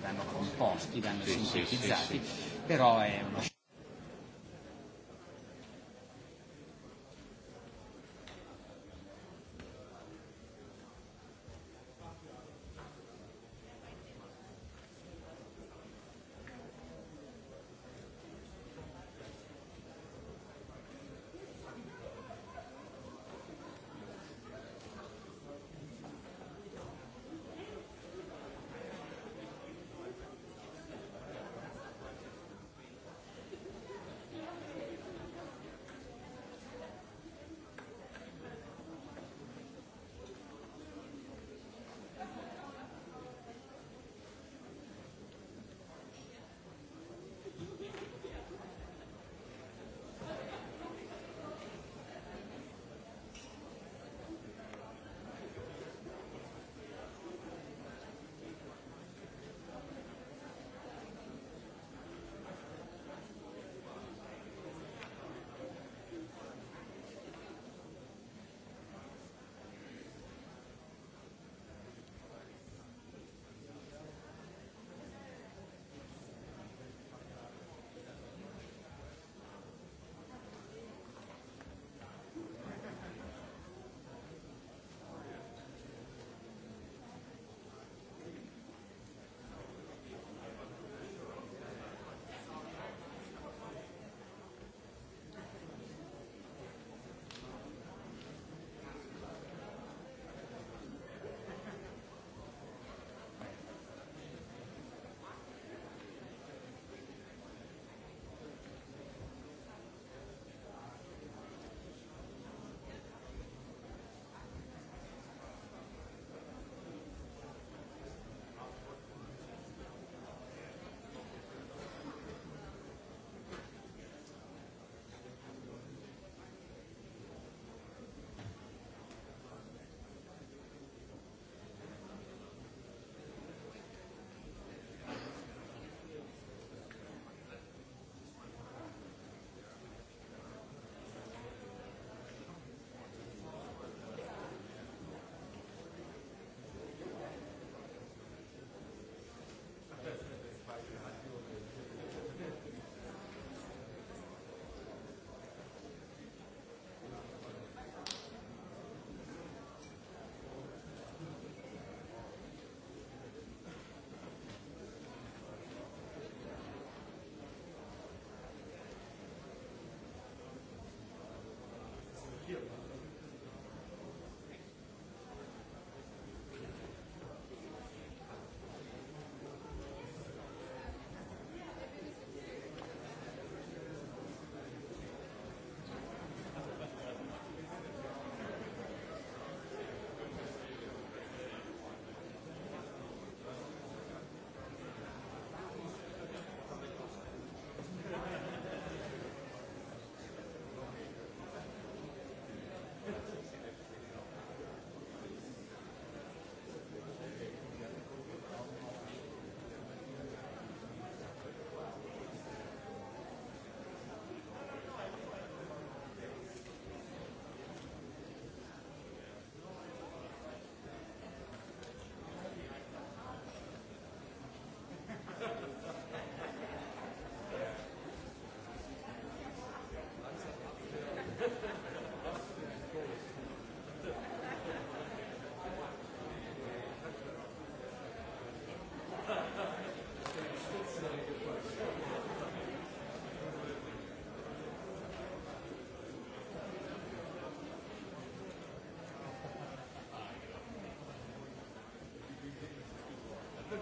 vanno composti, vanno sì, sintetizzati, sì, sì, sì. però è uno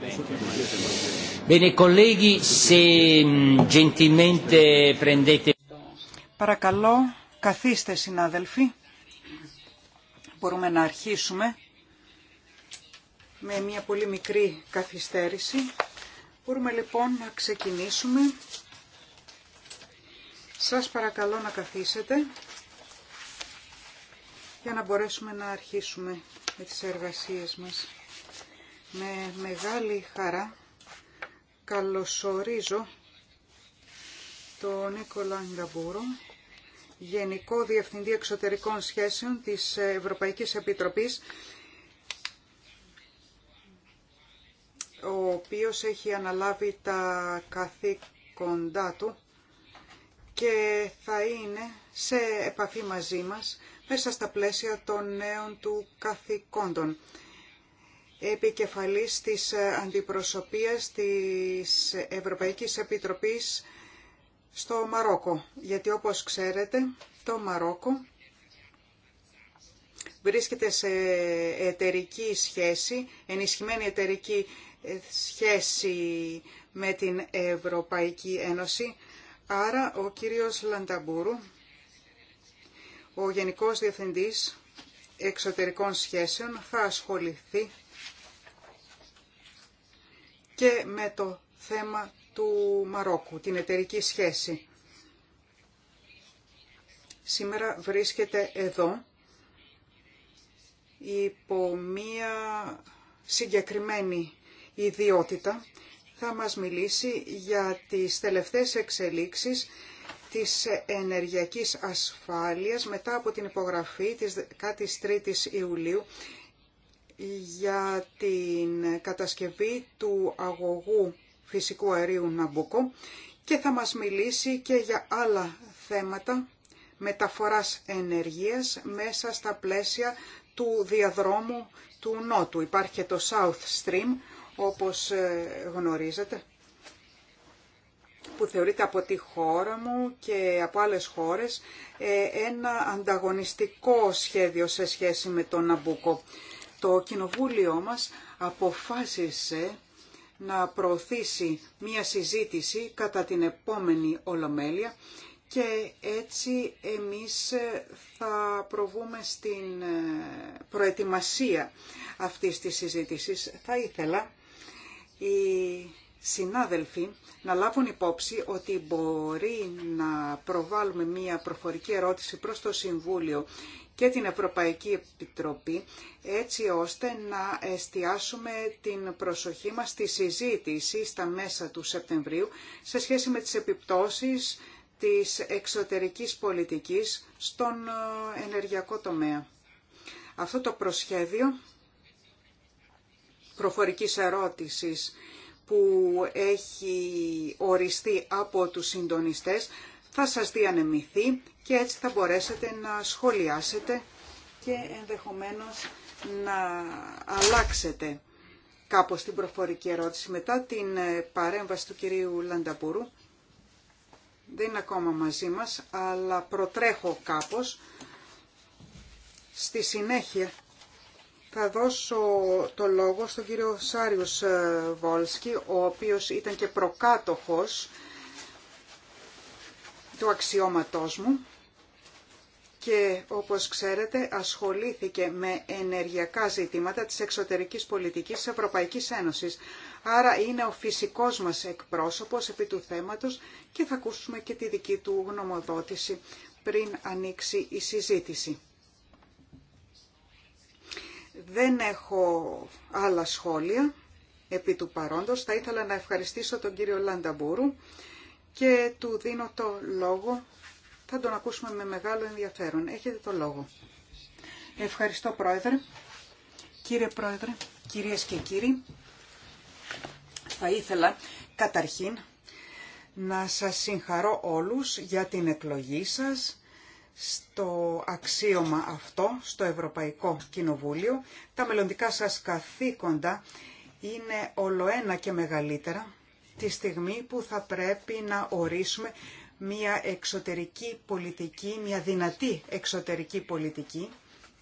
Mm, παρακαλώ, καθίστε συνάδελφοι. Μπορούμε να αρχίσουμε με μια πολύ μικρή καθυστέρηση. Μπορούμε λοιπόν να ξεκινήσουμε. Σας παρακαλώ να καθίσετε για να μπορέσουμε να αρχίσουμε με τις εργασίες μας. Με μεγάλη χαρά καλωσορίζω τον Νίκολα Γκαμπούρο, Γενικό Διευθυντή Εξωτερικών Σχέσεων της Ευρωπαϊκής Επιτροπής, ο οποίος έχει αναλάβει τα καθήκοντά του και θα είναι σε επαφή μαζί μας μέσα στα πλαίσια των νέων του καθηκόντων επικεφαλής της αντιπροσωπείας της Ευρωπαϊκής Επιτροπής στο Μαρόκο. Γιατί όπως ξέρετε το Μαρόκο βρίσκεται σε εταιρική σχέση, ενισχυμένη εταιρική σχέση με την Ευρωπαϊκή Ένωση. Άρα ο κύριος Λανταμπούρου, ο Γενικός Διευθυντής Εξωτερικών Σχέσεων, θα ασχοληθεί και με το θέμα του Μαρόκου, την εταιρική σχέση. Σήμερα βρίσκεται εδώ υπό μία συγκεκριμένη ιδιότητα. Θα μας μιλήσει για τις τελευταίες εξελίξεις της ενεργειακής ασφάλειας μετά από την υπογραφή της 13ης Ιουλίου για την κατασκευή του αγωγού φυσικού αερίου Ναμπούκο και θα μας μιλήσει και για άλλα θέματα μεταφοράς ενεργείας μέσα στα πλαίσια του διαδρόμου του Νότου. Υπάρχει και το South Stream, όπως ε, γνωρίζετε, που θεωρείται από τη χώρα μου και από άλλες χώρες ε, ένα ανταγωνιστικό σχέδιο σε σχέση με τον Ναμπούκο. Το κοινοβούλιο μας αποφάσισε να προωθήσει μία συζήτηση κατά την επόμενη Ολομέλεια και έτσι εμείς θα προβούμε στην ε, προετοιμασία αυτής της συζήτησης. Θα ήθελα οι συνάδελφοι να λάβουν υπόψη ότι μπορεί να προβάλλουμε μία προφορική ερώτηση προς το Συμβούλιο και την Ευρωπαϊκή Επιτροπή έτσι ώστε να εστιάσουμε την προσοχή μας στη συζήτηση στα μέσα του Σεπτεμβρίου σε σχέση με τις επιπτώσεις της εξωτερικής πολιτικής στον ε, ενεργειακό τομέα. Αυτό το προσχέδιο προφορικής ερώτησης που έχει οριστεί από τους συντονιστές θα σας διανεμηθεί και έτσι θα μπορέσετε να σχολιάσετε και ενδεχομένως να αλλάξετε κάπως την προφορική ερώτηση. Μετά την ε, παρέμβαση του κυρίου Λανταπούρου δεν είναι ακόμα μαζί μας, αλλά προτρέχω κάπως. Στη συνέχεια θα δώσω το λόγο στον κύριο Σάριος ε, Βόλσκι, ο οποίος ήταν και προκάτοχος του αξιώματός μου και όπως ξέρετε ασχολήθηκε με ενεργειακά ζητήματα της εξωτερικής πολιτικής της Ευρωπαϊκής Ένωσης. Άρα είναι ο φυσικός μας εκπρόσωπος επί του θέματος και θα ακούσουμε και τη δική του γνωμοδότηση πριν ανοίξει η συζήτηση. Δεν έχω άλλα σχόλια επί του παρόντος. Θα ήθελα να ευχαριστήσω τον κύριο Λανταμπούρου και του δίνω το λόγο θα τον ακούσουμε με μεγάλο ενδιαφέρον. Έχετε το λόγο. Ευχαριστώ Πρόεδρε. Κύριε Πρόεδρε, κυρίες και κύριοι, θα ήθελα καταρχήν να σας συγχαρώ όλους για την εκλογή σας στο αξίωμα αυτό, στο Ευρωπαϊκό Κοινοβούλιο. Τα μελλοντικά σας καθήκοντα είναι ολοένα και μεγαλύτερα τη στιγμή που θα πρέπει να ορίσουμε μια εξωτερική πολιτική, μια δυνατή εξωτερική πολιτική,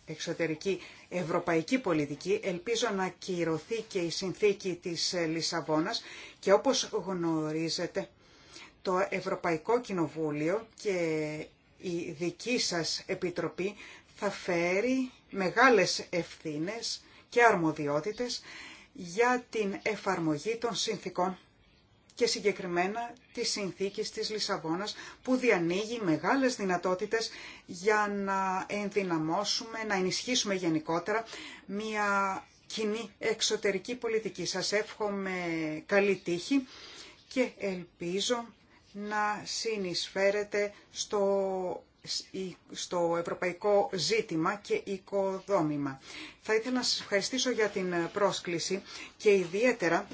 εξωτερική ευρωπαϊκή πολιτική. Ελπίζω να κυρωθεί και η συνθήκη της Λισαβόνας και όπως γνωρίζετε το Ευρωπαϊκό Κοινοβούλιο και η δική σας Επιτροπή θα φέρει μεγάλες ευθύνες και αρμοδιότητες για την εφαρμογή των συνθήκων και συγκεκριμένα τις συνθήκες της Λισαβόνας που διανοίγει μεγάλες δυνατότητες για να ενδυναμώσουμε, να ενισχύσουμε γενικότερα μια κοινή εξωτερική πολιτική. Σας εύχομαι καλή τύχη και ελπίζω να συνεισφέρετε στο στο ευρωπαϊκό ζήτημα και οικοδόμημα. Θα ήθελα να σας ευχαριστήσω για την πρόσκληση και ιδιαίτερα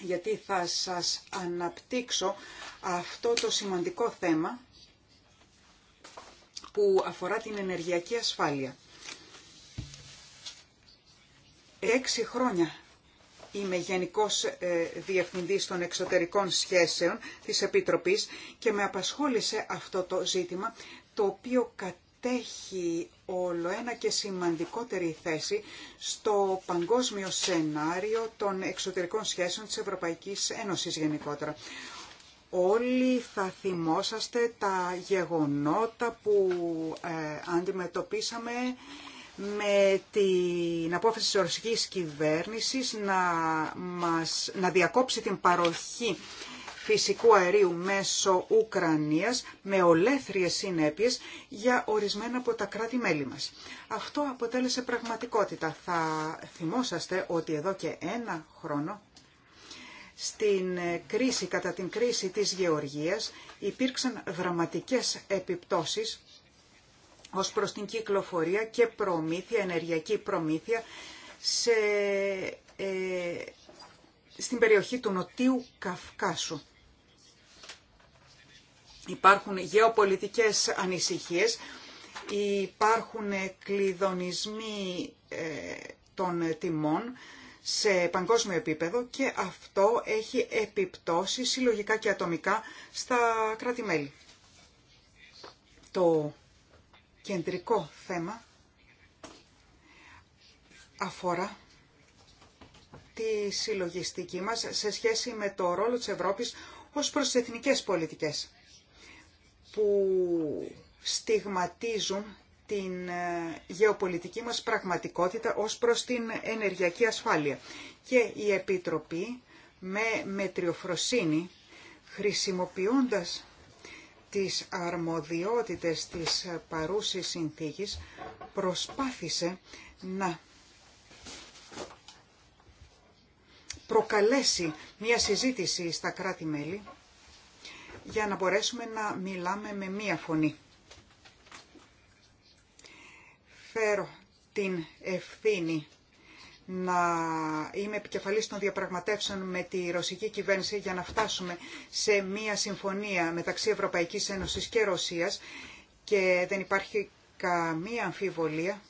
γιατί θα σας αναπτύξω αυτό το σημαντικό θέμα που αφορά την ενεργειακή ασφάλεια. Έξι χρόνια είμαι Γενικός ε, Διευθυντής των Εξωτερικών Σχέσεων της Επιτροπής και με απασχόλησε αυτό το ζήτημα το οποίο κατέχει όλο ένα και σημαντικότερη θέση στο παγκόσμιο σενάριο των εξωτερικών σχέσεων της Ευρωπαϊκής Ένωσης γενικότερα. Όλοι θα θυμόσαστε τα γεγονότα που ε, αντιμετωπίσαμε με την απόφαση της ρωσικής κυβέρνησης να, μας, να διακόψει την παροχή φυσικού αερίου μέσω Ουκρανίας με ολέθριες συνέπειες για ορισμένα από τα κράτη-μέλη μας. Αυτό αποτέλεσε πραγματικότητα. Θα θυμόσαστε ότι εδώ και ένα χρόνο στην κρίση, κατά την κρίση της γεωργίας υπήρξαν δραματικές επιπτώσεις ως προς την κυκλοφορία και προμήθεια, ενεργειακή προμήθεια σε, ε, στην περιοχή του Νοτίου Καυκάσου υπάρχουν γεωπολιτικές ανησυχίες, υπάρχουν κλειδονισμοί ε, των τιμών σε παγκόσμιο επίπεδο και αυτό έχει επιπτώσει συλλογικά και ατομικά στα κράτη-μέλη. Το κεντρικό θέμα αφορά τη συλλογιστική μας σε σχέση με το ρόλο της Ευρώπης ως προς τις εθνικές πολιτικές που στιγματίζουν την ε, γεωπολιτική μας πραγματικότητα ως προς την ενεργειακή ασφάλεια. Και η Επίτροπη με μετριοφροσύνη χρησιμοποιώντας τις αρμοδιότητες της παρούσης συνθήκης προσπάθησε να προκαλέσει μια συζήτηση στα κράτη-μέλη για να μπορέσουμε να μιλάμε με μία φωνή. Φέρω την ευθύνη να είμαι επικεφαλής των διαπραγματεύσεων με τη ρωσική κυβέρνηση για να φτάσουμε σε μία συμφωνία μεταξύ Ευρωπαϊκής Ένωσης και Ρωσίας και δεν υπάρχει καμία αμφιβολία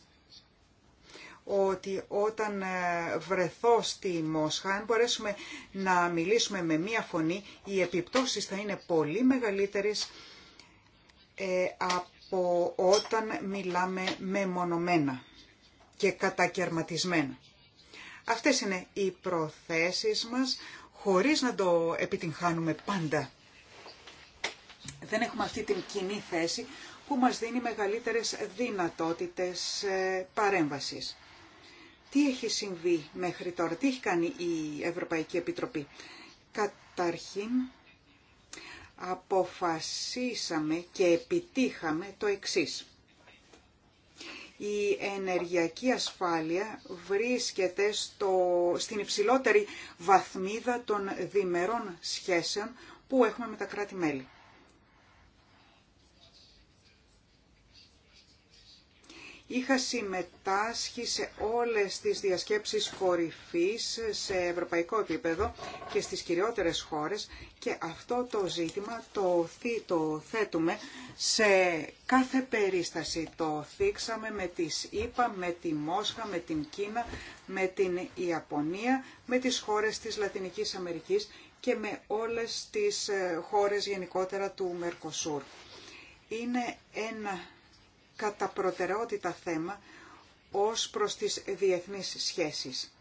ότι όταν ε, βρεθώ στη Μόσχα, αν μπορέσουμε να μιλήσουμε με μία φωνή, οι επιπτώσεις θα είναι πολύ μεγαλύτερες ε, από όταν μιλάμε μεμονωμένα και κατακαιρματισμένα. Αυτές είναι οι προθέσεις μας, χωρίς να το επιτυγχάνουμε πάντα. Δεν έχουμε αυτή την κοινή θέση που μας δίνει μεγαλύτερες δυνατότητες ε, παρέμβασης. Τι έχει συμβεί μέχρι τώρα, τι έχει κάνει η Ευρωπαϊκή Επιτροπή. Καταρχήν, αποφασίσαμε και επιτύχαμε το εξής. Η ενεργειακή ασφάλεια βρίσκεται στο, στην υψηλότερη βαθμίδα των διμερών σχέσεων που έχουμε με τα κράτη-μέλη. Είχα συμμετάσχει σε όλες τις διασκέψεις κορυφής σε ευρωπαϊκό επίπεδο και στις κυριότερες χώρες και αυτό το ζήτημα το, το θέτουμε σε κάθε περίσταση. Το θίξαμε με τις ΙΠΑ, με τη Μόσχα, με την Κίνα, με την Ιαπωνία, με τις χώρες της Λατινικής Αμερικής και με όλες τις ε, χώρες γενικότερα του Μερκοσούρ. Είναι ένα κατά προτεραιότητα θέμα ως προς τις διεθνείς σχέσεις.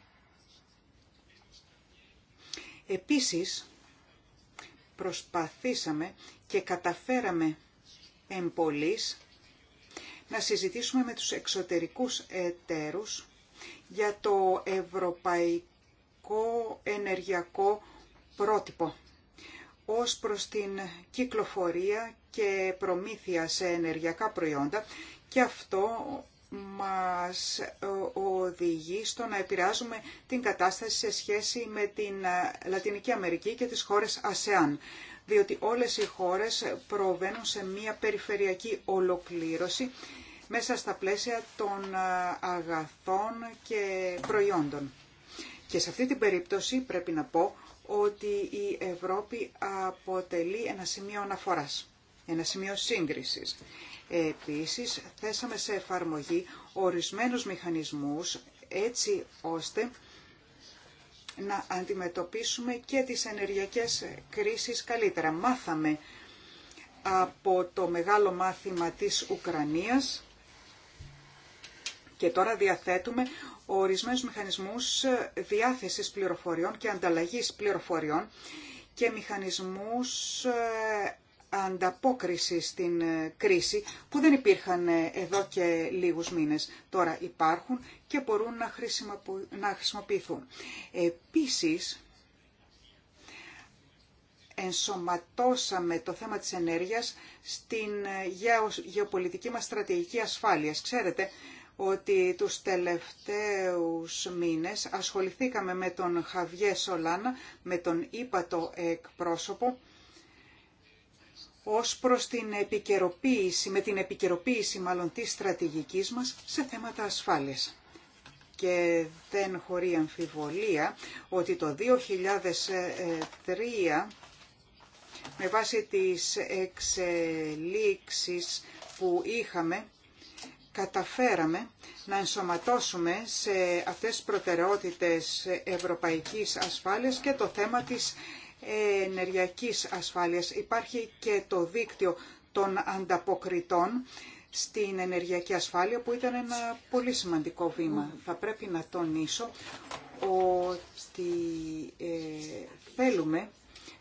Επίσης, προσπαθήσαμε και καταφέραμε εμπολής να συζητήσουμε με τους εξωτερικούς εταίρους για το ευρωπαϊκό ενεργειακό πρότυπο ως προς την κυκλοφορία και προμήθεια σε ενεργειακά προϊόντα και αυτό μας ε, οδηγεί στο να επηρεάζουμε την κατάσταση σε σχέση με την ε, Λατινική Αμερική και τις χώρες ΑΣΕΑΝ διότι όλες οι χώρες προβαίνουν σε μια περιφερειακή ολοκλήρωση μέσα στα πλαίσια των ε, αγαθών και προϊόντων. Και σε αυτή την περίπτωση πρέπει να πω ότι η Ευρώπη αποτελεί ένα σημείο αναφοράς, ένα σημείο σύγκρισης. Επίσης, θέσαμε σε εφαρμογή ορισμένους μηχανισμούς έτσι ώστε να αντιμετωπίσουμε και τις ενεργειακές κρίσεις καλύτερα. Μάθαμε από το μεγάλο μάθημα της Ουκρανίας και τώρα διαθέτουμε ορισμένους μηχανισμούς διάθεση πληροφοριών και ανταλλαγής πληροφοριών και μηχανισμούς ε, ανταπόκριση στην ε, κρίση που δεν υπήρχαν ε, εδώ και λίγους μήνες. Τώρα υπάρχουν και μπορούν να χρησιμοποιηθούν. Επίσης, ενσωματώσαμε το θέμα της ενέργειας στην γεωπολιτική μας στρατηγική ασφάλειας. Ξέρετε ότι τους τελευταίους μήνες ασχοληθήκαμε με τον Χαβιέ Σολάνα, με τον ύπατο εκπρόσωπο, ως προς την επικαιροποίηση, με την επικαιροποίηση μάλλον της στρατηγικής μας σε θέματα ασφάλειας. Και δεν χωρεί αμφιβολία ότι το 2003 με βάση τις εξελίξεις που είχαμε καταφέραμε να ενσωματώσουμε σε αυτές τις προτεραιότητες ευρωπαϊκής ασφάλειας και το θέμα της ενεργειακής ασφάλειας. Υπάρχει και το δίκτυο των ανταποκριτών στην ενεργειακή ασφάλεια που ήταν ένα πολύ σημαντικό βήμα. Θα πρέπει να τονίσω ότι ε, θέλουμε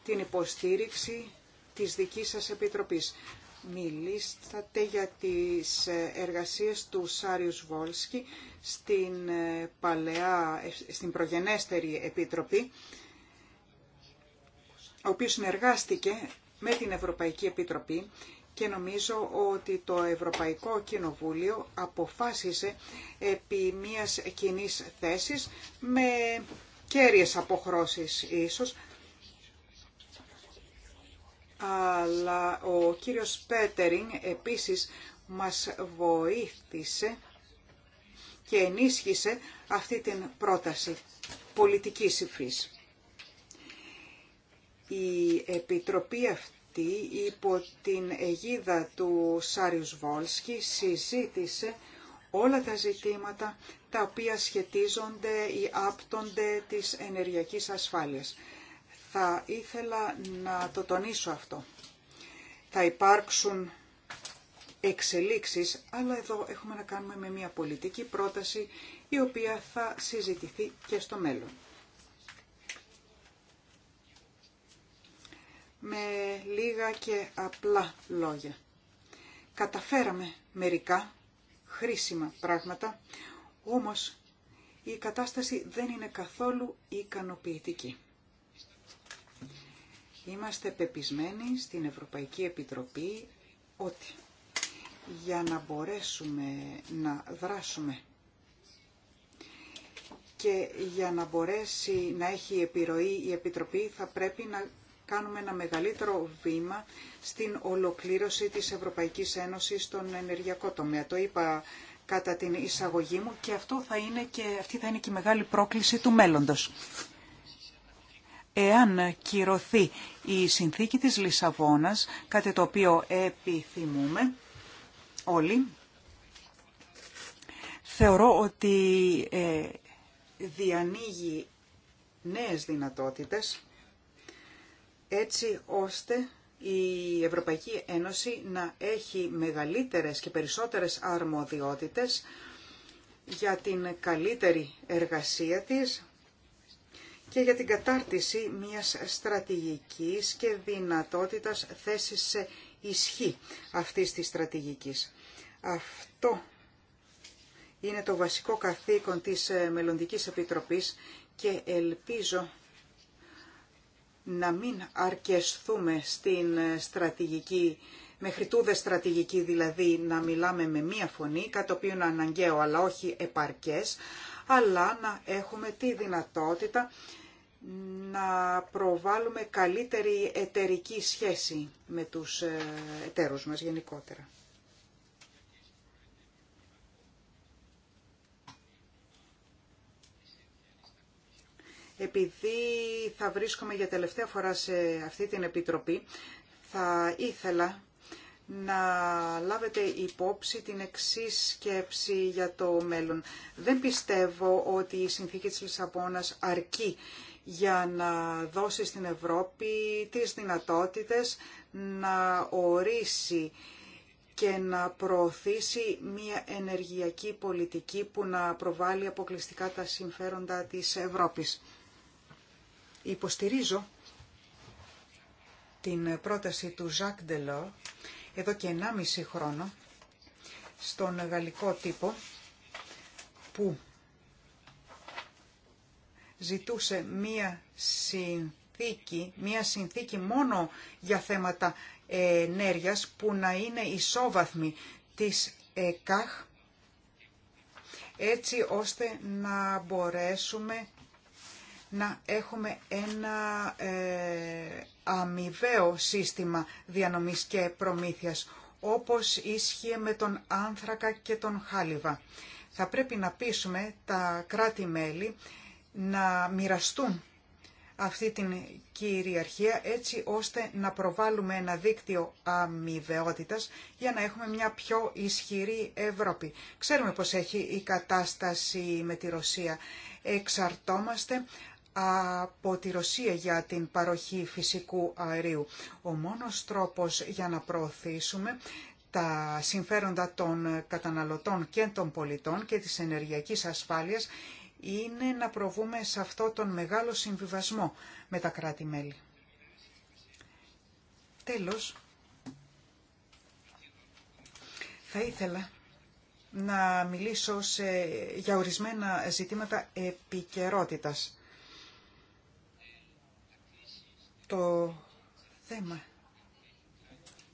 την υποστήριξη της δικής σας Επιτροπής. Μιλήσατε για τις ε, εργασίες του Σάριους Βόλσκι στην, ε, παλαιά, ε, στην προγενέστερη Επίτροπη, ο οποίος συνεργάστηκε με την Ευρωπαϊκή Επιτροπή και νομίζω ότι το Ευρωπαϊκό Κοινοβούλιο αποφάσισε επί μιας κοινή θέσης με κέρυες αποχρώσεις ίσως αλλά ο κύριος Πέτεριν επίσης μας βοήθησε και ενίσχυσε αυτή την πρόταση πολιτικής υφής. Η Επιτροπή αυτή υπό την αιγίδα του Σάριους Βόλσκι συζήτησε όλα τα ζητήματα τα οποία σχετίζονται ή άπτονται της ενεργειακής ασφάλειας. Θα ήθελα να το τονίσω αυτό. Θα υπάρξουν εξελίξεις, αλλά εδώ έχουμε να κάνουμε με μια πολιτική πρόταση η οποία θα συζητηθεί και στο μέλλον. Με λίγα και απλά λόγια. Καταφέραμε μερικά χρήσιμα πράγματα, όμως η κατάσταση δεν είναι καθόλου ικανοποιητική. Είμαστε πεπισμένοι στην Ευρωπαϊκή Επιτροπή ότι για να μπορέσουμε να δράσουμε και για να μπορέσει να έχει επιρροή η Επιτροπή θα πρέπει να κάνουμε ένα μεγαλύτερο βήμα στην ολοκλήρωση της Ευρωπαϊκής Ένωσης στον ενεργειακό τομέα. Το είπα κατά την εισαγωγή μου και αυτό θα είναι και, αυτή θα είναι και η μεγάλη πρόκληση του μέλλοντος. Εάν κυρωθεί η συνθήκη της Λισαβόνας, κάτι το οποίο επιθυμούμε όλοι, θεωρώ ότι ε, διανοίγει νέες δυνατότητες έτσι ώστε η Ευρωπαϊκή Ένωση να έχει μεγαλύτερες και περισσότερες αρμοδιότητες για την καλύτερη εργασία της και για την κατάρτιση μιας στρατηγικής και δυνατότητας θέσης σε ισχύ αυτής της στρατηγικής. Αυτό είναι το βασικό καθήκον της ε, Μελλοντικής Επιτροπής και ελπίζω να μην αρκεστούμε στην ε, στρατηγική, μέχρι τούδε στρατηγική δηλαδή να μιλάμε με μία φωνή, κάτι το οποίο είναι αναγκαίο αλλά όχι επαρκές, αλλά να έχουμε τη δυνατότητα να προβάλλουμε καλύτερη εταιρική σχέση με τους ε, εταίρους μας γενικότερα. Επειδή θα βρίσκομαι για τελευταία φορά σε αυτή την Επιτροπή, θα ήθελα να λάβετε υπόψη την εξή σκέψη για το μέλλον. Δεν πιστεύω ότι η συνθήκη της Λισαβόνας αρκεί για να δώσει στην Ευρώπη τις δυνατότητες να ορίσει και να προωθήσει μια ενεργειακή πολιτική που να προβάλλει αποκλειστικά τα συμφέροντα της Ευρώπης. Υποστηρίζω την πρόταση του Ζακ Ντελό εδώ και 1,5 χρόνο στον γαλλικό τύπο που ζητούσε μία συνθήκη, μία συνθήκη μόνο για θέματα ενέργειας που να είναι ισόβαθμη της ΕΚΑΧ έτσι ώστε να μπορέσουμε να έχουμε ένα ε, αμοιβαίο σύστημα διανομής και προμήθειας, όπως ίσχυε με τον άνθρακα και τον χάλιβα. Θα πρέπει να πείσουμε τα κράτη-μέλη να μοιραστούν αυτή την κυριαρχία έτσι ώστε να προβάλλουμε ένα δίκτυο αμοιβαιότητας για να έχουμε μια πιο ισχυρή Ευρώπη. Ξέρουμε πως έχει η κατάσταση με τη Ρωσία. Εξαρτόμαστε από τη Ρωσία για την παροχή φυσικού αερίου. Ο μόνος τρόπος για να προωθήσουμε τα συμφέροντα των καταναλωτών και των πολιτών και της ενεργειακής ασφάλειας είναι να προβούμε σε αυτό τον μεγάλο συμβιβασμό με τα κράτη-μέλη. Τέλος, θα ήθελα να μιλήσω σε, για ορισμένα ζητήματα επικαιρότητας. Το θέμα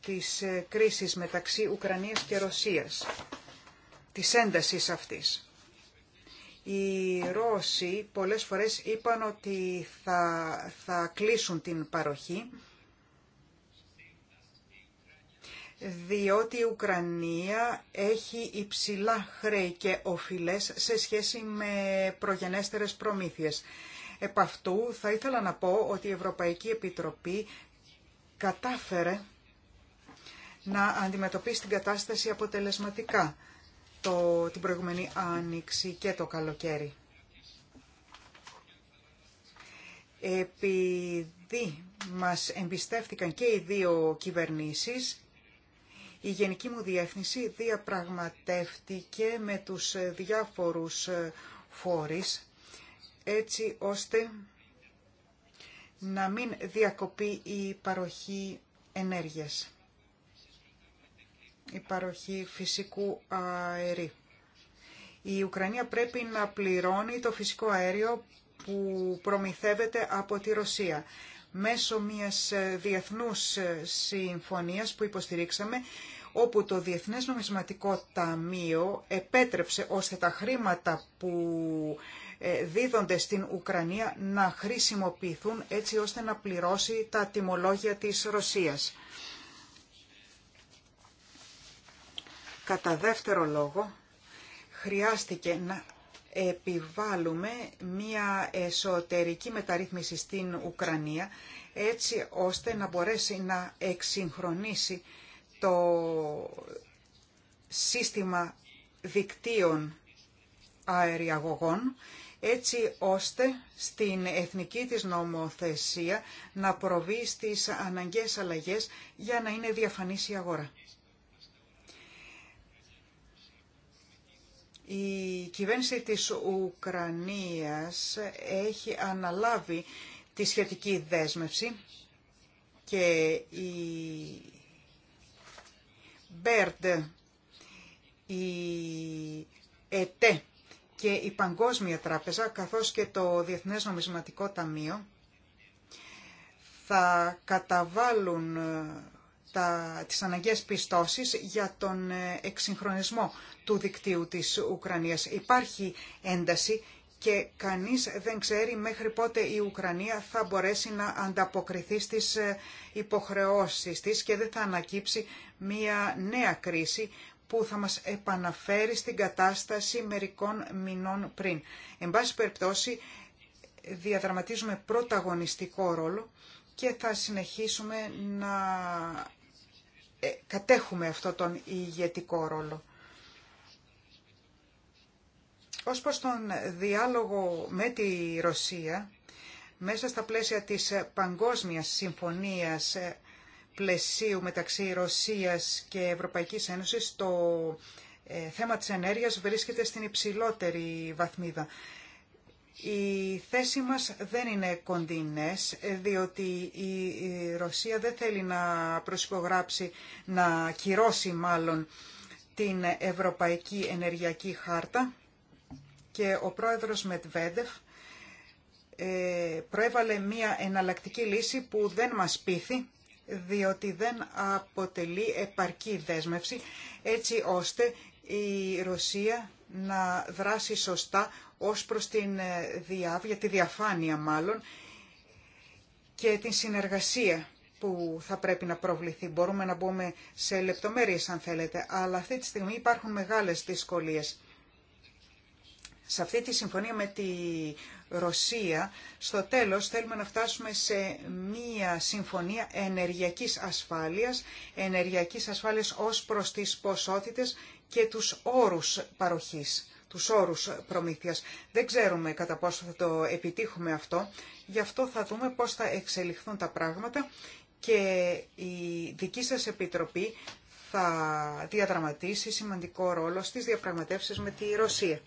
της ε, κρίσης μεταξύ Ουκρανίας και Ρωσίας, της έντασης αυτής οι Ρώσοι πολλές φορές είπαν ότι θα, θα κλείσουν την παροχή διότι η Ουκρανία έχει υψηλά χρέη και οφειλές σε σχέση με προγενέστερες προμήθειες. Επ' αυτού θα ήθελα να πω ότι η Ευρωπαϊκή Επιτροπή κατάφερε να αντιμετωπίσει την κατάσταση αποτελεσματικά το, την προηγούμενη άνοιξη και το καλοκαίρι. Επειδή μας εμπιστεύτηκαν και οι δύο κυβερνήσεις, η Γενική μου Διεύθυνση διαπραγματεύτηκε με τους διάφορους φορείς, έτσι ώστε να μην διακοπεί η παροχή ενέργειας η παροχή φυσικού αερίου. Η Ουκρανία πρέπει να πληρώνει το φυσικό αέριο που προμηθεύεται από τη Ρωσία μέσω μιας διεθνούς συμφωνίας που υποστηρίξαμε όπου το Διεθνές Νομισματικό Ταμείο επέτρεψε ώστε τα χρήματα που ε, δίδονται στην Ουκρανία να χρησιμοποιηθούν έτσι ώστε να πληρώσει τα τιμολόγια της Ρωσίας. Κατά δεύτερο λόγο, χρειάστηκε να επιβάλλουμε μία εσωτερική μεταρρύθμιση στην Ουκρανία, έτσι ώστε να μπορέσει να εξυγχρονίσει το σύστημα δικτύων αεριαγωγών, έτσι ώστε στην εθνική της νομοθεσία να προβεί στις αναγκαίες αλλαγές για να είναι διαφανής η αγορά. Η κυβέρνηση της Ουκρανίας έχει αναλάβει τη σχετική δέσμευση και η BERD, η ΕΤΕ και η Παγκόσμια Τράπεζα καθώς και το Διεθνές Νομισματικό Ταμείο θα καταβάλουν τα, τις αναγκαίες πιστώσεις για τον ε, εξυγχρονισμό του δικτύου της Ουκρανίας. Υπάρχει ένταση και κανείς δεν ξέρει μέχρι πότε η Ουκρανία θα μπορέσει να ανταποκριθεί στις ε, υποχρεώσεις της και δεν θα ανακύψει μία νέα κρίση που θα μας επαναφέρει στην κατάσταση μερικών μηνών πριν. Εν πάση περιπτώσει, διαδραματίζουμε πρωταγωνιστικό ρόλο και θα συνεχίσουμε να ε, κατέχουμε αυτό τον ηγετικό ρόλο. Ως προς τον διάλογο με τη Ρωσία, μέσα στα πλαίσια της Παγκόσμιας Συμφωνίας ε, Πλαισίου μεταξύ Ρωσίας και Ευρωπαϊκής Ένωσης, το ε, θέμα της ενέργειας βρίσκεται στην υψηλότερη βαθμίδα. Η θέση μας δεν είναι κοντινές, διότι η Ρωσία δεν θέλει να προσυπογράψει, να κυρώσει μάλλον την Ευρωπαϊκή Ενεργειακή Χάρτα και ο πρόεδρος Μετβέντεφ ε, προέβαλε μία εναλλακτική λύση που δεν μας πείθει, διότι δεν αποτελεί επαρκή δέσμευση, έτσι ώστε η Ρωσία να δράσει σωστά ως προς την ε, διάβια, τη διαφάνεια μάλλον και την συνεργασία που θα πρέπει να προβληθεί. Μπορούμε να μπούμε σε λεπτομέρειες αν θέλετε, αλλά αυτή τη στιγμή υπάρχουν μεγάλες δυσκολίες. Σε αυτή τη συμφωνία με τη Ρωσία, στο τέλος θέλουμε να φτάσουμε σε μία συμφωνία ενεργειακής ασφάλειας, ενεργειακής ασφάλειας ως προς τις ποσότητες και τους όρους παροχής τους όρους προμήθειας. Δεν ξέρουμε κατά πόσο θα το επιτύχουμε αυτό, γι' αυτό θα δούμε πώς θα εξελιχθούν τα πράγματα και η δική σας Επιτροπή θα διαδραματίσει σημαντικό ρόλο στις διαπραγματεύσεις με τη Ρωσία.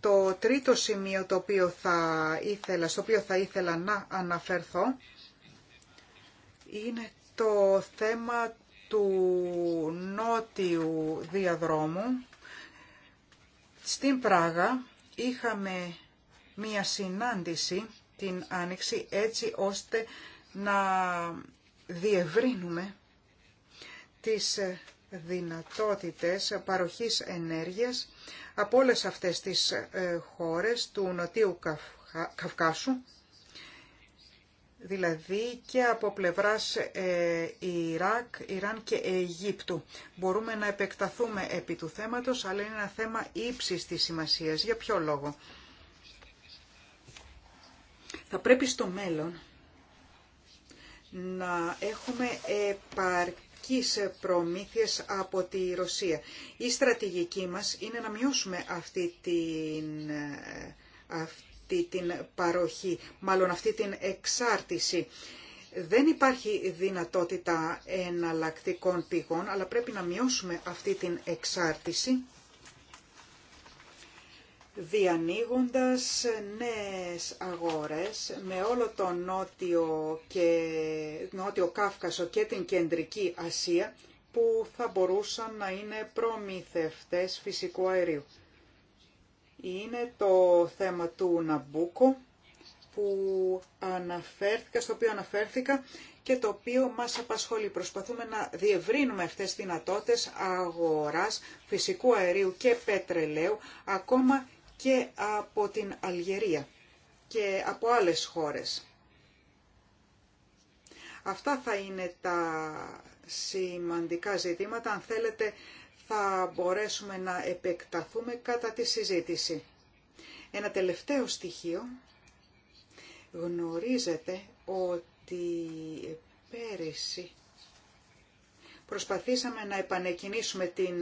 Το τρίτο σημείο το οποίο θα ήθελα, στο οποίο θα ήθελα να αναφερθώ είναι το θέμα του νότιου διαδρόμου στην Πράγα είχαμε μία συνάντηση την Άνοιξη έτσι ώστε να διευρύνουμε τις δυνατότητες παροχής ενέργειας από όλες αυτές τις ε, χώρες του Νοτίου Καυκάσου δηλαδή και από πλευράς ε, Ιράκ, Ιράν και Αιγύπτου. Μπορούμε να επεκταθούμε επί του θέματος, αλλά είναι ένα θέμα ύψης της σημασίας. Για ποιο λόγο. Θα πρέπει στο μέλλον να έχουμε επαρκείς προμήθειες από τη Ρωσία. Η στρατηγική μας είναι να μειώσουμε αυτή την, ε, την παροχή, μάλλον αυτή την εξάρτηση. Δεν υπάρχει δυνατότητα εναλλακτικών πηγών, αλλά πρέπει να μειώσουμε αυτή την εξάρτηση διανοίγοντας νέες αγορές με όλο το Νότιο, και, Νότιο Κάφκασο και την Κεντρική Ασία που θα μπορούσαν να είναι προμηθευτές φυσικού αερίου είναι το θέμα του Ναμπούκο που αναφέρθηκα, στο οποίο αναφέρθηκα και το οποίο μας απασχολεί. Προσπαθούμε να διευρύνουμε αυτές τις δυνατότητες αγοράς φυσικού αερίου και πετρελαίου, ακόμα και από την Αλγερία και από άλλες χώρες. Αυτά θα είναι τα σημαντικά ζητήματα. Αν θέλετε θα μπορέσουμε να επεκταθούμε κατά τη συζήτηση. Ένα τελευταίο στοιχείο. Γνωρίζετε ότι πέρυσι προσπαθήσαμε να επανεκκινήσουμε την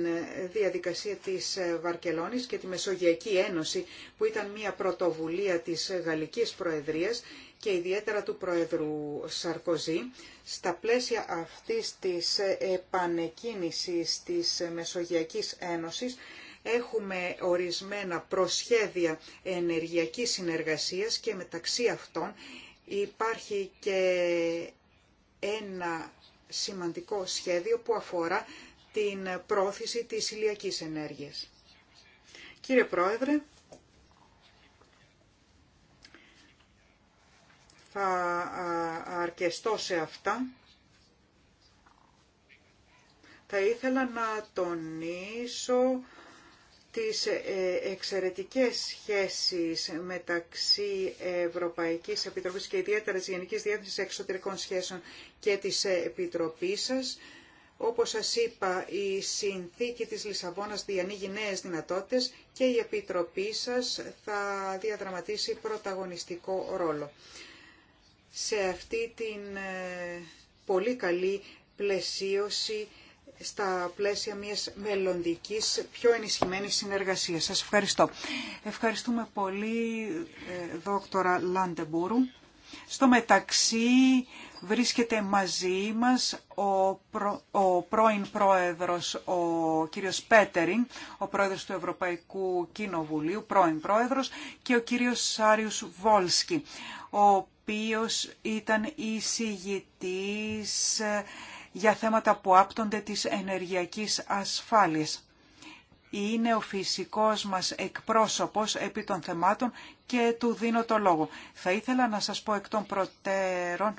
διαδικασία της Βαρκελόνης και τη Μεσογειακή Ένωση που ήταν μια πρωτοβουλία της Γαλλικής Προεδρίας και ιδιαίτερα του Πρόεδρου Σαρκοζή, στα πλαίσια αυτής της επανεκκίνησης της Μεσογειακής Ένωσης, έχουμε ορισμένα προσχέδια ενεργειακής συνεργασίας και μεταξύ αυτών υπάρχει και ένα σημαντικό σχέδιο που αφορά την πρόθεση της ηλιακής ενέργειας. Κύριε Πρόεδρε, θα αρκεστώ σε αυτά. Θα ήθελα να τονίσω τις ε, εξαιρετικές σχέσεις μεταξύ Ευρωπαϊκής Επιτροπής και ιδιαίτερα της Γενικής Διεύθυνσης Εξωτερικών Σχέσεων και της ε, Επιτροπής σας. Όπως σας είπα, η συνθήκη της Λισαβόνας διανοίγει νέες δυνατότητες και η Επιτροπή σας θα διαδραματίσει πρωταγωνιστικό ρόλο σε αυτή την ε, πολύ καλή πλαισίωση στα πλαίσια μιας μελλοντικής πιο ενισχυμένης συνεργασίας. Σας ευχαριστώ. Ευχαριστούμε πολύ, ε, Δόκτωρα Λάντεμπούρου. Στο μεταξύ βρίσκεται μαζί μας ο, προ, ο πρώην πρόεδρος, ο κύριος Πέτεριν, ο πρόεδρος του Ευρωπαϊκού Κοινοβουλίου, πρώην πρόεδρος, και ο κύριος Σάριους Βόλσκι, ο οποίος ήταν εισηγητής ε, για θέματα που άπτονται της ενεργειακής ασφάλειας. Είναι ο φυσικός μας εκπρόσωπος επί των θεμάτων και του δίνω το λόγο. Θα ήθελα να σας πω εκ των προτέρων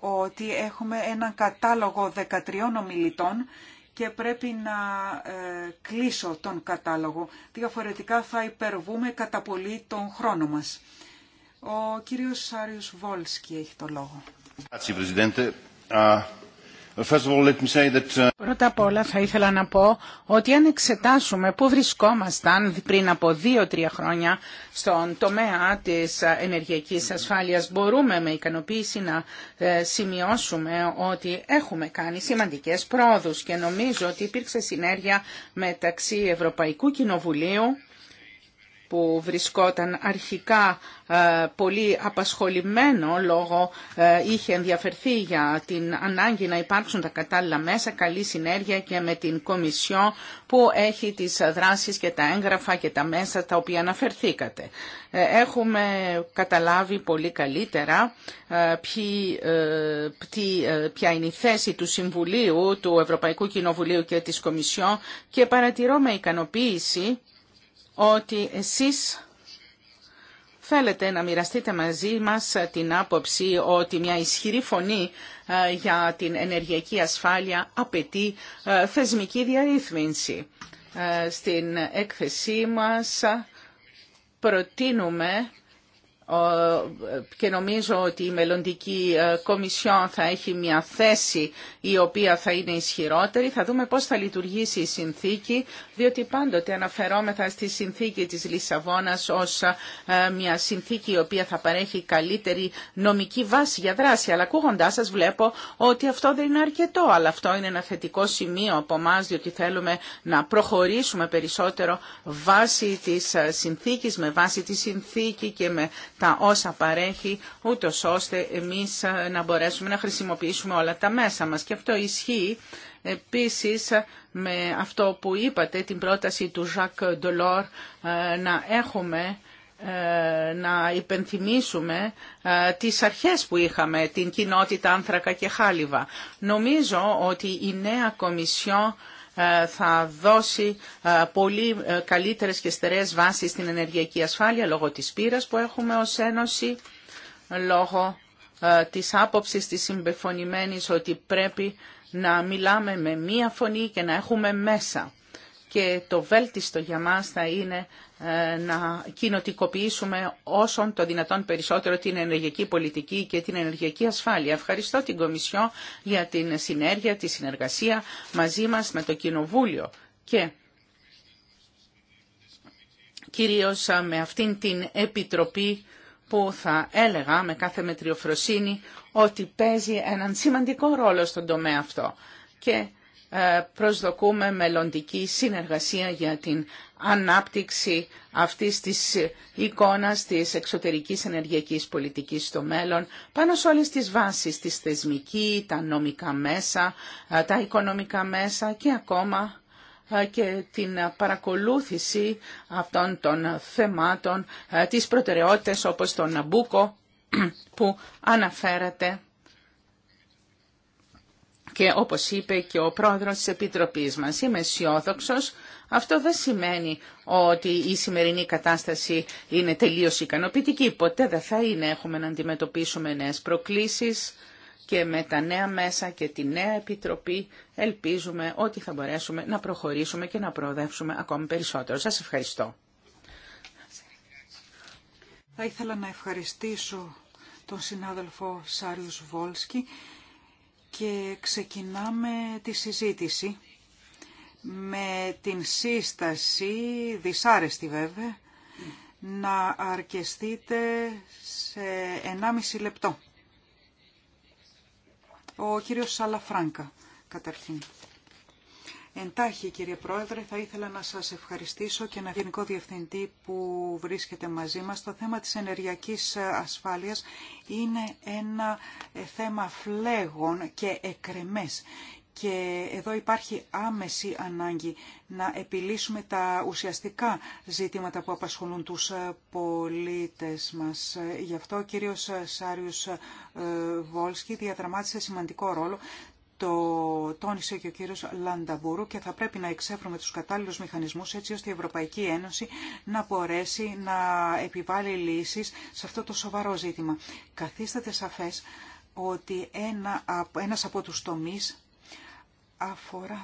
ότι έχουμε έναν κατάλογο 13 ομιλητών και πρέπει να ε, κλείσω τον κατάλογο. Διαφορετικά θα υπερβούμε κατά πολύ τον χρόνο μας. Ο κύριος Σάριος Βόλσκι έχει το λόγο. Uh, Πρώτα απ' όλα θα ήθελα να πω ότι αν εξετάσουμε πού βρισκόμασταν πριν από δύο-τρία χρόνια στον τομέα της ενεργειακής ασφάλειας μπορούμε με ικανοποίηση να ε, σημειώσουμε ότι έχουμε κάνει σημαντικές πρόοδους και νομίζω ότι υπήρξε συνέργεια μεταξύ Ευρωπαϊκού Κοινοβουλίου που βρισκόταν αρχικά ε, πολύ απασχολημένο λόγω ε, είχε ενδιαφερθεί για την ανάγκη να υπάρξουν τα κατάλληλα μέσα, καλή συνέργεια και με την Κομισιό που έχει τις δράσεις και τα έγγραφα και τα μέσα τα οποία αναφερθήκατε. Ε, έχουμε καταλάβει πολύ καλύτερα ποια είναι η θέση του Συμβουλίου, του Ευρωπαϊκού Κοινοβουλίου και της Κομισιό και παρατηρώ με ικανοποίηση ότι εσείς θέλετε να μοιραστείτε μαζί μας την άποψη ότι μια ισχυρή φωνή ε, για την ενεργειακή ασφάλεια απαιτεί ε, θεσμική διαρρύθμιση. Ε, στην έκθεσή μας προτείνουμε ε, και νομίζω ότι η μελλοντική ε, Κομισιόν θα έχει μια θέση η οποία θα είναι ισχυρότερη. Θα δούμε πώς θα λειτουργήσει η συνθήκη, διότι πάντοτε αναφερόμεθα στη συνθήκη της Λισαβόνας ως ε, μια συνθήκη η οποία θα παρέχει καλύτερη νομική βάση για δράση. Αλλά ακούγοντά σας βλέπω ότι αυτό δεν είναι αρκετό, αλλά αυτό είναι ένα θετικό σημείο από εμά, διότι θέλουμε να προχωρήσουμε περισσότερο βάση της συνθήκης, με βάση τη συνθήκη και με τα όσα παρέχει, ούτω ώστε εμείς ε, να μπορέσουμε να χρησιμοποιήσουμε όλα τα μέσα μας. Και αυτό ισχύει επίσης με αυτό που είπατε, την πρόταση του Jacques Delors, ε, να έχουμε ε, να υπενθυμίσουμε τις αρχές που είχαμε, την κοινότητα άνθρακα και χάλιβα. Νομίζω ότι η νέα Κομισιόν, ε, θα δώσει ε, πολύ ε, καλύτερες και στερεές βάσεις στην ενεργειακή ασφάλεια λόγω της πείρας που έχουμε ως Ένωση, λόγω της άποψης της συμπεφωνημένης ότι πρέπει να μιλάμε με μία φωνή και να έχουμε μέσα και το βέλτιστο για μας θα είναι ε, να κοινοτικοποιήσουμε όσον το δυνατόν περισσότερο την ενεργειακή πολιτική και την ενεργειακή ασφάλεια. Ευχαριστώ την Κομισιό για την συνέργεια, τη συνεργασία μαζί μας με το Κοινοβούλιο και κυρίως ε, με αυτήν την Επιτροπή που θα έλεγα με κάθε μετριοφροσύνη ότι παίζει έναν σημαντικό ρόλο στον τομέα αυτό. Και προσδοκούμε μελλοντική συνεργασία για την ανάπτυξη αυτής της εικόνας της εξωτερικής ενεργειακής πολιτικής στο μέλλον, πάνω σε όλες τις βάσεις, τις θεσμική, τα νομικά μέσα, ε, τα οικονομικά μέσα και ακόμα ε, και την παρακολούθηση αυτών των θεμάτων, ε, τις προτεραιότητες όπως τον Ναμπούκο που αναφέρατε και όπως είπε και ο πρόεδρος της Επιτροπής μας, είμαι αισιόδοξο. Αυτό δεν σημαίνει ότι η σημερινή κατάσταση είναι τελείως ικανοποιητική. Ποτέ δεν θα είναι. Έχουμε να αντιμετωπίσουμε νέες προκλήσεις και με τα νέα μέσα και τη νέα Επιτροπή ελπίζουμε ότι θα μπορέσουμε να προχωρήσουμε και να προοδεύσουμε ακόμη περισσότερο. Σας ευχαριστώ. Θα ήθελα να ευχαριστήσω τον συνάδελφο Σάριους Βόλσκι και ξεκινάμε τη συζήτηση με την σύσταση, δυσάρεστη βέβαια, να αρκεστείτε σε 1,5 λεπτό. Ο κύριος Σαλαφράνκα, καταρχήν. Εντάχει κύριε Πρόεδρε, θα ήθελα να σας ευχαριστήσω και να γενικό διευθυντή που βρίσκεται μαζί μας. Το θέμα της ενεργειακής ασφάλειας είναι ένα ε, θέμα φλέγων και εκρεμές και εδώ υπάρχει άμεση ανάγκη να επιλύσουμε τα ουσιαστικά ζήτηματα που απασχολούν τους ε, πολίτες μας. Γι' αυτό ο κύριος ε, Σάριος Βόλσκι διαδραμάτισε σημαντικό ρόλο το τόνισε και ο κύριος Λανταμπούρου και θα πρέπει να εξέφρουμε τους κατάλληλους μηχανισμούς έτσι ώστε η Ευρωπαϊκή Ένωση να μπορέσει να επιβάλλει λύσεις σε αυτό το σοβαρό ζήτημα. Καθίσταται σαφές ότι ένα, ένας από τους τομείς αφορά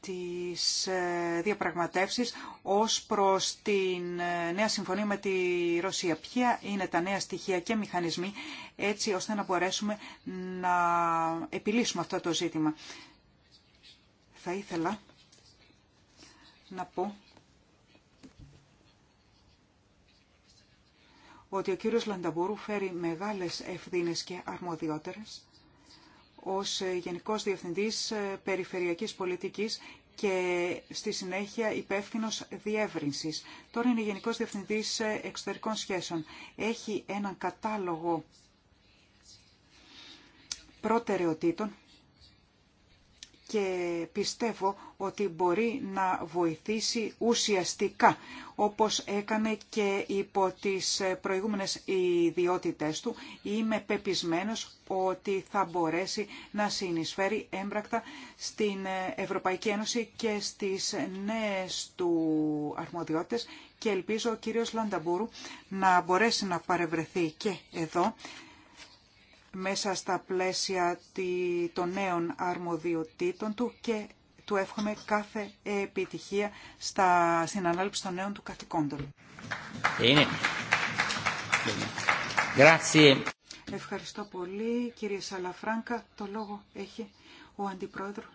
τις ε, διαπραγματεύσεις ως προς την ε, νέα συμφωνία με τη Ρωσία. Ποια είναι τα νέα στοιχεία και μηχανισμοί έτσι ώστε να μπορέσουμε να επιλύσουμε αυτό το ζήτημα. Θα ήθελα να πω ότι ο κύριος Λανταμπούρου φέρει μεγάλες ευθύνες και αρμοδιότερες ως ε, Γενικός Διευθυντής ε, Περιφερειακής Πολιτικής και στη συνέχεια υπεύθυνο διεύρυνσης. Τώρα είναι Γενικός Διευθυντής ε, Εξωτερικών Σχέσεων. Έχει έναν κατάλογο προτεραιοτήτων και πιστεύω ότι μπορεί να βοηθήσει ουσιαστικά, όπως έκανε και υπό τις προηγούμενες ιδιότητές του. Είμαι πεπισμένος ότι θα μπορέσει να συνεισφέρει έμπρακτα στην Ευρωπαϊκή Ένωση και στις νέες του αρμοδιότητες και ελπίζω ο κύριος Λανταμπούρου να μπορέσει να παρευρεθεί και εδώ μέσα στα πλαίσια των νέων αρμοδιοτήτων του και του εύχομαι κάθε επιτυχία στα, στην ανάληψη των νέων του καθηκόντων. Είναι. Ευχαριστώ πολύ κύριε Σαλαφράνκα. Το λόγο έχει ο Αντιπρόεδρος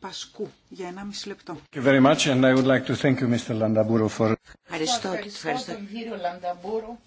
Πασκού για ένα μισή λεπτό. Ευχαριστώ, ευχαριστώ τον κύριο Λανταμπούρο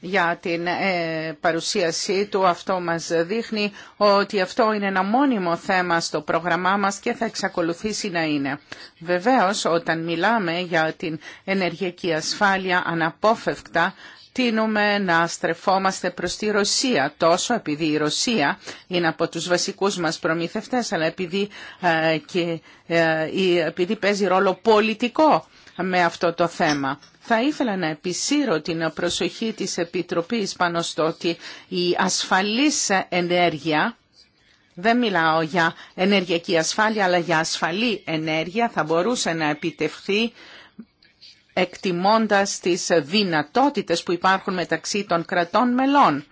για την ε, παρουσίασή του. Αυτό μας δείχνει ότι αυτό είναι ένα μόνιμο θέμα στο πρόγραμμά μας και θα εξακολουθήσει να είναι. Βεβαίως, όταν μιλάμε για την ενεργειακή ασφάλεια αναπόφευκτα, τίνουμε να στρεφόμαστε προς τη Ρωσία, τόσο επειδή η Ρωσία είναι από τους βασικούς μας προμηθευτές, αλλά επειδή, ε, και, ε, επειδή παίζει ρόλο πολιτικό με αυτό το θέμα. Θα ήθελα να επισύρω την προσοχή της Επιτροπής πάνω στο ότι η ασφαλής ενέργεια δεν μιλάω για ενεργειακή ασφάλεια, αλλά για ασφαλή ενέργεια θα μπορούσε να επιτευχθεί εκτιμώντας τις δυνατότητες που υπάρχουν μεταξύ των κρατών μελών.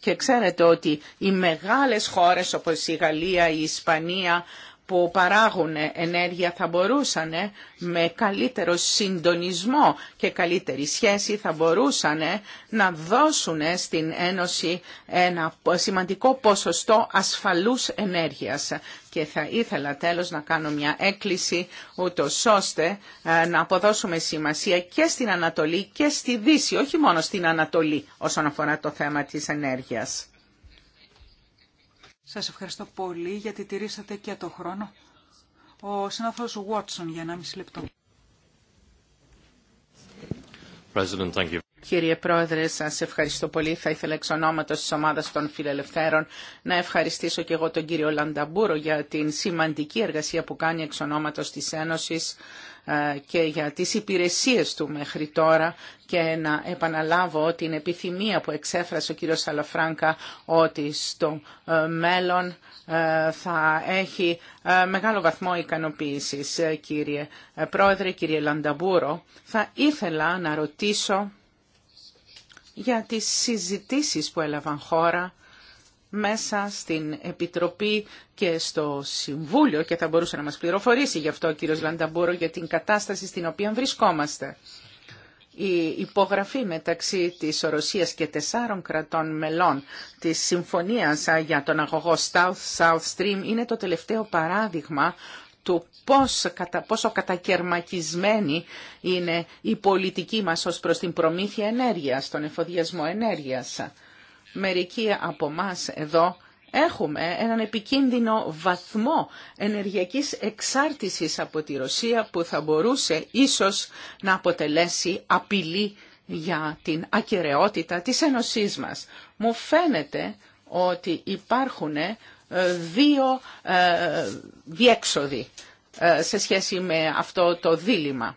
Και ξέρετε ότι οι μεγάλες χώρες όπως η Γαλλία, η Ισπανία, που παράγουν ενέργεια θα μπορούσαν με καλύτερο συντονισμό και καλύτερη σχέση θα μπορούσαν να δώσουν στην Ένωση ένα σημαντικό ποσοστό ασφαλούς ενέργειας. Και θα ήθελα τέλος να κάνω μια έκκληση ούτω ώστε ε, να αποδώσουμε σημασία και στην Ανατολή και στη Δύση, όχι μόνο στην Ανατολή όσον αφορά το θέμα της ενέργειας. Σας ευχαριστώ πολύ γιατί τηρήσατε και το χρόνο. Ο συνάδελφος Βότσον για 1,5 λεπτό. Κύριε Πρόεδρε, σας ευχαριστώ πολύ. Θα ήθελα εξ ονόματο τη ομάδα των φιλελευθέρων να ευχαριστήσω και εγώ τον κύριο Λανταμπούρο για την σημαντική εργασία που κάνει εξ ονόματο της Ένωσης ε, και για τις υπηρεσίες του μέχρι τώρα και να επαναλάβω την επιθυμία που εξέφρασε ο κύριος Σαλαφράνκα ότι στο ε, μέλλον ε, θα έχει μεγάλο βαθμό ικανοποίησης κύριε Πρόεδρε, κύριε Λανταμπούρο. Θα ήθελα να ρωτήσω για τις συζητήσεις που έλαβαν χώρα μέσα στην Επιτροπή και στο Συμβούλιο και θα μπορούσε να μας πληροφορήσει γι' αυτό ο κύριος Λανταμπούρο για την κατάσταση στην οποία βρισκόμαστε. Η υπογραφή μεταξύ της Ρωσίας και τεσσάρων κρατών μελών της Συμφωνίας για τον αγωγό South, South Stream είναι το τελευταίο παράδειγμα του πόσο κατακερμακισμένη είναι η πολιτική μας ως προς την προμήθεια ενέργειας, τον εφοδιασμό ενέργειας. Μερικοί από εμά εδώ έχουμε έναν επικίνδυνο βαθμό ενεργειακής εξάρτησης από τη Ρωσία που θα μπορούσε ίσως να αποτελέσει απειλή για την ακαιρεότητα της Ένωσής μας. Μου φαίνεται ότι υπάρχουν ε, δύο ε, διέξοδοι ε, σε σχέση με αυτό το δίλημα.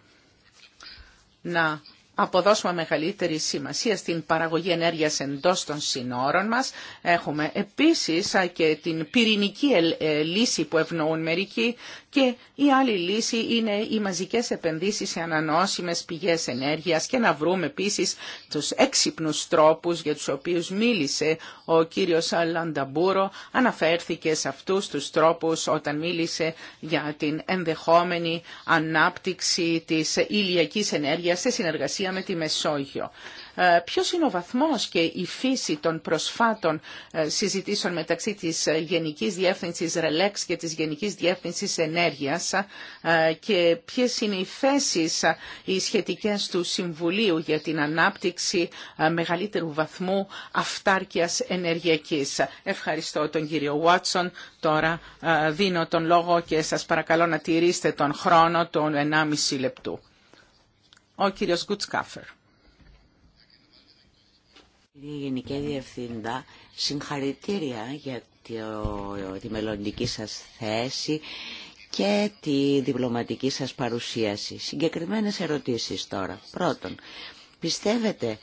Να αποδώσουμε μεγαλύτερη σημασία στην παραγωγή ενέργειας εντός των συνόρων μας. Έχουμε επίσης και την πυρηνική ε, ε, λύση που ευνοούν μερικοί και η άλλη λύση είναι οι μαζικές επενδύσεις σε ανανόσιμες πηγές ενέργειας και να βρούμε επίσης τους έξυπνους τρόπους για τους οποίους μίλησε ο κύριος Λανταμπούρο. Αναφέρθηκε σε αυτούς τους τρόπους όταν μίλησε για την ενδεχόμενη ανάπτυξη της ηλιακής ενέργειας σε συνεργασία Ποιο με τη Μεσόγειο. Ε, ποιος είναι ο βαθμός και η φύση των προσφάτων ε, συζητήσεων μεταξύ της ε, Γενικής Διεύθυνσης Ρελέξ και της Γενικής Διεύθυνσης Ενέργειας και ποιες είναι οι θέσεις οι σχετικές του Συμβουλίου για την ανάπτυξη μεγαλύτερου βαθμού αυτάρκειας ενεργειακής. Ευχαριστώ τον κύριο Βάτσον. Τώρα δίνω τον λόγο και σας παρακαλώ να τηρήσετε τον χρόνο των 1,5 λεπτού ο κύριος Γκουτσκάφερ. Κύριε Γενική Διευθύντα, συγχαρητήρια για τη μελλοντική σας θέση και τη διπλωματική σας παρουσίαση. Συγκεκριμένες ερωτήσεις τώρα. Πρώτον, πιστεύετε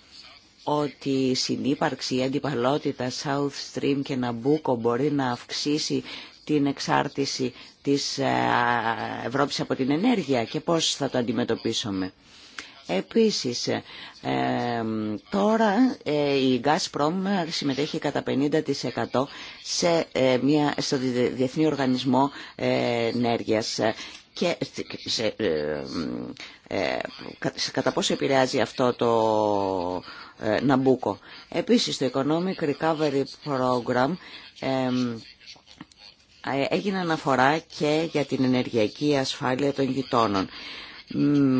ότι η συνύπαρξη, η αντιπαλότητα South Stream και Ναμπούκο μπορεί να αυξήσει την εξάρτηση της ε, Ευρώπης από την ενέργεια και πώς θα το αντιμετωπίσουμε. Επίσης, ε, τώρα ε, η Gazprom συμμετέχει κατά 50% σε, ε, μια, στο Διεθνή Οργανισμό Ενέργειας και σε, κατά πόσο επηρεάζει αυτό το Ναμπούκο. Επίσης, το Economic Recovery Program ε, έγινε αναφορά και για την ενεργειακή ασφάλεια των γειτόνων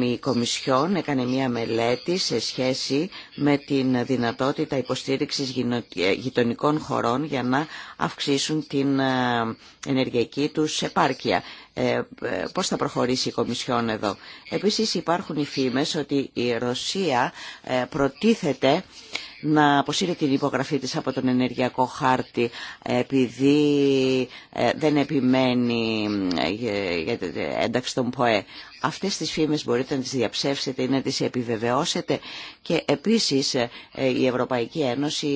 η Κομισιόν έκανε μία μελέτη σε σχέση με την δυνατότητα υποστήριξης γειτονικών χωρών για να αυξήσουν την ε, ενεργειακή τους επάρκεια. Ε, ε, πώς θα προχωρήσει η Κομισιόν εδώ. Επίσης υπάρχουν οι φήμες ότι η Ρωσία ε, προτίθεται να αποσύρει την υπογραφή της από τον ενεργειακό χάρτη ε, επειδή ε, δεν επιμένει ε, για ένταξη των ΠΟΕ. Αυτές τις φήμες μπορείτε να τις διαψεύσετε ή να τις επιβεβαιώσετε και επίσης η Ευρωπαϊκή Ένωση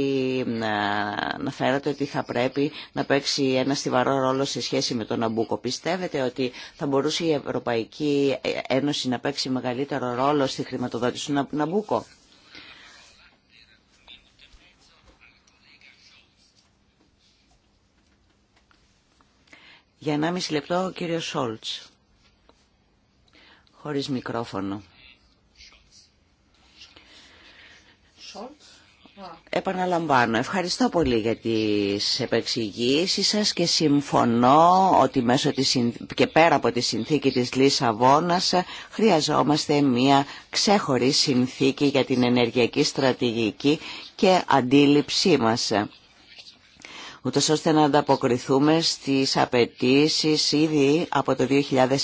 αναφέρατε ότι θα πρέπει να παίξει ένα στιβαρό ρόλο σε σχέση με τον Ναμπούκο. Πιστεύετε ότι θα μπορούσε η Ευρωπαϊκή Ένωση να παίξει μεγαλύτερο ρόλο στη χρηματοδότηση του Ναμπούκο. Για 1,5 λεπτό ο κύριος Σόλτς. Χωρίς μικρόφωνο. Επαναλαμβάνω, ευχαριστώ πολύ για τις επεξηγήσεις σας και συμφωνώ ότι μέσω της, και πέρα από τη συνθήκη της Λισαβόνας χρειαζόμαστε μια ξέχωρη συνθήκη για την ενεργειακή στρατηγική και αντίληψή μας ούτως ώστε να ανταποκριθούμε στις απαιτήσει ήδη από το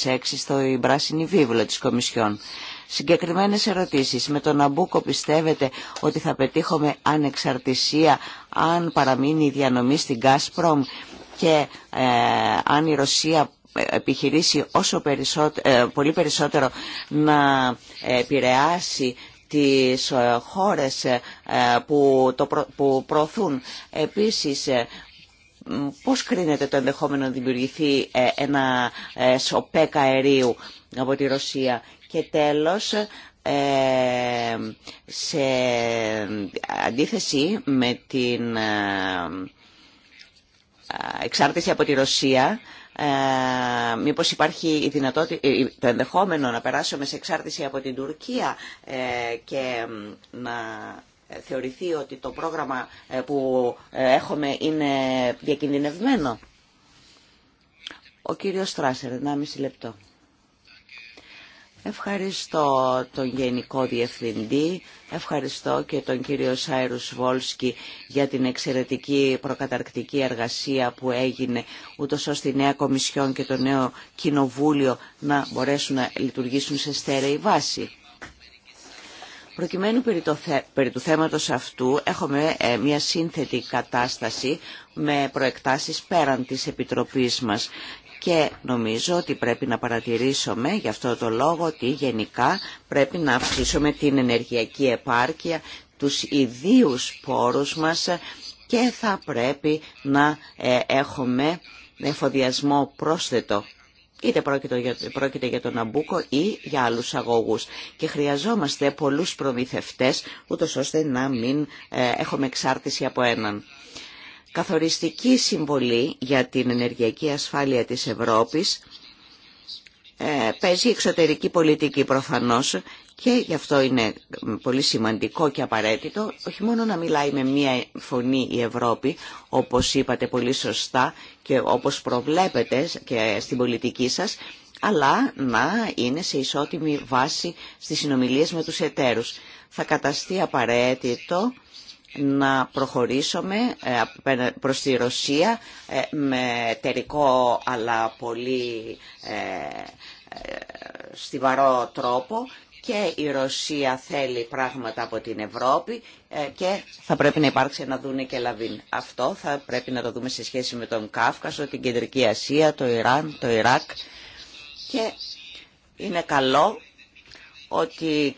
2006 στο πράσινη βίβλο της Κομισιόν. Συγκεκριμένες ερωτήσεις. Με τον Αμπούκο πιστεύετε ότι θα πετύχουμε ανεξαρτησία αν παραμείνει η διανομή στην Γκάσπρομ και ε, αν η Ρωσία επιχειρήσει όσο περισσότερο, ε, πολύ περισσότερο να επηρεάσει τις ε, χώρες που, το που προωθούν επίσης πώς κρίνεται το ενδεχόμενο να δημιουργηθεί ε, ένα ε, σοπέκα αερίου από τη Ρωσία. Και τέλος, ε, σε αντίθεση με την εξάρτηση από τη Ρωσία, ε, μήπως υπάρχει η δυνατότητα, το ενδεχόμενο να περάσουμε σε εξάρτηση από την Τουρκία και να θεωρηθεί ότι το πρόγραμμα ε, που ε, έχουμε είναι διακινδυνευμένο. Ο κύριος Στράσερ, 1,5 λεπτό. Ευχαριστώ τον Γενικό Διευθυντή, ευχαριστώ και τον κύριο Σάιρους Βόλσκι για την εξαιρετική προκαταρκτική εργασία που έγινε, ούτω ώστε η νέα Κομισιόν και το νέο Κοινοβούλιο να μπορέσουν να λειτουργήσουν σε στέρεη βάση. Προκειμένου περί, του θέματος αυτού έχουμε ε, μια σύνθετη κατάσταση με προεκτάσεις πέραν της Επιτροπής μας και νομίζω ότι πρέπει να παρατηρήσουμε γι' αυτό το λόγο ότι γενικά πρέπει να αυξήσουμε την ενεργειακή επάρκεια, τους ιδίους πόρους μας και θα πρέπει να ε, έχουμε εφοδιασμό πρόσθετο είτε πρόκειται για, τον Αμπούκο ή για άλλους αγωγούς. Και χρειαζόμαστε πολλούς προμηθευτές, ούτω ώστε να μην ε, έχουμε εξάρτηση από έναν. Καθοριστική συμβολή για την ενεργειακή ασφάλεια της Ευρώπης ε, παίζει εξωτερική πολιτική προφανώς και γι' αυτό είναι πολύ σημαντικό και απαραίτητο όχι μόνο να μιλάει με μία φωνή η Ευρώπη, όπως είπατε πολύ σωστά και όπως προβλέπετε και στην πολιτική σας, αλλά να είναι σε ισότιμη βάση στις συνομιλίες με τους εταίρους. Θα καταστεί απαραίτητο να προχωρήσουμε ε, προς τη Ρωσία ε, με εταιρικό αλλά πολύ ε, στιβαρό τρόπο και η Ρωσία θέλει πράγματα από την Ευρώπη ε, και θα πρέπει να υπάρξει ένα δούνε και λαβίν. Αυτό θα πρέπει να το δούμε σε σχέση με τον Κάφκασο, την Κεντρική Ασία, το Ιράν, το Ιράκ και είναι καλό ότι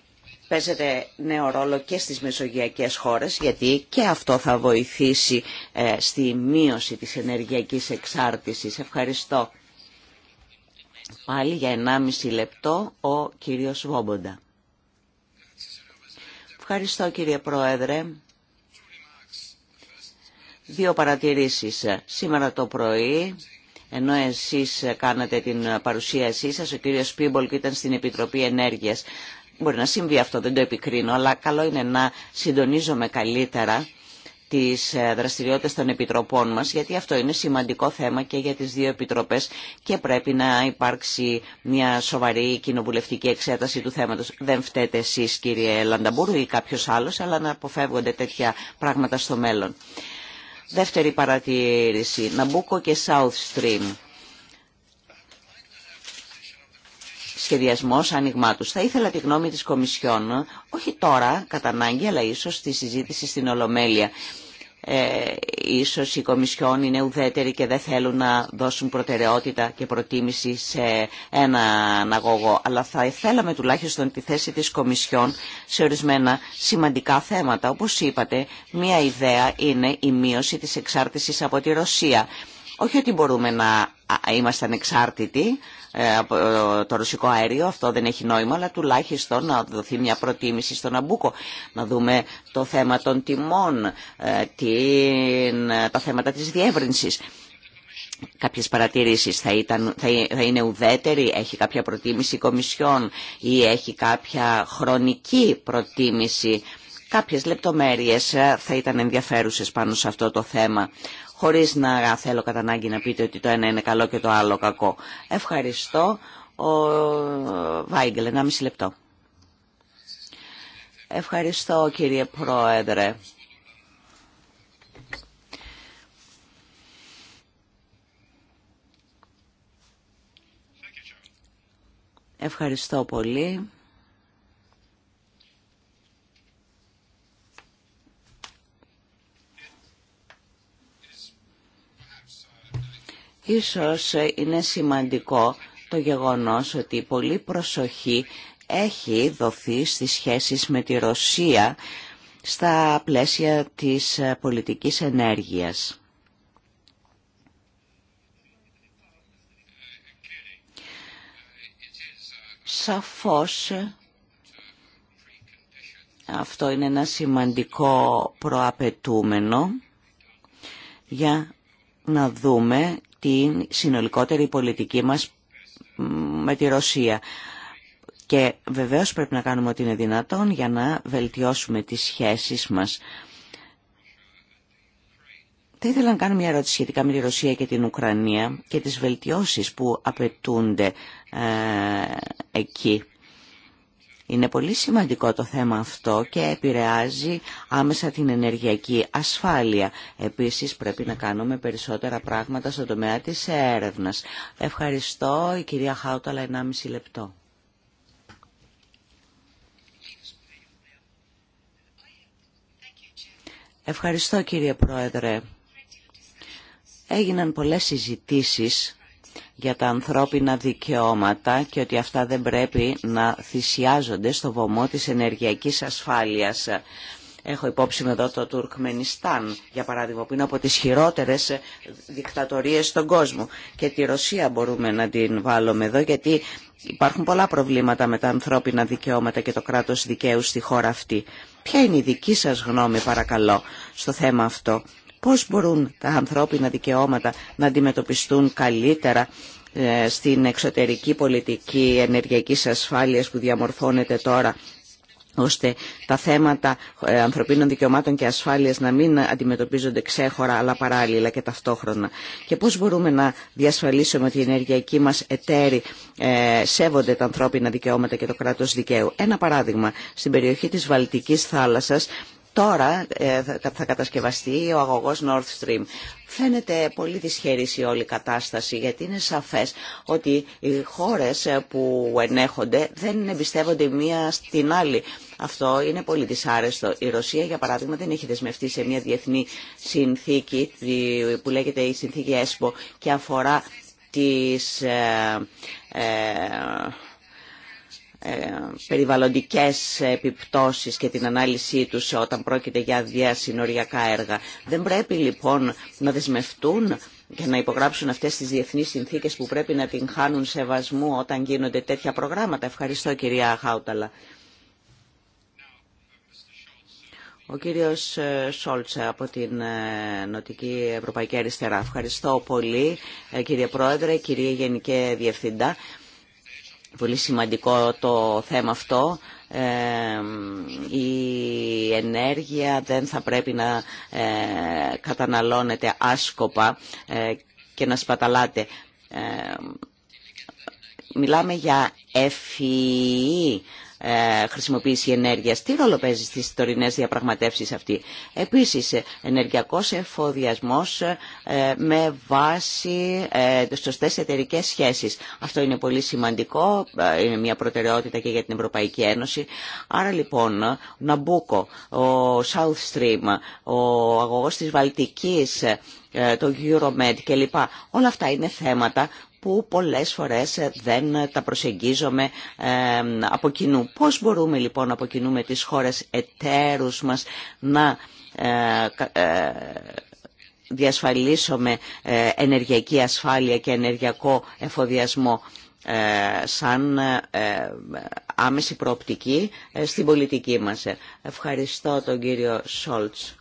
παίζεται νέο ρόλο και στις μεσογειακές χώρες γιατί και αυτό θα βοηθήσει ε, στη μείωση της ενεργειακής εξάρτησης. Ευχαριστώ. Πάλι για 1,5 λεπτό ο κύριος Βόμποντα. Ευχαριστώ κύριε Πρόεδρε. Δύο παρατηρήσεις. Σήμερα το πρωί, ενώ εσείς κάνατε την παρουσίασή σας, ο κύριος Πίμπολκ ήταν στην Επιτροπή Ενέργειας. Μπορεί να συμβεί αυτό, δεν το επικρίνω, αλλά καλό είναι να συντονίζομαι καλύτερα τις ε, δραστηριότητες των επιτροπών μας, γιατί αυτό είναι σημαντικό θέμα και για τις δύο επιτροπές και πρέπει να υπάρξει μια σοβαρή κοινοβουλευτική εξέταση του θέματος. Δεν φταίτε εσείς κύριε Λανταμπούρου ή κάποιος άλλος, αλλά να αποφεύγονται τέτοια πράγματα στο μέλλον. Δεύτερη παρατήρηση, Ναμπούκο και South Stream. σχεδιασμός άνοιγμά του. Θα ήθελα τη γνώμη της Κομισιόν, όχι τώρα κατά ανάγκη, αλλά ίσως στη συζήτηση στην Ολομέλεια. Ε, ίσως οι Κομισιόν είναι ουδέτεροι και δεν θέλουν να δώσουν προτεραιότητα και προτίμηση σε έναν αγωγό. Αλλά θα θέλαμε τουλάχιστον τη θέση της Κομισιόν σε ορισμένα σημαντικά θέματα. Όπως είπατε, μία ιδέα είναι η μείωση της εξάρτησης από τη Ρωσία. Όχι ότι μπορούμε να είμαστε ανεξάρτητοι, ε, ε, το ρωσικό αέριο. Αυτό δεν έχει νόημα, αλλά τουλάχιστον να δοθεί μια προτίμηση στον Αμπούκο. Να δούμε το θέμα των τιμών, ε, τα θέματα της διεύρυνσης. Κάποιες παρατηρήσεις θα, ήταν, θα είναι ουδέτερη, έχει κάποια προτίμηση κομισιών ή έχει κάποια χρονική προτίμηση. Κάποιες λεπτομέρειες θα ήταν ενδιαφέρουσες πάνω σε αυτό το θέμα χωρίς να θέλω κατά ανάγκη να πείτε ότι το ένα είναι καλό και το άλλο κακό. Ευχαριστώ. Ο Βάιγκελ, μισή λεπτό. Ευχαριστώ κύριε Πρόεδρε. Ευχαριστώ πολύ. Ίσως είναι σημαντικό το γεγονός ότι πολλή προσοχή έχει δοθεί στις σχέσεις με τη Ρωσία στα πλαίσια της πολιτικής ενέργειας. Σαφώς αυτό είναι ένα σημαντικό προαπαιτούμενο για να δούμε την συνολικότερη πολιτική μας με τη Ρωσία. Και βεβαίως πρέπει να κάνουμε ό,τι είναι δυνατόν για να βελτιώσουμε τις σχέσεις μας. Θα ήθελα να κάνω μια ερώτηση σχετικά με τη Ρωσία και την Ουκρανία και τις βελτιώσεις που απαιτούνται ε, εκεί. Είναι πολύ σημαντικό το θέμα αυτό και επηρεάζει άμεσα την ενεργειακή ασφάλεια. Επίσης πρέπει να κάνουμε περισσότερα πράγματα στον τομέα της έρευνας. Ευχαριστώ η κυρία Χάουταλα 1,5 λεπτό. Ευχαριστώ κύριε Πρόεδρε. Έγιναν πολλές συζητήσεις για τα ανθρώπινα δικαιώματα και ότι αυτά δεν πρέπει να θυσιάζονται στο βωμό της ενεργειακής ασφάλειας. Έχω υπόψη με εδώ το Τουρκμενιστάν, για παράδειγμα, που είναι από τις χειρότερες δικτατορίες στον κόσμο. Και τη Ρωσία μπορούμε να την βάλουμε εδώ, γιατί υπάρχουν πολλά προβλήματα με τα ανθρώπινα δικαιώματα και το κράτος δικαίου στη χώρα αυτή. Ποια είναι η δική σας γνώμη, παρακαλώ, στο θέμα αυτό. Πώς μπορούν τα ανθρώπινα δικαιώματα να αντιμετωπιστούν καλύτερα ε, στην εξωτερική πολιτική ενεργειακή ασφάλειας που διαμορφώνεται τώρα ώστε τα θέματα ε, ανθρωπίνων δικαιωμάτων και ασφάλειας να μην αντιμετωπίζονται ξέχωρα αλλά παράλληλα και ταυτόχρονα. Και πώς μπορούμε να διασφαλίσουμε ότι οι ενεργειακοί μας εταίροι ε, σέβονται τα ανθρώπινα δικαιώματα και το κράτος δικαίου. Ένα παράδειγμα, στην περιοχή της Βαλτικής θάλασσας Τώρα ε, θα κατασκευαστεί ο αγωγός Nord Stream. Φαίνεται πολύ δυσχέρης η όλη κατάσταση γιατί είναι σαφές ότι οι χώρες ε, που ενέχονται δεν εμπιστεύονται μία στην άλλη. Αυτό είναι πολύ δυσάρεστο. Η Ρωσία για παράδειγμα δεν έχει δεσμευτεί σε μια διεθνή συνθήκη που λέγεται η συνθήκη ΕΣΠΟ και αφορά τις... Ε, ε, περιβαλλοντικές επιπτώσεις και την ανάλυση τους όταν πρόκειται για διασυνοριακά έργα. Δεν πρέπει λοιπόν να δεσμευτούν και να υπογράψουν αυτές τις διεθνείς συνθήκες που πρέπει να την χάνουν σεβασμού όταν γίνονται τέτοια προγράμματα. Ευχαριστώ κυρία Χάουταλα. Ο κύριος ε, Σόλτσε από την ε, Νοτική Ευρωπαϊκή Αριστερά. Ευχαριστώ πολύ κύριε Πρόεδρε, κυρία Γενική Διευθυντά πολύ σημαντικό το θέμα αυτό. Ε, η ενέργεια δεν θα πρέπει να ε, καταναλώνεται άσκοπα ε, και να σπαταλάτε. μιλάμε για FEE e. Ε, χρησιμοποίηση ενέργειας. Τι ρόλο παίζει στι τωρινέ διαπραγματεύσεις αυτή. Επίσης, ε, ενεργειακός εφοδιασμός ε, με βάση σωστέ εταιρικέ σχέσεις. Αυτό είναι πολύ σημαντικό, είναι μια προτεραιότητα και για την Ευρωπαϊκή Ένωση. Άρα λοιπόν, Ναμπούκο, ο South Stream, ο αγωγό της Βαλτική, το Euromed κλπ. Όλα αυτά είναι θέματα που πολλές φορές ε, δεν ε, τα προσεγγίζομαι ε, από κοινού. Πώς μπορούμε λοιπόν από κοινού με τις χώρες εταίρους μας να διασφαλίσουμε ενεργειακή ασφάλεια και ενεργειακό εφοδιασμό σαν άμεση προοπτική στην πολιτική μας. Ευχαριστώ τον κύριο Σόλτς.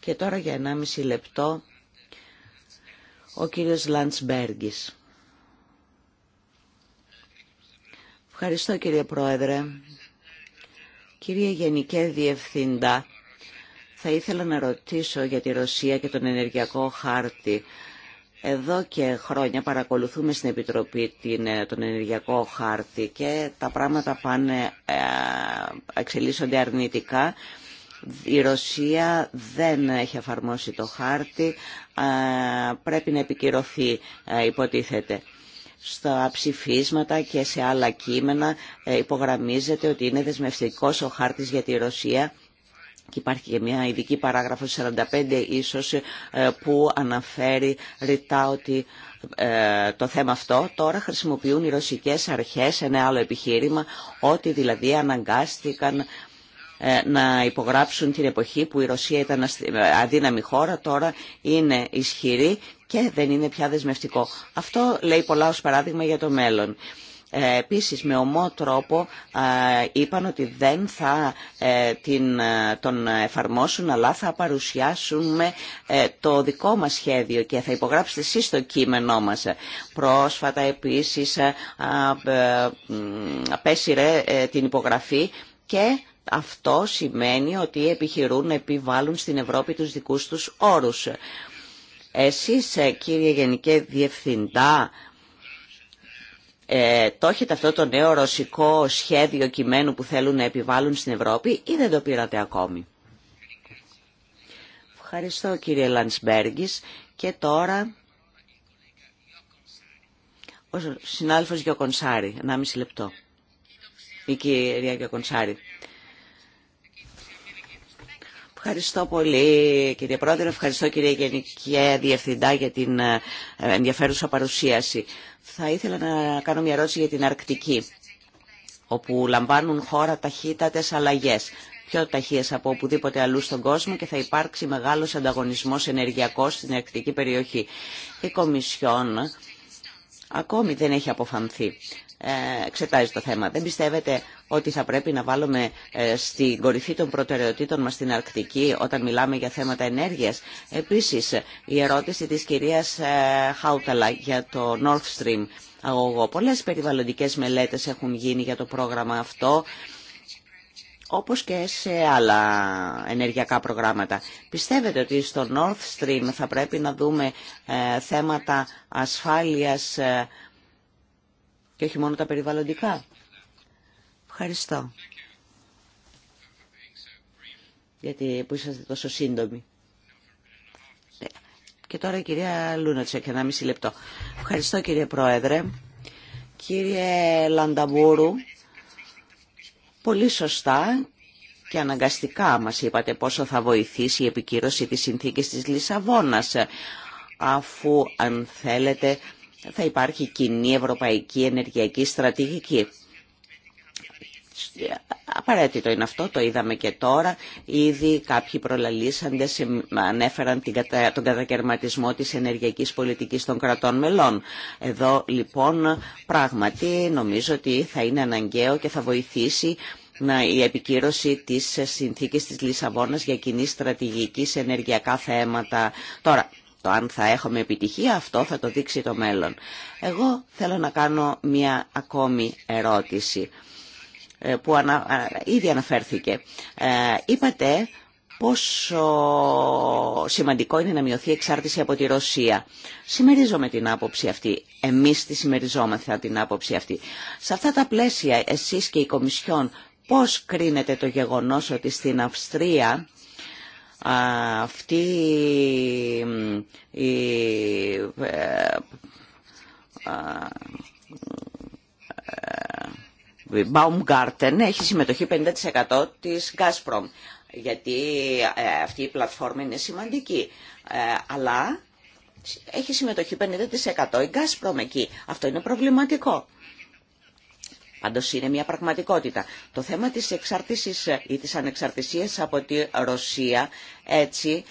Και τώρα για 1,5 λεπτό ο κύριος Λαντσμπέργκης. Ευχαριστώ κύριε Πρόεδρε. Κύριε Γενικέ Διευθυντά, θα ήθελα να ρωτήσω για τη Ρωσία και τον ενεργειακό χάρτη. Εδώ και χρόνια παρακολουθούμε στην Επιτροπή την, ε, τον ενεργειακό χάρτη και τα πράγματα πάνε, ε, εξελίσσονται αρνητικά. Η Ρωσία δεν έχει εφαρμόσει το χάρτη, ε, πρέπει να επικυρωθεί υποτίθεται στα ψηφίσματα και σε άλλα κείμενα ε, υπογραμμίζεται ότι είναι δεσμευτικός ο χάρτης για τη Ρωσία και υπάρχει και μια ειδική παράγραφος 45 ίσως ε, που αναφέρει ρητά ότι ε, το θέμα αυτό τώρα χρησιμοποιούν οι ρωσικές αρχές ένα άλλο επιχείρημα ότι δηλαδή αναγκάστηκαν ε, να υπογράψουν την εποχή που η Ρωσία ήταν ε, αδύναμη χώρα, τώρα είναι ισχυρή και δεν είναι πια δεσμευτικό. Αυτό λέει πολλά ως παράδειγμα για το μέλλον. Ε, επίσης, με ομό τρόπο είπαν ότι δεν θα την, τον εφαρμόσουν αλλά θα παρουσιάσουμε το δικό μας σχέδιο και θα υπογράψετε εσείς το κείμενό μας. Πρόσφατα, επίσης, απέσυρε την υπογραφή και αυτό σημαίνει ότι επιχειρούν να επιβάλλουν στην Ευρώπη τους δικούς τους όρους. Εσείς ε, κύριε Γενικέ Διευθυντά ε, το έχετε αυτό το νέο ρωσικό σχέδιο κειμένου που θέλουν να επιβάλλουν στην Ευρώπη ή δεν το πήρατε ακόμη. Ευχαριστώ κύριε Λανσμπέργκης και τώρα ο συνάδελφος ένα 1,5 λεπτό. Η κυρία Ευχαριστώ πολύ κύριε Πρόεδρε, ευχαριστώ κύριε Γενική Διευθυντά για την ε, ενδιαφέρουσα παρουσίαση. Θα ήθελα να κάνω μια ερώτηση για την Αρκτική, όπου λαμβάνουν χώρα ταχύτατες αλλαγές πιο ταχείες από οπουδήποτε αλλού στον κόσμο και θα υπάρξει μεγάλος ανταγωνισμός ενεργειακός στην αρκτική περιοχή. Η Κομισιόν ακόμη δεν έχει αποφανθεί. Ε, εξετάζει το θέμα. Δεν πιστεύετε ότι θα πρέπει να βάλουμε ε, στην κορυφή των προτεραιοτήτων μας στην Αρκτική όταν μιλάμε για θέματα ενέργειας. Επίσης, η ερώτηση της κυρίας ε, Χάουταλα για το North Stream αγωγό. Πολλές περιβαλλοντικές μελέτες έχουν γίνει για το πρόγραμμα αυτό όπως και σε άλλα ενεργειακά προγράμματα. Πιστεύετε ότι στο North Stream θα πρέπει να δούμε θέματα ασφάλειας και όχι μόνο τα περιβαλλοντικά. Ευχαριστώ. Γιατί που είσαστε τόσο σύντομοι. Και τώρα η κυρία Λούνατσεκ, μισή λεπτό. Ευχαριστώ κύριε Πρόεδρε. Κύριε Λανταμπούρου, πολύ σωστά και αναγκαστικά μας είπατε πόσο θα βοηθήσει η επικύρωση της συνθήκης της Λισαβόνας αφού αν θέλετε θα υπάρχει κοινή ευρωπαϊκή ενεργειακή στρατηγική. Απαραίτητο είναι αυτό, το είδαμε και τώρα. Ήδη κάποιοι προλαλήσαντες ανέφεραν τον κατακαιρματισμό της ενεργειακής πολιτικής των κρατών μελών. Εδώ λοιπόν πράγματι νομίζω ότι θα είναι αναγκαίο και θα βοηθήσει η επικύρωση της συνθήκης της Λισαβόνας για κοινή στρατηγική σε ενεργειακά θέματα. Τώρα, αν θα έχουμε επιτυχία αυτό θα το δείξει το μέλλον. Εγώ θέλω να κάνω μια ακόμη ερώτηση ε, που ήδη αναφέρθηκε. Ε, είπατε πόσο σημαντικό είναι να μειωθεί η εξάρτηση από τη Ρωσία. Συμμερίζομαι την άποψη αυτή. Εμείς τη συμμεριζόμεθα την άποψη αυτή. Σε αυτά τα πλαίσια εσείς και η Κομισιόν πώς κρίνετε το γεγονός ότι στην Αυστρία αυτή η ε, ε, η Baumgarten έχει συμμετοχή 50% της Gazprom γιατί ε, αυτή η πλατφόρμα είναι σημαντική αλλά έχει συμμετοχή 50% η Gazprom εκεί. Αυτό είναι προβληματικό. Πάντω είναι μια πραγματικότητα. Το θέμα της εξάρτησης ε, ή της ανεξαρτησίας από τη Ρωσία έτσι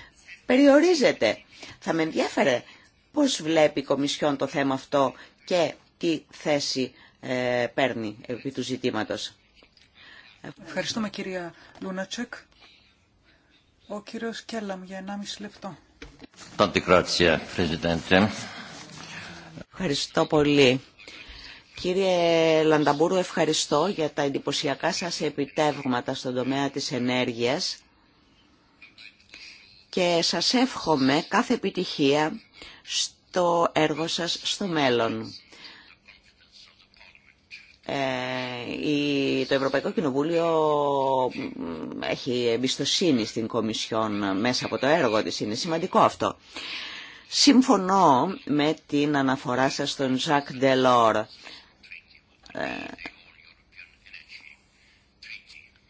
περιορίζεται. Θα με ενδιαφέρε πώς βλέπει η Κομισιόν το θέμα αυτό και τι θέση ε, παίρνει επί του ζητήματος. Ευχαριστούμε κυρία Λούνατσεκ. Ο κύριος Κέλλαμ για 1,5 λεπτό. Ευχαριστώ πολύ. Κύριε Λανταμπούρου, ευχαριστώ για τα εντυπωσιακά σας επιτεύγματα στον τομέα της ενέργειας και σας εύχομαι κάθε επιτυχία στο έργο σας στο μέλλον. Ε, το Ευρωπαϊκό Κοινοβούλιο έχει εμπιστοσύνη στην Κομισιόν μέσα από το έργο της. Είναι σημαντικό αυτό. Συμφωνώ με την αναφορά σας στον Ζακ Ντελόρ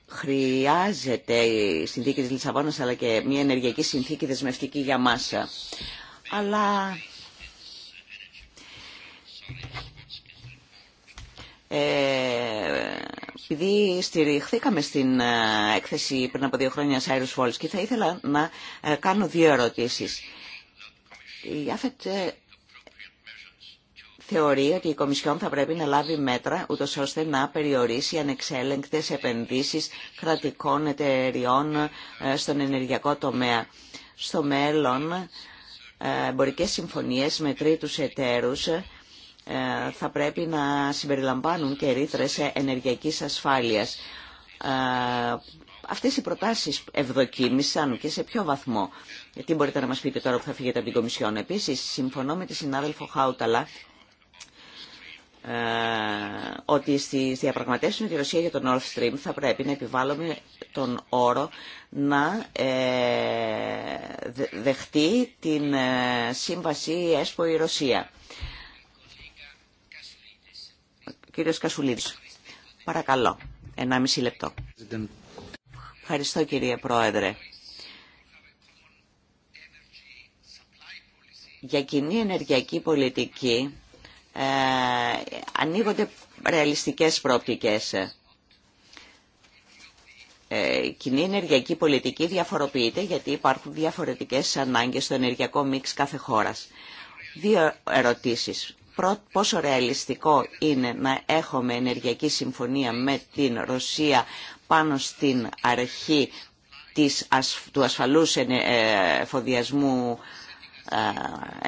χρειάζεται η συνθήκη της Λισαβόνας αλλά και μια ενεργειακή συνθήκη δεσμευτική για μας. Αλλά ε, επειδή στηριχθήκαμε στην ε, έκθεση πριν από δύο χρόνια Cyrus Walls και θα ήθελα να ε, κάνω δύο ερωτήσεις. Η Άφετ θεωρεί ότι η Κομισιόν θα πρέπει να λάβει μέτρα ούτως ώστε να περιορίσει ανεξέλεγκτες επενδύσεις κρατικών εταιριών ε, στον ενεργειακό τομέα. Στο μέλλον, ε, εμπορικές συμφωνίες με τρίτους εταίρους ε, θα πρέπει να συμπεριλαμβάνουν και ρήτρες ενεργειακής ασφάλειας. Αυτές οι προτάσεις ευδοκίμησαν και σε ποιο βαθμό. Τι μπορείτε να μας πείτε τώρα που θα φύγετε από την Κομισιόν. Επίσης, συμφωνώ με τη συνάδελφο Χάουταλα ε, ότι στις διαπραγματεύσεις με τη Ρωσία για τον Nord Stream θα πρέπει να επιβάλλουμε τον όρο να ε, δεχτεί την ε, σύμβαση ΕΣΠΟ η Ρωσία. Κύριος Κασουλίδης, παρακαλώ, ένα μισή λεπτό. Ευχαριστώ κύριε Πρόεδρε. Για κοινή ενεργειακή πολιτική ε, ανοίγονται ρεαλιστικές προοπτικές. Ε, ε, η κοινή ενεργειακή πολιτική διαφοροποιείται γιατί υπάρχουν διαφορετικές ανάγκες στο ενεργειακό μίξ κάθε χώρας. Δύο ερωτήσεις. Πόσο ρεαλιστικό είναι να έχουμε ενεργειακή συμφωνία με την Ρωσία πάνω στην αρχή της του ασφαλούς εφοδιασμού ε,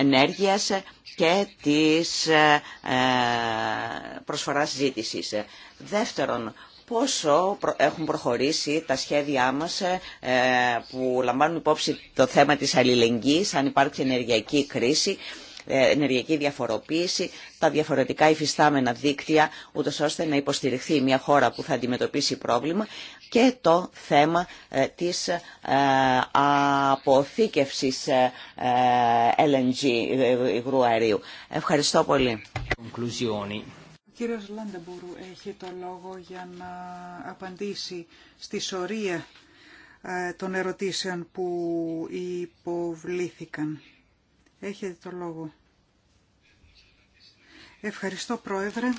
ενέργειας και της ε, ε, προσφοράς ζήτησης. Δεύτερον, πόσο έχουν προχωρήσει τα σχέδιά μας που λαμβάνουν υπόψη το θέμα της αλληλεγγύης, αν υπάρχει ενεργειακή κρίση, ενεργειακή διαφοροποίηση, τα διαφορετικά υφιστάμενα δίκτυα, ούτω ώστε να υποστηριχθεί μια χώρα που θα αντιμετωπίσει πρόβλημα, και το θέμα ε, της ε, αποθήκευσης ε, LNG υγρού αερίου. Ευχαριστώ πολύ. Ο κύριος Λάντεμπουρου έχει το λόγο για να απαντήσει στη σωρία των ερωτήσεων που υποβλήθηκαν. Έχετε το λόγο. Ευχαριστώ Πρόεδρε.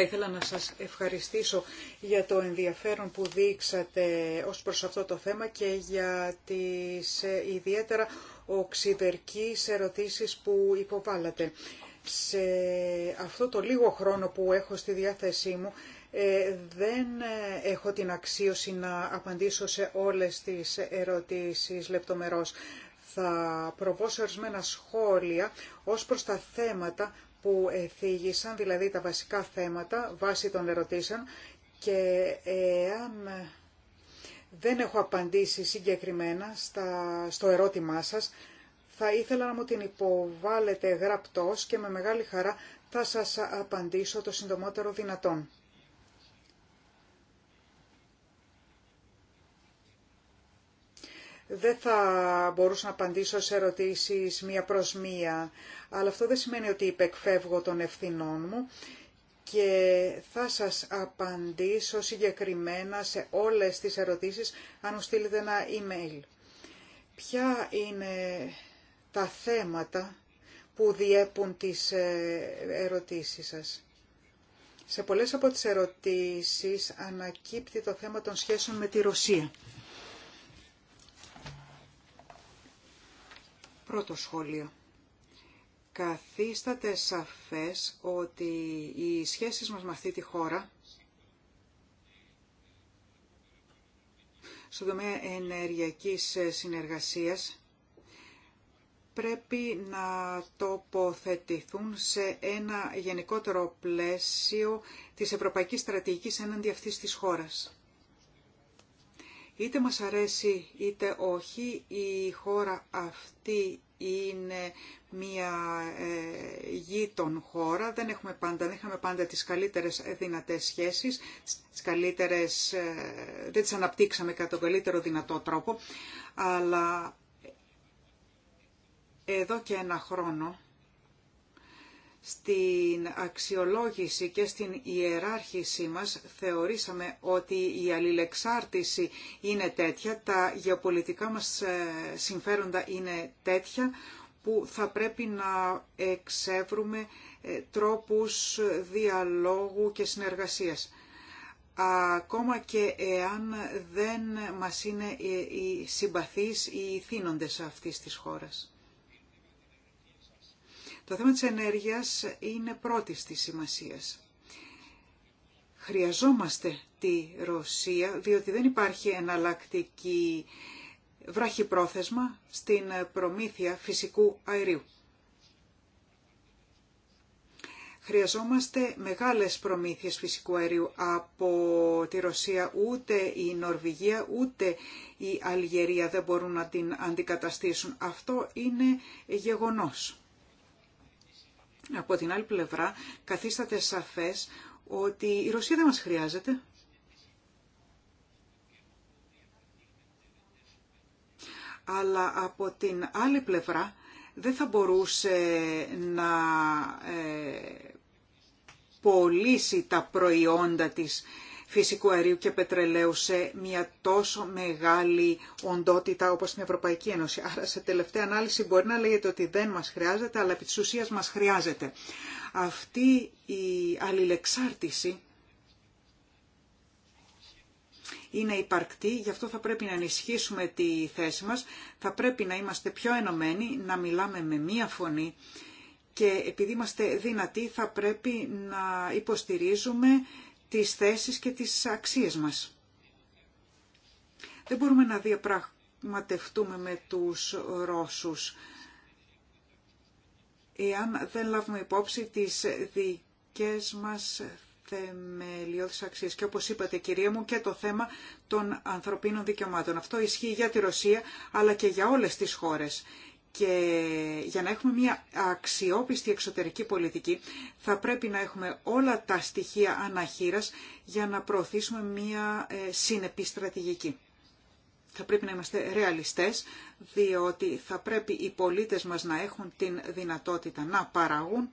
Θα ήθελα να σας ευχαριστήσω για το ενδιαφέρον που δείξατε ως προς αυτό το θέμα και για τις ε, ιδιαίτερα οξυδερκείς ερωτήσεις που υποβάλλατε. Σε αυτό το λίγο χρόνο που έχω στη διάθεσή μου, ε, δεν ε, έχω την αξίωση να απαντήσω σε όλες τις ερωτήσεις λεπτομερώς. Θα προβώ σε ορισμένα σχόλια ως προς τα θέματα που εθίγησαν, δηλαδή τα βασικά θέματα βάσει των ερωτήσεων και εάν δεν έχω απαντήσει συγκεκριμένα στα, στο ερώτημά σας, θα ήθελα να μου την υποβάλλετε γραπτός και με μεγάλη χαρά θα σας απαντήσω το συντομότερο δυνατόν. δεν θα μπορούσα να απαντήσω σε ερωτήσεις μία προς μία, αλλά αυτό δεν σημαίνει ότι υπεκφεύγω των ευθυνών μου και θα σας απαντήσω συγκεκριμένα σε όλες τις ερωτήσεις αν μου στείλετε ένα email. Ποια είναι τα θέματα που διέπουν τις ε, ερωτήσεις σας. Σε πολλές από τις ερωτήσεις ανακύπτει το θέμα των σχέσεων με τη Ρωσία. Πρώτο σχόλιο. Καθίσταται σαφές ότι οι σχέσεις μας με αυτή τη χώρα στον τομέα ενεργειακής συνεργασίας πρέπει να τοποθετηθούν σε ένα γενικότερο πλαίσιο της Ευρωπαϊκής Στρατηγικής έναντι αυτής της χώρας. Είτε μας αρέσει είτε όχι, η χώρα αυτή είναι μια ε, γείτον χώρα, δεν, έχουμε πάντα, δεν είχαμε πάντα τις καλύτερες ε, δυνατές σχέσεις, τις καλύτερες, ε, δεν τις αναπτύξαμε κατά τον καλύτερο δυνατό τρόπο, αλλά εδώ και ένα χρόνο στην αξιολόγηση και στην ιεράρχησή μας θεωρήσαμε ότι η αλληλεξάρτηση είναι τέτοια, τα γεωπολιτικά μας ε, συμφέροντα είναι τέτοια που θα πρέπει να εξεύρουμε ε, τρόπους διαλόγου και συνεργασίας. Ακόμα και εάν δεν μας είναι ε, οι συμπαθείς ή οι θύνοντες αυτής της χώρας. Το θέμα της ενέργειας είναι πρώτη τη σημασία. Χρειαζόμαστε τη Ρωσία, διότι δεν υπάρχει εναλλακτική βραχυπρόθεσμα στην προμήθεια φυσικού αερίου. Χρειαζόμαστε μεγάλες προμήθειες φυσικού αερίου από τη Ρωσία. Ούτε η Νορβηγία ούτε η Αλγερία δεν μπορούν να την αντικαταστήσουν. Αυτό είναι γεγονός. Από την άλλη πλευρά καθίσταται σαφές ότι η Ρωσία δεν μας χρειάζεται. Αλλά από την άλλη πλευρά δεν θα μπορούσε να ε, πωλήσει τα προϊόντα της φυσικού αερίου και πετρελαίου σε μια τόσο μεγάλη οντότητα όπως την Ευρωπαϊκή Ένωση. Άρα σε τελευταία ανάλυση μπορεί να λέγεται ότι δεν μας χρειάζεται, αλλά επί της ουσίας μας χρειάζεται. Αυτή η αλληλεξάρτηση είναι υπαρκτή, γι' αυτό θα πρέπει να ενισχύσουμε τη θέση μας, θα πρέπει να είμαστε πιο ενωμένοι, να μιλάμε με μία φωνή και επειδή είμαστε δυνατοί θα πρέπει να υποστηρίζουμε τις θέσεις και τις αξίες μας. Δεν μπορούμε να διαπραγματευτούμε με τους Ρώσους εάν δεν λάβουμε υπόψη τις δικές μας θεμελιώδεις αξίες. Και όπως είπατε κυρία μου και το θέμα των ανθρωπίνων δικαιωμάτων. Αυτό ισχύει για τη Ρωσία αλλά και για όλες τις χώρες. Και για να έχουμε μια αξιόπιστη εξωτερική πολιτική θα πρέπει να έχουμε όλα τα στοιχεία αναχείρας για να προωθήσουμε μια ε, συνεπή στρατηγική. Θα πρέπει να είμαστε ρεαλιστές, διότι θα πρέπει οι πολίτες μας να έχουν την δυνατότητα να παραγούν,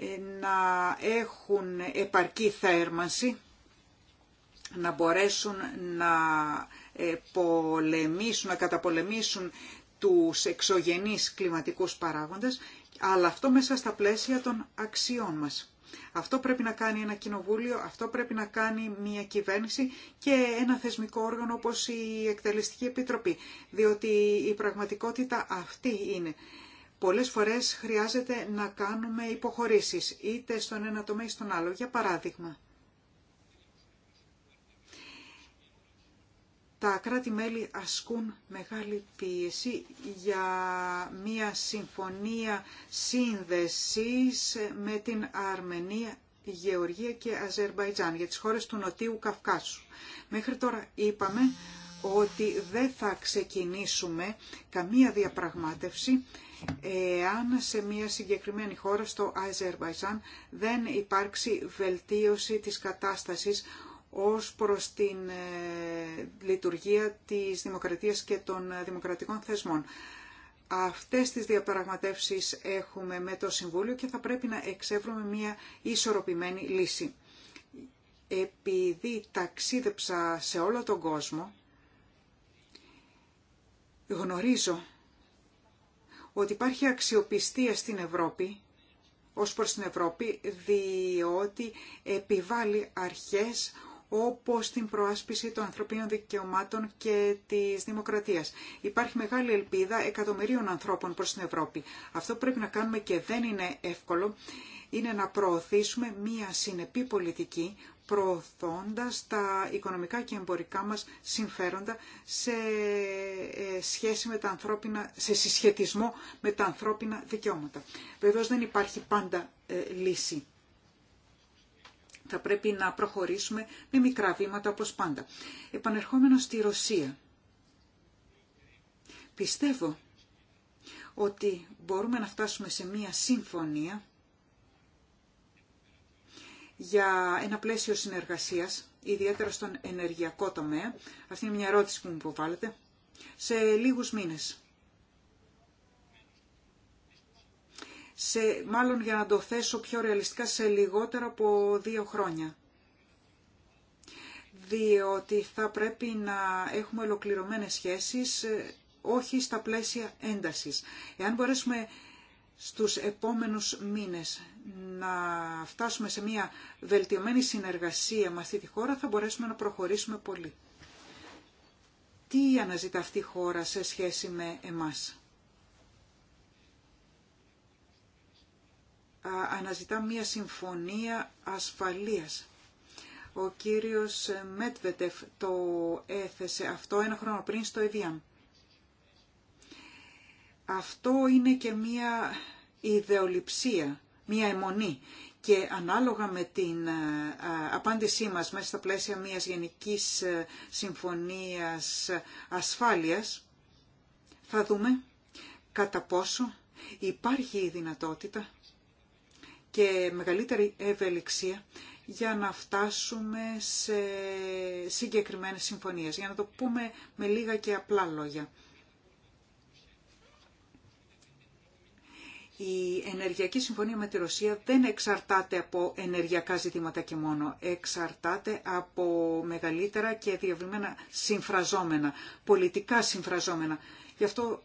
ε, να έχουν επαρκή θέρμανση, να μπορέσουν να πολεμήσουν, να καταπολεμήσουν τους εξωγενείς κλιματικούς παράγοντες, αλλά αυτό μέσα στα πλαίσια των αξιών μας. Αυτό πρέπει να κάνει ένα κοινοβούλιο, αυτό πρέπει να κάνει μια κυβέρνηση και ένα θεσμικό όργανο όπως η Εκτελεστική Επιτροπή, διότι η πραγματικότητα αυτή είναι. Πολλές φορές χρειάζεται να κάνουμε υποχωρήσεις, είτε στον ένα τομέα ή στον άλλο. Για παράδειγμα, τα κράτη-μέλη ασκούν μεγάλη πίεση για μία συμφωνία σύνδεσης με την Αρμενία, Γεωργία και Αζερβαϊτζάν για τις χώρες του Νοτίου Καυκάσου. Μέχρι τώρα είπαμε ότι δεν θα ξεκινήσουμε καμία διαπραγμάτευση εάν σε μια συγκεκριμένη χώρα, στο Αζερβαϊτζάν, δεν υπάρξει βελτίωση της κατάστασης ως προς την ε, λειτουργία της δημοκρατίας και των δημοκρατικών θεσμών. Αυτές τις διαπραγματεύσεις έχουμε με το Συμβούλιο και θα πρέπει να εξεύρουμε μια ισορροπημένη λύση. Επειδή ταξίδεψα σε όλο τον κόσμο, γνωρίζω ότι υπάρχει αξιοπιστία στην Ευρώπη, ως προς την Ευρώπη, διότι επιβάλλει αρχές όπως την προάσπιση των ανθρωπίνων δικαιωμάτων και της δημοκρατίας. Υπάρχει μεγάλη ελπίδα εκατομμυρίων ανθρώπων προς την Ευρώπη. Αυτό που πρέπει να κάνουμε και δεν είναι εύκολο είναι να προωθήσουμε μία συνεπή πολιτική προωθώντας τα οικονομικά και εμπορικά μας συμφέροντα σε, ε, σχέση με τα ανθρώπινα, σε συσχετισμό με τα ανθρώπινα δικαιώματα. Βεβαίως δεν υπάρχει πάντα ε, λύση. Θα πρέπει να προχωρήσουμε με μικρά βήματα όπως πάντα. Επανερχόμενο στη Ρωσία. Πιστεύω ότι μπορούμε να φτάσουμε σε μία συμφωνία για ένα πλαίσιο συνεργασίας, ιδιαίτερα στον ενεργειακό τομέα. Αυτή είναι μια ερώτηση που μου Σε λίγους μήνες. σε, μάλλον για να το θέσω πιο ρεαλιστικά, σε λιγότερο από δύο χρόνια. Διότι θα πρέπει να έχουμε ολοκληρωμένες σχέσεις, ε, όχι στα πλαίσια έντασης. Εάν μπορέσουμε στους επόμενους μήνες να φτάσουμε σε μια βελτιωμένη συνεργασία με αυτή τη χώρα, θα μπορέσουμε να προχωρήσουμε πολύ. Τι αναζητά αυτή η χώρα σε σχέση με εμάς. αναζητά μια συμφωνία ασφαλείας. Ο κύριος Μέτβετεφ το έθεσε αυτό ένα χρόνο πριν στο ΕΒΙΑΜ. Αυτό είναι και μια ιδεολειψία, μια αιμονή και ανάλογα με την απάντησή μας μέσα στα πλαίσια μιας γενικής συμφωνίας ασφάλειας, θα δούμε κατά πόσο υπάρχει η δυνατότητα και μεγαλύτερη ευελιξία για να φτάσουμε σε συγκεκριμένες συμφωνίες. Για να το πούμε με λίγα και απλά λόγια. Η ενεργειακή συμφωνία με τη Ρωσία δεν εξαρτάται από ενεργειακά ζητήματα και μόνο. Εξαρτάται από μεγαλύτερα και διευρυμένα συμφραζόμενα, πολιτικά συμφραζόμενα. Γι' αυτό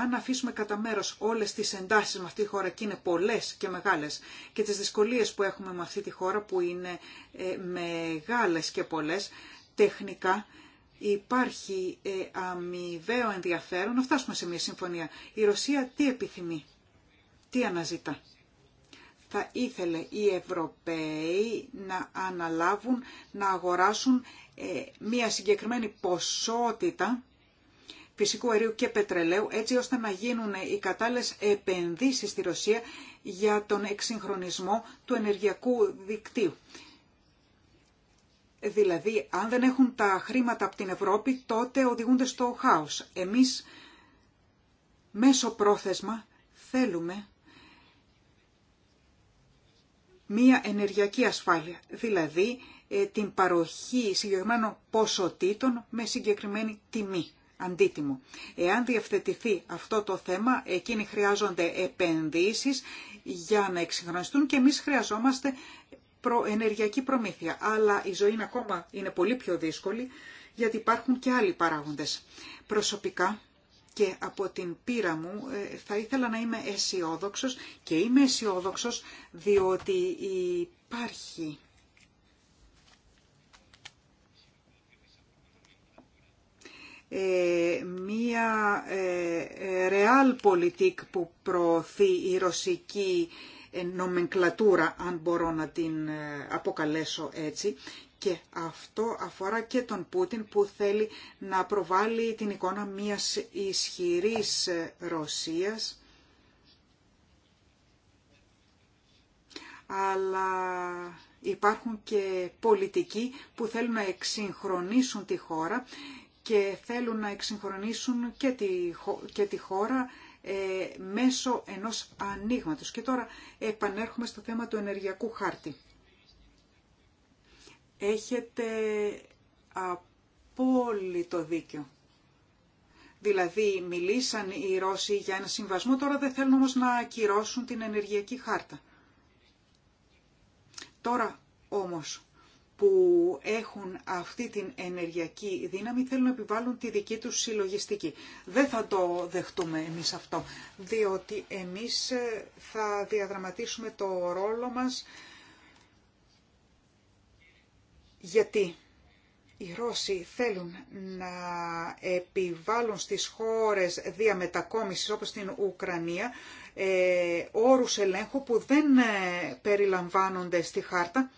αν αφήσουμε κατά μέρος όλες τις εντάσεις με αυτή τη χώρα, και είναι πολλές και μεγάλες, και τις δυσκολίες που έχουμε με αυτή τη χώρα που είναι ε, μεγάλες και πολλές, τεχνικά υπάρχει ε, αμοιβαίο ενδιαφέρον να φτάσουμε σε μια συμφωνία. Η Ρωσία τι επιθυμεί, τι αναζητά. Θα ήθελε οι Ευρωπαίοι να αναλάβουν, να αγοράσουν ε, μία συγκεκριμένη ποσότητα φυσικού αερίου και πετρελαίου έτσι ώστε να γίνουν οι κατάλληλες επενδύσεις στη Ρωσία για τον εξυγχρονισμό του ενεργειακού δικτύου. Δηλαδή, αν δεν έχουν τα χρήματα από την Ευρώπη, τότε οδηγούνται στο χάος. Εμείς, μέσω πρόθεσμα, θέλουμε μία ενεργειακή ασφάλεια, δηλαδή ε, την παροχή συγκεκριμένων ποσοτήτων με συγκεκριμένη τιμή αντίτιμο. Εάν διευθετηθεί αυτό το θέμα, εκείνοι χρειάζονται επενδύσεις για να εξυγχρονιστούν και εμείς χρειαζόμαστε ενεργειακή προμήθεια. Αλλά η ζωή είναι ακόμα είναι πολύ πιο δύσκολη γιατί υπάρχουν και άλλοι παράγοντες. Προσωπικά και από την πείρα μου ε, θα ήθελα να είμαι αισιόδοξο και είμαι αισιόδοξο διότι υπάρχει Ε, μία ε, ρεάλ πολιτικ που προωθεί η ρωσική ε, νομενκλατούρα, αν μπορώ να την αποκαλέσω έτσι, και αυτό αφορά και τον Πούτιν που θέλει να προβάλλει την εικόνα μιας ισχυρής Ρωσίας, αλλά υπάρχουν και πολιτικοί που θέλουν να εξυγχρονίσουν τη χώρα και θέλουν να εξυγχρονίσουν και τη, χώρα ε, μέσω ενός ανοίγματο. Και τώρα επανέρχομαι στο θέμα του ενεργειακού χάρτη. Έχετε απόλυτο δίκιο. Δηλαδή μιλήσαν οι Ρώσοι για ένα συμβασμό, τώρα δεν θέλουν όμως να ακυρώσουν την ενεργειακή χάρτα. Τώρα όμως που έχουν αυτή την ενεργειακή δύναμη θέλουν να επιβάλλουν τη δική τους συλλογιστική. Δεν θα το δεχτούμε εμείς αυτό, διότι εμείς ε, θα διαδραματίσουμε το ρόλο μας γιατί οι Ρώσοι θέλουν να επιβάλλουν στις χώρες διαμετακόμισης όπως την Ουκρανία ε, όρους ελέγχου που δεν ε, περιλαμβάνονται στη χάρτα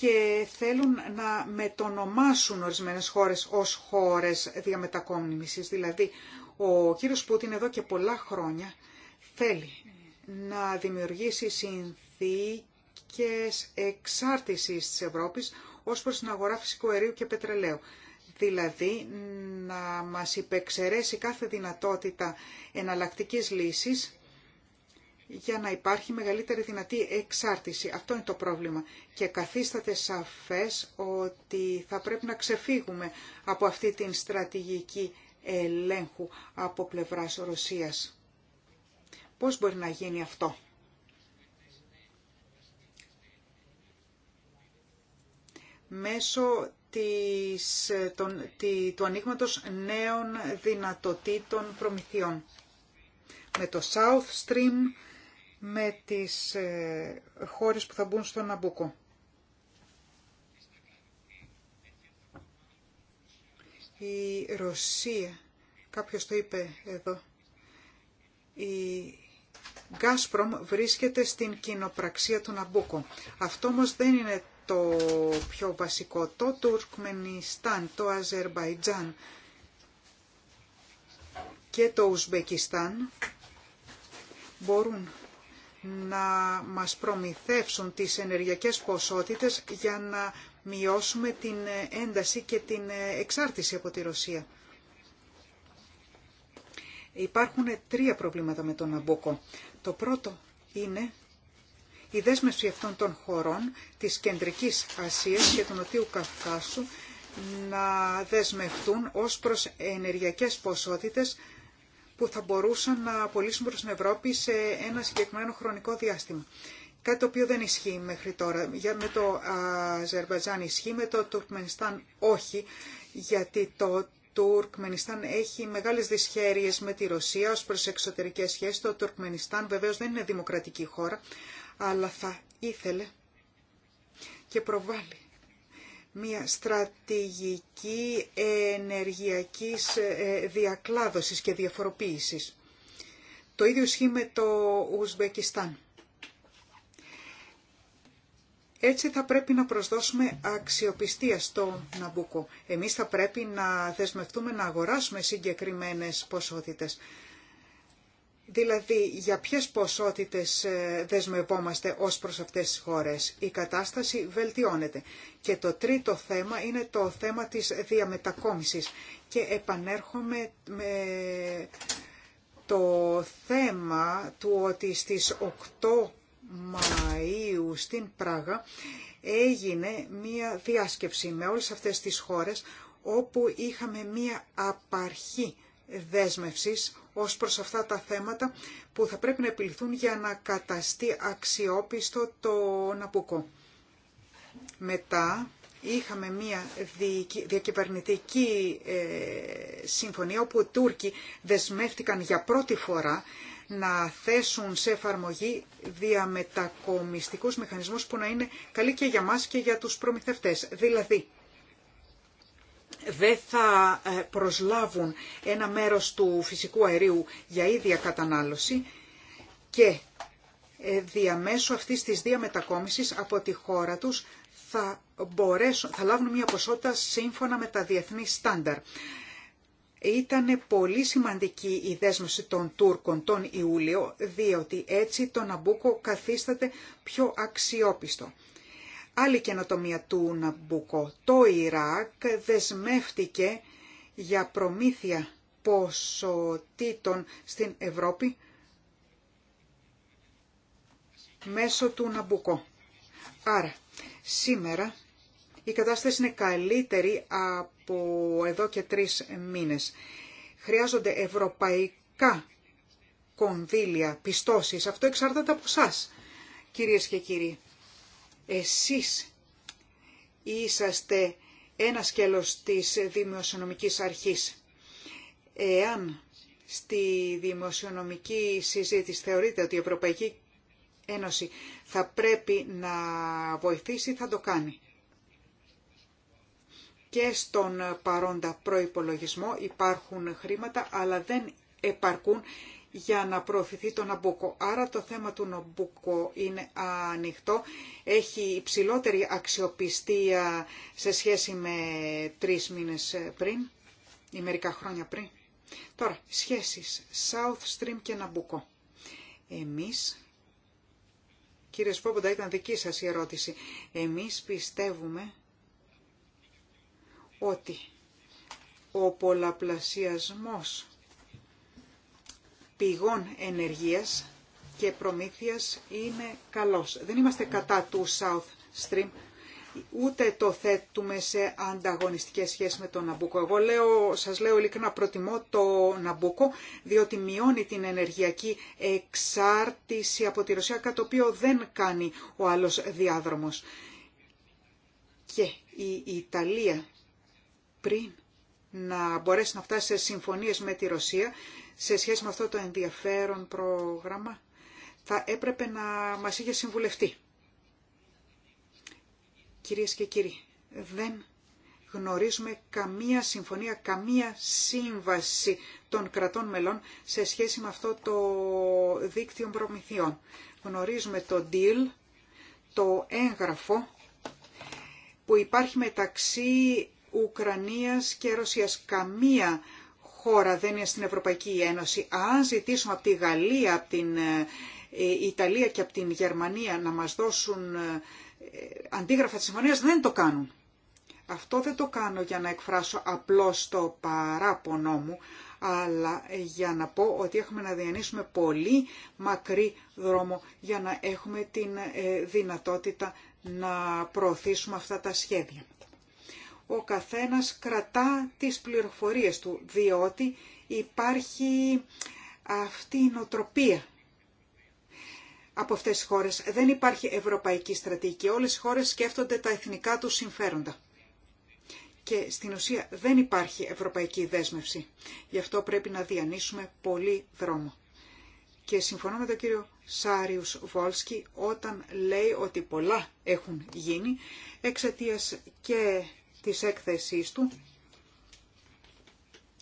και θέλουν να μετονομάσουν ορισμένες χώρες ως χώρες διαμετακόμνησης. Δηλαδή, ο κύριος Πούτιν εδώ και πολλά χρόνια θέλει να δημιουργήσει συνθήκες εξάρτησης της Ευρώπης ως προς την αγορά φυσικού αερίου και πετρελαίου. Δηλαδή, να μας υπεξαιρέσει κάθε δυνατότητα εναλλακτικής λύσης για να υπάρχει μεγαλύτερη δυνατή εξάρτηση. Αυτό είναι το πρόβλημα. Και καθίσταται σαφές ότι θα πρέπει να ξεφύγουμε από αυτή την στρατηγική ελέγχου από πλευράς Ρωσίας. Πώς μπορεί να γίνει αυτό. Μέσω του ανοίγματο νέων δυνατοτήτων προμηθειών. Με το South Stream με τις ε, χώρες που θα μπουν στον Ναμπούκο. Η Ρωσία, κάποιος το είπε εδώ, η Γκάσπρομ βρίσκεται στην κοινοπραξία του Ναμπούκο. Αυτό όμως δεν είναι το πιο βασικό. Το Τουρκμενιστάν, το Αζερβαϊτζάν και το Ουσμπεκιστάν μπορούν να μας προμηθεύσουν τις ενεργειακές ποσότητες για να μειώσουμε την ένταση και την εξάρτηση από τη Ρωσία. Υπάρχουν τρία προβλήματα με τον Αμπόκο. Το πρώτο είναι η δέσμευση αυτών των χωρών της Κεντρικής Ασίας και του Νοτιού Καυκάσου να δεσμευτούν ως προς ενεργειακές ποσότητες που θα μπορούσαν να απολύσουν προς την Ευρώπη σε ένα συγκεκριμένο χρονικό διάστημα. Κάτι το οποίο δεν ισχύει μέχρι τώρα. Για με το Αζερβαϊτζάν ισχύει, με το Τουρκμενιστάν όχι, γιατί το Τουρκμενιστάν έχει μεγάλες δυσχέρειες με τη Ρωσία ως προς εξωτερικές σχέσεις. Το Τουρκμενιστάν βεβαίως δεν είναι δημοκρατική χώρα, αλλά θα ήθελε και προβάλλει μια στρατηγική ενεργειακής ε, διακλάδωσης και διαφοροποίησης. Το ίδιο ισχύει με το Ουσβεκιστάν. Έτσι θα πρέπει να προσδώσουμε αξιοπιστία στο Ναμπούκο. Εμείς θα πρέπει να δεσμευτούμε να αγοράσουμε συγκεκριμένες ποσότητες. Δηλαδή, για ποιες ποσότητες ε, δεσμευόμαστε ως προς αυτές τις χώρες. Η κατάσταση βελτιώνεται. Και το τρίτο θέμα είναι το θέμα της διαμετακόμισης. Και επανέρχομαι με το θέμα του ότι στις 8 Μαΐου στην Πράγα έγινε μία διάσκεψη με όλες αυτές τις χώρες όπου είχαμε μία απαρχή δέσμευσης ως προς αυτά τα θέματα που θα πρέπει να επιληθούν για να καταστεί αξιόπιστο το Ναπουκό. Μετά είχαμε μία διακυβερνητική ε, συμφωνία όπου οι Τούρκοι δεσμεύτηκαν για πρώτη φορά να θέσουν σε εφαρμογή διαμετακομιστικούς μηχανισμούς που να είναι καλοί και για μας και για τους προμηθευτές. Δηλαδή, δεν θα ε, προσλάβουν ένα μέρος του φυσικού αερίου για ίδια κατανάλωση και ε, διαμέσου αυτής της διαμετακόμισης από τη χώρα τους θα, μπορέσουν, θα λάβουν μια ποσότητα σύμφωνα με τα διεθνή στάνταρ. Ήταν πολύ σημαντική η δέσμευση των Τούρκων τον Ιούλιο, διότι έτσι το Ναμπούκο καθίσταται πιο αξιόπιστο άλλη καινοτομία του Ναμπούκο. Το Ιράκ δεσμεύτηκε για προμήθεια ποσοτήτων στην Ευρώπη μέσω του Ναμπούκο. Άρα, σήμερα η κατάσταση είναι καλύτερη από εδώ και τρεις μήνες. Χρειάζονται ευρωπαϊκά κονδύλια, πιστώσεις. Αυτό εξαρτάται από εσά, κυρίες και κύριοι. Εσείς είσαστε ένα σκέλος της δημοσιονομικής αρχής. Εάν στη δημοσιονομική συζήτηση θεωρείτε ότι η Ευρωπαϊκή Ένωση θα πρέπει να βοηθήσει, θα το κάνει. Και στον παρόντα προϋπολογισμό υπάρχουν χρήματα, αλλά δεν επαρκούν για να προωθηθεί το Ναμπούκο. Άρα το θέμα του Ναμπούκο είναι ανοιχτό, έχει υψηλότερη αξιοπιστία σε σχέση με τρεις μήνες πριν ή μερικά χρόνια πριν. Τώρα, σχέσεις South Stream και Ναμπούκο. Εμείς, κύριε Σπόποντα ήταν δική σας η ερώτηση. Εμείς πιστεύουμε ότι ο πολλαπλασιασμός πηγών ενεργείας και προμήθειας είναι καλός. Δεν είμαστε κατά του South Stream, ούτε το θέτουμε σε ανταγωνιστικές σχέσεις με τον Ναμπούκο. Εγώ λέω, σας λέω ειλικρινά, προτιμώ το Ναμπούκο, διότι μειώνει την ενεργειακή εξάρτηση από τη Ρωσία, κατά το οποίο δεν κάνει ο άλλος διάδρομος. Και η Ιταλία πριν να μπορέσει να φτάσει σε συμφωνίες με τη Ρωσία, σε σχέση με αυτό το ενδιαφέρον πρόγραμμα θα έπρεπε να μας είχε συμβουλευτεί. Κυρίες και κύριοι, δεν γνωρίζουμε καμία συμφωνία, καμία σύμβαση των κρατών μελών σε σχέση με αυτό το δίκτυο προμηθειών. Γνωρίζουμε το deal, το έγγραφο που υπάρχει μεταξύ Ουκρανίας και Ρωσίας. Καμία χώρα δεν είναι στην Ευρωπαϊκή Ένωση, αν ζητήσουμε από τη Γαλλία, από την ε, Ιταλία και από την Γερμανία να μας δώσουν ε, αντίγραφα της συμφωνίας, δεν το κάνουν. Αυτό δεν το κάνω για να εκφράσω απλώς το παράπονό μου, αλλά για να πω ότι έχουμε να διανύσουμε πολύ μακρύ δρόμο για να έχουμε την ε, δυνατότητα να προωθήσουμε αυτά τα σχέδια ο καθένας κρατά τις πληροφορίες του, διότι υπάρχει αυτή η νοτροπία από αυτές τις χώρες. Δεν υπάρχει ευρωπαϊκή στρατηγική. Όλες οι χώρες σκέφτονται τα εθνικά τους συμφέροντα. Και στην ουσία δεν υπάρχει ευρωπαϊκή δέσμευση. Γι' αυτό πρέπει να διανύσουμε πολύ δρόμο. Και συμφωνώ με τον κύριο Σάριους Βόλσκι όταν λέει ότι πολλά έχουν γίνει εξαιτίας και της έκθεσής του,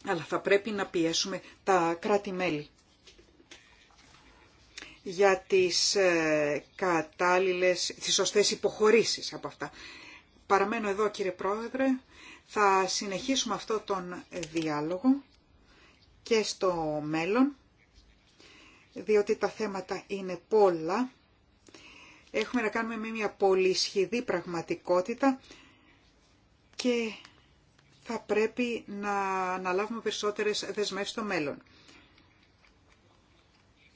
αλλά θα πρέπει να πιέσουμε τα κράτη-μέλη για τις ε, κατάλληλες, τις σωστές υποχωρήσεις από αυτά. Παραμένω εδώ κύριε Πρόεδρε, θα συνεχίσουμε αυτό τον διάλογο και στο μέλλον, διότι τα θέματα είναι πολλά. Έχουμε να κάνουμε με μια πολυσχηδή πραγματικότητα και θα πρέπει να αναλάβουμε περισσότερες δεσμεύσεις στο μέλλον.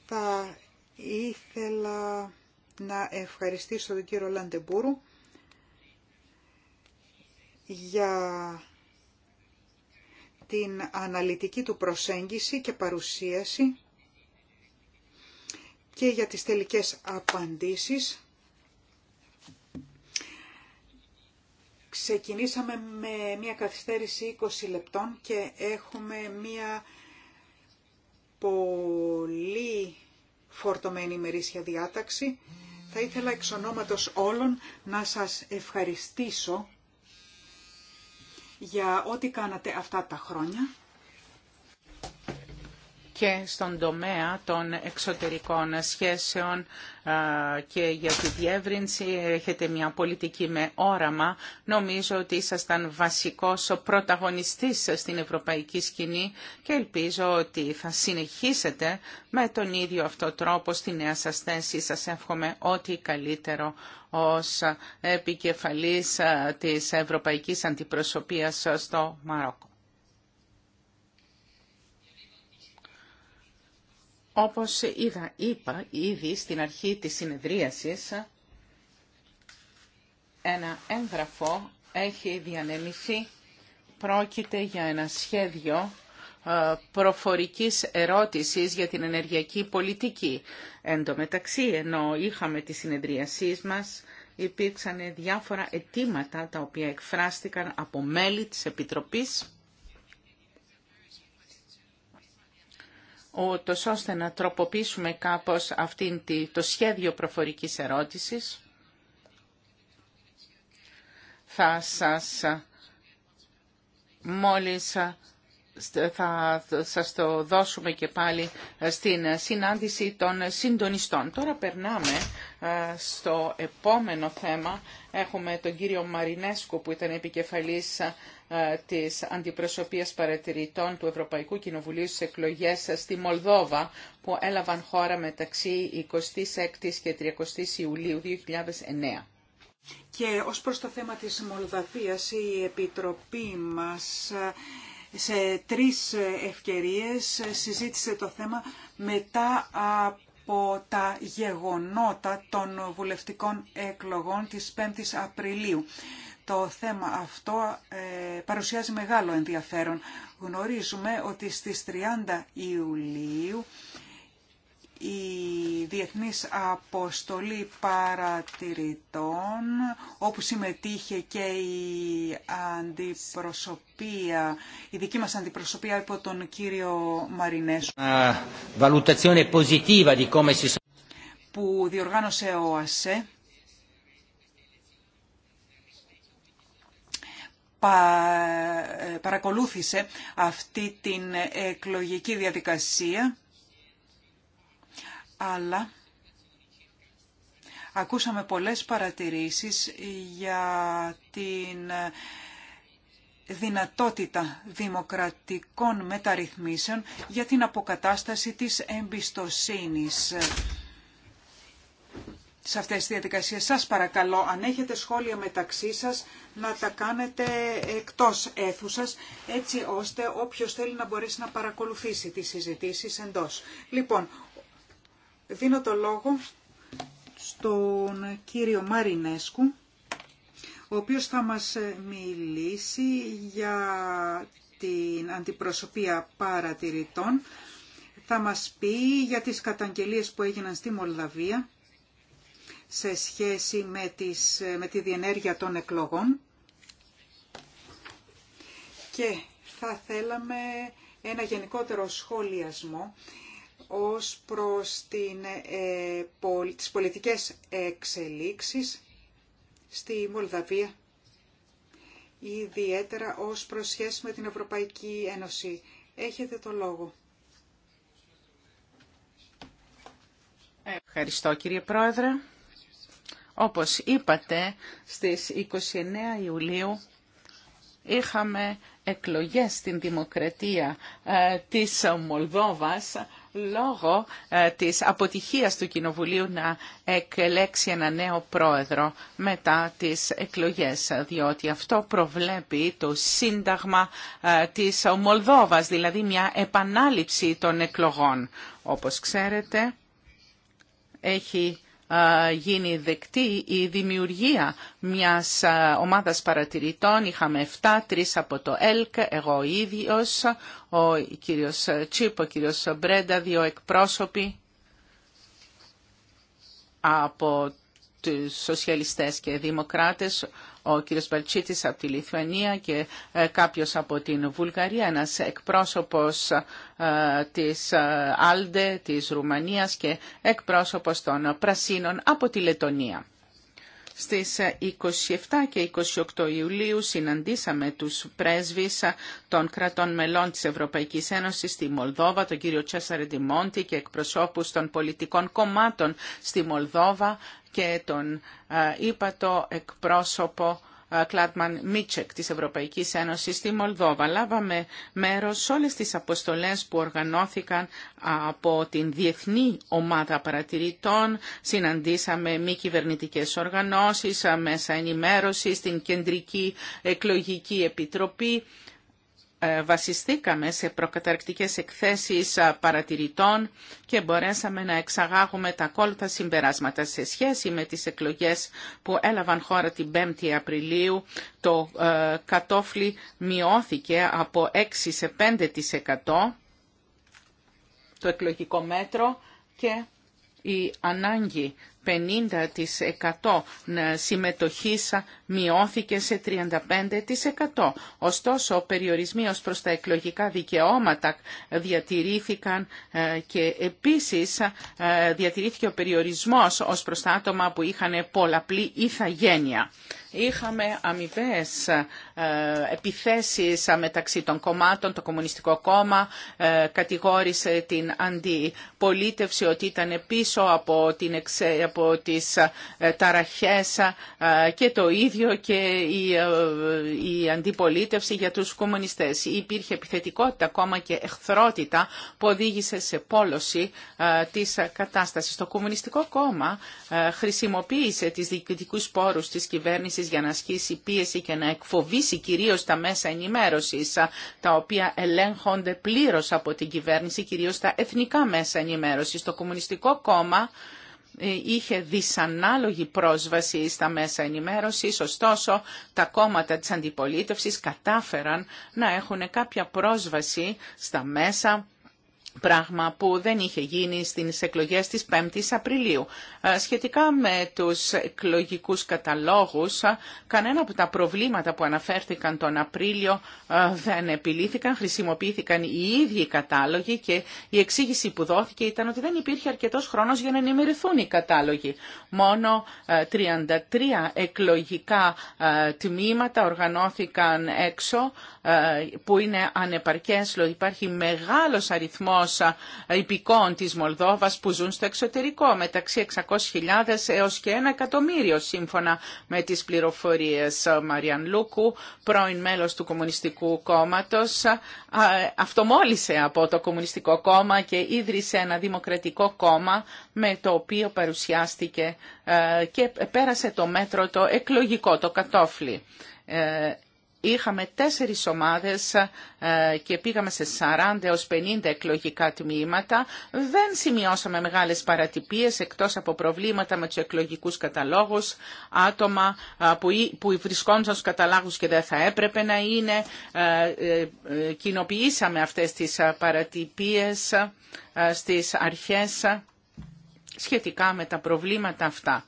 Θα ήθελα να ευχαριστήσω τον κύριο Λαντεμπούρου για την αναλυτική του προσέγγιση και παρουσίαση και για τις τελικές απαντήσεις Ξεκινήσαμε με μια καθυστέρηση 20 λεπτών και έχουμε μια πολύ φορτωμένη ημερήσια διάταξη. Θα ήθελα εξ ονόματος όλων να σας ευχαριστήσω για ό,τι κάνατε αυτά τα χρόνια και στον τομέα των εξωτερικών σχέσεων και για τη διεύρυνση. Έχετε μια πολιτική με όραμα. Νομίζω ότι ήσασταν βασικός πρωταγωνιστής στην ευρωπαϊκή σκηνή και ελπίζω ότι θα συνεχίσετε με τον ίδιο αυτό τρόπο στη νέα σας θέση. Σας εύχομαι ό,τι καλύτερο ως επικεφαλής της Ευρωπαϊκής Αντιπροσωπείας στο Μαρόκο. Όπως είδα, είπα ήδη στην αρχή της συνεδρίασης, ένα έγγραφο έχει διανεμηθεί. Πρόκειται για ένα σχέδιο ε, προφορικής ερώτησης για την ενεργειακή πολιτική. Εν τω μεταξύ, ενώ είχαμε τη συνεδρίασή μας, υπήρξαν διάφορα αιτήματα τα οποία εκφράστηκαν από μέλη της Επιτροπής ούτω ώστε να τροποποιήσουμε κάπως αυτήν το σχέδιο προφορικής ερώτησης. Θα σας μόλις θα σας το δώσουμε και πάλι ε, στην συνάντηση των συντονιστών. Τώρα περνάμε ε, στο επόμενο θέμα. Έχουμε τον κύριο Μαρινέσκο που ήταν επικεφαλής ε, της Αντιπροσωπείας Παρατηρητών του Ευρωπαϊκού Κοινοβουλίου στις εκλογές στη Μολδόβα που έλαβαν χώρα μεταξύ 26ης και 30ης Ιουλίου 2009. Και ως προς το θέμα της Μολδαβίας η Επιτροπή μας σε τρεις ευκαιρίες συζήτησε το θέμα μετά από τα γεγονότα των βουλευτικών εκλογών της 5ης Απριλίου. Το θέμα αυτό ε, παρουσιάζει μεγάλο ενδιαφέρον. Γνωρίζουμε ότι στις 30 Ιουλίου η Διεθνής Αποστολή Παρατηρητών, όπου συμμετείχε και η η δική μας αντιπροσωπεία υπό τον κύριο Μαρινέσου, που διοργάνωσε ο ΑΣΕ, παρακολούθησε αυτή την εκλογική διαδικασία αλλά ακούσαμε πολλές παρατηρήσεις για την δυνατότητα δημοκρατικών μεταρρυθμίσεων για την αποκατάσταση της εμπιστοσύνης σε αυτές τις διαδικασίες. Σας παρακαλώ, αν έχετε σχόλια μεταξύ σας, να τα κάνετε εκτός αίθουσας, έτσι ώστε όποιος θέλει να μπορέσει να παρακολουθήσει τις συζητήσεις εντός. Λοιπόν, Δίνω το λόγο στον κύριο Μαρινέσκου, ο οποίος θα μας μιλήσει για την αντιπροσωπεία παρατηρητών. Θα μας πει για τις καταγγελίες που έγιναν στη Μολδαβία σε σχέση με, τις, με τη διενέργεια των εκλογών και θα θέλαμε ένα γενικότερο σχολιασμό ως προς την, ε, τις πολιτικές εξελίξεις στη Μολδαβία, ιδιαίτερα ως προς σχέση με την Ευρωπαϊκή Ένωση. Έχετε το λόγο. Ευχαριστώ κύριε Πρόεδρε. Όπως είπατε, στις 29 Ιουλίου είχαμε εκλογές στην Δημοκρατία ε, της Μολδόβας λόγω ε, της αποτυχίας του Κοινοβουλίου να εκλέξει ένα νέο πρόεδρο μετά τις εκλογές, διότι αυτό προβλέπει το Σύνταγμα ε, της Μολδόβας, δηλαδή μια επανάληψη των εκλογών. Όπως ξέρετε, έχει ε, γίνει δεκτή η δημιουργία μιας ε, ομάδας παρατηρητών. Είχαμε 7, 3 από το ΕΛΚ, εγώ ίδιος, ο κύριος Τσίπ, ο κύριος Μπρέντα, δύο εκπρόσωποι από τους σοσιαλιστές και δημοκράτες, ο κ. Μπαλτσίτης από τη Λιθουανία και ε, κάποιος από την Βουλγαρία, ένας εκπρόσωπος ε, της ε, Άλντε της Ρουμανίας και εκπρόσωπος των Πρασίνων από τη Λετωνία. Στις 27 και 28 Ιουλίου συναντήσαμε τους πρέσβεις των κρατών μελών της Ευρωπαϊκής Ένωσης στη Μολδόβα, τον κύριο Τσέσαρε Ντιμόντι και εκπροσώπους των πολιτικών κομμάτων στη Μολδόβα και τον ε, ύπατο εκπρόσωπο ε, Κλάτμαν Μίτσεκ της Ευρωπαϊκής Ένωσης στη Μολδόβα. Λάβαμε μέρος σε όλες τις αποστολές που οργανώθηκαν από την Διεθνή Ομάδα Παρατηρητών. Συναντήσαμε μη κυβερνητικέ οργανώσεις, ε, μέσα ενημέρωση, στην Κεντρική Εκλογική Επιτροπή ε, βασιστήκαμε σε προκαταρκτικές εκθέσεις ε, παρατηρητών και μπορέσαμε να εξαγάγουμε τα κόλτα συμπεράσματα σε σχέση με τις εκλογές που έλαβαν χώρα την 5η Απριλίου. Το ε, κατόφλι μειώθηκε από 6 σε 5% το εκλογικό μέτρο και η ανάγκη 50% συμμετοχής μειώθηκε σε 35%. Ωστόσο, περιορισμοί ως προς τα εκλογικά δικαιώματα διατηρήθηκαν ε, και επίσης ε, διατηρήθηκε ο περιορισμός ως προς τα άτομα που είχαν πολλαπλή ηθαγένεια. Είχαμε αμοιβέ ε, επιθέσεις ε, μεταξύ των κομμάτων. Το Κομμουνιστικό Κόμμα ε, κατηγόρησε την αντιπολίτευση ότι ήταν πίσω από, την εξε... από τις ταραχές και το ίδιο και η, αντιπολίτευση για τους κομμουνιστές. Υπήρχε επιθετικότητα ακόμα και εχθρότητα που οδήγησε σε πόλωση της κατάστασης. Το Κομμουνιστικό Κόμμα χρησιμοποίησε τις διοικητικούς πόρους της κυβέρνησης για να ασκήσει πίεση και να εκφοβήσει κυρίως τα μέσα ενημέρωσης, τα οποία ελέγχονται πλήρως από την κυβέρνηση, κυρίως τα εθνικά μέσα ενημέρωσης. Το Κομμουνιστικό Κόμμα ε, είχε δυσανάλογη πρόσβαση στα μέσα ενημέρωσης, ωστόσο τα κόμματα της αντιπολίτευσης κατάφεραν να έχουν κάποια πρόσβαση στα μέσα πράγμα που δεν είχε γίνει στις εκλογές της 5ης Απριλίου. Ε, σχετικά με τους εκλογικούς καταλόγους, ε, κανένα από τα προβλήματα που αναφέρθηκαν τον Απρίλιο ε, δεν επιλύθηκαν, χρησιμοποιήθηκαν οι ίδιοι κατάλογοι και η εξήγηση που δόθηκε ήταν ότι δεν υπήρχε αρκετός χρόνος για να ενημερωθούν οι κατάλογοι. Μόνο 33 εκλογικά τμήματα οργανώθηκαν έξω που είναι ανεπαρκέσλο υπάρχει μεγάλος αριθμός υπηκών της Μολδόβας που ζουν στο εξωτερικό, μεταξύ 600.000 έως και 1 εκατομμύριο σύμφωνα με τις πληροφορίες Μαριαν Λούκου, πρώην μέλος του Κομμουνιστικού Κόμματος, αυτομόλυσε από το Κομμουνιστικό Κόμμα και ίδρυσε ένα δημοκρατικό κόμμα με το οποίο παρουσιάστηκε και πέρασε το μέτρο το εκλογικό, το κατόφλι ε, Είχαμε τέσσερις ομάδες ε, και πήγαμε σε 40 έως 50 εκλογικά τμήματα. Δεν σημειώσαμε μεγάλες παρατυπίες εκτός από προβλήματα με τους εκλογικούς καταλόγους, άτομα ε, που βρισκόντουσαν στους καταλάγους και δεν θα έπρεπε να είναι. Ε, κοινοποιήσαμε αυτές τις παρατυπίες στις αρχές σχετικά με τα προβλήματα αυτά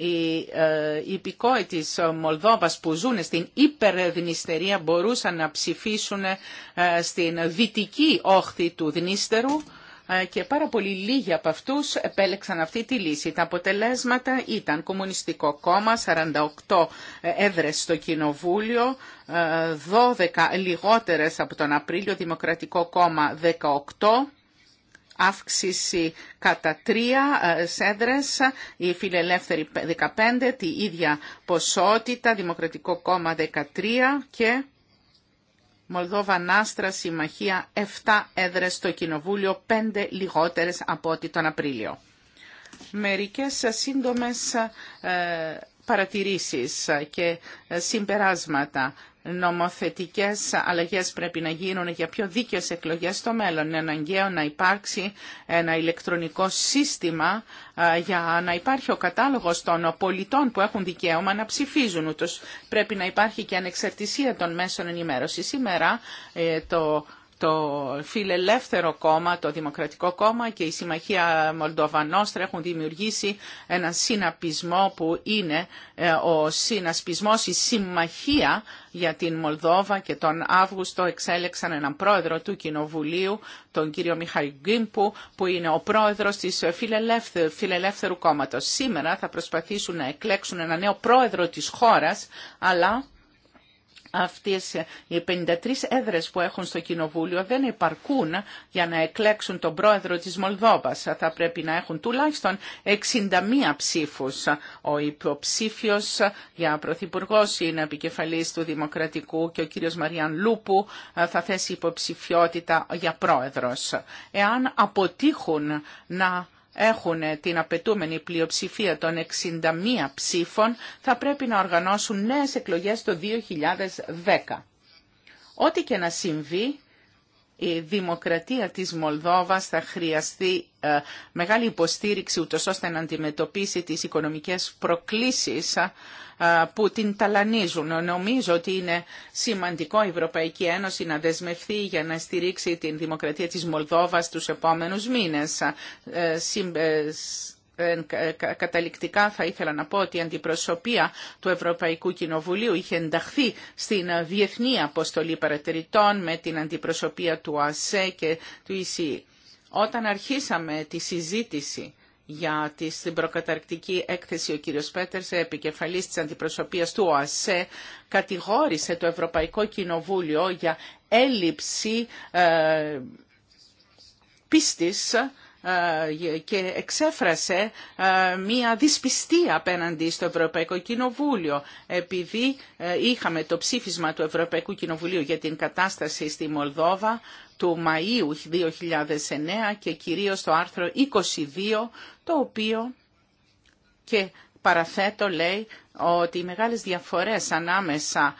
οι ε, υπηκόοι της Μολδόβας που ζουν στην υπερδνηστερία μπορούσαν να ψηφίσουν ε, στην δυτική όχθη του Δνίστερου ε, και πάρα πολύ λίγοι από αυτούς επέλεξαν αυτή τη λύση. Τα αποτελέσματα ήταν Κομμουνιστικό Κόμμα, 48 έδρες στο Κοινοβούλιο, 12 ε, λιγότερες από τον Απρίλιο, Δημοκρατικό Κόμμα 18, αύξηση κατά τρία ε, σέντρες, η φιλελεύθερη 15, τη ίδια ποσότητα, Δημοκρατικό Κόμμα 13 και Μολδόβα Νάστρα Συμμαχία 7 έδρες στο Κοινοβούλιο, 5 λιγότερες από ό,τι τον Απρίλιο. Μερικές σύντομες ε, παρατηρήσεις και ε, συμπεράσματα νομοθετικές αλλαγές πρέπει να γίνουν για πιο δίκαιες εκλογές στο μέλλον. Είναι αναγκαίο να υπάρξει ένα ηλεκτρονικό σύστημα για να υπάρχει ο κατάλογος των πολιτών που έχουν δικαίωμα να ψηφίζουν. Ούτως πρέπει να υπάρχει και ανεξαρτησία των μέσων ενημέρωσης. Σήμερα ε, το το φιλελεύθερο κόμμα, το Δημοκρατικό Κόμμα και η Συμμαχία Μολδοβανόστρα έχουν δημιουργήσει έναν συναπισμό που είναι ε, ο συνασπισμός, η Συμμαχία για την Μολδόβα και τον Αύγουστο εξέλεξαν έναν πρόεδρο του Κοινοβουλίου, τον κύριο Μιχαήλ Γκίμπου, που είναι ο πρόεδρος της φιλελεύθερου, φιλελεύθερου κόμματος. Σήμερα θα προσπαθήσουν να εκλέξουν ένα νέο πρόεδρο της χώρας, αλλά Αυτές οι 53 έδρες που έχουν στο Κοινοβούλιο δεν υπαρκούν για να εκλέξουν τον πρόεδρο της Μολδόβας. Θα πρέπει να έχουν τουλάχιστον 61 ψήφους. Ο υποψήφιος για πρωθυπουργό είναι επικεφαλής του Δημοκρατικού και ο κύριος Μαριάν Λούπου θα θέσει υποψηφιότητα για πρόεδρος. Εάν αποτύχουν να έχουν την απαιτούμενη πλειοψηφία των 61 ψήφων, θα πρέπει να οργανώσουν νέες εκλογές το 2010. Ό,τι και να συμβεί, η δημοκρατία της Μολδόβας θα χρειαστεί ε, μεγάλη υποστήριξη ούτως ώστε να αντιμετωπίσει τις οικονομικές προκλήσεις ε, που την ταλανίζουν. Νομίζω ότι είναι σημαντικό η Ευρωπαϊκή Ένωση να δεσμευθεί για να στηρίξει την δημοκρατία της Μολδόβας τους επόμενους μήνες ε, ε, καταληκτικά θα ήθελα να πω ότι η αντιπροσωπεία του Ευρωπαϊκού Κοινοβουλίου είχε ενταχθεί στην ε, Διεθνή Αποστολή Παρατηρητών με την αντιπροσωπεία του ΑΣΕ και του ΙΣΥ. Όταν αρχίσαμε τη συζήτηση για την προκαταρκτική έκθεση ο κύριος Πέτερς, επικεφαλής της αντιπροσωπείας του ΟΑΣΕ, κατηγόρησε το Ευρωπαϊκό Κοινοβούλιο για έλλειψη ε, πίστης ε, και εξέφρασε ε, μία δυσπιστία απέναντι στο Ευρωπαϊκό Κοινοβούλιο επειδή ε, είχαμε το ψήφισμα του Ευρωπαϊκού Κοινοβουλίου για την κατάσταση στη Μολδόβα του Μαΐου 2009 και κυρίως το άρθρο 22 το οποίο και Παραθέτω λέει ότι οι μεγάλες διαφορές ανάμεσα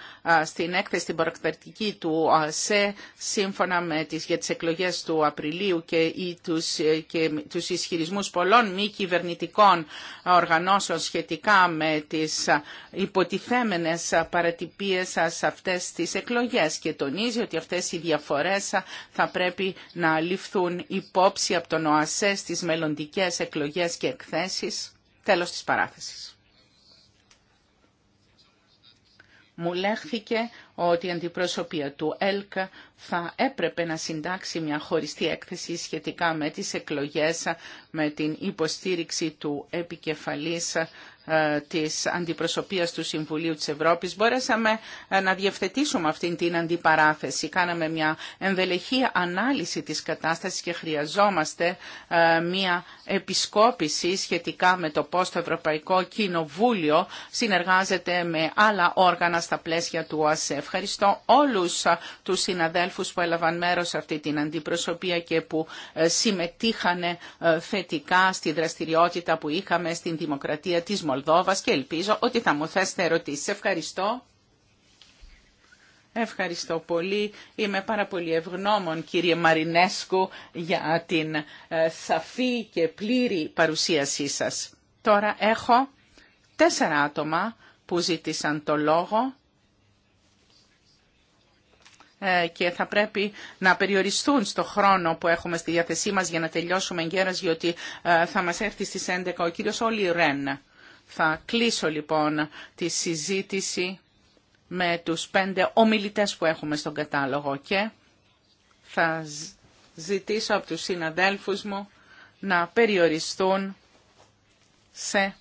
στην έκθεση την προεκτατική του ΟΑΣΕ σύμφωνα με τις, για εκλογές του Απριλίου και, ή τους, ε, και ισχυρισμούς πολλών μη κυβερνητικών οργανώσεων σχετικά με τις υποτιθέμενες παρατυπίες σε αυτές τις εκλογές και τονίζει ότι αυτές οι διαφορές θα πρέπει να ληφθούν υπόψη από τον ΟΑΣΕ στις μελλοντικές εκλογές και εκθέσεις Τέλος της παράθεσης. Μου λέχθηκε ότι η αντιπρόσωπεία του ΕΛΚΑ θα έπρεπε να συντάξει μια χωριστή έκθεση σχετικά με τις εκλογές με την υποστήριξη του επικεφαλής ε, της αντιπροσωπείας του Συμβουλίου της Ευρώπης μπορέσαμε ε, να διευθετήσουμε αυτή την αντιπαράθεση. Κάναμε μια ενδελεχή ανάλυση της κατάστασης και χρειαζόμαστε ε, μια επισκόπηση σχετικά με το πώς το Ευρωπαϊκό Κοινοβούλιο συνεργάζεται με άλλα όργανα στα πλαίσια του ΟΑΣΕ. Ευχαριστώ όλους τους συναδέλφους που έλαβαν μέρος σε αυτή την αντιπροσωπεία και που συμμετείχαν θετικά στη δραστηριότητα που είχαμε στην δημοκρατία της και ελπίζω ότι θα μου θέσετε ερωτήσει Ευχαριστώ. Ευχαριστώ πολύ. Είμαι πάρα πολύ ευγνώμων κύριε Μαρινέσκου για την ε, σαφή και πλήρη παρουσίασή σας. Τώρα έχω τέσσερα άτομα που ζήτησαν το λόγο ε, και θα πρέπει να περιοριστούν στο χρόνο που έχουμε στη διάθεσή μας για να τελειώσουμε εγκαίρας, γιατί ε, θα μας έρθει στις 11 ο κύριος Όλι Ρεν. Θα κλείσω λοιπόν τη συζήτηση με τους πέντε ομιλητές που έχουμε στον κατάλογο και θα ζητήσω από τους συναδέλφους μου να περιοριστούν σε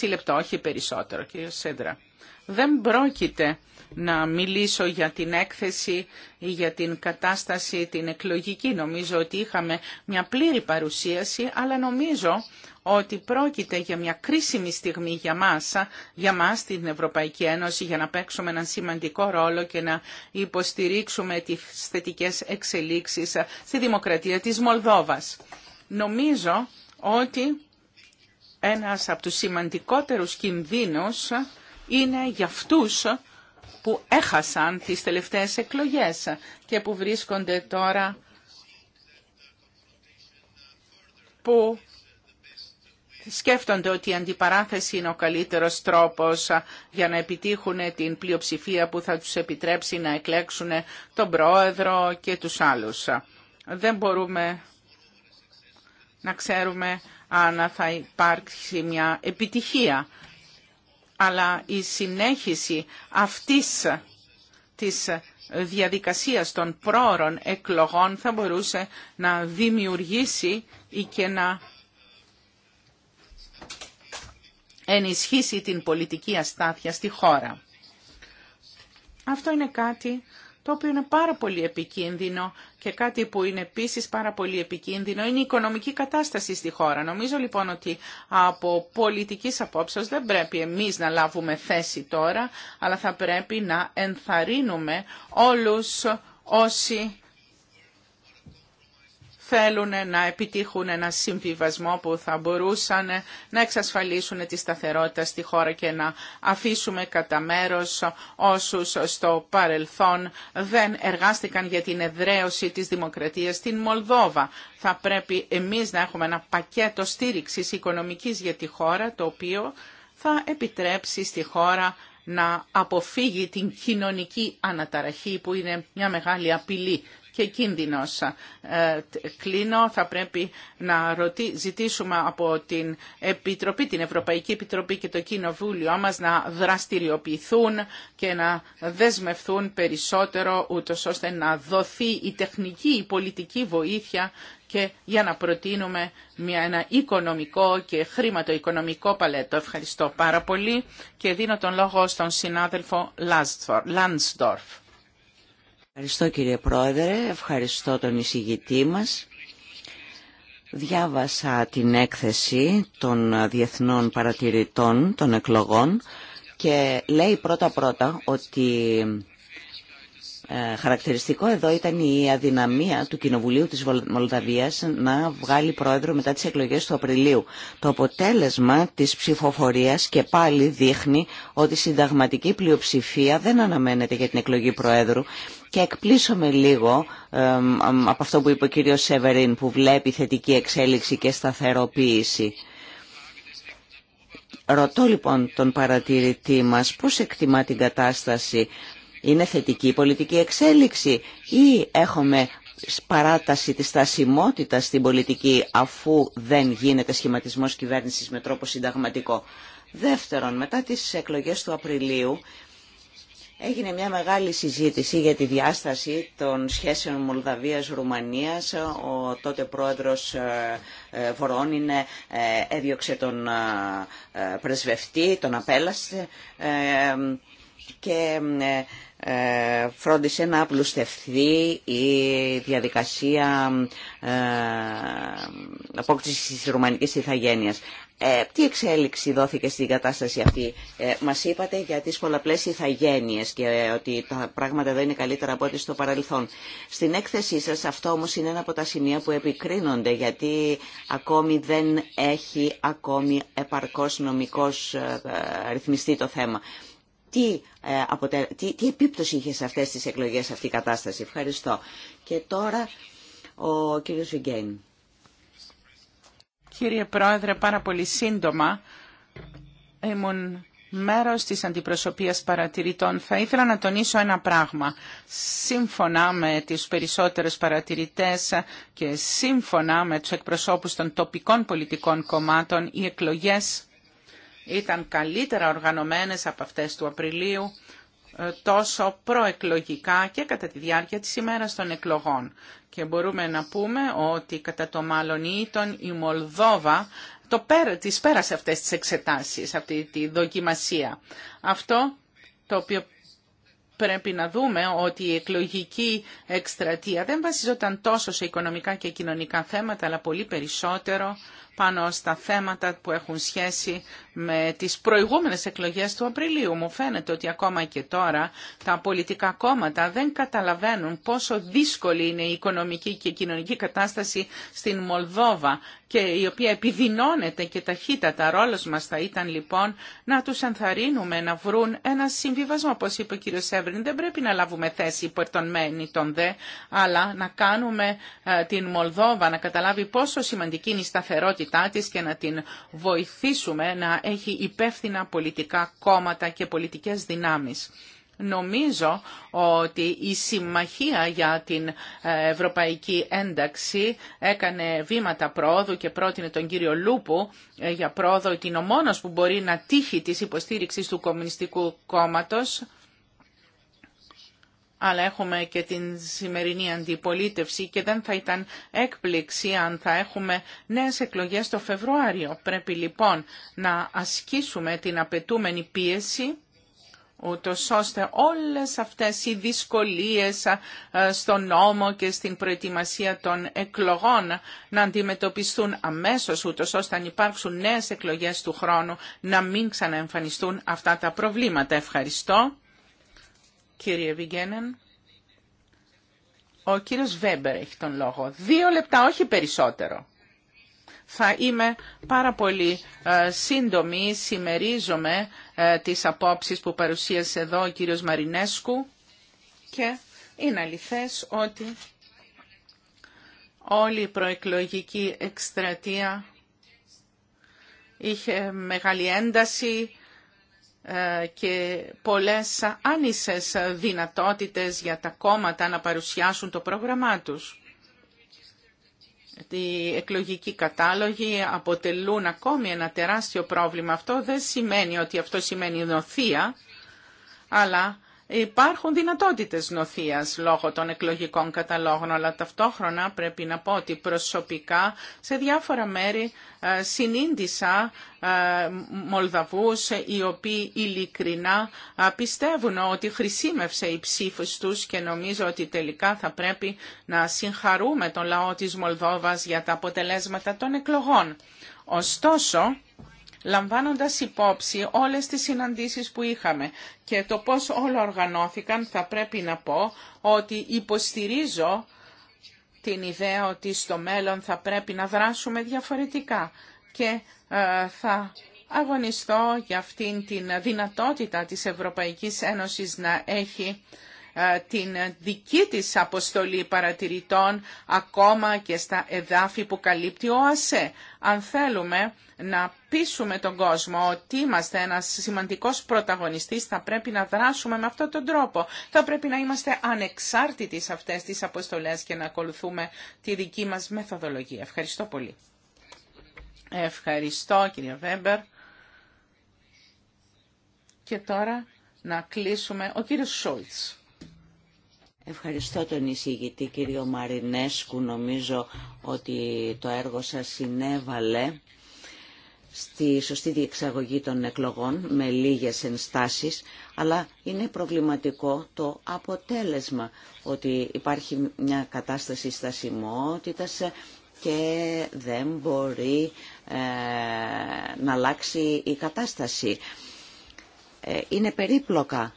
1,5 λεπτό, όχι περισσότερο, κύριε Σέντρα. Δεν πρόκειται να μιλήσω για την έκθεση ή για την κατάσταση την εκλογική. Νομίζω ότι είχαμε μια πλήρη παρουσίαση, αλλά νομίζω ότι πρόκειται για μια κρίσιμη στιγμή για μας, για μας στην Ευρωπαϊκή Ένωση, για να παίξουμε έναν σημαντικό ρόλο και να υποστηρίξουμε τις θετικές εξελίξεις στη δημοκρατία της Μολδόβας. Νομίζω ότι ένας από τους σημαντικότερους κινδύνους είναι για αυτούς που έχασαν τις τελευταίες εκλογές και που βρίσκονται τώρα που σκέφτονται ότι η αντιπαράθεση είναι ο καλύτερος τρόπος για να επιτύχουν την πλειοψηφία που θα τους επιτρέψει να εκλέξουν τον πρόεδρο και τους άλλους. Δεν μπορούμε να ξέρουμε αν θα υπάρξει μια επιτυχία, αλλά η συνέχιση αυτής της διαδικασίας των πρόωρων εκλογών θα μπορούσε να δημιουργήσει ή και να ενισχύσει την πολιτική αστάθεια στη χώρα. Αυτό είναι κάτι το οποίο είναι πάρα πολύ επικίνδυνο και κάτι που είναι επίσης πάρα πολύ επικίνδυνο είναι η οικονομική κατάσταση στη χώρα. Νομίζω λοιπόν ότι από πολιτικής απόψεως δεν πρέπει εμείς να λάβουμε θέση τώρα, αλλά θα πρέπει να ενθαρρύνουμε όλους όσοι θέλουν να επιτύχουν ένα συμβιβασμό που θα μπορούσαν να εξασφαλίσουν τη σταθερότητα στη χώρα και να αφήσουμε κατά μέρο όσους στο παρελθόν δεν εργάστηκαν για την εδραίωση της δημοκρατία στην Μολδόβα. Θα πρέπει εμεί να έχουμε ένα πακέτο στήριξη οικονομική για τη χώρα, το οποίο θα επιτρέψει στη χώρα να αποφύγει την κοινωνική αναταραχή που είναι μια μεγάλη απειλή και κίνδυνος. Ε, κλείνω, θα πρέπει να ρωτή, ζητήσουμε από την Επιτροπή, την Ευρωπαϊκή Επιτροπή και το Κοινοβούλιο μας να δραστηριοποιηθούν και να δεσμευθούν περισσότερο ούτως ώστε να δοθεί η τεχνική, η πολιτική βοήθεια και για να προτείνουμε μια, ένα οικονομικό και χρηματοοικονομικό παλέτο. Ευχαριστώ πάρα πολύ και δίνω τον λόγο στον συνάδελφο Λάνσδορφ. Ευχαριστώ κύριε Πρόεδρε, ευχαριστώ τον εισηγητή μας. Διάβασα την έκθεση των διεθνών παρατηρητών των εκλογών και λέει πρώτα-πρώτα ότι ε, χαρακτηριστικό εδώ ήταν η αδυναμία του Κοινοβουλίου της Μολδαβίας να βγάλει πρόεδρο μετά τις εκλογές του Απριλίου. Το αποτέλεσμα της ψηφοφορίας και πάλι δείχνει ότι η συνταγματική πλειοψηφία δεν αναμένεται για την εκλογή πρόεδρου και εκπλήσωμε λίγο από αυτό που είπε ο κύριος Σεβερίν που βλέπει θετική εξέλιξη και σταθεροποίηση. Ρωτώ λοιπόν τον παρατηρητή μας πώς εκτιμά την κατάσταση είναι θετική πολιτική εξέλιξη ή έχουμε παράταση της στασιμότητας στην πολιτική αφού δεν γίνεται σχηματισμός κυβέρνησης με τρόπο συνταγματικό. Δεύτερον, μετά τις εκλογές του Απριλίου έγινε μια μεγάλη συζήτηση για τη διάσταση των σχέσεων Μολδαβίας-Ρουμανίας. Ο τότε πρόεδρος ε, ε, Βορώνινε έδιωξε τον ε, πρεσβευτή, τον απέλασε και ε, ε, φρόντισε να απλουστευθεί η διαδικασία ε, απόκτησης της ρουμανικής ηθαγένειας. τι εξέλιξη δόθηκε στην κατάσταση αυτή. Ε, μας είπατε για τις πολλαπλές ηθαγένειες και ότι τα πράγματα δεν είναι καλύτερα από ό,τι στο παρελθόν. Στην έκθεσή σας αυτό όμως είναι ένα από τα σημεία που επικρίνονται γιατί ακόμη δεν έχει ακόμη επαρκώς νομικός ρυθμιστεί το θέμα τι, ε, αποτε... τι, επίπτωση είχε σε αυτές τις εκλογές αυτή η κατάσταση. Ευχαριστώ. Και τώρα ο κύριος Βιγγέιν. Κύριε Πρόεδρε, πάρα πολύ σύντομα ήμουν μέρος της αντιπροσωπείας παρατηρητών. Θα ήθελα να τονίσω ένα πράγμα. Σύμφωνα με τις περισσότερες παρατηρητές και σύμφωνα με τους εκπροσώπους των τοπικών πολιτικών κομμάτων, οι εκλογές ήταν καλύτερα οργανωμένες από αυτές του Απριλίου, ε, τόσο προεκλογικά και κατά τη διάρκεια της ημέρας των εκλογών. Και μπορούμε να πούμε ότι κατά το μάλλον ήτον η Μολδόβα το πέρα, της πέρασε αυτές τις εξετάσεις, αυτή τη δοκιμασία. Αυτό το οποίο πρέπει να δούμε ότι η εκλογική εκστρατεία δεν βασιζόταν τόσο σε οικονομικά και κοινωνικά θέματα, αλλά πολύ περισσότερο πάνω στα θέματα που έχουν σχέση με τις προηγούμενες εκλογές του Απριλίου. Μου φαίνεται ότι ακόμα και τώρα τα πολιτικά κόμματα δεν καταλαβαίνουν πόσο δύσκολη είναι η οικονομική και η κοινωνική κατάσταση στην Μολδόβα και η οποία επιδεινώνεται και ταχύτατα. Ρόλος μας θα ήταν λοιπόν να τους ενθαρρύνουμε να βρουν ένα συμβιβασμό. Όπως είπε ο κ. Σέβριν, δεν πρέπει να λάβουμε θέση υπό τον ή τον δε, αλλά να κάνουμε ε, την Μολδόβα να καταλάβει πόσο σημαντική είναι η σταθερότητα της και να την βοηθήσουμε να έχει υπεύθυνα πολιτικά κόμματα και πολιτικές δυνάμεις. Νομίζω ότι η Συμμαχία για την ε, Ευρωπαϊκή Ένταξη έκανε βήματα πρόοδου και πρότεινε τον κύριο Λούπου ε, για πρόοδο ότι είναι ο μόνος που μπορεί να τύχει της υποστήριξης του Κομμουνιστικού Κόμματος αλλά έχουμε και την σημερινή αντιπολίτευση και δεν θα ήταν έκπληξη αν θα έχουμε νέες εκλογές το Φεβρουάριο. Πρέπει λοιπόν να ασκήσουμε την απαιτούμενη πίεση ούτω ώστε όλες αυτές οι δυσκολίες στον νόμο και στην προετοιμασία των εκλογών να αντιμετωπιστούν αμέσως, ούτω ώστε αν υπάρξουν νέες εκλογές του χρόνου να μην ξαναεμφανιστούν αυτά τα προβλήματα. Ευχαριστώ κύριε Βιγγένεν. Ο κύριος Βέμπερ έχει τον λόγο. Δύο λεπτά, όχι περισσότερο. Θα είμαι πάρα πολύ ε, σύντομη, συμμερίζομαι ε, τις απόψεις που παρουσίασε εδώ ο κύριος Μαρινέσκου και είναι αληθές ότι όλη η προεκλογική εκστρατεία είχε μεγάλη ένταση, ε, και πολλές άνισες δυνατότητες για τα κόμματα να παρουσιάσουν το πρόγραμμά τους. Οι εκλογικοί κατάλογοι αποτελούν ακόμη ένα τεράστιο πρόβλημα. Αυτό δεν σημαίνει ότι αυτό σημαίνει νοθεία, αλλά Υπάρχουν δυνατότητες νοθείας λόγω των εκλογικών καταλόγων, αλλά ταυτόχρονα πρέπει να πω ότι προσωπικά σε διάφορα μέρη ε, συνήντησα ε, Μολδαβούς ε, οι οποίοι ειλικρινά πιστεύουν ότι χρησιμεύσε η ψήφος τους και νομίζω ότι τελικά θα πρέπει να συγχαρούμε τον λαό της Μολδόβας για τα αποτελέσματα των εκλογών. Ωστόσο, λαμβάνοντας υπόψη όλες τις συναντήσεις που είχαμε και το πώς όλα οργανώθηκαν, θα πρέπει να πω ότι υποστηρίζω την ιδέα ότι στο μέλλον θα πρέπει να δράσουμε διαφορετικά και ε, θα αγωνιστώ για αυτήν την δυνατότητα της Ευρωπαϊκής Ένωσης να έχει ε, την δική της αποστολή παρατηρητών ακόμα και στα εδάφη που καλύπτει ο ΑΣΕ. Αν θέλουμε να πείσουμε τον κόσμο ότι είμαστε ένας σημαντικός πρωταγωνιστής, θα πρέπει να δράσουμε με αυτόν τον τρόπο. Θα πρέπει να είμαστε ανεξάρτητοι σε αυτές τις αποστολές και να ακολουθούμε τη δική μας μεθοδολογία. Ευχαριστώ πολύ. Ευχαριστώ κύριε Βέμπερ. Και τώρα να κλείσουμε ο κύριος Σόλτς. Ευχαριστώ τον εισηγητή κύριο Μαρινέσκου. Νομίζω ότι το έργο σας συνέβαλε στη σωστή διεξαγωγή των εκλογών με λίγες ενστάσεις, αλλά είναι προβληματικό το αποτέλεσμα ότι υπάρχει μια κατάσταση στασιμότητας και δεν μπορεί ε, να αλλάξει η κατάσταση. Ε, είναι περίπλοκα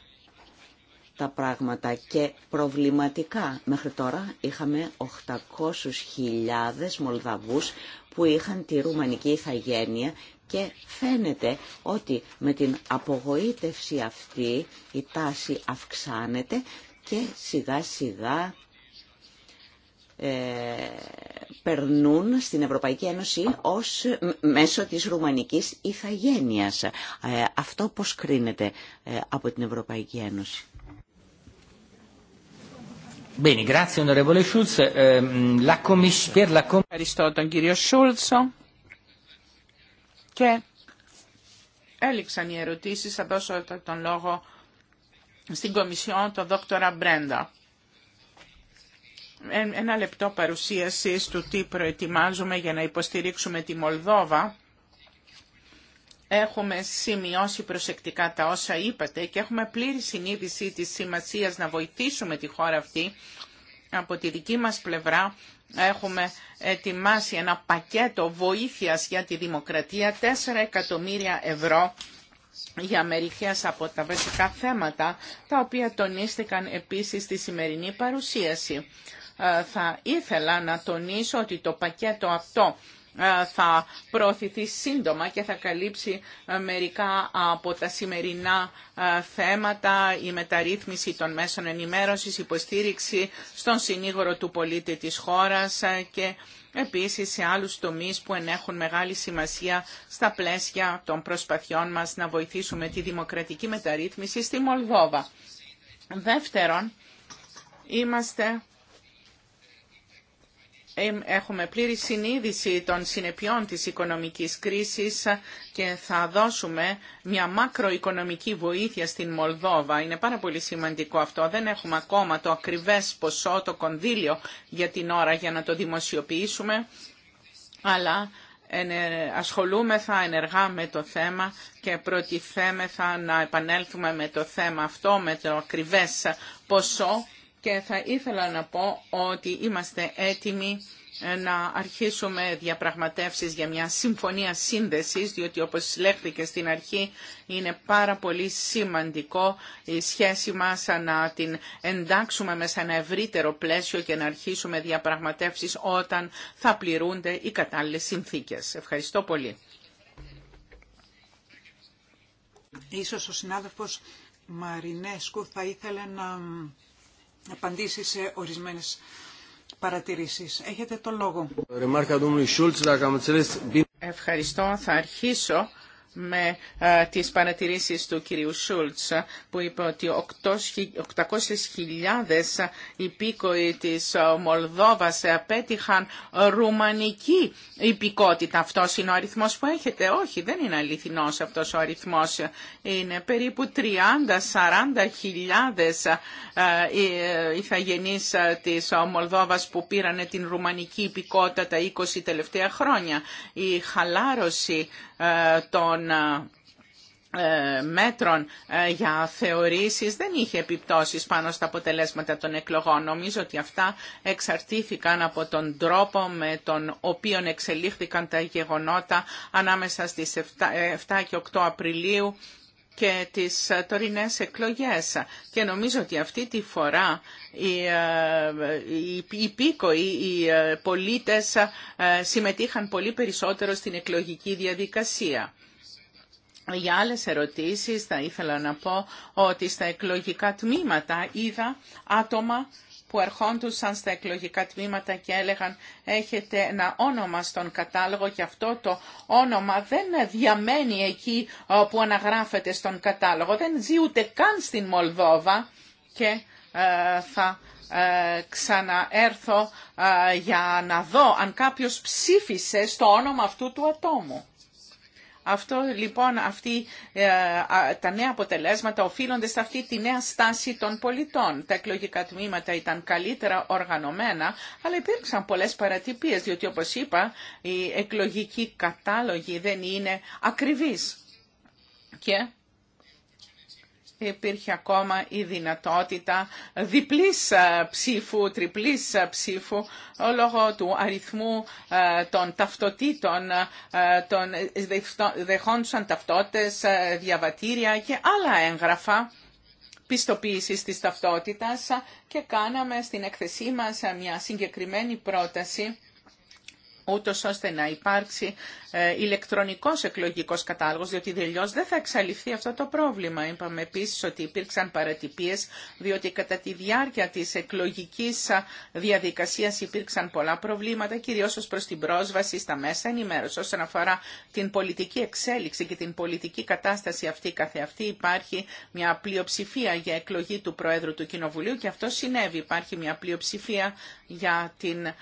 τα πράγματα και προβληματικά. Μέχρι τώρα είχαμε 800.000 Μολδαβούς που είχαν τη ρουμανική ηθαγένεια και φαίνεται ότι με την απογοήτευση αυτή η τάση αυξάνεται και σιγά σιγά ε, περνούν στην Ευρωπαϊκή Ένωση ως μέσω της ρουμανικής ηθαγένειας. Ε, αυτό πώς κρίνεται ε, από την Ευρωπαϊκή Ένωση. Ευχαριστώ τον κύριο Σούλτσο. Και έληξαν οι ερωτήσει Θα δώσω τον λόγο στην Κομισιόν, τον δόκτωρα Μπρέντα. Ε, ένα λεπτό παρουσίαση του τι προετοιμάζουμε για να υποστηρίξουμε τη Μολδόβα Έχουμε σημειώσει προσεκτικά τα όσα είπατε και έχουμε πλήρη συνείδηση της σημασίας να βοηθήσουμε τη χώρα αυτή. Από τη δική μας πλευρά έχουμε ετοιμάσει ένα πακέτο βοήθειας για τη δημοκρατία, 4 εκατομμύρια ευρώ για μερικές από τα βασικά θέματα, τα οποία τονίστηκαν επίσης στη σημερινή παρουσίαση. Ε, θα ήθελα να τονίσω ότι το πακέτο αυτό ε, θα προωθηθεί σύντομα και θα καλύψει ε, μερικά από τα σημερινά ε, θέματα, η μεταρρύθμιση των μέσων ενημέρωσης, υποστήριξη στον συνήγορο του πολίτη της χώρας και επίσης σε άλλους τομείς που ενέχουν μεγάλη σημασία στα πλαίσια των προσπαθειών μας να βοηθήσουμε τη δημοκρατική μεταρρύθμιση στη Μολδόβα. Δεύτερον, είμαστε Έχουμε πλήρη συνείδηση των συνεπειών της οικονομικής κρίσης και θα δώσουμε μια μακροοικονομική βοήθεια στην Μολδόβα. Είναι πάρα πολύ σημαντικό αυτό. Δεν έχουμε ακόμα το ακριβές ποσό, το κονδύλιο για την ώρα για να το δημοσιοποιήσουμε, αλλά ασχολούμεθα ενεργά με το θέμα και προτιθέμεθα να επανέλθουμε με το θέμα αυτό, με το ακριβές ποσό και θα ήθελα να πω ότι είμαστε έτοιμοι ε, να αρχίσουμε διαπραγματεύσεις για μια συμφωνία σύνδεσης, διότι όπως λέχθηκε στην αρχή είναι πάρα πολύ σημαντικό η σχέση μας να την εντάξουμε μέσα σε ένα ευρύτερο πλαίσιο και να αρχίσουμε διαπραγματεύσεις όταν θα πληρούνται οι κατάλληλες συνθήκες. Ευχαριστώ πολύ. Ίσως ο συνάδελφος Μαρινέσκου θα ήθελε να απαντήσει σε ορισμένε παρατηρήσει. Έχετε το λόγο. Ευχαριστώ. Θα αρχίσω με ε, τις παρατηρήσεις του κυρίου Σούλτς που είπε ότι 800.000 υπήκοοι της Μολδόβας απέτυχαν ρουμανική υπηκότητα. Αυτό είναι ο αριθμός που έχετε. Όχι, δεν είναι αληθινός αυτός ο αριθμός. Είναι περίπου 30-40.000 ε, ε, ηθαγενείς της Μολδόβας που πήραν την ρουμανική υπηκότητα τα 20 τελευταία χρόνια. Η χαλάρωση ε, των ε, ε, μέτρων για θεωρήσεις δεν είχε επιπτώσεις πάνω στα αποτελέσματα των εκλογών. Νομίζω ότι αυτά εξαρτήθηκαν από τον τρόπο με τον οποίο εξελίχθηκαν τα γεγονότα ανάμεσα στις 7 και 8 Απριλίου και τις ε, τωρινές εκλογές. Και νομίζω ότι αυτή τη φορά οι, ε, οι, οι πίκοοι, οι ε, πολίτες συμμετείχαν πολύ περισσότερο στην εκλογική διαδικασία. Για άλλες ερωτήσεις θα ήθελα να πω ότι στα εκλογικά τμήματα είδα άτομα που ερχόντουσαν στα εκλογικά τμήματα και έλεγαν έχετε ένα όνομα στον κατάλογο και αυτό το όνομα δεν διαμένει εκεί ε, που αναγράφεται στον κατάλογο. Δεν ζει ούτε καν στην Μολδόβα και ε, θα ε, ξαναέρθω για να δω αν κάποιος ψήφισε στο όνομα αυτού του ατόμου. Αυτό λοιπόν, αυτή, ε, τα νέα αποτελέσματα οφείλονται σε αυτή τη νέα στάση των πολιτών. Τα εκλογικά τμήματα ήταν καλύτερα οργανωμένα, αλλά υπήρξαν πολλές παρατυπίες, διότι όπως είπα, οι εκλογικοί κατάλογοι δεν είναι ακριβής Και υπήρχε ακόμα η δυνατότητα διπλής ε, ψήφου, τριπλής ε, ψήφου ε, λόγω του αριθμού των ταυτοτήτων, των δεχόντουσαν ταυτότητες, διαβατήρια και άλλα έγγραφα πιστοποίησης της ταυτότητας και κάναμε στην εκθεσή μας μια συγκεκριμένη πρόταση ούτως ώστε να υπάρξει ε, ηλεκτρονικός εκλογικός κατάλογος, διότι τελειώς δεν θα εξαλειφθεί αυτό το πρόβλημα. Είπαμε επίσης ότι υπήρξαν παρατυπίες, διότι κατά τη διάρκεια της εκλογικής διαδικασίας υπήρξαν πολλά προβλήματα, κυρίως ως προς την πρόσβαση στα μέσα ενημέρωση. Όσον αφορά την πολιτική εξέλιξη και την πολιτική κατάσταση αυτή καθεαυτή, υπάρχει μια πλειοψηφία για εκλογή του Προέδρου του Κοινοβουλίου και αυτό συνέβη. Υπάρχει μια πλειοψηφία για την, ε,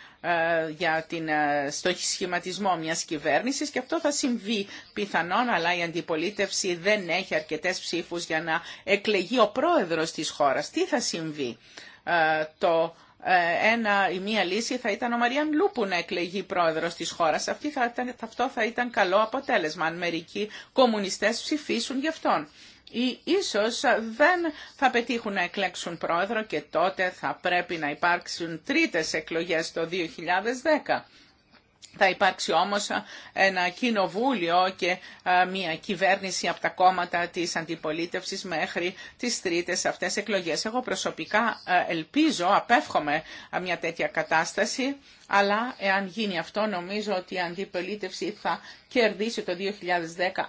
για την ε, στο σχηματισμό μια κυβέρνηση, και αυτό θα συμβεί πιθανόν, αλλά η αντιπολίτευση δεν έχει αρκετέ ψήφου για να εκλεγεί ο πρόεδρο τη χώρα. Τι θα συμβεί ε, το ε, ένα, η μία λύση θα ήταν ο Μαριάν Λούπου να εκλεγεί πρόεδρο τη χώρα. αυτό θα ήταν καλό αποτέλεσμα αν μερικοί κομμουνιστέ ψηφίσουν γι' αυτόν. Ή ίσως δεν θα πετύχουν να εκλέξουν πρόεδρο και τότε θα πρέπει να υπάρξουν τρίτες εκλογές το 2010. Θα υπάρξει όμως ένα κοινοβούλιο και μια κυβέρνηση από τα κόμματα της αντιπολίτευσης μέχρι τις τρίτες αυτές εκλογές. Εγώ προσωπικά ελπίζω, απέφχομαι μια τέτοια κατάσταση αλλά εάν γίνει αυτό νομίζω ότι η αντιπολίτευση θα κερδίσει το 2010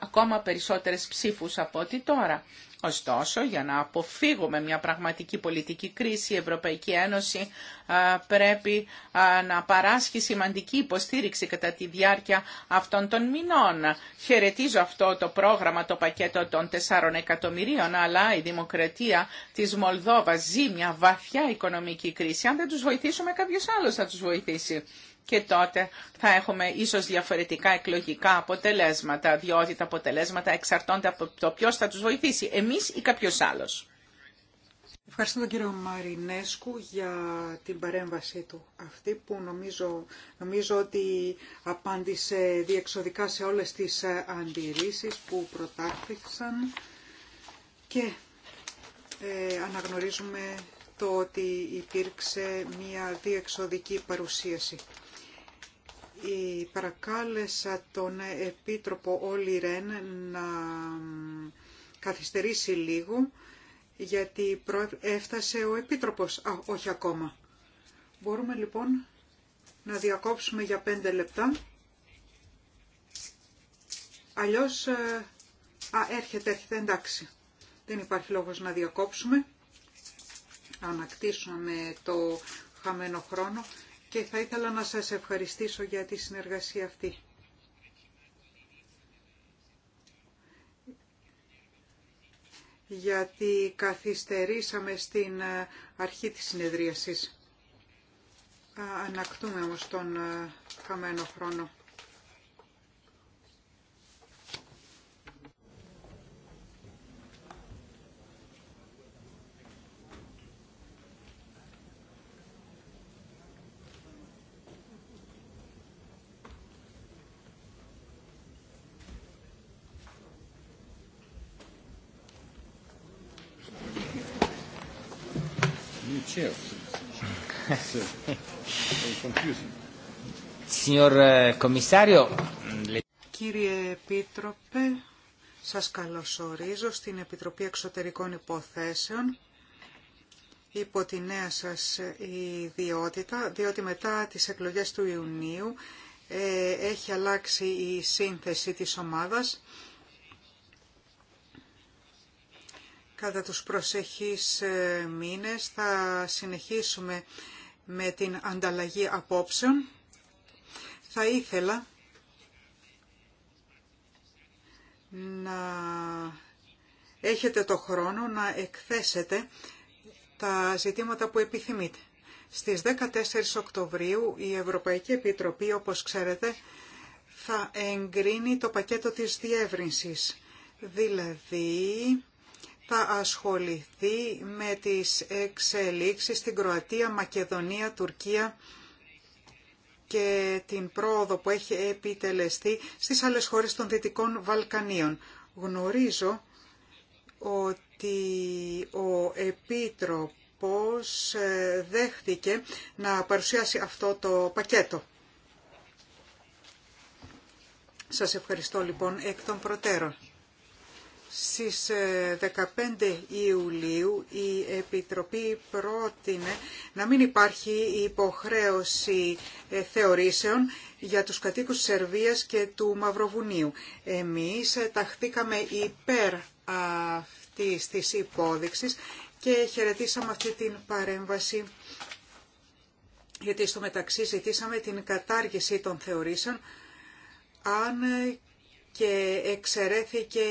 ακόμα περισσότερες ψήφους από ό,τι τώρα. Ωστόσο, για να αποφύγουμε μια πραγματική πολιτική κρίση, η Ευρωπαϊκή Ένωση πρέπει να παράσχει σημαντική υποστήριξη κατά τη διάρκεια αυτών των μηνών. Χαιρετίζω αυτό το πρόγραμμα, το πακέτο των 4 εκατομμυρίων, αλλά η δημοκρατία της Μολδόβας ζει μια βαθιά οικονομική κρίση. Αν δεν τους βοηθήσουμε, κάποιος άλλος θα τους βοηθήσει και τότε θα έχουμε ίσως διαφορετικά εκλογικά αποτελέσματα, διότι τα αποτελέσματα εξαρτώνται από το ποιο θα τους βοηθήσει, εμείς ή κάποιος άλλος. Ευχαριστώ τον κύριο Μαρινέσκου για την παρέμβασή του αυτή που νομίζω, νομίζω ότι απάντησε διεξοδικά σε όλες τις ε, αντιρρήσεις που προτάχθησαν και ε, αναγνωρίζουμε το ότι υπήρξε μία διεξοδική παρουσίαση. Η παρακάλεσα τον Επίτροπο Όλη Ρεν να καθυστερήσει λίγο, γιατί έφτασε ο Επίτροπος. Α, όχι ακόμα. Μπορούμε λοιπόν να διακόψουμε για πέντε λεπτά. Αλλιώς, ε, α, έρχεται, έρχεται, εντάξει. Δεν υπάρχει λόγος να διακόψουμε ανακτήσουμε το χαμένο χρόνο και θα ήθελα να σας ευχαριστήσω για τη συνεργασία αυτή. γιατί καθυστερήσαμε στην ε, αρχή της συνεδρίασης. Ανακτούμε όμως τον ε, χαμένο χρόνο. Eh, Κύριε Επίτροπε, σας καλωσορίζω στην Επιτροπή Εξωτερικών Υποθέσεων υπό τη νέα σας ε, ιδιότητα, διότι μετά τις εκλογές του Ιουνίου ε, έχει αλλάξει η σύνθεση της ομάδας Κατά τους προσεχείς ε, μήνες θα συνεχίσουμε με την ανταλλαγή απόψεων. Θα ήθελα να έχετε το χρόνο να εκθέσετε τα ζητήματα που επιθυμείτε. Στις 14 Οκτωβρίου η Ευρωπαϊκή Επιτροπή, όπως ξέρετε, θα εγκρίνει το πακέτο της διεύρυνσης. Δηλαδή, θα ασχοληθεί με τις εξελίξεις στην Κροατία, Μακεδονία, Τουρκία και την πρόοδο που έχει επιτελεστεί στις άλλες χώρες των Δυτικών Βαλκανίων. Γνωρίζω ότι ο Επίτροπος ε, δέχτηκε να παρουσιάσει αυτό το πακέτο. Σας ευχαριστώ λοιπόν εκ των προτέρων. Στις 15 ε, Ιουλίου η Επιτροπή πρότεινε να μην υπάρχει υποχρέωση ε, θεωρήσεων για τους κατοίκους της Σερβίας και του Μαυροβουνίου. Εμείς ε, ταχθήκαμε υπέρ αυτής της υπόδειξης και χαιρετήσαμε αυτή την παρέμβαση γιατί στο μεταξύ ζητήσαμε την κατάργηση των θεωρήσεων αν και εξαιρέθηκε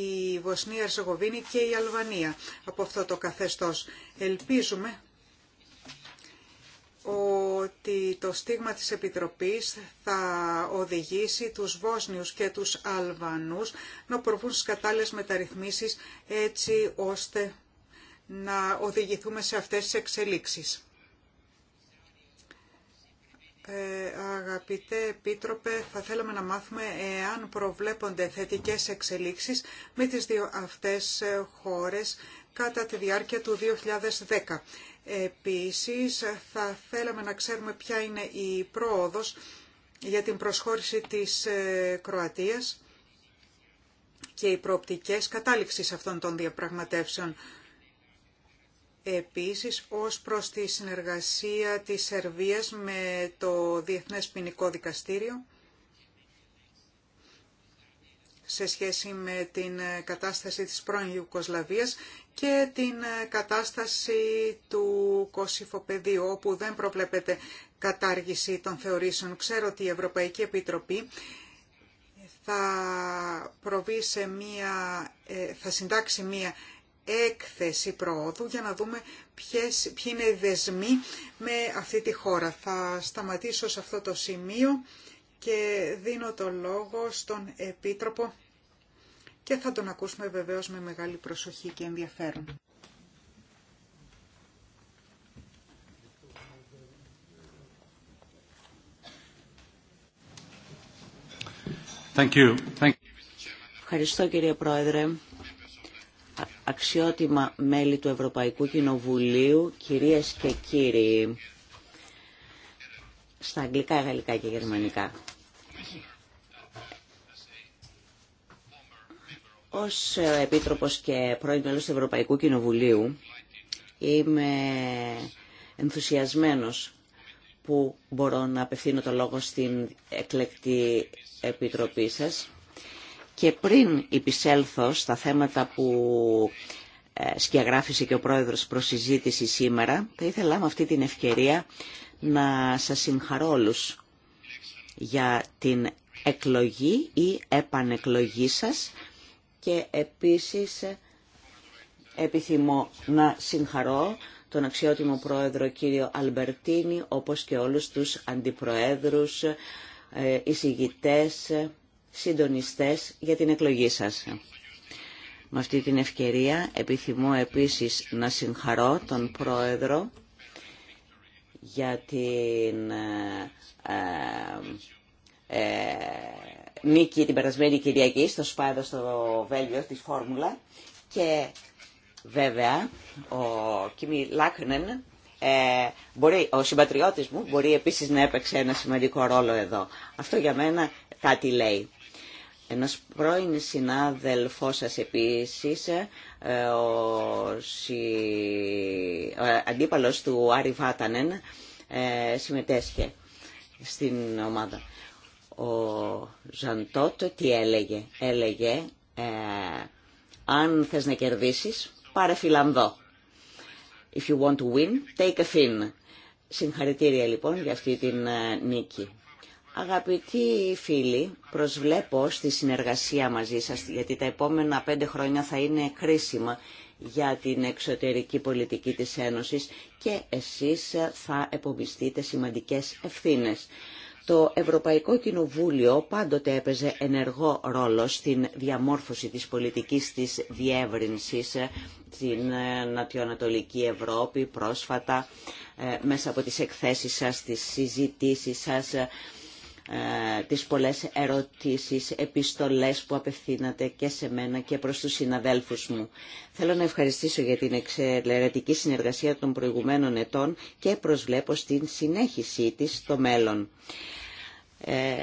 η Βοσνία Ερσεγοβίνη και η Αλβανία από αυτό το καθεστώς. Ελπίζουμε ότι το στίγμα της Επιτροπής θα οδηγήσει τους Βόσνιους και τους Αλβανούς να προβούν στις κατάλληλες μεταρρυθμίσεις έτσι ώστε να οδηγηθούμε σε αυτές τις εξελίξεις. Ε, αγαπητέ Επίτροπε, θα θέλαμε να μάθουμε εάν προβλέπονται θετικές εξελίξεις με τις δύο αυτές χώρες κατά τη διάρκεια του 2010. Επίσης, θα θέλαμε να ξέρουμε ποια είναι η πρόοδος για την προσχώρηση της ε, Κροατίας και οι προοπτικές κατάληξης αυτών των διαπραγματεύσεων. Επίσης, ως προς τη συνεργασία της Σερβίας με το Διεθνές Ποινικό Δικαστήριο, σε σχέση με την κατάσταση της πρώην Ιουκοσλαβίας και την κατάσταση του Κωσυφοπεδίου, όπου δεν προβλέπεται κατάργηση των θεωρήσεων. Ξέρω ότι η Ευρωπαϊκή Επιτροπή θα, προβεί μία, ε, θα συντάξει μία έκθεση προόδου για να δούμε ποιες, ποιοι είναι οι δεσμοί με αυτή τη χώρα. Θα σταματήσω σε αυτό το σημείο και δίνω το λόγο στον Επίτροπο και θα τον ακούσουμε βεβαίως με μεγάλη προσοχή και ενδιαφέρον. Thank you. Thank Ευχαριστώ κύριε Πρόεδρε αξιότιμα μέλη του Ευρωπαϊκού Κοινοβουλίου, κυρίες και κύριοι, στα αγγλικά, γαλλικά και γερμανικά. Ως Επίτροπος και πρώην μέλος του Ευρωπαϊκού Κοινοβουλίου, είμαι ενθουσιασμένος που μπορώ να απευθύνω το λόγο στην εκλεκτή επιτροπή σας και πριν υπησέλθω στα θέματα που ε, σκιαγράφησε και ο πρόεδρος προς συζήτηση σήμερα, θα ήθελα με αυτή την ευκαιρία να σας συγχαρώ όλους για την εκλογή ή επανεκλογή σας και επίσης επιθυμώ να συγχαρώ τον αξιότιμο πρόεδρο κύριο Αλμπερτίνη όπως και όλους τους αντιπροέδρους, ε, εισηγητές συντονιστές για την εκλογή σας. Με αυτή την ευκαιρία επιθυμώ επίσης να συγχαρώ τον Πρόεδρο για την ε, ε, ε νίκη την περασμένη Κυριακή στο Σπάδο στο Βέλγιο της Φόρμουλα και βέβαια ο Κίμι Λάκνεν ε, μπορεί, ο συμπατριώτης μου μπορεί επίσης να έπαιξε ένα σημαντικό ρόλο εδώ. Αυτό για μένα κάτι λέει. Ένας πρώην συνάδελφός σας επίσης, ε, ο, συ... ο αντίπαλος του Άρη Βάτανεν, ε, συμμετέσχε στην ομάδα. Ο Ζαντότ, τι έλεγε. Έλεγε, ε, αν θες να κερδίσεις, πάρε Φιλανδό. If you want to win, take a fin. Συγχαρητήρια λοιπόν για αυτή την νίκη. Αγαπητοί φίλοι, προσβλέπω στη συνεργασία μαζί σας, γιατί τα επόμενα πέντε χρόνια θα είναι κρίσιμα για την εξωτερική πολιτική της Ένωσης και εσείς θα επομιστείτε σημαντικές ευθύνες. Το Ευρωπαϊκό Κοινοβούλιο πάντοτε έπαιζε ενεργό ρόλο στην διαμόρφωση της πολιτικής της διεύρυνσης στην Νατιοανατολική Ευρώπη πρόσφατα ε, μέσα από τις εκθέσεις σας, τις συζητήσεις σας ε, τις πολλές ερωτήσεις, επιστολές που απευθύνατε και σε μένα και προς τους συναδέλφους μου. Θέλω να ευχαριστήσω για την εξαιρετική συνεργασία των προηγουμένων ετών και προσβλέπω στην συνέχιση της στο μέλλον. Ε,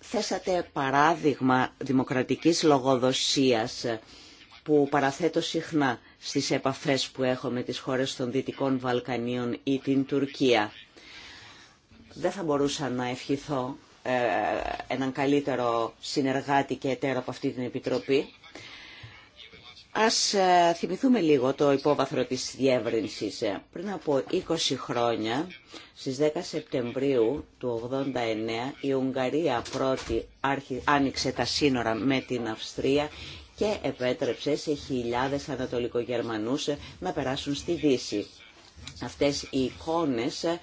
θέσατε παράδειγμα δημοκρατικής λογοδοσίας που παραθέτω συχνά στις επαφές που έχω με τις χώρες των Δυτικών Βαλκανίων ή την Τουρκία δεν θα μπορούσα να ευχηθώ ε, έναν καλύτερο συνεργάτη και εταίρο από αυτή την Επιτροπή. Ας ε, θυμηθούμε λίγο το υπόβαθρο της διεύρυνσης. Ε, πριν από 20 χρόνια, στις 10 Σεπτεμβρίου του 89, η Ουγγαρία πρώτη άνοιξε τα σύνορα με την Αυστρία και επέτρεψε σε χιλιάδες Ανατολικογερμανούς να περάσουν στη Δύση. Αυτές οι εικόνες ε,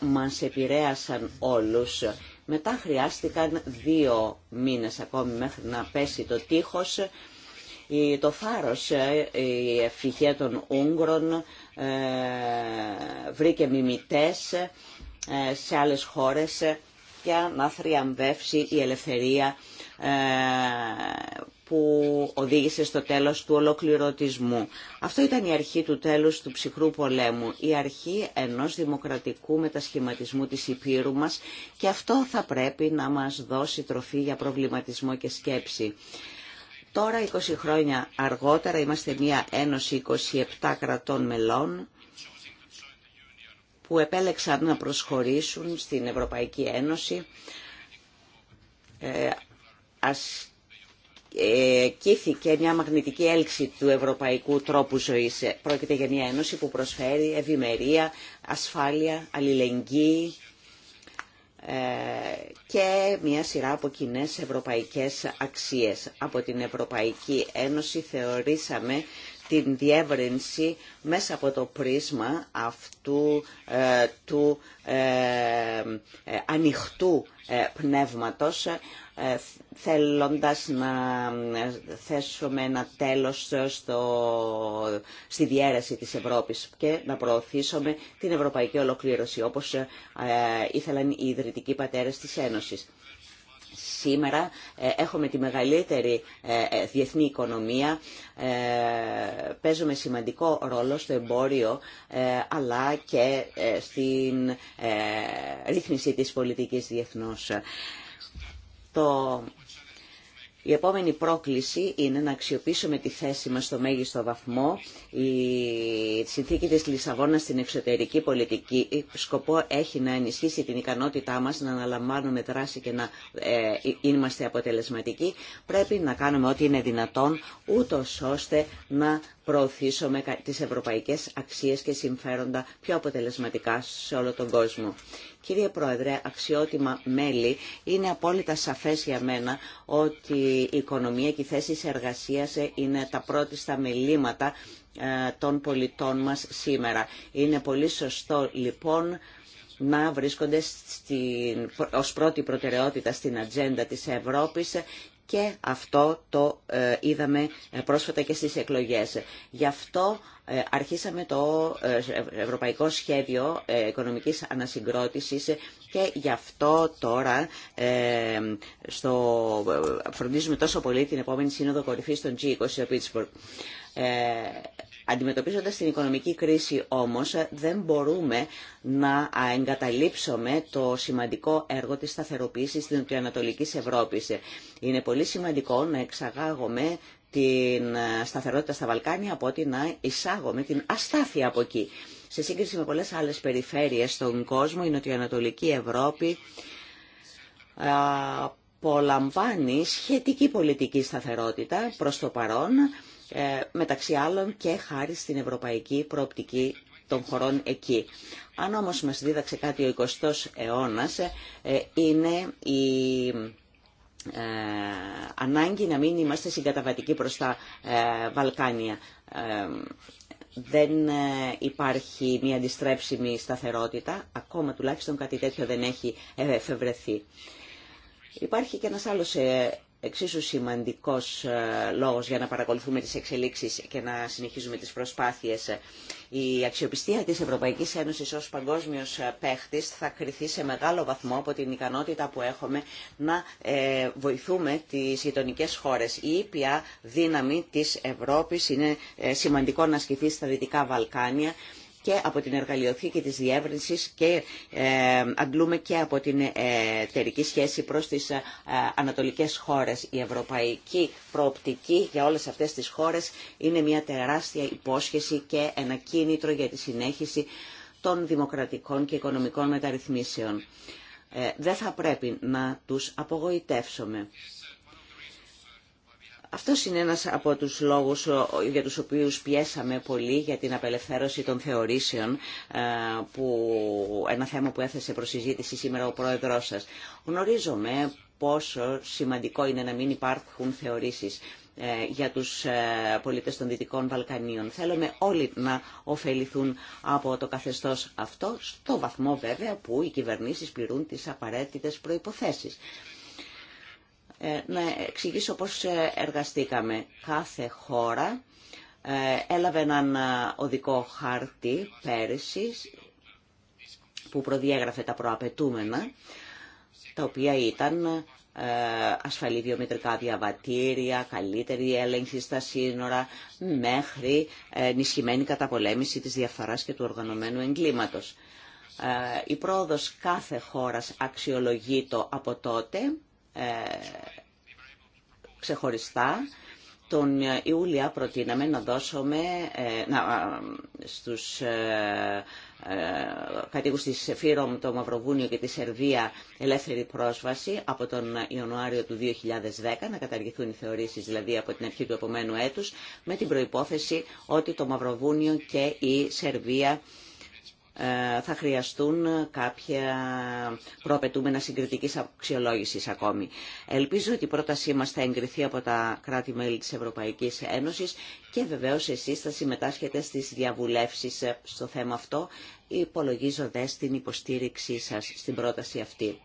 μας επηρέασαν όλους. Μετά χρειάστηκαν δύο μήνες ακόμη μέχρι να πέσει το τείχος. Το φάρος, ε, η ευτυχία των Ούγγρων ε, βρήκε μιμητές ε, σε άλλες χώρες για να θριαμβεύσει η ελευθερία που οδήγησε στο τέλος του ολοκληρωτισμού. Αυτό ήταν η αρχή του τέλους του ψυχρού πολέμου, η αρχή ενός δημοκρατικού μετασχηματισμού της Υπήρου μας και αυτό θα πρέπει να μας δώσει τροφή για προβληματισμό και σκέψη. Τώρα, 20 χρόνια αργότερα, είμαστε μια ένωση 27 κρατών μελών που επέλεξαν να προσχωρήσουν στην Ευρωπαϊκή Ένωση. Ε, κήθηκε μια μαγνητική έλξη του ευρωπαϊκού τρόπου ζωής. Πρόκειται για μια ένωση που προσφέρει ευημερία, ασφάλεια, αλληλεγγύη ε, και μια σειρά από κοινέ ευρωπαϊκές αξίες. Από την Ευρωπαϊκή Ένωση θεωρήσαμε την διεύρυνση μέσα από το πρίσμα αυτού ε, του ε, ε, ανοιχτού πνεύματος θέλοντας να θέσουμε ένα τέλος στο, στη διέρεση της Ευρώπης και να προωθήσουμε την ευρωπαϊκή ολοκλήρωση όπως ήθελαν οι ιδρυτικοί πατέρες της Ένωσης σήμερα ε, έχουμε τη μεγαλύτερη ε, ε, διεθνή οικονομία, παίζουμε σημαντικό ρόλο στο εμπόριο αλλά και στην ρύθμιση της πολιτικής διεθνώς. Το η επόμενη πρόκληση είναι να αξιοποιήσουμε τη θέση μας στο μέγιστο βαθμό. Η συνθήκη της Λισαβόνας στην εξωτερική πολιτική σκοπό έχει να ενισχύσει την ικανότητά μας να αναλαμβάνουμε δράση και να ε, είμαστε αποτελεσματικοί. Πρέπει να κάνουμε ό,τι είναι δυνατόν, ούτω ώστε να με τις ευρωπαϊκές αξίες και συμφέροντα πιο αποτελεσματικά σε όλο τον κόσμο. Κύριε Πρόεδρε, αξιότιμα μέλη, είναι απόλυτα σαφές για μένα ότι η οικονομία και οι θέσεις εργασίας ε, είναι τα πρώτη στα μελήματα ε, των πολιτών μας σήμερα. Είναι πολύ σωστό λοιπόν να βρίσκονται στην, ως πρώτη προτεραιότητα στην ατζέντα της Ευρώπης και αυτό το ε, είδαμε ε, πρόσφατα και στις εκλογές. Γι' αυτό ε, αρχίσαμε το Ευρωπαϊκό Σχέδιο Οικονομικής Ανασυγκρότησης και γι' αυτό τώρα στο, φροντίζουμε τόσο πολύ την επόμενη Σύνοδο Κορυφής των G20 στο Pittsburgh. Αντιμετωπίζοντας την οικονομική κρίση όμως δεν μπορούμε να εγκαταλείψουμε το σημαντικό έργο της σταθεροποίησης της Νοτιοανατολικής Ευρώπης. Είναι πολύ σημαντικό να εξαγάγουμε την σταθερότητα στα Βαλκάνια από ότι να εισάγουμε την αστάθεια από εκεί. Σε σύγκριση με πολλές άλλες περιφέρειες στον κόσμο, η Νοτιοανατολική Ευρώπη απολαμβάνει σχετική πολιτική σταθερότητα προς το παρόν ε, μεταξύ άλλων και χάρη στην ευρωπαϊκή προοπτική των χωρών εκεί. Αν όμως μας δίδαξε κάτι ο 20ος αιώνας, ε, είναι η ε, ανάγκη να μην είμαστε συγκαταβατικοί προς τα Βαλκάνια. δεν υπάρχει μια αντιστρέψιμη σταθερότητα, ακόμα τουλάχιστον κάτι τέτοιο δεν έχει εφευρεθεί. Υπάρχει και ένας άλλος εξίσου σημαντικός ε, λόγος για να παρακολουθούμε τις εξελίξεις και να συνεχίζουμε τις προσπάθειες. Η αξιοπιστία της Ευρωπαϊκής Ένωσης ως παγκόσμιος ε, παίχτης θα κριθεί σε μεγάλο βαθμό από την ικανότητα που έχουμε να ε, βοηθούμε τις γειτονικέ χώρες. Η ήπια δύναμη της Ευρώπης είναι σημαντικό να ασκηθεί στα Δυτικά Βαλκάνια και από την εργαλειοθήκη της διεύρυνσης και ε, αντλούμε και από την ε, εταιρική σχέση προς τις ε, ανατολικές χώρες. Η ευρωπαϊκή προοπτική για όλες αυτές τις χώρες είναι μια τεράστια υπόσχεση και ένα κίνητρο για τη συνέχιση των δημοκρατικών και οικονομικών μεταρρυθμίσεων. Δεν θα πρέπει να τους απογοητεύσουμε. Αυτό είναι ένας από τους λόγους για τους οποίους πιέσαμε πολύ για την απελευθέρωση των θεωρήσεων, ε, που, ένα θέμα που έθεσε προς συζήτηση σήμερα ο πρόεδρός σας. Γνωρίζομαι πόσο σημαντικό είναι να μην υπάρχουν θεωρήσεις ε, για τους ε, πολίτες των Δυτικών Βαλκανίων. Θέλουμε όλοι να ωφεληθούν από το καθεστώς αυτό, στο βαθμό βέβαια που οι κυβερνήσεις πληρούν τις απαραίτητες προϋποθέσεις. Ε, να εξηγήσω πώς ε, εργαστήκαμε. Κάθε χώρα ε, έλαβε έναν οδικό χάρτη πέρυσι που προδιέγραφε τα προαπαιτούμενα, τα οποία ήταν ασφαλή βιομητρικά διαβατήρια, καλύτερη έλεγχη στα σύνορα, μέχρι ενισχυμένη καταπολέμηση της διαφθοράς και του οργανωμένου εγκλήματος. Η πρόοδος κάθε χώρας αξιολογείται από τότε ε, ξεχωριστά. Τον Ιούλια προτείναμε να δώσουμε ε, να, στους ε, κατοίκους της Φύρομ, το Μαυροβούνιο και τη Σερβία ελεύθερη πρόσβαση από τον Ιανουάριο του 2010 να καταργηθούν οι θεωρήσεις δηλαδή από την αρχή του επομένου έτους με την προϋπόθεση ότι το Μαυροβούνιο και η Σερβία ε, θα χρειαστούν κάποια προαπαιτούμενα συγκριτικής αξιολόγησης ακόμη. Ελπίζω ότι η πρότασή μας θα εγκριθεί από τα κράτη-μέλη της Ευρωπαϊκής Ένωσης και βεβαίως εσείς θα συμμετάσχετε στις διαβουλεύσεις στο θέμα αυτό, υπολογίζοντας την υποστήριξή σας στην πρόταση αυτή.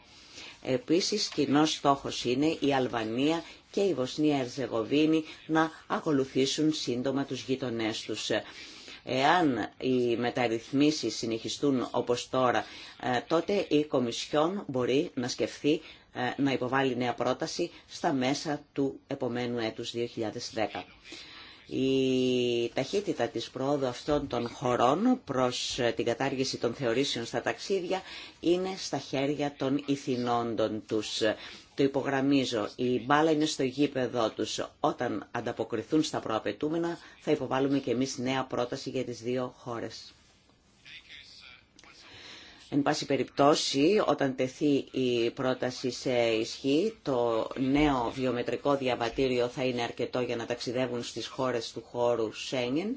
Επίσης, κοινό στόχος είναι η Αλβανία και η Βοσνία Ερζεγοβίνη να ακολουθήσουν σύντομα τους γείτονές τους. Εάν οι μεταρρυθμίσεις συνεχιστούν όπως τώρα, ε, τότε η Κομισιόν μπορεί να σκεφτεί ε, να υποβάλει νέα πρόταση στα μέσα του επομένου έτους 2010. Η ταχύτητα της πρόοδου αυτών των χωρών προς ε, την κατάργηση των θεωρήσεων στα ταξίδια είναι στα χέρια των ηθινόντων τους το υπογραμμίζω, η μπάλα είναι στο γήπεδό τους. Όταν ανταποκριθούν στα προαπαιτούμενα θα υποβάλουμε και εμείς νέα πρόταση για τις δύο χώρες. Εν πάση περιπτώσει, όταν τεθεί η πρόταση σε ισχύ, το νέο βιομετρικό διαβατήριο θα είναι αρκετό για να ταξιδεύουν στις χώρες του χώρου Σέγγεν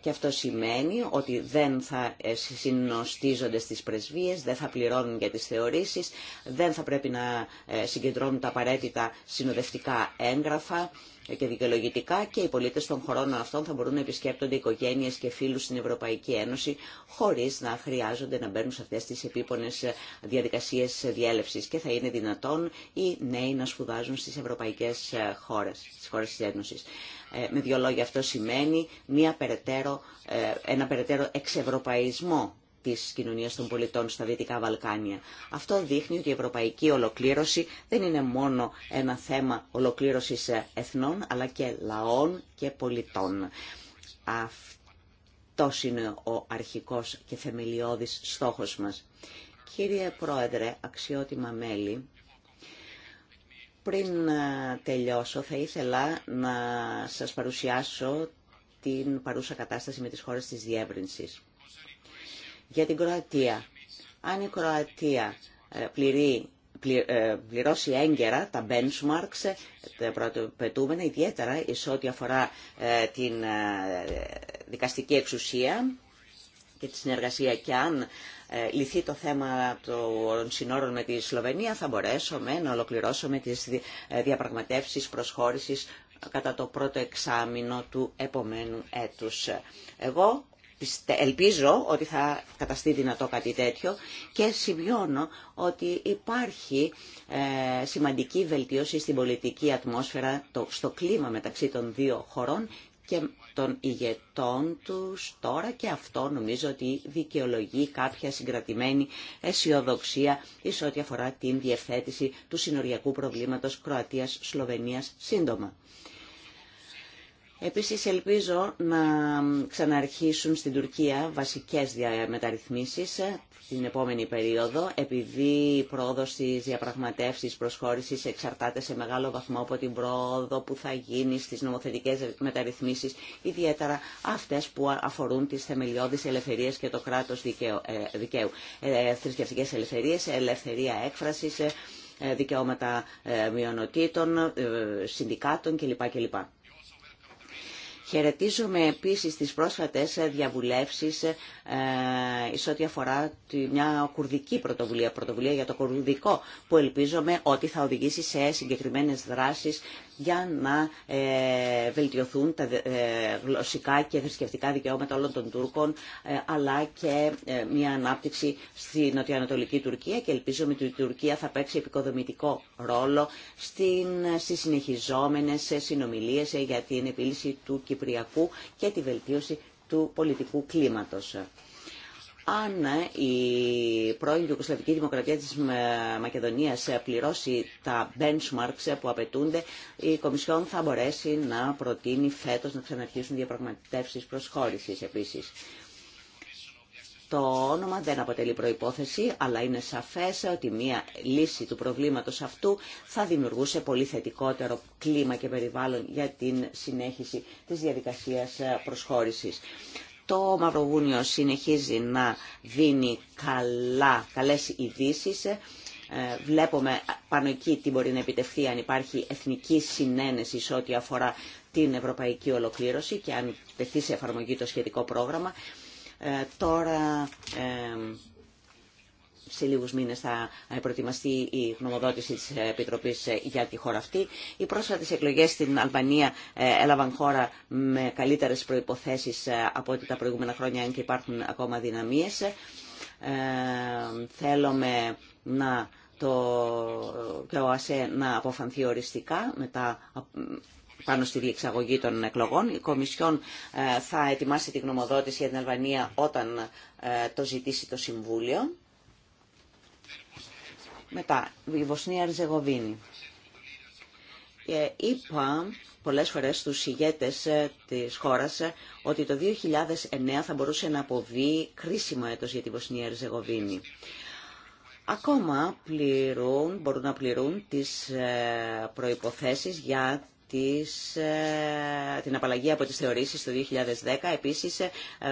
και αυτό σημαίνει ότι δεν θα ε, συνοστίζονται στις πρεσβείες, δεν θα πληρώνουν για τις θεωρήσεις, δεν θα πρέπει να ε, συγκεντρώνουν τα απαραίτητα συνοδευτικά έγγραφα και δικαιολογητικά και οι πολίτες των χωρών αυτών θα μπορούν να επισκέπτονται οικογένειες και φίλους στην Ευρωπαϊκή Ένωση χωρίς να χρειάζονται να μπαίνουν σε αυτές τις επίπονες ε, διαδικασίες διέλευσης και θα είναι δυνατόν οι νέοι να σπουδάζουν στις ευρωπαϊκές χώρες, στις χώρες της Ένωσης. Ε, με δύο λόγια αυτό σημαίνει μια ε, ένα περαιτέρω εξευρωπαϊσμό της κοινωνίας των πολιτών στα Δυτικά Βαλκάνια. Αυτό δείχνει ότι η ευρωπαϊκή ολοκλήρωση δεν είναι μόνο ένα θέμα ολοκλήρωσης ε, εθνών, αλλά και λαών και πολιτών. Αυτό είναι ο αρχικός και θεμελιώδης στόχος μας. Κύριε Πρόεδρε, αξιότιμα μέλη, πριν ε, τελειώσω θα ήθελα να σας παρουσιάσω την παρούσα κατάσταση με τις χώρες της διεύρυνσης. Για την Κροατία. Αν η Κροατία ε, πληρεί ε, πληρώσει έγκαιρα τα benchmarks, τα πρωτοπετούμενα, ιδιαίτερα σε ό,τι αφορά την δικαστική εξουσία και τη συνεργασία και αν ε, λυθεί το θέμα των συνόρων με τη Σλοβενία θα μπορέσουμε να ολοκληρώσουμε τις ε, διαπραγματεύσεις προσχώρησης κατά το πρώτο εξάμεινο του επομένου έτους. Εγώ ελπίζω ότι θα καταστεί δυνατό κάτι τέτοιο και σημειώνω ότι υπάρχει ε, σημαντική βελτίωση στην πολιτική ατμόσφαιρα, στο κλίμα μεταξύ των δύο χωρών και των ηγετών τους τώρα και αυτό νομίζω ότι δικαιολογεί κάποια συγκρατημένη αισιοδοξία εις ό,τι αφορά την διευθέτηση του συνοριακού προβλήματος Κροατίας-Σλοβενίας σύντομα. Επίσης ελπίζω να ξαναρχίσουν στην Τουρκία βασικές μεταρρυθμίσεις ε, την επόμενη περίοδο, επειδή η πρόοδο τη διαπραγματεύσεις προσχώρησης εξαρτάται σε μεγάλο βαθμό από την πρόοδο που θα γίνει στις νομοθετικέ μεταρρυθμίσεις, ιδιαίτερα αυτές που αφορούν τις θεμελιώδεις ελευθερίες και το κράτος δικαίου, ε, ε, θρησκευτικέ ελευθερίε, ελευθερίες, ελευθερία έκφρασης, δικαιώματα μειονοτήτων, συνδικάτων κλπ. Χαιρετίζουμε επίσης τις πρόσφατες διαβουλεύσεις ε, σε ό,τι αφορά μια κουρδική πρωτοβουλία, πρωτοβουλία για το κουρδικό, που ελπίζομαι ότι θα οδηγήσει σε συγκεκριμένες δράσεις για να ε, βελτιωθούν τα ε, γλωσσικά και θρησκευτικά δικαιώματα όλων των Τούρκων ε, αλλά και μια ανάπτυξη στη νοτιοανατολική Τουρκία και ελπίζουμε ότι η Τουρκία θα παίξει επικοδομητικό ρόλο στις συνεχιζόμενες συνομιλίες για την επίλυση του Κυπριακού και τη βελτίωση του πολιτικού κλίματος αν η πρώην Ιουγκοσλαβική Δημοκρατία της Μακεδονίας πληρώσει τα benchmarks που απαιτούνται, η Κομισιόν θα μπορέσει να προτείνει φέτος να ξαναρχίσουν διαπραγματεύσεις προσχώρησης επίσης. Το όνομα δεν αποτελεί προϋπόθεση, αλλά είναι σαφές ότι μία λύση του προβλήματος αυτού θα δημιουργούσε πολύ θετικότερο κλίμα και περιβάλλον για την συνέχιση της διαδικασίας προσχώρησης. Το Μαυροβούνιο συνεχίζει να δίνει καλά, καλές ειδήσει. Ε, βλέπουμε πάνω εκεί τι μπορεί να επιτευχθεί αν υπάρχει εθνική συνένεση σε ό,τι αφορά την ευρωπαϊκή ολοκλήρωση και αν τεθεί σε εφαρμογή το σχετικό πρόγραμμα. Ε, τώρα ε, σε λίγου μήνε θα προετοιμαστεί η γνωμοδότηση τη Επιτροπής ε, για τη χώρα αυτή. Οι πρόσφατε εκλογές στην Αλβανία ε, έλαβαν χώρα με καλύτερες προϋποθέσεις ε, από ό,τι τα προηγούμενα χρόνια, αν και υπάρχουν ακόμα δυναμίες. θέλουμε να το, και ο ΑΣΕ να αποφανθεί οριστικά μετά πάνω στη διεξαγωγή των εκλογών. Η Κομισιόν θα ετοιμάσει τη γνωμοδότηση για την Αλβανία όταν το ζητήσει το Συμβούλιο. Μετά, η Βοσνία-Ριζεγοβίνη. Ε, είπα πολλές φορές στους ηγέτες ε, της χώρας ε, ότι το 2009 θα μπορούσε να αποβεί κρίσιμο έτος για τη Βοσνία-Ριζεγοβίνη. Ακόμα πληρούν, μπορούν να πληρούν τις προϋποθέσεις για τις την απαλλαγή από τις θεωρήσεις το 2010. Επίσης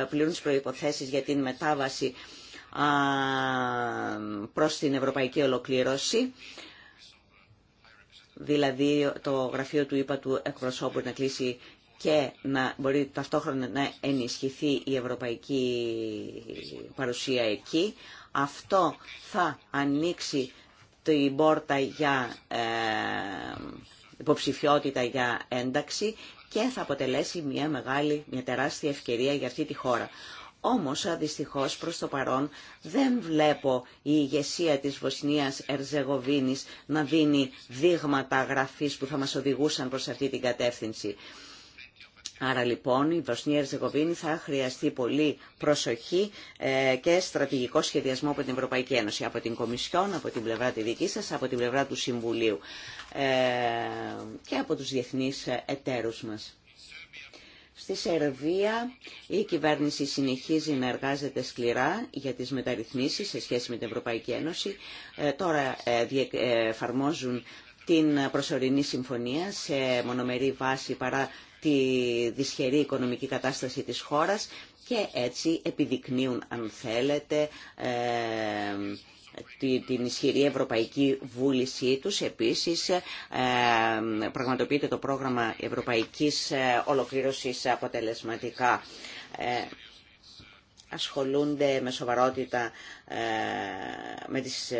πληρούν τις προϋποθέσεις για την μετάβαση προς την Ευρωπαϊκή Ολοκλήρωση δηλαδή το γραφείο του ΙΠΑ του εκπροσώπου να κλείσει και να μπορεί ταυτόχρονα να ενισχυθεί η ευρωπαϊκή παρουσία εκεί. Αυτό θα ανοίξει την πόρτα για ε, υποψηφιότητα για ένταξη και θα αποτελέσει μια μεγάλη, μια τεράστια ευκαιρία για αυτή τη χώρα. Όμως, δυστυχώς, προς το παρόν δεν βλέπω η ηγεσία της Βοσνίας Ερζεγοβίνης να δίνει δείγματα γραφής που θα μας οδηγούσαν προς αυτή την κατεύθυνση. Άρα λοιπόν η Βοσνία Ερζεγοβίνη θα χρειαστεί πολύ προσοχή ε, και στρατηγικό σχεδιασμό από την Ευρωπαϊκή Ένωση, από την Κομισιόν, από την πλευρά τη δική σας, από την πλευρά του Συμβουλίου ε, και από τους διεθνείς εταίρους μας. Στη Σερβία η κυβέρνηση συνεχίζει να εργάζεται σκληρά για τις μεταρρυθμίσεις σε σχέση με την Ευρωπαϊκή Ένωση. Ε, τώρα ε, ε, εφαρμόζουν την προσωρινή συμφωνία σε μονομερή βάση παρά τη δυσχερή οικονομική κατάσταση της χώρας και έτσι επιδεικνύουν, αν θέλετε, την ισχυρή ευρωπαϊκή βούλησή τους. Επίσης, ε, πραγματοποιείται το πρόγραμμα ευρωπαϊκής ε, ολοκλήρωσης αποτελεσματικά. Ε, ασχολούνται με σοβαρότητα με τις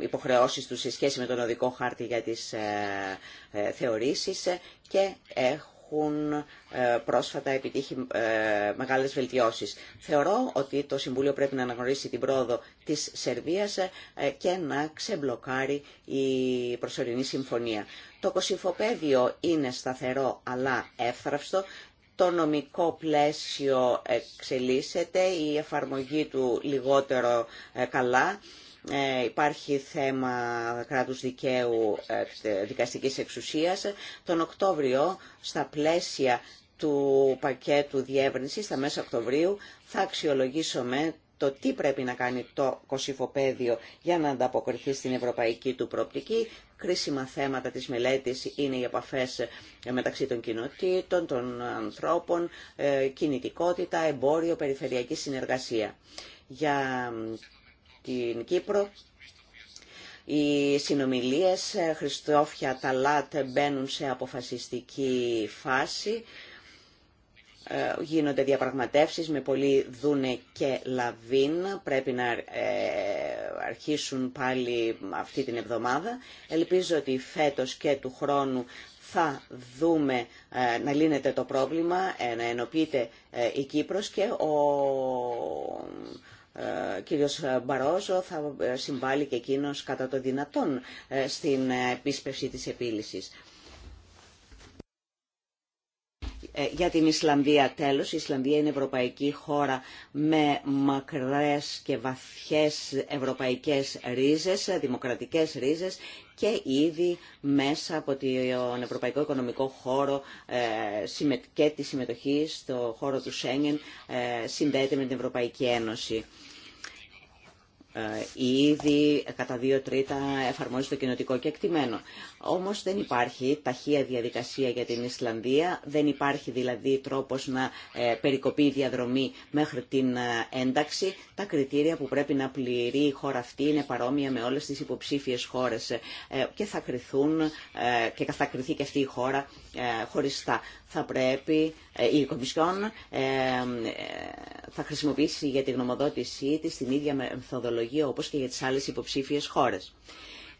υποχρεώσεις τους σε σχέση με τον οδικό χάρτη για τις θεωρήσεις και έχουν έχουν ε, πρόσφατα επιτύχει ε, μεγάλες βελτιώσεις. Θεωρώ ότι το Συμβούλιο πρέπει να αναγνωρίσει την πρόοδο της Σερβίας ε, και να ξεμπλοκάρει η προσωρινή συμφωνία. Το κοσυφοπέδιο είναι σταθερό αλλά εύθραυστο. Το νομικό πλαίσιο εξελίσσεται, η εφαρμογή του λιγότερο καλά. Ε, υπάρχει θέμα κράτους δικαίου ε, δικαστικής εξουσίας. Τον Οκτώβριο, στα πλαίσια του πακέτου διεύρυνσης, στα μέσα Οκτωβρίου, θα αξιολογήσουμε το τι πρέπει να κάνει το κοσυφοπαίδιο για να ανταποκριθεί στην ευρωπαϊκή του προοπτική. Κρίσιμα θέματα της μελέτης είναι οι επαφές ε, μεταξύ των κοινοτήτων, των ανθρώπων, κινητικότητα, εμπόριο, περιφερειακή συνεργασία. Για την Κύπρο. Οι συνομιλίες ε, Χριστόφια Ταλάτ μπαίνουν σε αποφασιστική φάση. Ε, γίνονται διαπραγματεύσεις με πολύ δούνε και λαβίν. Πρέπει να ε, αρχίσουν πάλι αυτή την εβδομάδα. Ελπίζω ότι φέτος και του χρόνου θα δούμε να λύνεται το πρόβλημα, να ενοποιείται η Κύπρος και ο κύριος Μπαρόζο θα συμβάλλει και εκείνος κατά το δυνατόν ε, στην επίσπευση της επίλυσης. Ε, για την Ισλανδία τέλος, η Ισλανδία είναι ευρωπαϊκή χώρα με μακρές και βαθιές ευρωπαϊκές ρίζες, δημοκρατικές ρίζες και ήδη μέσα από τον Ευρωπαϊκό Οικονομικό Χώρο ε, και τη συμμετοχή στο χώρο του Σέγγεν ε, συνδέεται με την Ευρωπαϊκή Ένωση. Ε, ήδη κατά δύο τρίτα εφαρμόζει το κοινοτικό κεκτημένο. Όμως δεν υπάρχει ταχεία διαδικασία για την Ισλανδία, δεν υπάρχει δηλαδή τρόπος να ε, περικοπεί η διαδρομή μέχρι την ε, ένταξη. Τα κριτήρια που πρέπει να πληρεί η χώρα αυτή είναι παρόμοια με όλες τις υποψήφιες χώρες ε, και θα κρυθούν και θα κρυθεί και αυτή η χώρα χωριστά. Θα πρέπει η Κομισιόν θα χρησιμοποιήσει για τη γνωμοδότησή της την ίδια μεθοδολογία όπως και για τις άλλες υποψήφιες χώρες.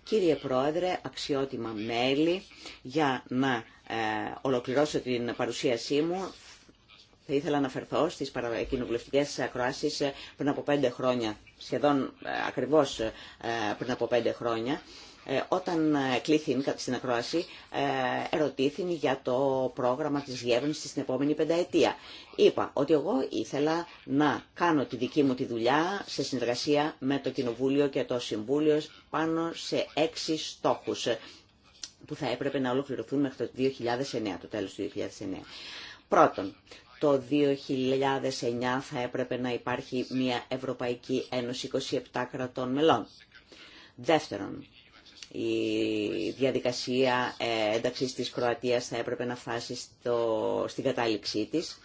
Κύριε Πρόεδρε, αξιότιμα μέλη, για να ε, ολοκληρώσω την παρουσίασή μου, θα ήθελα να αναφερθώ στις κοινοβουλευτικές ακροάσεις ε, πριν από πέντε χρόνια, σχεδόν ε, ακριβώς πριν από πέντε χρόνια, ε, όταν ε, κατά στην ακρόαση ε, ερωτήθην για το πρόγραμμα της διεύρυνσης στην επόμενη πενταετία. Είπα ότι εγώ ήθελα να κάνω τη δική μου τη δουλειά σε συνεργασία με το Κοινοβούλιο και το Συμβούλιο πάνω σε έξι στόχους που θα έπρεπε να ολοκληρωθούν μέχρι το 2009, το τέλος του 2009. Πρώτον, το 2009 θα έπρεπε να υπάρχει μια Ευρωπαϊκή Ένωση 27 κρατών μελών. Δεύτερον, η διαδικασία ε, ένταξης της Κροατίας θα έπρεπε να φτάσει στο, στην κατάληξή της.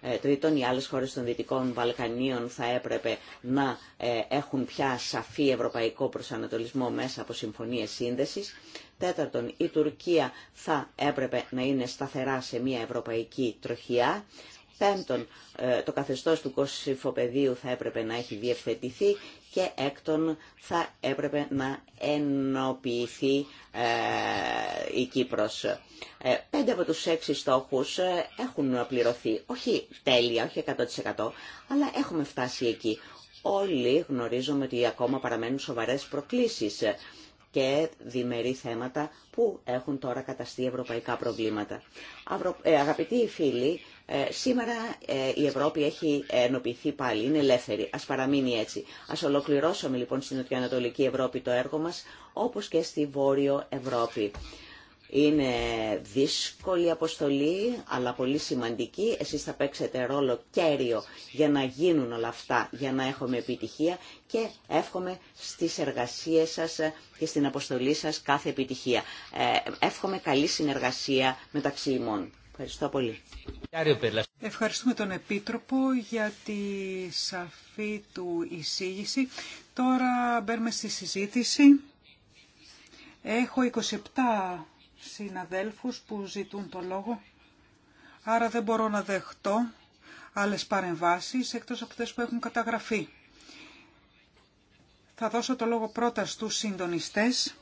Ε, τρίτον, οι άλλες χώρες των Δυτικών Βαλκανίων θα έπρεπε να ε, έχουν πια σαφή ευρωπαϊκό προσανατολισμό μέσα από συμφωνίες σύνδεσης. Τέταρτον, η Τουρκία θα έπρεπε να είναι σταθερά σε μια ευρωπαϊκή τροχιά. Πέμπτον, το καθεστώς του κοσυφοπεδίου θα έπρεπε να έχει διευθετηθεί και έκτον θα έπρεπε να ενοποιηθεί ε, η Κύπρος. Ε, πέντε από τους έξι στόχους ε, έχουν πληρωθεί, όχι τέλεια, όχι 100% αλλά έχουμε φτάσει εκεί. Όλοι γνωρίζουμε ότι ακόμα παραμένουν σοβαρές προκλήσεις και διμερεί θέματα που έχουν τώρα καταστεί ευρωπαϊκά προβλήματα. Αγαπητοί φίλοι, ε, σήμερα ε, η Ευρώπη έχει ενοποιηθεί πάλι, είναι ελεύθερη. Ας παραμείνει έτσι. Ας ολοκληρώσουμε λοιπόν στην Νοτιοανατολική Ευρώπη το έργο μας, όπως και στη Βόρειο Ευρώπη. Είναι δύσκολη αποστολή, αλλά πολύ σημαντική. Εσείς θα παίξετε ρόλο κέριο για να γίνουν όλα αυτά, για να έχουμε επιτυχία και εύχομαι στις εργασίες σας και στην αποστολή σας κάθε επιτυχία. Ε, εύχομαι καλή συνεργασία μεταξύ ημών. Ευχαριστώ πολύ. Ευχαριστούμε τον Επίτροπο για τη σαφή του εισήγηση. Τώρα μπαίνουμε στη συζήτηση. Έχω 27 συναδέλφους που ζητούν το λόγο, άρα δεν μπορώ να δεχτώ άλλες παρεμβάσεις εκτός από αυτές που έχουν καταγραφεί. Θα δώσω το λόγο πρώτα στους συντονιστές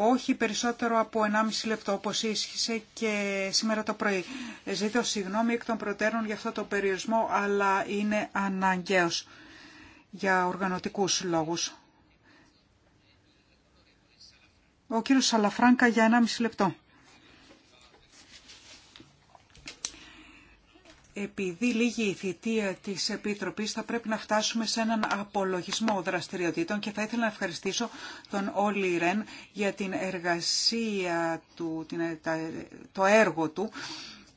όχι περισσότερο από 1,5 λεπτό όπως ίσχυσε και σήμερα το πρωί. Ζήτω συγγνώμη εκ των προτέρων για αυτό το περιορισμό, αλλά είναι αναγκαίος για οργανωτικούς λόγους. Ο κύριος Σαλαφράνκα για 1,5 λεπτό. επειδή λίγη η θητεία της Επιτροπής θα πρέπει να φτάσουμε σε έναν απολογισμό δραστηριοτήτων και θα ήθελα να ευχαριστήσω τον Όλι Ρεν για την εργασία του, το έργο του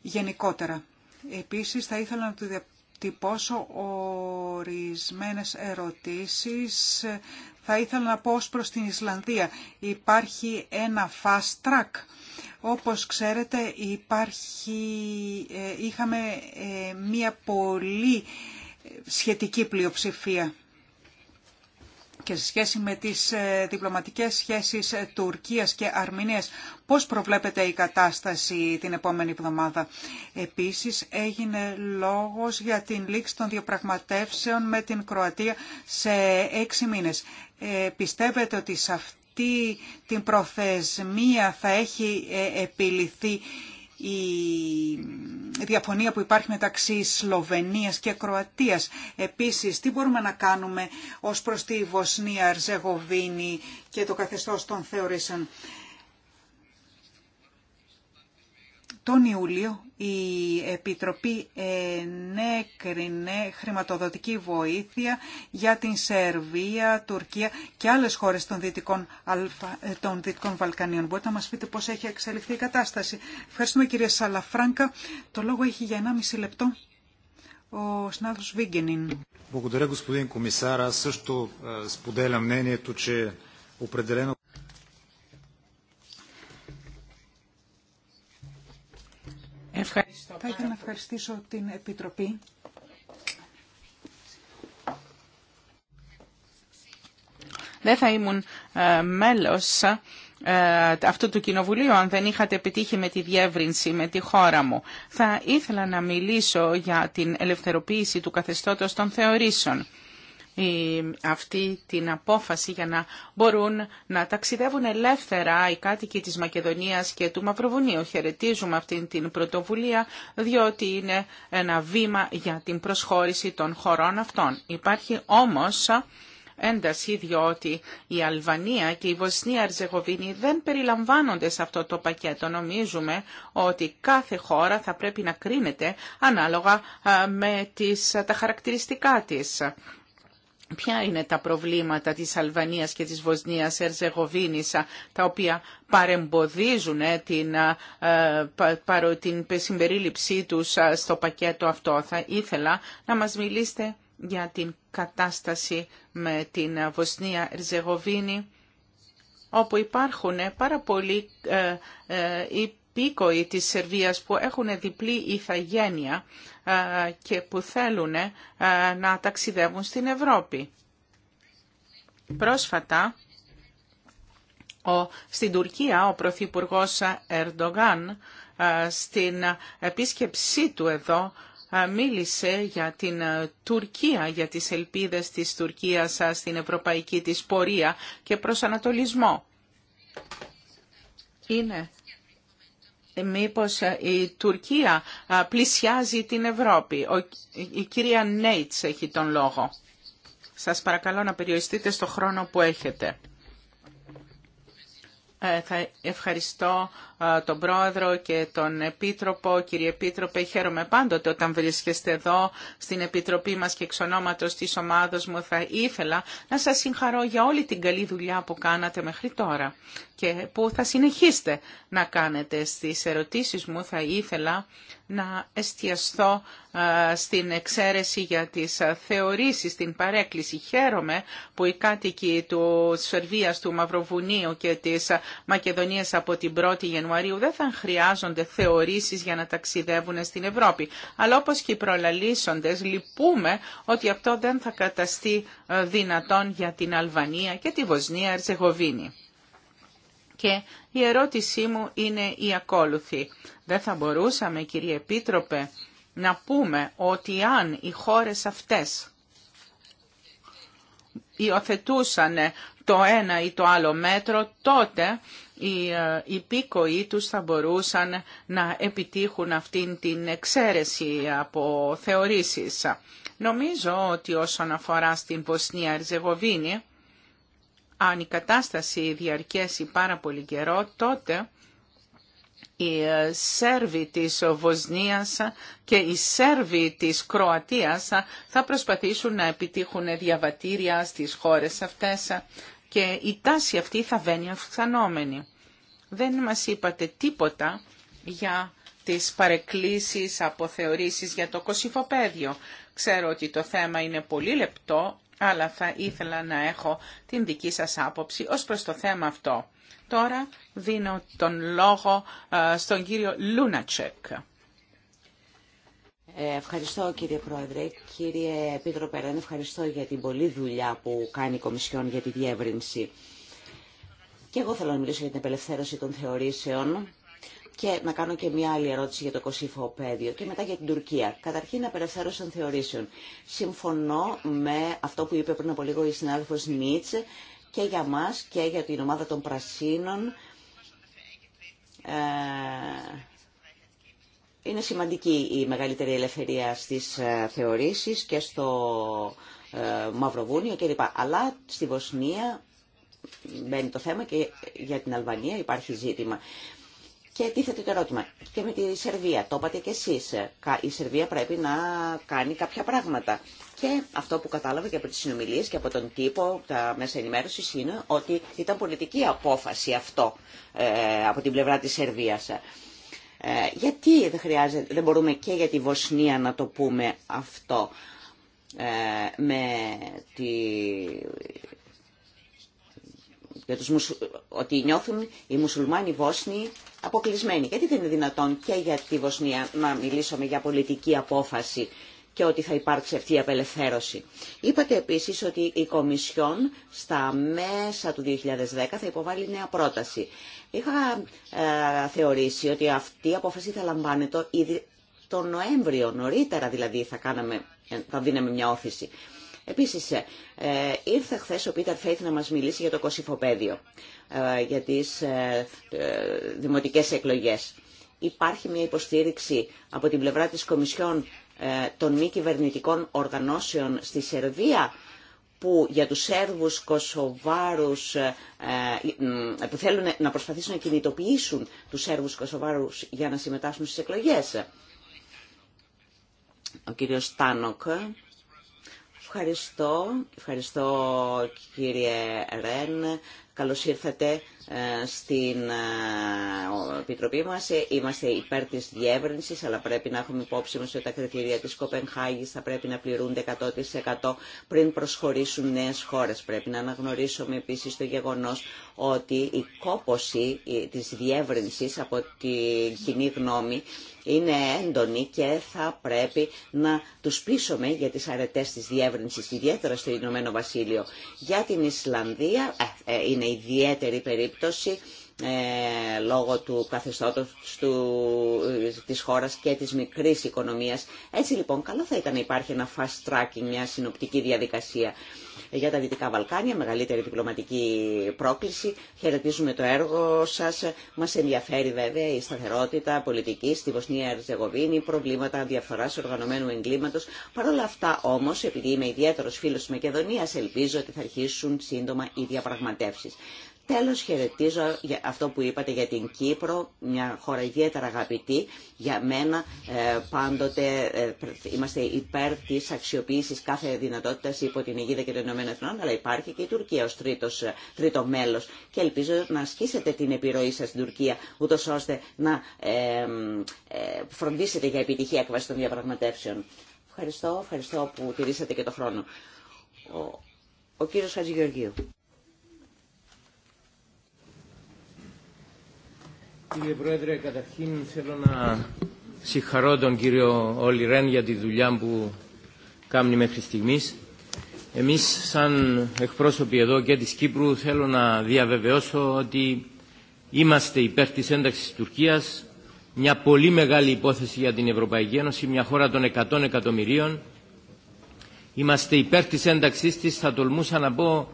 γενικότερα. Επίσης θα ήθελα να του διατυπώσω ορισμένες ερωτήσεις. Θα ήθελα να πω ως προς την Ισλανδία. Υπάρχει ένα fast track όπως ξέρετε υπάρχει, ε, είχαμε ε, μία πολύ ε, σχετική πλειοψηφία και σε σχέση με τις διπλωματικές σχέσεις Τουρκίας και Αρμηνίας. Πώς προβλέπεται η κατάσταση την επόμενη εβδομάδα. Επίσης έγινε λόγος για την λήξη των διαπραγματεύσεων με την Κροατία σε έξι μήνες. πιστεύετε ότι σε αυτή την προθεσμία θα έχει ε, επιληθεί η διαφωνία που υπάρχει μεταξύ Σλοβενίας και Κροατίας. Επίσης, τι μπορούμε να κάνουμε ως προς τη Βοσνία, Ερζεγοβίνη και το καθεστώς των θεωρήσεων. τον Ιούλιο η Επιτροπή ενέκρινε χρηματοδοτική βοήθεια για την Σερβία, Τουρκία και άλλες χώρες των Δυτικών, Αλφα, ε, των Δυτικών Βαλκανίων. Μπορείτε να μας πείτε πώς έχει εξελιχθεί η κατάσταση. Ευχαριστούμε κυρία Σαλαφράνκα. Το λόγο έχει για 1,5 λεπτό ο συνάδελφος Βίγκενιν. Θα ήθελα να ευχαριστήσω την Επιτροπή. Δεν θα ήμουν ε, μέλος ε, αυτού του κοινοβουλίου αν δεν είχατε επιτύχει με τη διεύρυνση με τη χώρα μου. Θα ήθελα να μιλήσω για την ελευθεροποίηση του καθεστώτος των θεωρήσεων αυτή την απόφαση για να μπορούν να ταξιδεύουν ελεύθερα οι κάτοικοι της Μακεδονίας και του Μαυροβουνίου. Χαιρετίζουμε αυτή την πρωτοβουλία διότι είναι ένα βήμα για την προσχώρηση των χωρών αυτών. Υπάρχει όμως ένταση διότι η Αλβανία και η Βοσνία Αρζεγοβίνη δεν περιλαμβάνονται σε αυτό το πακέτο. Νομίζουμε ότι κάθε χώρα θα πρέπει να κρίνεται ανάλογα με τα χαρακτηριστικά της ποια είναι τα προβλήματα της Αλβανίας και της Βοσνίας Ερζεγοβίνης τα οποία παρεμποδίζουν ε, την, ε, την συμπερίληψή τους ε, στο πακέτο αυτό. Θα ήθελα να μας μιλήσετε για την κατάσταση με την Βοσνία Ερζεγοβίνη όπου υπάρχουν πάρα πολλοί υπήκοοι της Σερβίας που έχουν διπλή ηθαγένεια και που θέλουν να ταξιδεύουν στην Ευρώπη. Πρόσφατα, ο, στην Τουρκία, ο Πρωθυπουργό Ερντογάν στην επίσκεψή του εδώ μίλησε για την Τουρκία, για τις ελπίδες της Τουρκίας στην ευρωπαϊκή της πορεία και προσανατολισμό. Είναι μήπως ε, η Τουρκία ε, πλησιάζει την Ευρώπη. Η κυρία Νέιτς έχει τον λόγο. Σας παρακαλώ να περιοριστείτε στο χρόνο που έχετε. Ε, θα ευχαριστώ ε, τον Πρόεδρο και τον Επίτροπο. Κύριε Επίτροπε, χαίρομαι πάντοτε όταν βρίσκεστε εδώ στην Επιτροπή μας και εξ ονόματος της ομάδος μου θα ήθελα να σας συγχαρώ για όλη την καλή δουλειά που κάνατε μέχρι τώρα και που θα συνεχίσετε να κάνετε. Στις ερωτήσεις μου θα ήθελα να εστιαστώ στην εξαίρεση για τις θεωρήσεις, την παρέκκληση. Χαίρομαι που οι κάτοικοι του Σερβίας, του Μαυροβουνίου και της Μακεδονίας από την 1η Ιανουαρίου δεν θα χρειάζονται θεωρήσεις για να ταξιδεύουν στην Ευρώπη. Αλλά όπως και οι προλαλήσοντες λυπούμε ότι αυτό δεν θα καταστεί δυνατόν για την Αλβανία και τη Βοσνία Ερζεγοβίνη. Και η ερώτησή μου είναι η ακόλουθη. Δεν θα μπορούσαμε, κύριε Επίτροπε, να πούμε ότι αν οι χώρες αυτές υιοθετούσαν το ένα ή το άλλο μέτρο, τότε ε, οι υπήκοοι τους θα μπορούσαν να επιτύχουν αυτήν την εξαίρεση από θεωρήσεις. Νομίζω ότι όσον αφορά στην ποσνια Ριζεγοβίνη, αν η κατάσταση διαρκέσει πάρα πολύ καιρό, τότε οι ε, Σέρβοι της Βοσνίας και οι Σέρβοι της Κροατίας θα προσπαθήσουν να επιτύχουν διαβατήρια στις χώρες αυτές και η τάση αυτή θα βαίνει αυξανόμενη. Δεν μας είπατε τίποτα για τις παρεκκλήσεις, αποθεωρήσεις για το κοσυφοπέδιο. Ξέρω ότι το θέμα είναι πολύ λεπτό, αλλά θα ήθελα να έχω την δική σας άποψη ως προς το θέμα αυτό. Τώρα δίνω τον λόγο ε, στον κύριο Λούνατσεκ. Ε, ευχαριστώ κύριε Πρόεδρε. Κύριε Πίτρο Περέν, ευχαριστώ για την πολλή δουλειά που κάνει η Κομισιόν για τη διεύρυνση. Και εγώ θέλω να μιλήσω για την απελευθέρωση των θεωρήσεων και να κάνω και μια άλλη ερώτηση για το Κωσίφο πέδιο και μετά για την Τουρκία. Καταρχήν, απελευθέρωσαν θεωρήσεων. Συμφωνώ με αυτό που είπε πριν από λίγο η συνάδελφο Νίτσε και για μας και για την ομάδα των Πρασίνων. Ε, είναι σημαντική η μεγαλύτερη ελευθερία στις ε, θεωρήσεις και στο ε, Μαυροβούνιο κλπ. Αλλά στη Βοσνία μπαίνει το θέμα και για την Αλβανία υπάρχει ζήτημα. Και τίθεται το ερώτημα και με τη Σερβία, το είπατε και εσεί. η Σερβία πρέπει να κάνει κάποια πράγματα. Και αυτό που κατάλαβα και από τι συνομιλίε και από τον τύπο, τα μέσα ενημέρωση είναι ότι ήταν πολιτική απόφαση αυτό ε, από την πλευρά της Σερβίας. Ε, γιατί δεν, χρειάζεται, δεν μπορούμε και για τη Βοσνία να το πούμε αυτό ε, με τη για ότι νιώθουν οι μουσουλμάνοι Βόσνοι αποκλεισμένοι. Γιατί δεν είναι δυνατόν και για τη Βοσνία να μιλήσουμε για πολιτική απόφαση και ότι θα υπάρξει αυτή η απελευθέρωση. Είπατε επίσης ότι η Κομισιόν στα μέσα του 2010 θα υποβάλει νέα πρόταση. Είχα ε, θεωρήσει ότι αυτή η απόφαση θα λαμβάνεται ήδη τον Νοέμβριο, νωρίτερα δηλαδή θα, κάναμε, ε, θα δίναμε μια όθηση. Επίσης, ε, ήρθε χθε ο Πίτερ Φέιθ να μας μιλήσει για το κοσυφοπαίδιο, ε, για τις ε, ε, δημοτικές εκλογές. Υπάρχει μια υποστήριξη από την πλευρά της Κομισιόν των μη κυβερνητικών οργανώσεων στη Σερβία που για τους Σέρβους, που θέλουν να προσπαθήσουν να κινητοποιήσουν τους Σέρβους, Κωσοβάρους για να συμμετάσχουν στις εκλογές. Ο κύριος Τάνοκ Ευχαριστώ. Ευχαριστώ κύριε Ρεν. Καλώς ήρθατε ε, στην ε, Επιτροπή μας. Ε, είμαστε υπέρ της διεύρυνσης, αλλά πρέπει να έχουμε υπόψη μας ότι τα κριτήρια της Κοπενχάγης θα πρέπει να πληρούνται 100% πριν προσχωρήσουν νέες χώρες. Πρέπει να αναγνωρίσουμε επίσης το γεγονός ότι η κόποση της διεύρυνσης από την κοινή γνώμη είναι έντονη και θα πρέπει να τους πείσουμε για τις αρετές της διεύρυνσης, ιδιαίτερα στο Ηνωμένο Βασίλειο. Για την Ισλανδία είναι ιδιαίτερη περίπτωση περίπτωση ε, λόγω του καθεστώτος του, της χώρας και της μικρής οικονομίας. Έτσι λοιπόν καλό θα ήταν να υπάρχει ένα fast tracking, μια συνοπτική διαδικασία για τα Δυτικά Βαλκάνια, μεγαλύτερη διπλωματική πρόκληση. Χαιρετίζουμε το έργο σας. Μας ενδιαφέρει βέβαια η σταθερότητα πολιτική στη Βοσνία Ερζεγοβίνη, προβλήματα διαφορά οργανωμένου εγκλήματος. Παρ' όλα αυτά όμως, επειδή είμαι ιδιαίτερο φίλος της Μακεδονίας, ελπίζω ότι θα αρχίσουν σύντομα οι διαπραγματεύσεις. Τέλος χαιρετίζω αυτό που είπατε για την Κύπρο, μια χώρα ιδιαίτερα αγαπητή. Για μένα ε, πάντοτε ε, είμαστε υπέρ της αξιοποίησης κάθε δυνατότητας υπό την αιγίδα και των Ηνωμένων Εθνών, αλλά υπάρχει και η Τουρκία ως τρίτος, ε, τρίτο μέλος. Και ελπίζω να ασκήσετε την επιρροή σας στην Τουρκία, ούτως ώστε να ε, φροντίσετε για επιτυχία έκβαση των διαπραγματεύσεων. Ευχαριστώ, ευχαριστώ που τηρήσατε και το χρόνο. Ο, ο κύριος Χατζηγεωργίου. Κύριε Πρόεδρε, καταρχήν θέλω να συγχαρώ τον κύριο Όλη Ρεν για τη δουλειά που κάνει μέχρι στιγμής. Εμείς σαν εκπρόσωποι εδώ και της Κύπρου θέλω να διαβεβαιώσω ότι είμαστε υπέρ της ένταξης της Τουρκίας μια πολύ μεγάλη υπόθεση για την Ευρωπαϊκή Ένωση, μια χώρα των 100 εκατομμυρίων. Είμαστε υπέρ της ένταξής της, θα τολμούσα να πω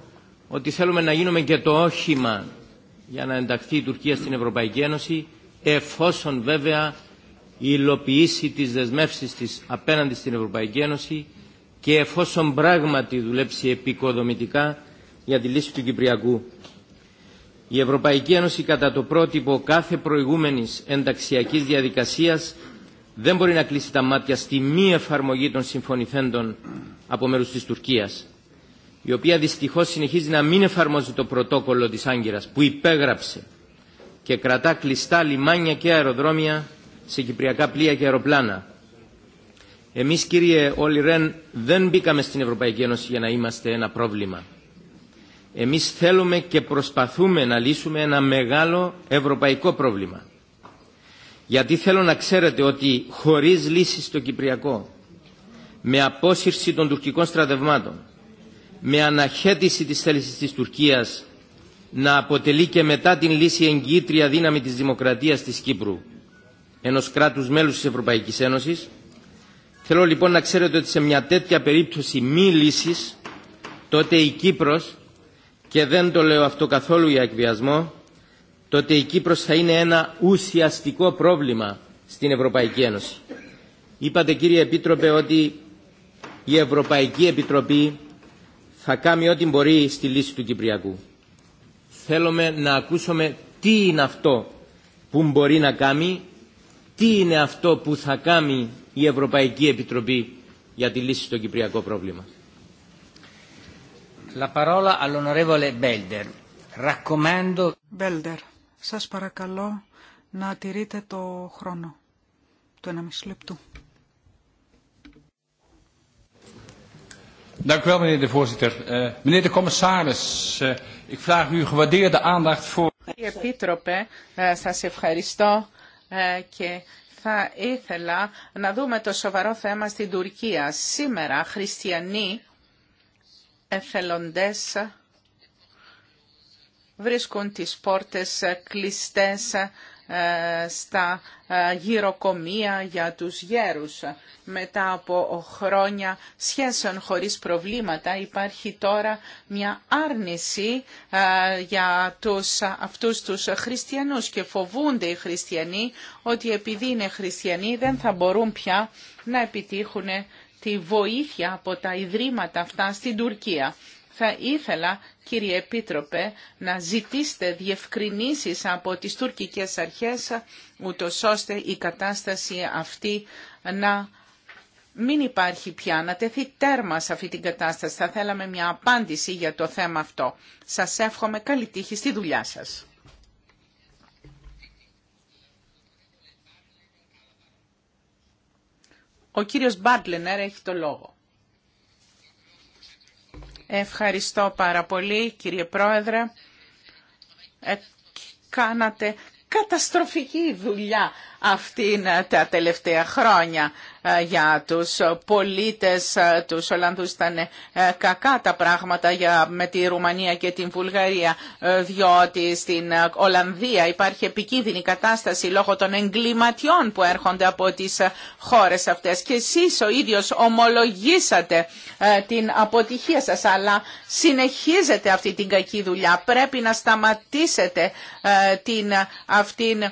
ότι θέλουμε να γίνουμε και το όχημα για να ενταχθεί η Τουρκία στην Ευρωπαϊκή Ένωση εφόσον βέβαια υλοποιήσει τις δεσμεύσεις της απέναντι στην Ευρωπαϊκή Ένωση και εφόσον πράγματι δουλέψει επικοδομητικά για τη λύση του Κυπριακού. Η Ευρωπαϊκή Ένωση κατά το πρότυπο κάθε προηγούμενης ενταξιακής διαδικασίας δεν μπορεί να κλείσει τα μάτια στη μη εφαρμογή των συμφωνηθέντων από μέρους της Τουρκίας η οποία δυστυχώς συνεχίζει να μην εφαρμόζει το πρωτόκολλο της Άγκυρας που υπέγραψε και κρατά κλειστά λιμάνια και αεροδρόμια σε κυπριακά πλοία και αεροπλάνα. Εμείς κύριε Όλη Ρεν δεν μπήκαμε στην Ευρωπαϊκή Ένωση για να είμαστε ένα πρόβλημα. Εμείς θέλουμε και προσπαθούμε να λύσουμε ένα μεγάλο ευρωπαϊκό πρόβλημα. Γιατί θέλω να ξέρετε ότι χωρίς λύση στο Κυπριακό, με απόσυρση των τουρκικών στρατευμάτων, με αναχέτηση της θέλησης της Τουρκίας να αποτελεί και μετά την λύση εγκύτρια δύναμη της δημοκρατίας της Κύπρου ενός κράτους μέλους της Ευρωπαϊκής Ένωσης θέλω λοιπόν να ξέρετε ότι σε μια τέτοια περίπτωση μη λύσης τότε η Κύπρος και δεν το λέω αυτό καθόλου για εκβιασμό τότε η Κύπρος θα είναι ένα ουσιαστικό πρόβλημα στην Ευρωπαϊκή Ένωση. Είπατε κύριε Επίτροπε ότι η Ευρωπαϊκή Επιτροπή θα κάνει ό,τι μπορεί στη λύση του Κυπριακού. Θέλουμε να ακούσουμε τι είναι αυτό που μπορεί να κάνει, τι είναι αυτό που θα κάνει η Ευρωπαϊκή Επιτροπή για τη λύση στο κυπριακό πρόβλημα. La parola all'onorevole Belder. Raccomando... Belder, σας παρακαλώ να τηρείτε το χρόνο του 1,5 λεπτού. Dank u Κύριε Επίτροπε, eh, eh, eh, σας ευχαριστώ ε, και θα ήθελα να δούμε το σοβαρό θέμα στην Τουρκία. Σήμερα χριστιανοί εθελοντές βρίσκουν τις πόρτες κλειστές ε, στα ε, γυροκομεία για τους γέρους. Μετά από χρόνια σχέσεων χωρίς προβλήματα υπάρχει τώρα μια άρνηση ε, για τους, αυτούς τους χριστιανούς και φοβούνται οι χριστιανοί ότι επειδή είναι χριστιανοί δεν θα μπορούν πια να επιτύχουν τη βοήθεια από τα ιδρύματα αυτά στην Τουρκία. Θα ήθελα, κύριε Επίτροπε, να ζητήσετε διευκρινήσεις από τις τουρκικές αρχές, ούτως ώστε η κατάσταση αυτή να μην υπάρχει πια, να τεθεί τέρμα σε αυτή την κατάσταση. Θα θέλαμε μια απάντηση για το θέμα αυτό. Σας εύχομαι καλή τύχη στη δουλειά σας. Ο κύριος Μπάρτλενερ έχει το λόγο. Ευχαριστώ πάρα πολύ κύριε Πρόεδρε. Ε, κάνατε καταστροφική δουλειά αυτήν ε, τα τελευταία χρόνια ε, για τους πολίτες ε, του Ολλανδούς ήταν κακά τα πράγματα για, με τη Ρουμανία και την Βουλγαρία διότι στην Ολλανδία υπάρχει επικίνδυνη κατάσταση λόγω των εγκληματιών που έρχονται από τις χώρες αυτές και εσείς ο ίδιος ομολογήσατε την αποτυχία σας αλλά συνεχίζετε αυτή την κακή δουλειά πρέπει να σταματήσετε την αυτήν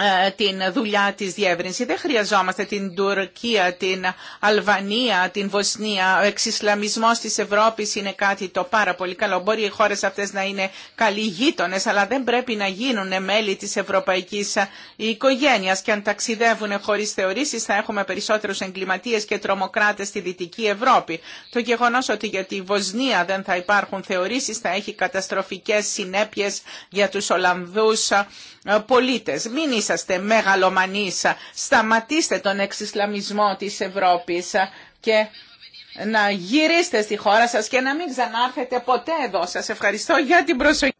ε, την δουλειά της διεύρυνση. Δεν χρειαζόμαστε την Τουρκία, την Αλβανία, την Βοσνία. Ο εξισλαμισμός της Ευρώπης είναι κάτι το πάρα πολύ καλό. Μπορεί οι χώρες αυτές να είναι καλοί γείτονε, αλλά δεν πρέπει να γίνουν μέλη της ευρωπαϊκής οικογένειας. Και αν ταξιδεύουν χωρίς θεωρήσεις θα έχουμε περισσότερους εγκληματίες και τρομοκράτες στη Δυτική Ευρώπη. Το γεγονός ότι για τη Βοσνία δεν θα υπάρχουν θεωρήσεις θα έχει καταστροφικές συνέπειες για τους Ολλανδούς ε, πολίτες είσαστε μεγαλομανείς. Σταματήστε τον εξισλαμισμό της Ευρώπης και να γυρίστε στη χώρα σας και να μην ξανάρθετε ποτέ εδώ. Σας ευχαριστώ για την προσοχή.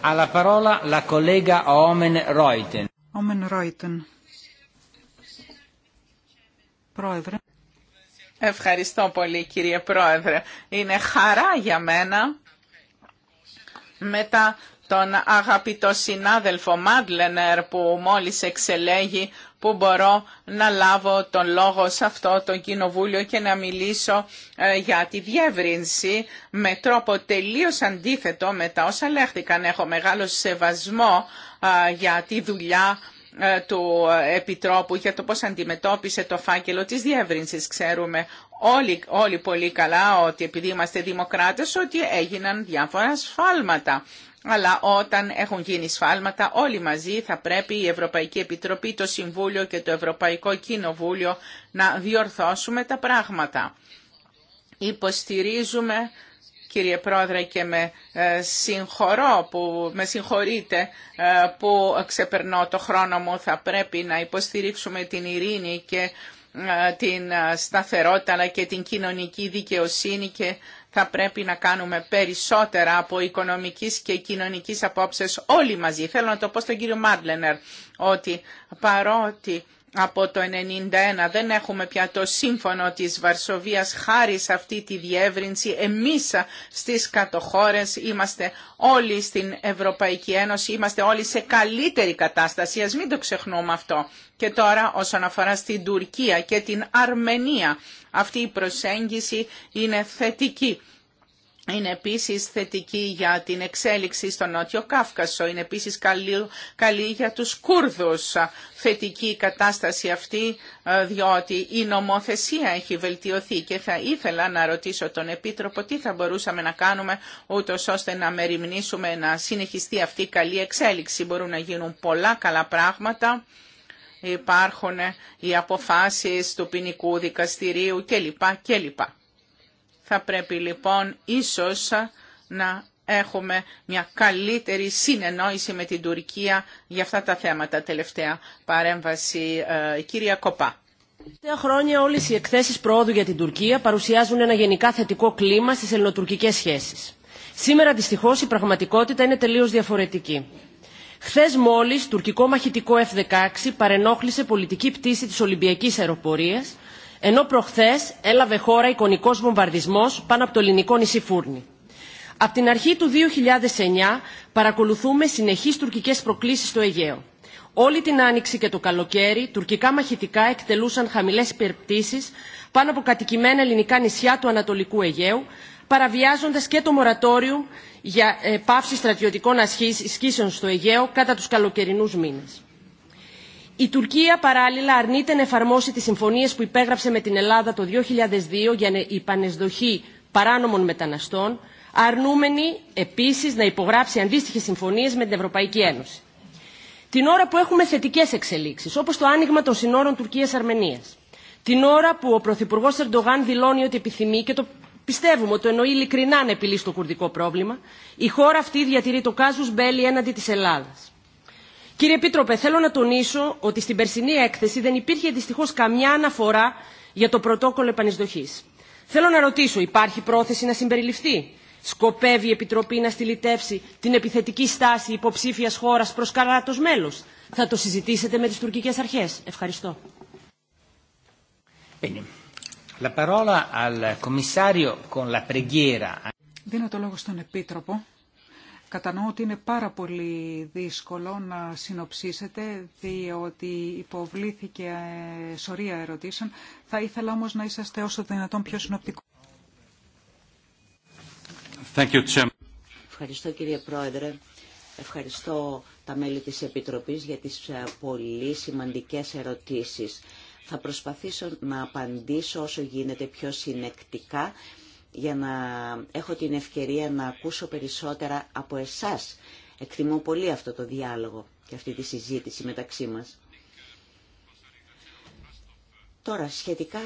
Αλλά παρόλα, la collega Omen Reuten. Omen Reuten. Πρόεδρε. Ευχαριστώ πολύ κύριε Πρόεδρε. Είναι χαρά για μένα μετά τον αγαπητό συνάδελφο Μάντλενερ που μόλις εξελέγει που μπορώ να λάβω τον λόγο σε αυτό το κοινοβούλιο και να μιλήσω ε, για τη διεύρυνση με τρόπο τελείως αντίθετο με τα όσα λέχθηκαν. Έχω μεγάλο σεβασμό ε, για τη δουλειά ε, του Επιτρόπου για το πώς αντιμετώπισε το φάκελο της διεύρυνσης. Ξέρουμε όλοι, όλοι πολύ καλά ότι επειδή είμαστε δημοκράτες ότι έγιναν διάφορα σφάλματα αλλά όταν έχουν γίνει σφάλματα όλοι μαζί θα πρέπει η Ευρωπαϊκή Επιτροπή, το Συμβούλιο και το Ευρωπαϊκό Κοινοβούλιο να διορθώσουμε τα πράγματα. Υποστηρίζουμε, κύριε Πρόεδρε, και με ε, συγχωρώ που με συγχωρείτε ε, που ξεπερνώ το χρόνο μου, θα πρέπει να υποστηρίξουμε την ειρήνη και ε, την σταθερότητα και την κοινωνική δικαιοσύνη και θα πρέπει να κάνουμε περισσότερα από οικονομικής και κοινωνικής απόψεως όλοι μαζί. Θέλω να το πω στον κύριο Μάντλενερ ότι παρότι από το 1991. Δεν έχουμε πια το σύμφωνο της Βαρσοβίας χάρη σε αυτή τη διεύρυνση. Εμείς στις κατοχώρες είμαστε όλοι στην Ευρωπαϊκή Ένωση, είμαστε όλοι σε καλύτερη κατάσταση. Ας μην το ξεχνούμε αυτό. Και τώρα όσον αφορά στην Τουρκία και την Αρμενία, αυτή η προσέγγιση είναι θετική είναι επίσης θετική για την εξέλιξη στο Νότιο Κάφκασο. Είναι επίσης καλή, καλή για τους Κούρδους. Θετική η κατάσταση αυτή, ε, διότι η νομοθεσία έχει βελτιωθεί και θα ήθελα να ρωτήσω τον Επίτροπο τι θα μπορούσαμε να κάνουμε ούτω ώστε να μεριμνήσουμε να συνεχιστεί αυτή η καλή εξέλιξη. Μπορούν να γίνουν πολλά καλά πράγματα υπάρχουν ε, οι αποφάσεις του ποινικού δικαστηρίου κλπ. κλπ. Θα πρέπει λοιπόν ίσως να έχουμε μια καλύτερη συνεννόηση με την Τουρκία για αυτά τα θέματα. Τελευταία παρέμβαση, ε, κυρία Κοπά. Τελευταία χρόνια όλες οι εκθέσεις προόδου για την Τουρκία παρουσιάζουν ένα γενικά θετικό κλίμα στις ελληνοτουρκικέ σχέσεις. Σήμερα δυστυχώ η πραγματικότητα είναι τελείως διαφορετική. Χθε μόλι τουρκικό μαχητικό F-16 παρενόχλησε πολιτική πτήση τη Ολυμπιακή Αεροπορία ενώ προχθές έλαβε χώρα εικονικός βομβαρδισμός πάνω από το ελληνικό νησί Φούρνη. Από την αρχή του 2009 παρακολουθούμε συνεχείς τουρκικές προκλήσεις στο Αιγαίο. Όλη την άνοιξη και το καλοκαίρι τουρκικά μαχητικά εκτελούσαν χαμηλές υπερπτήσεις πάνω από κατοικημένα ελληνικά νησιά του Ανατολικού Αιγαίου, παραβιάζοντας και το μορατόριο για ε, πάυση στρατιωτικών ασκήσεων στο Αιγαίο κατά τους καλοκαιρινούς μήνες. Η Τουρκία παράλληλα αρνείται να εφαρμόσει τις συμφωνίες που υπέγραψε με την Ελλάδα το 2002 για υπανεσδοχή παράνομων μεταναστών, αρνούμενη επίσης να υπογράψει αντίστοιχες συμφωνίες με την Ευρωπαϊκή Ένωση. Την ώρα που έχουμε θετικές εξελίξεις, όπως το άνοιγμα των συνόρων Τουρκίας-Αρμενίας, την ώρα που ο Πρωθυπουργό Ερντογάν δηλώνει ότι επιθυμεί και το πιστεύουμε ότι εννοεί ειλικρινά να επιλύσει το κουρδικό πρόβλημα, η χώρα αυτή διατηρεί το κάζους μπέλι έναντι της Ελλάδας. Κύριε Επίτροπε, θέλω να τονίσω ότι στην περσινή έκθεση δεν υπήρχε δυστυχώ καμιά αναφορά για το πρωτόκολλο επανεισδοχή. Θέλω να ρωτήσω, υπάρχει πρόθεση να συμπεριληφθεί. Σκοπεύει η Επιτροπή να στυλιτεύσει την επιθετική στάση υποψήφια χώρα προ κράτο μέλο. Θα το συζητήσετε με τι τουρκικέ αρχέ. Ευχαριστώ. Δίνω το λόγο στον Επίτροπο Κατανοώ ότι είναι πάρα πολύ δύσκολο να συνοψίσετε, διότι υποβλήθηκε ε, σωρία ερωτήσεων. Θα ήθελα όμως να είσαστε όσο δυνατόν πιο συνοπτικό. Thank you, Ευχαριστώ κύριε Πρόεδρε. Ευχαριστώ τα μέλη της Επιτροπής για τις ε, πολύ σημαντικές ερωτήσεις. Θα προσπαθήσω να απαντήσω όσο γίνεται πιο συνεκτικά για να έχω την ευκαιρία να ακούσω περισσότερα από εσάς. Εκτιμώ πολύ αυτό το διάλογο και αυτή τη συζήτηση μεταξύ μας. Τώρα, σχετικά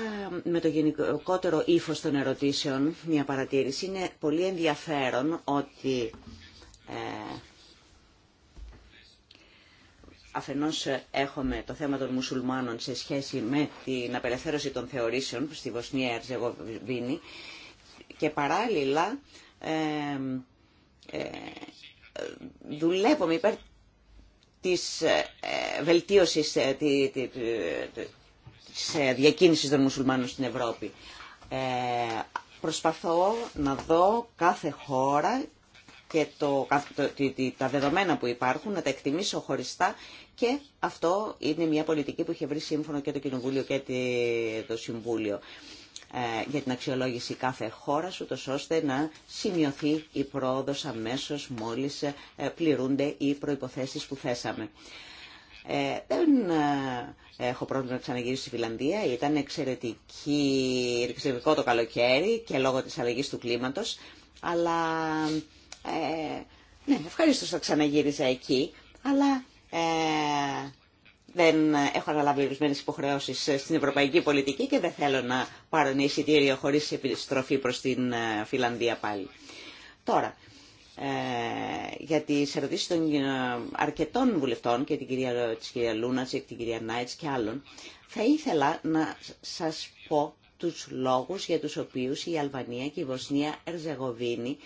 με το γενικότερο ύφος των ερωτήσεων, μια παρατήρηση, είναι πολύ ενδιαφέρον ότι ε, αφενός έχουμε το θέμα των μουσουλμάνων σε σχέση με την απελευθέρωση των θεωρήσεων στη Βοσνία Ερζεγοβίνη και παράλληλα ε, ε, δουλεύομαι υπέρ της ε, βελτίωσης της διακίνησης των μουσουλμάνων στην Ευρώπη. Προσπαθώ να δω κάθε χώρα και το, τα δεδομένα που υπάρχουν, να τα εκτιμήσω χωριστά και αυτό είναι μια πολιτική που είχε βρει σύμφωνο και το Κοινοβούλιο και το Συμβούλιο. Ε, για την αξιολόγηση κάθε χώρας, ούτως ώστε να σημειωθεί η πρόοδος αμέσως μόλις ε, πληρούνται οι προϋποθέσεις που θέσαμε. Ε, δεν ε, έχω πρόβλημα να ξαναγυρίσω στη Φιλανδία. Ήταν εξαιρετική, εξαιρετικό το καλοκαίρι και λόγω της αλλαγής του κλίματος. Αλλά ε, ναι, ευχαρίστω να ξαναγύρισα εκεί. Αλλά δεν έχω αναλάβει ορισμένε υποχρεώσει στην ευρωπαϊκή πολιτική και δεν θέλω να πάρω ένα εισιτήριο χωρί επιστροφή προ την ε, Φιλανδία πάλι. Τώρα, ε, για τι ερωτήσει των ε, αρκετών βουλευτών και την κυρία, της κυρία και την κυρία Νάιτ και άλλων, θα ήθελα να σας πω τους λόγους για τους οποίους η Αλβανία και η Βοσνία Ερζεγοβίνη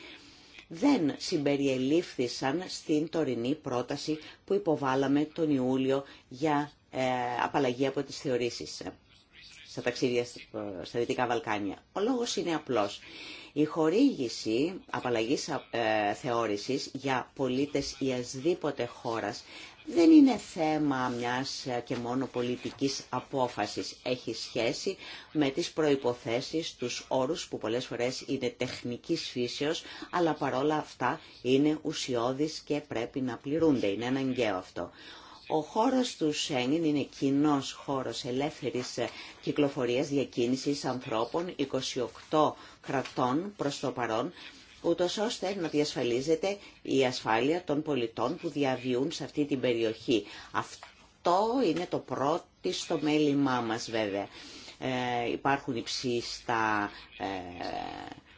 δεν συμπεριελήφθησαν στην τωρινή πρόταση που υποβάλαμε τον Ιούλιο για ε, απαλλαγή από τις θεωρήσεις ε, στα ταξίδια ε, στα Δυτικά Βαλκάνια. Ο λόγος είναι απλός. Η χορήγηση απαλλαγής θεώρησης για πολίτες ιασδήποτε χώρας δεν είναι θέμα μιας και μόνο πολιτικής απόφασης. Έχει σχέση με τις προϋποθέσεις, τους όρους που πολλές φορές είναι τεχνικής φύσεως, αλλά παρόλα αυτά είναι ουσιώδης και πρέπει να πληρούνται. Είναι αναγκαίο αυτό. Ο χώρος του Σένιν είναι κοινό χώρος ελεύθερης κυκλοφορίας διακίνησης ανθρώπων 28 κρατών προς το παρόν ούτως ώστε να διασφαλίζεται η ασφάλεια των πολιτών που διαβιούν σε αυτή την περιοχή. Αυτό είναι το πρώτο στο μέλημά μας βέβαια. Ε, υπάρχουν υψίστα ε,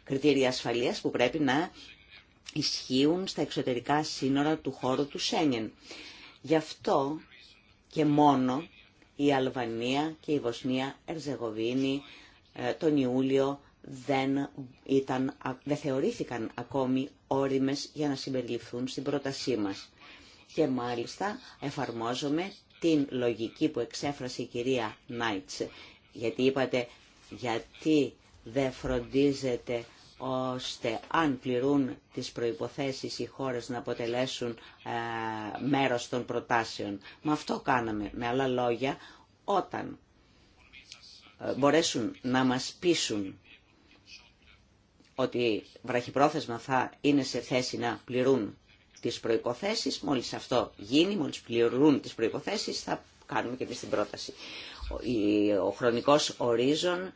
κριτήρια ασφαλείας που πρέπει να ισχύουν στα εξωτερικά σύνορα του χώρου του Σένιεν. Γι' αυτό και μόνο η Αλβανία και η Βοσνία Ερζεγοβίνη ε, τον Ιούλιο δεν, ήταν, δεν θεωρήθηκαν ακόμη όριμες για να συμπεριληφθούν στην πρότασή μας. Και μάλιστα εφαρμόζομαι την λογική που εξέφρασε η κυρία Νάιτς, γιατί είπατε γιατί δεν φροντίζεται ώστε αν πληρούν τις προϋποθέσεις οι χώρες να αποτελέσουν ε, μέρος των προτάσεων. Με αυτό κάναμε. Με άλλα λόγια, όταν ε, μπορέσουν να μας πείσουν ότι βραχυπρόθεσμα θα είναι σε θέση να πληρούν τις προϋποθέσεις. Μόλις αυτό γίνει, μόλις πληρούν τις προϋποθέσεις, θα κάνουμε και την πρόταση. Ο χρονικός ορίζον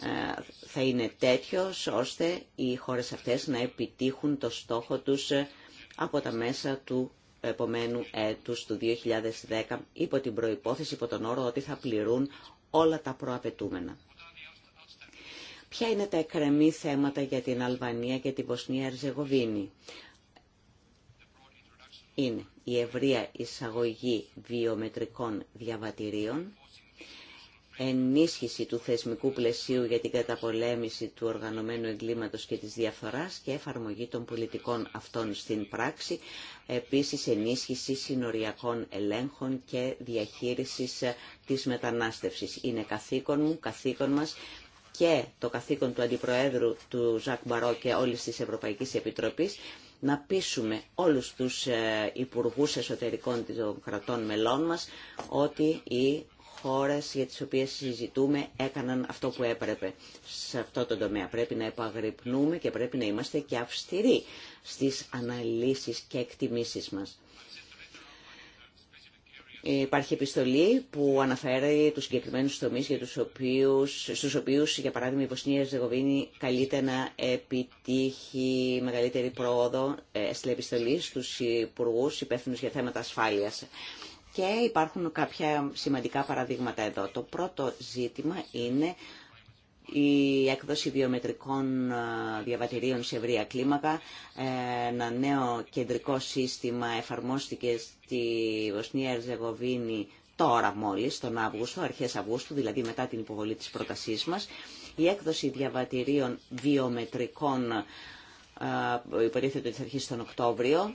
ε, θα είναι τέτοιος ώστε οι χώρες αυτές να επιτύχουν το στόχο τους ε, από τα μέσα του επομένου έτους του 2010 υπό την προϋπόθεση, υπό τον όρο ότι θα πληρούν όλα τα προαπαιτούμενα. Ποια είναι τα εκκρεμή θέματα για την Αλβανία και την Βοσνία Ερζεγοβίνη. Είναι η ευρεία εισαγωγή βιομετρικών διαβατηρίων, ενίσχυση του θεσμικού πλαισίου για την καταπολέμηση του οργανωμένου εγκλήματος και της διαφθοράς και εφαρμογή των πολιτικών αυτών στην πράξη, επίσης ενίσχυση συνοριακών ελέγχων και διαχείρισης ε, της μετανάστευσης. Είναι καθήκον μου, καθήκον μας και το καθήκον του Αντιπροέδρου του Ζακ Μπαρό και όλης της Ευρωπαϊκής Επιτροπής να πείσουμε όλους τους ε, υπουργούς εσωτερικών των κρατών μελών μας ότι οι χώρες για τις οποίες συζητούμε έκαναν αυτό που έπρεπε σε αυτό το τομέα. Πρέπει να επαγρυπνούμε και πρέπει να είμαστε και αυστηροί στις αναλύσεις και εκτιμήσεις μας. Υπάρχει επιστολή που αναφέρει τους συγκεκριμένους τομείς για τους οποίους, στους οποίους, για παράδειγμα, η Βοσνία Ζεγοβίνη καλείται να επιτύχει μεγαλύτερη πρόοδο ε, στην επιστολή στους υπουργού υπεύθυνου για θέματα ασφάλειας. Και υπάρχουν κάποια σημαντικά παραδείγματα εδώ. Το πρώτο ζήτημα είναι η έκδοση βιομετρικών διαβατηρίων σε ευρεία κλίμακα. Ε, ένα νέο κεντρικό σύστημα εφαρμόστηκε στη Βοσνία Ερζεγοβίνη τώρα μόλις, τον Αύγουστο, αρχές Αυγούστου, δηλαδή μετά την υποβολή της πρότασής μας. Η έκδοση διαβατηρίων βιομετρικών υποτίθεται ότι θα αρχίσει τον Οκτώβριο.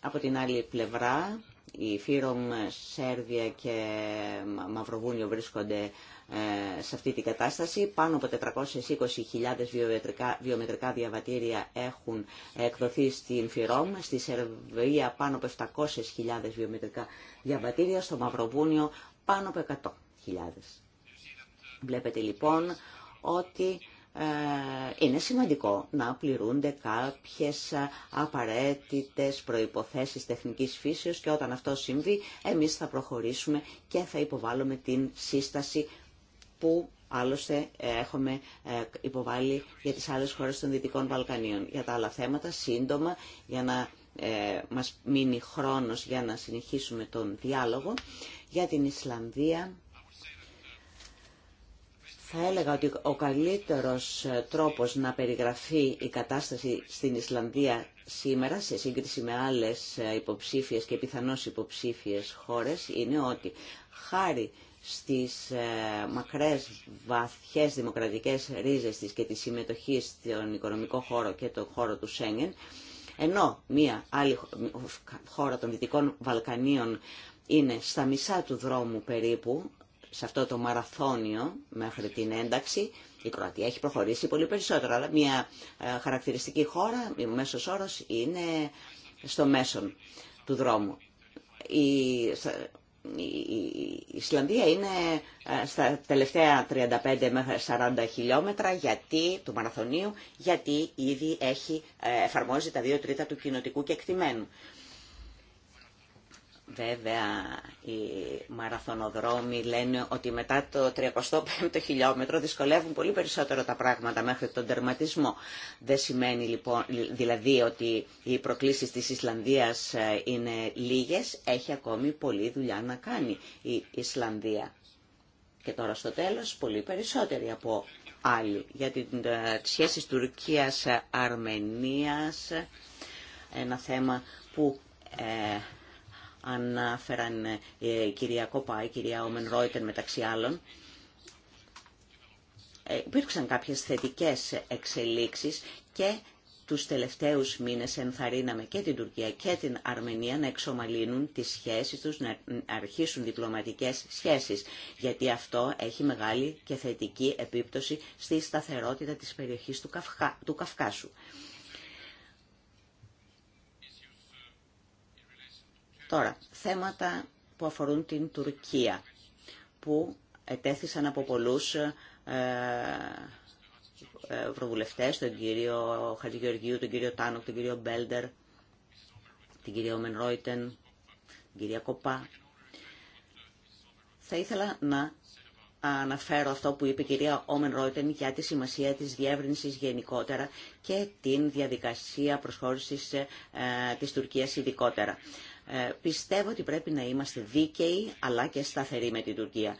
Από την άλλη πλευρά, η Φύρομ, Σέρβια και Μαυροβούνιο βρίσκονται ε, σε αυτή την κατάσταση. Πάνω από 420.000 βιομετρικά, διαβατήρια έχουν εκδοθεί στην Φιρόμ. Στη Σερβία πάνω από 700.000 βιομετρικά διαβατήρια. Στο Μαυροβούνιο πάνω από 100.000. Βλέπετε λοιπόν ότι ε, είναι σημαντικό να πληρούνται κάποιες απαραίτητες προϋποθέσεις τεχνικής φύσεως και όταν αυτό συμβεί εμείς θα προχωρήσουμε και θα υποβάλλουμε την σύσταση που άλλωστε ε, έχουμε ε, υποβάλει για τις άλλες χώρες των Δυτικών Βαλκανίων. Για τα άλλα θέματα, σύντομα, για να ε, μας μείνει χρόνος για να συνεχίσουμε τον διάλογο. Για την Ισλανδία, θα έλεγα ότι ο καλύτερος τρόπος να περιγραφεί η κατάσταση στην Ισλανδία σήμερα σε σύγκριση με άλλες υποψήφιες και πιθανώς υποψήφιες χώρες είναι ότι χάρη στις ε, μακρές βαθιές δημοκρατικές ρίζες της και τη συμμετοχή στον οικονομικό χώρο και τον χώρο του Σέγγεν, ενώ μία άλλη χώρα των Δυτικών Βαλκανίων είναι στα μισά του δρόμου περίπου, σε αυτό το μαραθώνιο μέχρι την ένταξη, η Κροατία έχει προχωρήσει πολύ περισσότερο, αλλά μια ε, χαρακτηριστική χώρα, ο μέσος όρος, είναι στο μέσον του δρόμου. Η, η Ισλανδία είναι ε, στα τελευταία 35 με 40 χιλιόμετρα γιατί, του μαραθωνίου γιατί ήδη έχει, ε, εφαρμόζει τα δύο τρίτα του κοινοτικού κεκτημένου. Βέβαια, οι μαραθωνοδρόμοι λένε ότι μετά το 35ο χιλιόμετρο δυσκολεύουν πολύ περισσότερο τα πράγματα μέχρι τον τερματισμό. Δεν σημαίνει λοιπόν, δηλαδή ότι οι προκλήσεις της Ισλανδίας ε, είναι λίγες, έχει ακόμη πολλή δουλειά να κάνει η Ισλανδία. Και τώρα στο τέλος πολύ περισσότεροι από άλλοι. Για ε, τις σχέσεις Τουρκίας-Αρμενίας, ένα θέμα που... Ε, ανάφεραν η ε, κυρία Κοπά, η κυρία Όμεν μεταξύ άλλων. Ε, υπήρξαν κάποιες θετικές εξελίξεις και τους τελευταίους μήνες ενθαρρύναμε και την Τουρκία και την Αρμενία να εξομαλύνουν τις σχέσεις τους, να αρχίσουν διπλωματικές σχέσεις, γιατί αυτό έχει μεγάλη και θετική επίπτωση στη σταθερότητα της περιοχής του, του Καυκάσου. Τώρα, θέματα που αφορούν την Τουρκία, που ετέθησαν από πολλούς ε, προβουλευτές, τον κύριο Χατζηγεωργίου, τον κύριο Τάνοκ, τον κύριο Μπέλντερ, την κυρία Ομενρόιτεν, την κυρία Κοπά. Θα ήθελα να αναφέρω αυτό που είπε η κυρία Όμεν για τη σημασία της διεύρυνσης γενικότερα και την διαδικασία προσχώρησης ε, της Τουρκίας ειδικότερα. Ε, πιστεύω ότι πρέπει να είμαστε δίκαιοι αλλά και σταθεροί με την Τουρκία.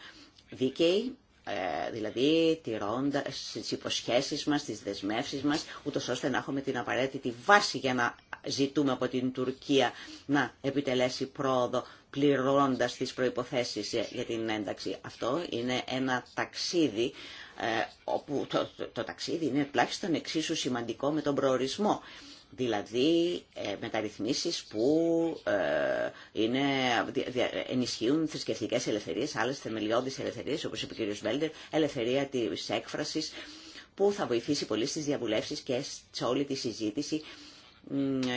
Δίκαιοι ε, δηλαδή τηρώντα τι υποσχέσεις μας, τις δεσμεύσεις μας, ούτω ώστε να έχουμε την απαραίτητη βάση για να ζητούμε από την Τουρκία να επιτελέσει πρόοδο πληρώντας τι προϋποθέσεις για την ένταξη. Αυτό είναι ένα ταξίδι, ε, όπου το, το ταξίδι είναι τουλάχιστον εξίσου σημαντικό με τον προορισμό δηλαδή ε, μεταρρυθμίσεις που ε, είναι, ενισχύουν θρησκευτικές ελευθερίες, άλλες θεμελιώδεις ελευθερίες, όπως είπε ο κ. Μπέλντερ, ελευθερία της έκφρασης, που θα βοηθήσει πολύ στις διαβουλεύσεις και σε όλη τη συζήτηση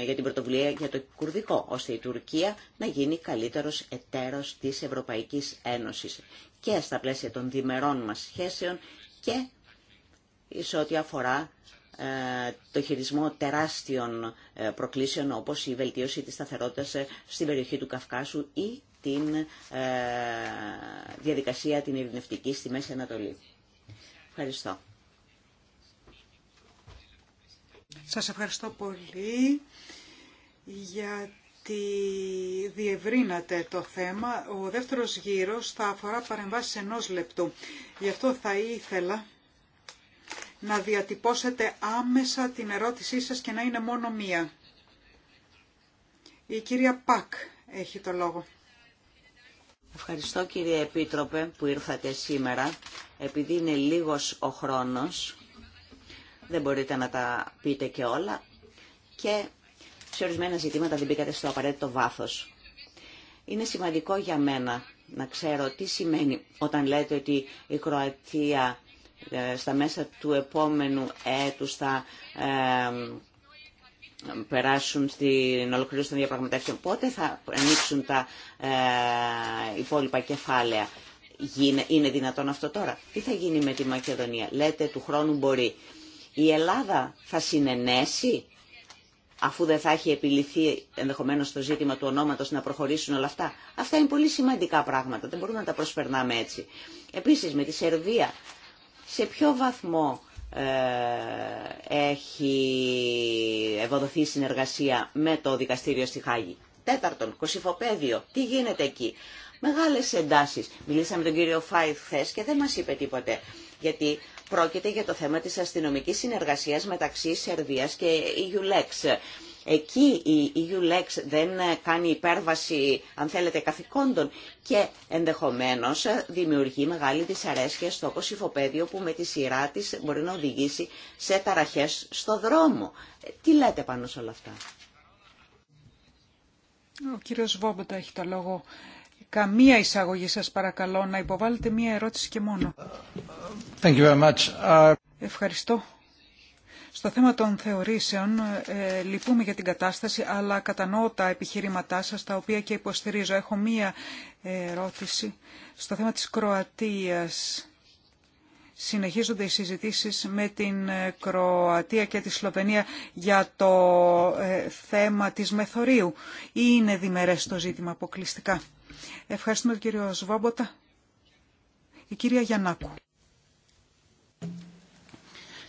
για την πρωτοβουλία για το κουρδικό, ώστε η Τουρκία να γίνει καλύτερος εταίρος της Ευρωπαϊκής Ένωσης και στα πλαίσια των διμερών μας σχέσεων και σε ό,τι αφορά ε, το χειρισμό τεράστιων ε, προκλήσεων όπως η βελτίωση της σταθερότητας ε, στην περιοχή του Καυκάσου ή την διαδικασία την ειρηνευτική στη Μέση Ανατολή. Ευχαριστώ. Σας ευχαριστώ πολύ γιατί διευρύνατε το θέμα. Ο δεύτερος γύρος θα αφορά παρεμβάσεις ενός λεπτού. Γι' αυτό θα ήθελα να διατυπώσετε άμεσα την ερώτησή σας και να είναι μόνο μία. Η κυρία Πακ έχει το λόγο. Ευχαριστώ κύριε Επίτροπε που ήρθατε σήμερα. Επειδή είναι λίγος ο χρόνος, δεν μπορείτε να τα πείτε και όλα και σε ορισμένα ζητήματα δεν μπήκατε στο απαραίτητο βάθος. Είναι σημαντικό για μένα να ξέρω τι σημαίνει όταν λέτε ότι η Κροατία ε, στα μέσα του επόμενου έτους θα περάσουν στην ολοκλήρωση των διαπραγματεύσεων. Πότε θα ανοίξουν τα ε, υπόλοιπα κεφάλαια. Είναι δυνατόν αυτό τώρα. Τι θα γίνει με τη Μακεδονία. Λέτε του χρόνου μπορεί. Η Ελλάδα θα συνενέσει αφού δεν θα έχει επιληθεί ενδεχομένως το ζήτημα του ονόματος να προχωρήσουν όλα αυτά. Αυτά είναι πολύ σημαντικά πράγματα, δεν μπορούμε να τα προσπερνάμε έτσι. Επίσης με τη Σερβία σε ποιο βαθμό ε, έχει ευοδοθεί συνεργασία με το δικαστήριο στη Χάγη. Τέταρτον, κοσυφοπέδιο. Τι γίνεται εκεί. Μεγάλες εντάσεις. Μιλήσαμε τον κύριο Φάιτ χθε και δεν μας είπε τίποτε. Γιατί πρόκειται για το θέμα της αστυνομικής συνεργασίας μεταξύ Σερβίας και EULEX. Εκεί η EULEX δεν κάνει υπέρβαση, αν θέλετε, καθηκόντων και ενδεχομένως δημιουργεί μεγάλη δυσαρέσκεια στο κοσυφοπέδιο που με τη σειρά της μπορεί να οδηγήσει σε ταραχές στο δρόμο. Ε, τι λέτε πάνω σε όλα αυτά. Ο κύριος Βόμποτα έχει το λόγο. Καμία εισαγωγή σας παρακαλώ να υποβάλλετε μία ερώτηση και μόνο. Thank uh, Ευχαριστώ. Στο θέμα των θεωρήσεων ε, λυπούμε για την κατάσταση, αλλά κατανοώ τα επιχειρήματά σας, τα οποία και υποστηρίζω. Έχω μία ερώτηση. Στο θέμα της Κροατίας, συνεχίζονται οι συζητήσεις με την ε, Κροατία και τη Σλοβενία για το ε, θέμα της μεθορίου ή είναι διμερές το ζήτημα αποκλειστικά. Ευχαριστούμε τον κύριο Σβόμποτα. Η κυρία Γιαννάκου.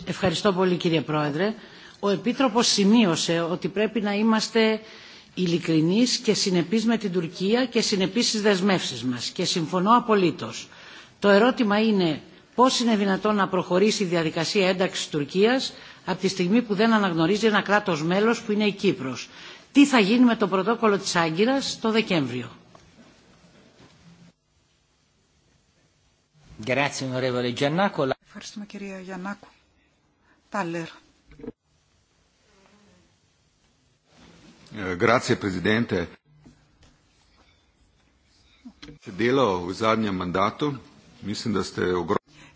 Ευχαριστώ πολύ κύριε Πρόεδρε. Ο Επίτροπος σημείωσε ότι πρέπει να είμαστε ειλικρινείς και συνεπείς με την Τουρκία και συνεπείς στις δεσμεύσεις μας και συμφωνώ απολύτως. Το ερώτημα είναι πώς είναι δυνατόν να προχωρήσει η διαδικασία ένταξης Τουρκίας από τη στιγμή που δεν αναγνωρίζει ένα κράτος μέλος που είναι η Κύπρος. Τι θα γίνει με το πρωτόκολλο της Άγκυρας το Δεκέμβριο. Ευχαριστούμε κυρία Γιαννάκου. Ε,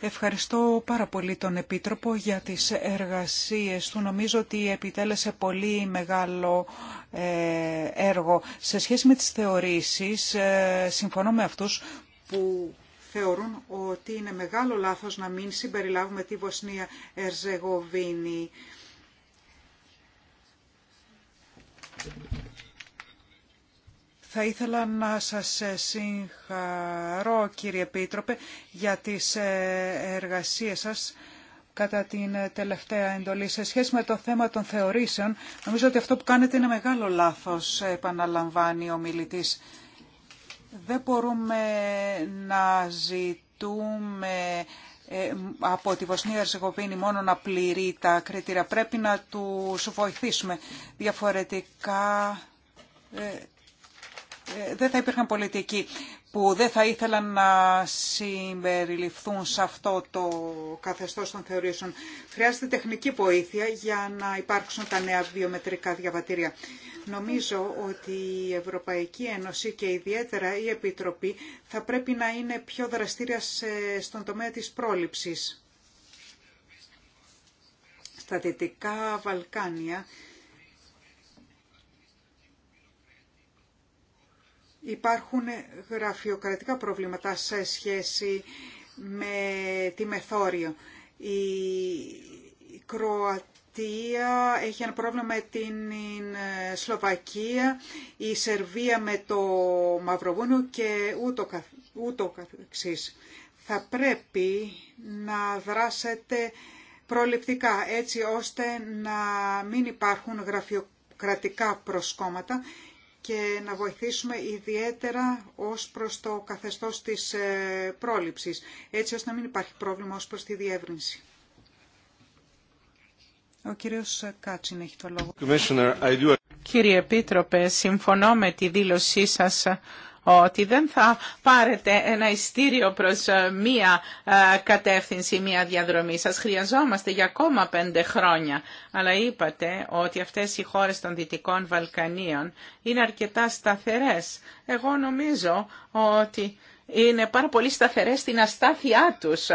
Ευχαριστώ πάρα πολύ τον Επίτροπο για τις εργασίες του. Νομίζω ότι επιτέλεσε πολύ μεγάλο ε, έργο. Σε σχέση με τις θεωρήσεις, ε, συμφωνώ με αυτούς που θεωρούν ότι είναι μεγάλο λάθος να μην συμπεριλάβουμε τη Βοσνία Ερζεγοβίνη. Θα ήθελα να σας συγχαρώ κύριε Επίτροπε για τις ε, εργασίες σας κατά την ε, τελευταία εντολή. Σε σχέση με το θέμα των θεωρήσεων, νομίζω ότι αυτό που κάνετε είναι μεγάλο λάθος, επαναλαμβάνει ο μιλητής. Δεν μπορούμε να ζητούμε ε, από τη Βοσνία Ερζεγοβίνη μόνο να πληρεί τα κριτήρια. Πρέπει να του βοηθήσουμε. Διαφορετικά ε, ε, δεν θα υπήρχαν πολιτικοί που δεν θα ήθελαν να συμπεριληφθούν σε αυτό το καθεστώς των θεωρήσεων. Χρειάζεται τεχνική βοήθεια για να υπάρξουν τα νέα βιομετρικά διαβατήρια. Νομίζω ότι η Ευρωπαϊκή Ένωση και ιδιαίτερα η Επιτροπή θα πρέπει να είναι πιο δραστήρια στον τομέα της πρόληψης. Στα Δυτικά Βαλκάνια υπάρχουν γραφειοκρατικά προβλήματα σε σχέση με τη μεθόριο. Η Κροατία έχει ένα πρόβλημα με την ε, Σλοβακία, η Σερβία με το Μαυροβούνιο και ούτω, καθ, ούτω Θα πρέπει να δράσετε προληπτικά έτσι ώστε να μην υπάρχουν γραφειοκρατικά προσκόμματα και να βοηθήσουμε ιδιαίτερα ως προς το καθεστώς της ε, πρόληψης, έτσι ώστε να μην υπάρχει πρόβλημα ως προς τη διεύρυνση. Ο κύριος Κάτσιν έχει το λόγο. Κύριε Επίτροπε, συμφωνώ με τη δήλωσή σας ότι δεν θα πάρετε ένα ειστήριο προς ε, μία ε, κατεύθυνση, μία διαδρομή. Σας χρειαζόμαστε για ακόμα πέντε χρόνια. Αλλά είπατε ότι αυτές οι χώρες των Δυτικών Βαλκανίων είναι αρκετά σταθερές. Εγώ νομίζω ότι είναι πάρα πολύ σταθερές στην αστάθειά τους.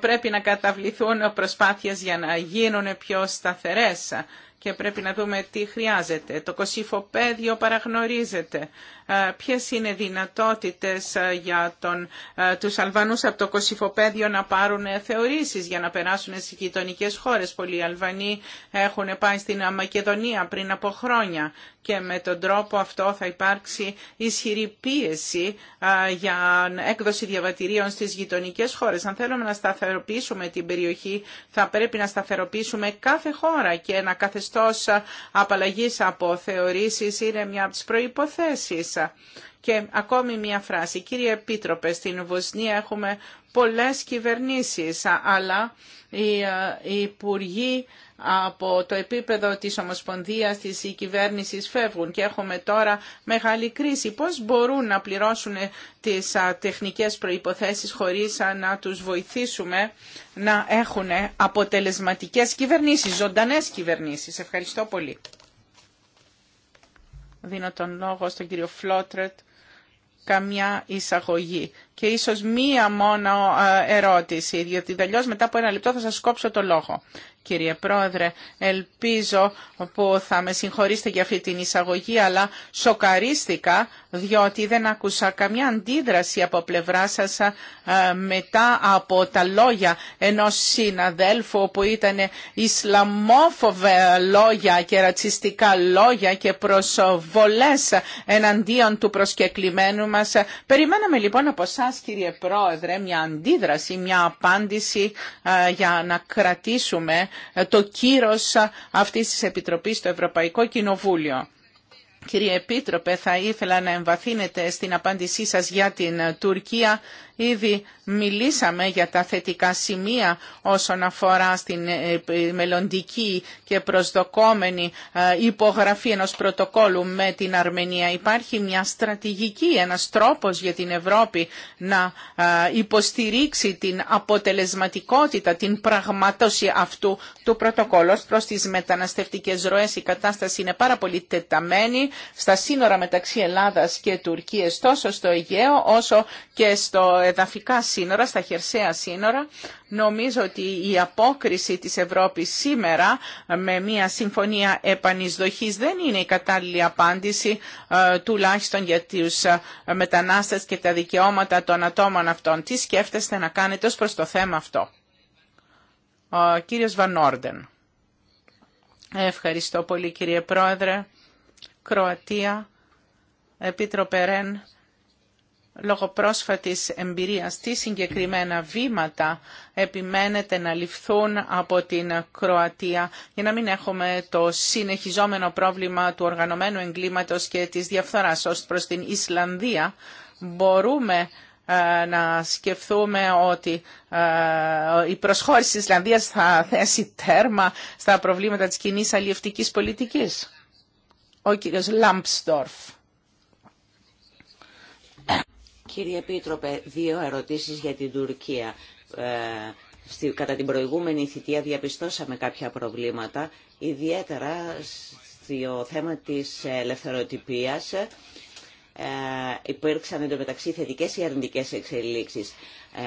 Πρέπει να καταβληθούν προσπάθειες για να γίνουν πιο σταθερές και πρέπει να δούμε τι χρειάζεται. Το κοσυφοπέδιο παραγνωρίζεται. Ε, ποιες είναι δυνατότητες ε, για τον, ε, τους Αλβανούς από το Κωσυφοπέδιο να πάρουν θεωρήσεις για να περάσουν στις γειτονικέ χώρες. Πολλοί Αλβανοί έχουν πάει στην Μακεδονία πριν από χρόνια και με τον τρόπο αυτό θα υπάρξει ισχυρή πίεση για έκδοση διαβατηρίων στις γειτονικέ χώρες. Αν θέλουμε να σταθεροποιήσουμε την περιοχή θα πρέπει να σταθεροποιήσουμε κάθε χώρα και ένα καθεστώς απαλλαγής από θεωρήσεις είναι μια από τις προϋποθέσεις και ακόμη μία φράση. Κύριε Επίτροπε, στην Βοσνία έχουμε πολλές κυβερνήσεις, αλλά οι ε, υπουργοί από το επίπεδο της Ομοσπονδίας, της κυβέρνηση κυβέρνησης φεύγουν και έχουμε τώρα μεγάλη κρίση. Πώς μπορούν να πληρώσουν τις ε, τεχνικές προϋποθέσεις χωρίς ε, να τους βοηθήσουμε να έχουν αποτελεσματικές κυβερνήσεις, ζωντανές κυβερνήσεις. Ευχαριστώ πολύ. Δίνω τον λόγο στον κύριο Φλότρετ καμιά εισαγωγή και ίσω μία μόνο ε, ερώτηση, διότι τελειώ μετά από ένα λεπτό θα σα κόψω το λόγο. Κύριε Πρόεδρε, ελπίζω που θα με συγχωρήσετε για αυτή την εισαγωγή, αλλά σοκαρίστηκα διότι δεν άκουσα καμιά αντίδραση από πλευρά σα ε, μετά από τα λόγια ενός συναδέλφου που ήταν Ισλαμόφοβε λόγια και ρατσιστικά λόγια και προσβολές εναντίον του προσκεκλημένου μας. Περιμέναμε λοιπόν από εσά σας κύριε Πρόεδρε μια αντίδραση, μια απάντηση για να κρατήσουμε ε, το κύρος αυτής της Επιτροπής στο Ευρωπαϊκό Κοινοβούλιο. Κύριε Επίτροπε, θα ήθελα να εμβαθύνετε στην απάντησή σας για την ε, Τουρκία Ήδη μιλήσαμε για τα θετικά σημεία όσον αφορά στην ε, ε, μελλοντική και προσδοκόμενη ε, υπογραφή ενός πρωτοκόλου με την Αρμενία. Υπάρχει μια στρατηγική, ένας τρόπος για την Ευρώπη να υποστηρίξει την αποτελεσματικότητα, την πραγματώση αυτού του πρωτοκόλου. Προς τις μεταναστευτικές ροές η κατάσταση είναι πάρα πολύ τεταμένη στα σύνορα μεταξύ Ελλάδας και Τουρκίας, τόσο στο Αιγαίο όσο και στο εδαφικά σύνορα, στα χερσαία σύνορα. Νομίζω ότι η απόκριση της Ευρώπης σήμερα με μια συμφωνία επανεισδοχής δεν είναι η κατάλληλη απάντηση ε, τουλάχιστον για τους ε, μετανάστες και τα δικαιώματα των ατόμων αυτών. Τι σκέφτεστε να κάνετε ως προς το θέμα αυτό. Ο κύριος Βανόρντεν. Ευχαριστώ πολύ κύριε Πρόεδρε. Κροατία. Επίτροπε Ρεν λόγω πρόσφατης εμπειρίας τι συγκεκριμένα βήματα επιμένετε να ληφθούν από την Κροατία για να μην έχουμε το συνεχιζόμενο πρόβλημα του οργανωμένου εγκλήματος και της διαφθοράς ως προς την Ισλανδία μπορούμε ε, να σκεφτούμε ότι ε, η προσχώρηση της Ισλανδίας θα θέσει τέρμα στα προβλήματα της κοινή αλλιευτικής πολιτικής. Ο κύριος Λάμπστορφ. Κύριε Επίτροπε, δύο ερωτήσεις για την Τουρκία. Ε, κατά την προηγούμενη θητεία διαπιστώσαμε κάποια προβλήματα, ιδιαίτερα στο θέμα της ελευθεροτυπίας ε, υπήρξαν εντωμεταξύ θετικές ή αρνητικές εξελίξεις. Ε,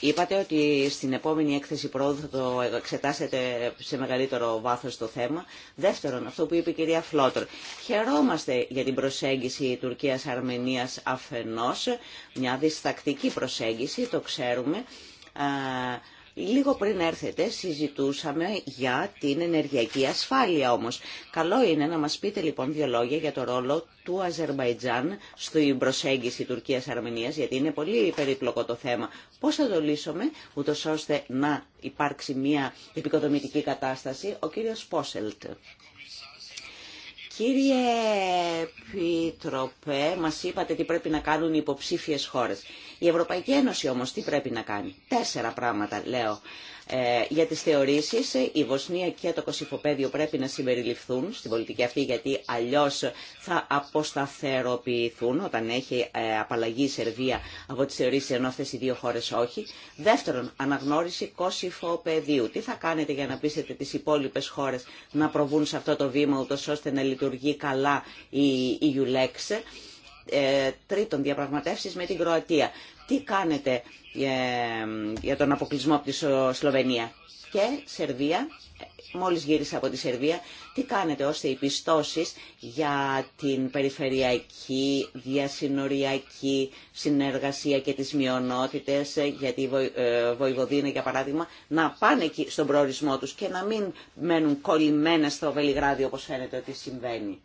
είπατε ότι στην επόμενη έκθεση πρόοδου θα το εξετάσετε σε μεγαλύτερο βάθος το θέμα. Δεύτερον, αυτό που είπε η κυρία φλοτρ Χαιρόμαστε για την προσέγγιση Τουρκίας-Αρμενίας αφενός, μια διστακτική προσέγγιση, το ξέρουμε ε, Λίγο πριν έρθετε συζητούσαμε για την ενεργειακή ασφάλεια όμως. Καλό είναι να μας πείτε λοιπόν δύο λόγια για το ρόλο του Αζερβαϊτζάν στην προσέγγιση Τουρκίας-Αρμενίας, γιατί είναι πολύ περίπλοκο το θέμα. Πώς θα το λύσουμε, ούτω ώστε να υπάρξει μια επικοδομητική κατάσταση, ο κύριος Πόσελτ. Κύριε Επιτροπέ, μας είπατε τι πρέπει να κάνουν οι υποψήφιες χώρες. Η Ευρωπαϊκή Ένωση όμως τι πρέπει να κάνει. Τέσσερα πράγματα λέω. Ε, για τις θεωρήσεις, η Βοσνία και το Κωσυφοπέδιο πρέπει να συμπεριληφθούν στην πολιτική αυτή, γιατί αλλιώς θα αποσταθεροποιηθούν όταν έχει ε, απαλλαγή η Σερβία από τις θεωρήσεις, ενώ αυτές οι δύο χώρες όχι. Δεύτερον, αναγνώριση Κωσυφοπέδιου. Τι θα κάνετε για να πείσετε τις υπόλοιπες χώρες να προβούν σε αυτό το βήμα, ούτως ώστε να λειτουργεί καλά η Ιουλέξ. Ε, τρίτον διαπραγματεύσεις με την Κροατία. Τι κάνετε ε, για τον αποκλεισμό από τη Σλοβενία και Σερβία, μόλις γύρισα από τη Σερβία, τι κάνετε ώστε οι πιστώσεις για την περιφερειακή, διασυνοριακή συνεργασία και τις μειονότητες, ε, γιατί η Βοηβοδίνα για παράδειγμα, να πάνε εκεί στον προορισμό τους και να μην μένουν κολλημένες στο Βελιγράδι όπως φαίνεται ότι συμβαίνει.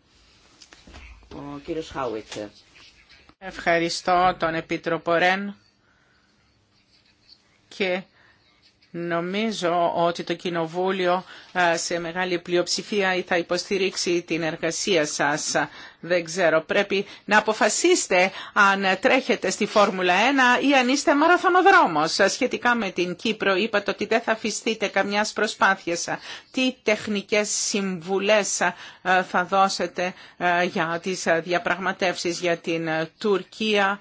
Ο κύριος Ευχαριστώ τον Επίτροπο Ρεν και Νομίζω ότι το Κοινοβούλιο σε μεγάλη πλειοψηφία θα υποστηρίξει την εργασία σας. Δεν ξέρω, πρέπει να αποφασίσετε αν τρέχετε στη Φόρμουλα 1 ή αν είστε μαραθωνοδρόμος. Σχετικά με την Κύπρο είπατε ότι δεν θα αφιστείτε καμιάς προσπάθειας. Τι τεχνικές συμβουλές θα δώσετε για τις διαπραγματεύσεις για την Τουρκία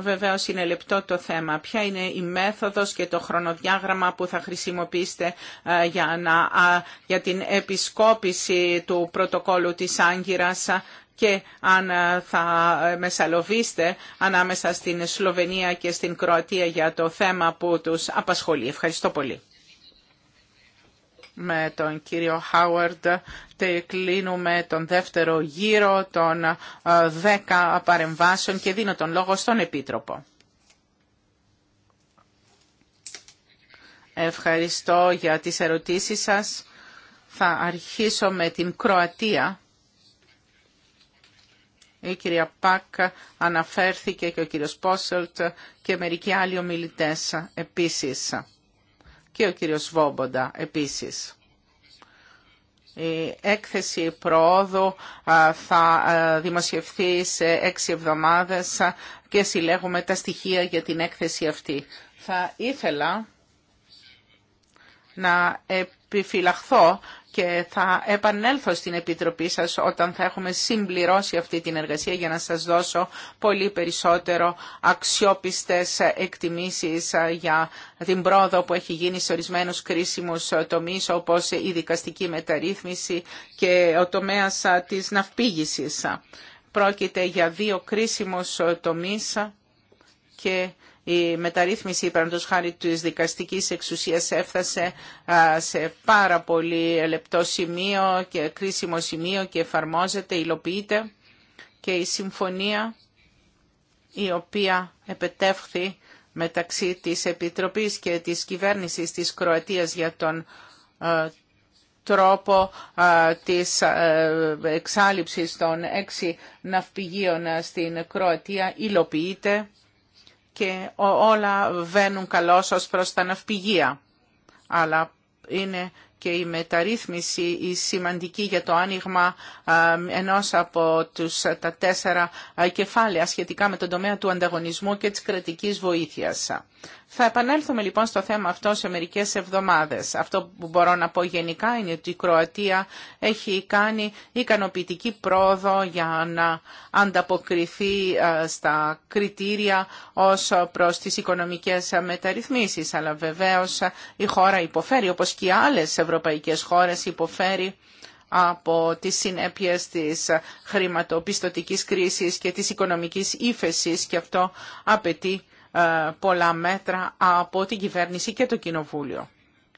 Βεβαίως είναι λεπτό το θέμα. Ποια είναι η μέθοδος και το χρονοδιάγραμμα που θα χρησιμοποιήσετε ε, για, να, την επισκόπηση του πρωτοκόλου της Άγκυρας και αν ε, θα μεσαλοβήστε ανάμεσα στην Σλοβενία και στην Κροατία για το θέμα που τους απασχολεί. Ευχαριστώ πολύ με τον κύριο Χάουαρντ κλείνουμε τον δεύτερο γύρο των ε, δέκα παρεμβάσεων και δίνω τον λόγο στον Επίτροπο. Ευχαριστώ για τις ερωτήσεις σας. Θα αρχίσω με την Κροατία. Η κυρία Πακ αναφέρθηκε και ο κύριος Πόσελτ και μερικοί άλλοι ομιλητές επίσης και ο κύριος Βόμποντα επίσης. Η έκθεση προόδου θα δημοσιευθεί σε έξι εβδομάδες και συλλέγουμε τα στοιχεία για την έκθεση αυτή. Θα ήθελα να επιφυλαχθώ και θα επανέλθω στην Επιτροπή σας όταν θα έχουμε συμπληρώσει αυτή την εργασία για να σας δώσω πολύ περισσότερο αξιόπιστες εκτιμήσεις ε, για την πρόοδο που έχει γίνει σε ορισμένους κρίσιμους ε, τομείς όπως η δικαστική μεταρρύθμιση και ο τομέας ε, της ναυπήγησης. Πρόκειται για δύο κρίσιμους τομείς και η μεταρρύθμιση παραδείγματος χάρη της δικαστικής εξουσίας έφτασε σε πάρα πολύ λεπτό σημείο και κρίσιμο σημείο και εφαρμόζεται, υλοποιείται και η συμφωνία η οποία επετεύχθη μεταξύ της Επιτροπής και της κυβέρνησης της Κροατίας για τον τρόπο της εξάλληψης των έξι ναυπηγείων στην Κροατία υλοποιείται και όλα βαίνουν καλώς ως προς τα ναυπηγεία. Αλλά είναι και η μεταρρύθμιση η σημαντική για το άνοιγμα ενός από τους, τα τέσσερα κεφάλαια σχετικά με τον τομέα του ανταγωνισμού και της κρατικής βοήθειας. Θα επανέλθουμε λοιπόν στο θέμα αυτό σε μερικές εβδομάδες. Αυτό που μπορώ να πω γενικά είναι ότι η Κροατία έχει κάνει ικανοποιητική πρόοδο για να ανταποκριθεί ε, στα κριτήρια ως προς τις οικονομικές μεταρρυθμίσεις. Αλλά βεβαίως ε, η χώρα υποφέρει, όπως και οι άλλες ευρωπαϊκές χώρες υποφέρει από τις συνέπειες της χρηματοπιστωτικής κρίσης και της οικονομικής ύφεσης και αυτό απαιτεί ε, πολλά μέτρα από την κυβέρνηση και το Κοινοβούλιο.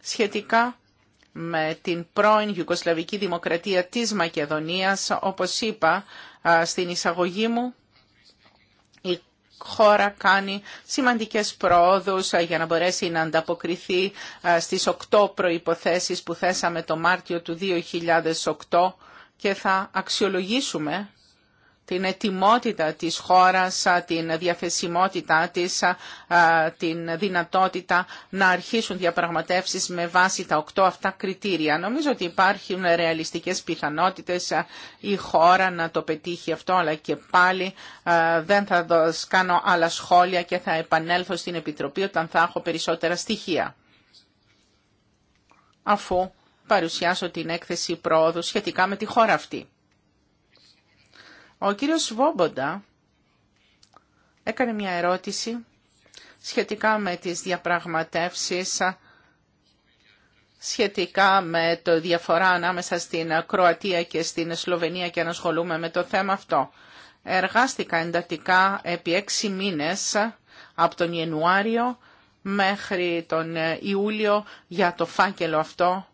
Σχετικά με την πρώην Ιουγκοσλαβική Δημοκρατία της Μακεδονίας, όπως είπα ε, στην εισαγωγή μου, η χώρα κάνει σημαντικές πρόοδους ε, για να μπορέσει να ανταποκριθεί στις οκτώ προϋποθέσεις που θέσαμε το Μάρτιο του 2008 και θα αξιολογήσουμε την ετοιμότητα της χώρας, την διαθεσιμότητά της, την δυνατότητα να αρχίσουν διαπραγματεύσεις με βάση τα οκτώ αυτά κριτήρια. Νομίζω ότι υπάρχουν ρεαλιστικές πιθανότητες η χώρα να το πετύχει αυτό, αλλά και πάλι δεν θα κάνω άλλα σχόλια και θα επανέλθω στην Επιτροπή όταν θα έχω περισσότερα στοιχεία. Αφού παρουσιάσω την έκθεση πρόοδου σχετικά με τη χώρα αυτή. Ο κύριος Βόμποντα έκανε μια ερώτηση σχετικά με τις διαπραγματεύσεις σχετικά με το διαφορά ανάμεσα στην Κροατία και στην Σλοβενία και ανασχολούμαι με το θέμα αυτό. Εργάστηκα εντατικά επί έξι μήνες από τον Ιανουάριο μέχρι τον Ιούλιο για το φάκελο αυτό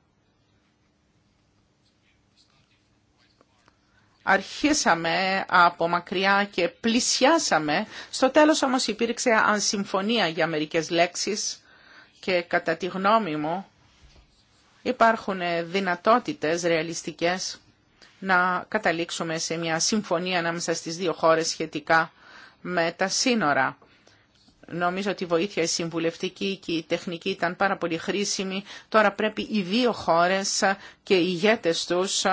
αρχίσαμε από μακριά και πλησιάσαμε. Στο τέλος όμως υπήρξε ανσυμφωνία για μερικές λέξεις και κατά τη γνώμη μου υπάρχουν δυνατότητες ρεαλιστικές να καταλήξουμε σε μια συμφωνία ανάμεσα στις δύο χώρες σχετικά με τα σύνορα. Νομίζω ότι η βοήθεια η συμβουλευτική και η τεχνική ήταν πάρα πολύ χρήσιμη. Τώρα πρέπει οι δύο χώρες και οι ηγέτες τους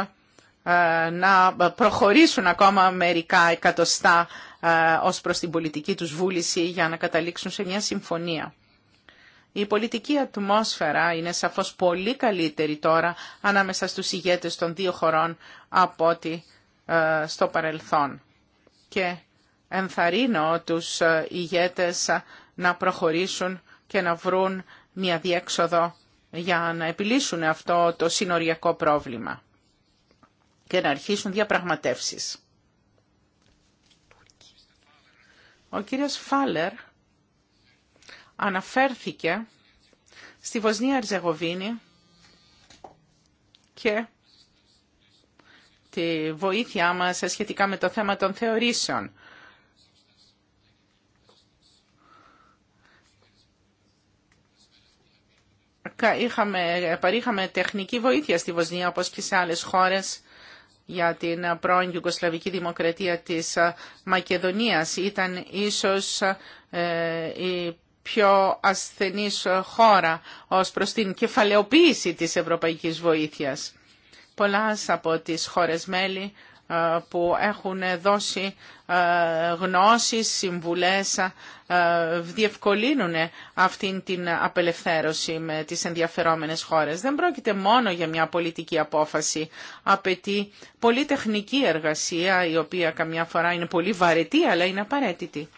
ε, να προχωρήσουν ακόμα μερικά εκατοστά ε, ως προς την πολιτική τους βούληση για να καταλήξουν σε μια συμφωνία. Η πολιτική ατμόσφαιρα είναι σαφώς πολύ καλύτερη τώρα ανάμεσα στους ηγέτες των δύο χωρών από ότι ε, στο παρελθόν. Και ενθαρρύνω τους ηγέτες να προχωρήσουν και να βρουν μια διέξοδο για να επιλύσουν αυτό το συνοριακό πρόβλημα και να αρχίσουν διαπραγματεύσεις. Ο κύριος Φάλερ αναφέρθηκε στη Βοσνία Αρζεγοβίνη και τη βοήθειά μας σχετικά με το θέμα των θεωρήσεων. Είχαμε, παρήχαμε τεχνική βοήθεια στη Βοσνία όπως και σε άλλες χώρες για την πρώην Ιουγκοσλαβική Δημοκρατία της Μακεδονίας. Ήταν ίσως ε, η πιο ασθενής χώρα ως προς την κεφαλαιοποίηση της ευρωπαϊκής βοήθειας. πολλά από τις χώρες μέλη ε, που έχουν δώσει ε, γνώσεις, συμβουλές, ε, διευκολύνουν αυτή την απελευθέρωση με τις ενδιαφερόμενες χώρες. Δεν πρόκειται μόνο για μια πολιτική απόφαση. Απαιτεί πολύ τεχνική εργασία, η οποία καμιά φορά είναι πολύ βαρετή, αλλά είναι απαραίτητη.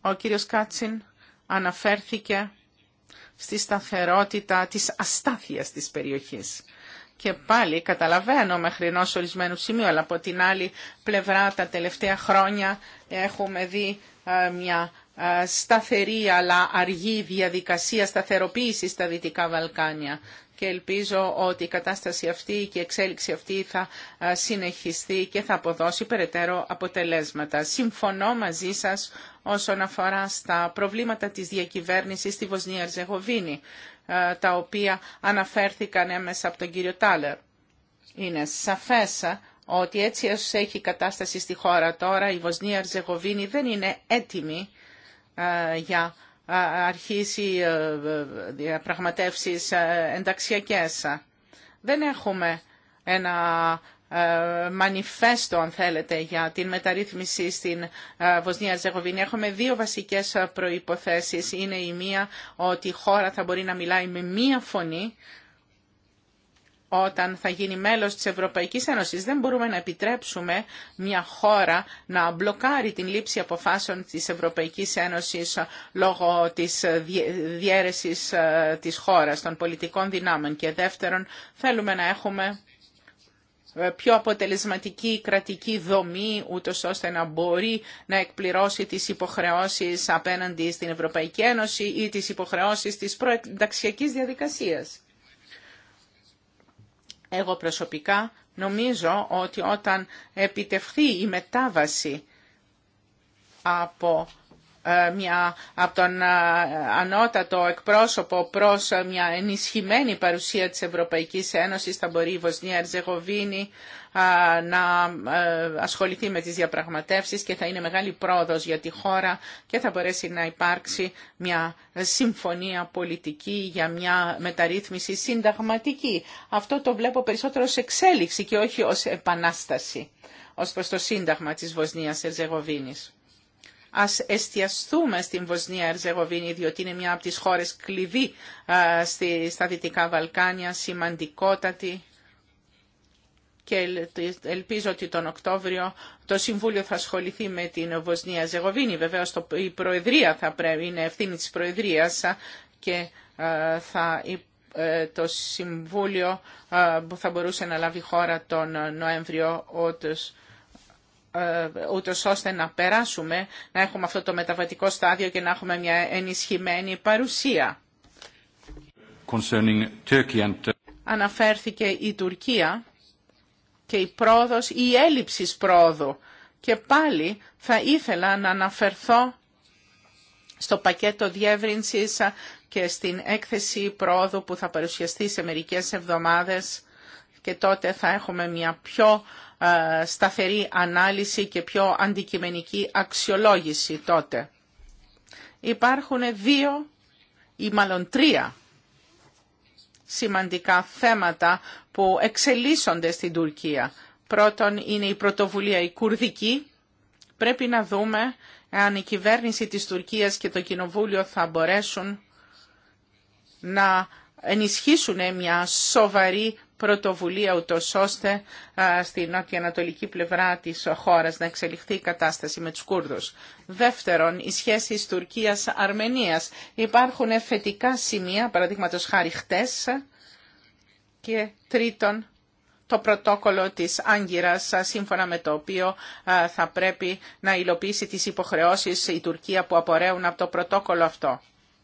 Ο κύριος Κάτσιν αναφέρθηκε στη σταθερότητα της αστάθειας της περιοχής και πάλι καταλαβαίνω μέχρι ενό ορισμένου σημείου, αλλά από την άλλη πλευρά τα τελευταία χρόνια έχουμε δει ε, μια ε, σταθερή αλλά αργή διαδικασία σταθεροποίηση στα Δυτικά Βαλκάνια. Και ελπίζω ότι η κατάσταση αυτή και η εξέλιξη αυτή θα ε, συνεχιστεί και θα αποδώσει περαιτέρω αποτελέσματα. Συμφωνώ μαζί σας όσον αφορά στα προβλήματα της διακυβέρνησης στη Βοσνία ε, τα οποία αναφέρθηκαν μέσα από τον κύριο Τάλερ. Είναι σαφές ότι έτσι όσο έχει η κατάσταση στη χώρα τώρα, η Βοσνία Αρζεγοβίνη δεν είναι έτοιμη ε, για ε, αρχίσει διαπραγματεύσεις ενταξιακές. Δεν έχουμε ένα ε, μανιφέστο, αν θέλετε, για την μεταρρύθμιση στην ε, Βοσνία Ζεγοβίνη. Έχουμε δύο βασικές ε, προϋποθέσεις. Είναι η μία ότι η χώρα θα μπορεί να μιλάει με μία φωνή όταν θα γίνει μέλος της Ευρωπαϊκής Ένωσης. Δεν μπορούμε να επιτρέψουμε μια χώρα να μπλοκάρει την λήψη αποφάσεων της Ευρωπαϊκής Ένωσης λόγω της διέρεσης της χώρας, των πολιτικών δυνάμεων. Και δεύτερον, θέλουμε να έχουμε ε, πιο αποτελεσματική κρατική δομή, ούτω ώστε να μπορεί να εκπληρώσει τις υποχρεώσεις απέναντι στην Ευρωπαϊκή Ένωση ή τις υποχρεώσεις της προενταξιακής διαδικασίας. Εγώ προσωπικά νομίζω ότι όταν επιτευχθεί η μετάβαση από ε, μια, από τον ε, ανώτατο εκπρόσωπο προς ε, μια ενισχυμένη παρουσία της Ευρωπαϊκής Ένωσης θα μπορεί η Βοσνία Ερζεγοβίνη να ασχοληθεί με τις διαπραγματεύσεις και θα είναι μεγάλη πρόοδος για τη χώρα και θα μπορέσει να υπάρξει μια συμφωνία πολιτική για μια μεταρρύθμιση συνταγματική. Αυτό το βλέπω περισσότερο ως εξέλιξη και όχι ως επανάσταση ως προς το Σύνταγμα της Βοσνίας Ερζεγοβίνης ας εστιαστούμε στην Βοσνία Ερζεγοβίνη, διότι είναι μια από τις χώρες κλειδί στα Δυτικά Βαλκάνια, σημαντικότατη και ελπίζω ότι τον Οκτώβριο το Συμβούλιο θα ασχοληθεί με την Βοσνία Ζεγοβίνη. Βεβαίω η Προεδρία θα πρέπει, είναι ευθύνη τη Προεδρία και θα, ε, το Συμβούλιο θα μπορούσε να λάβει χώρα τον Νοέμβριο ότως ε, ούτως ώστε να περάσουμε, να έχουμε αυτό το μεταβατικό στάδιο και να έχουμε μια ενισχυμένη παρουσία. Αναφέρθηκε η Τουρκία και η πρόοδος, η έλλειψη πρόοδου. Και πάλι θα ήθελα να αναφερθώ στο πακέτο διεύρυνσης και στην έκθεση πρόοδου που θα παρουσιαστεί σε μερικές εβδομάδες και τότε θα έχουμε μια πιο ε, σταθερή ανάλυση και πιο αντικειμενική αξιολόγηση τότε. Υπάρχουν δύο ή μάλλον τρία σημαντικά θέματα που εξελίσσονται στην Τουρκία. Πρώτον είναι η πρωτοβουλία η κουρδική. Πρέπει να δούμε αν η κυβέρνηση της Τουρκίας και το κοινοβούλιο θα μπορέσουν να ενισχύσουν μια σοβαρή πρωτοβουλία ούτως ώστε στη νότια-ανατολική πλευρά της χώρας να εξελιχθεί η κατάσταση με τους Κούρδους. Δεύτερον, οι σχέσεις Τουρκίας-Αρμενίας. Υπάρχουν θετικά σημεία, παραδείγματος χάρη χτες. Και τρίτον, το πρωτόκολλο της Άγκυρας, σύμφωνα με το οποίο θα πρέπει να υλοποιήσει τις υποχρεώσεις η Τουρκία που απορρέουν από το πρωτόκολλο αυτό.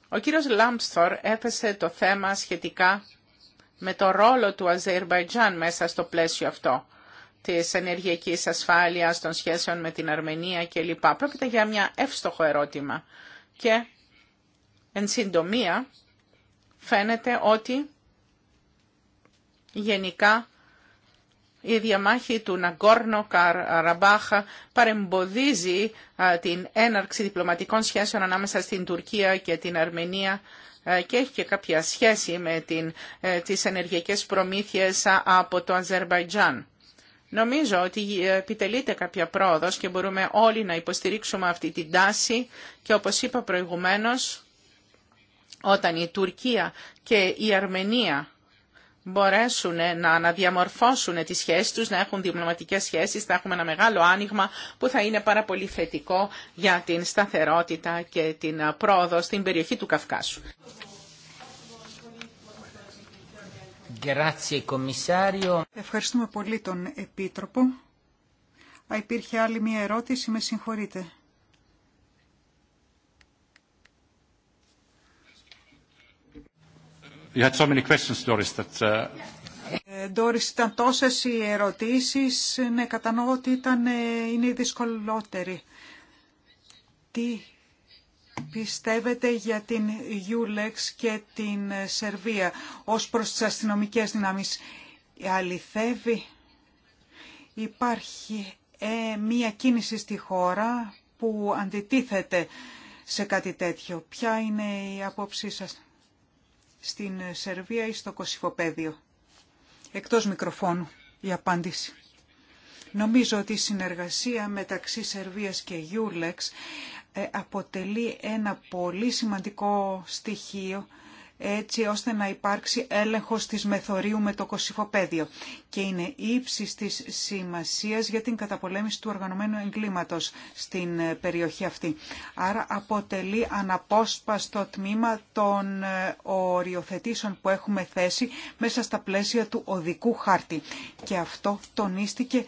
Ο κύριος Λάμπστορ έθεσε το θέμα σχετικά με το ρόλο του Αζερβαϊτζάν μέσα στο πλαίσιο αυτό της ενεργειακής ασφάλειας, των σχέσεων με την Αρμενία κλπ. Πρόκειται για μια εύστοχο ερώτημα και εν συντομία φαίνεται ότι γενικά η διαμάχη του Ναγκόρνο καραμπαχ παρεμποδίζει την έναρξη διπλωματικών σχέσεων ανάμεσα στην Τουρκία και την Αρμενία ε, και έχει και κάποια σχέση με την, ε, τις ενεργειακές προμήθειες από το Αζερβαϊτζάν. Νομίζω ότι ε, επιτελείται κάποια πρόοδος και μπορούμε όλοι να υποστηρίξουμε αυτή την τάση και όπως είπα προηγουμένως, όταν η Τουρκία και η Αρμενία μπορέσουν να αναδιαμορφώσουν τις σχέσεις τους, να έχουν διπλωματικές σχέσεις, θα έχουμε ένα μεγάλο άνοιγμα που θα είναι πάρα πολύ θετικό για την σταθερότητα και την πρόοδο στην περιοχή του Καυκάσου. Ευχαριστούμε πολύ τον Επίτροπο. Α, υπήρχε άλλη μία ερώτηση, με συγχωρείτε. You uh, ε, ήταν τόσες οι ερωτήσεις, ναι, κατανοώ ότι ήταν, ε, είναι οι δυσκολότεροι. Τι πιστεύετε για την Ιούλεξ και την ε, Σερβία ως προς τις αστυνομικές δυνάμεις. Αληθεύει, υπάρχει μία κίνηση στη χώρα που αντιτίθεται σε κάτι τέτοιο. Ποια είναι η απόψή σας στην Σερβία ή στο Κωσυφοπαίδιο. Εκτός μικροφώνου η απάντηση. Νομίζω ότι η συνεργασία μεταξύ Σερβίας και Γιούλεξ ε, αποτελεί ένα πολύ σημαντικό στοιχείο έτσι ώστε να υπάρξει έλεγχος της μεθορίου με το κοσυφοπέδιο και είναι ύψης της σημασίας για την καταπολέμηση του οργανωμένου εγκλήματος στην ε, περιοχή αυτή. Άρα αποτελεί αναπόσπαστο τμήμα των ε, οριοθετήσεων που έχουμε θέσει μέσα στα πλαίσια του οδικού χάρτη και αυτό τονίστηκε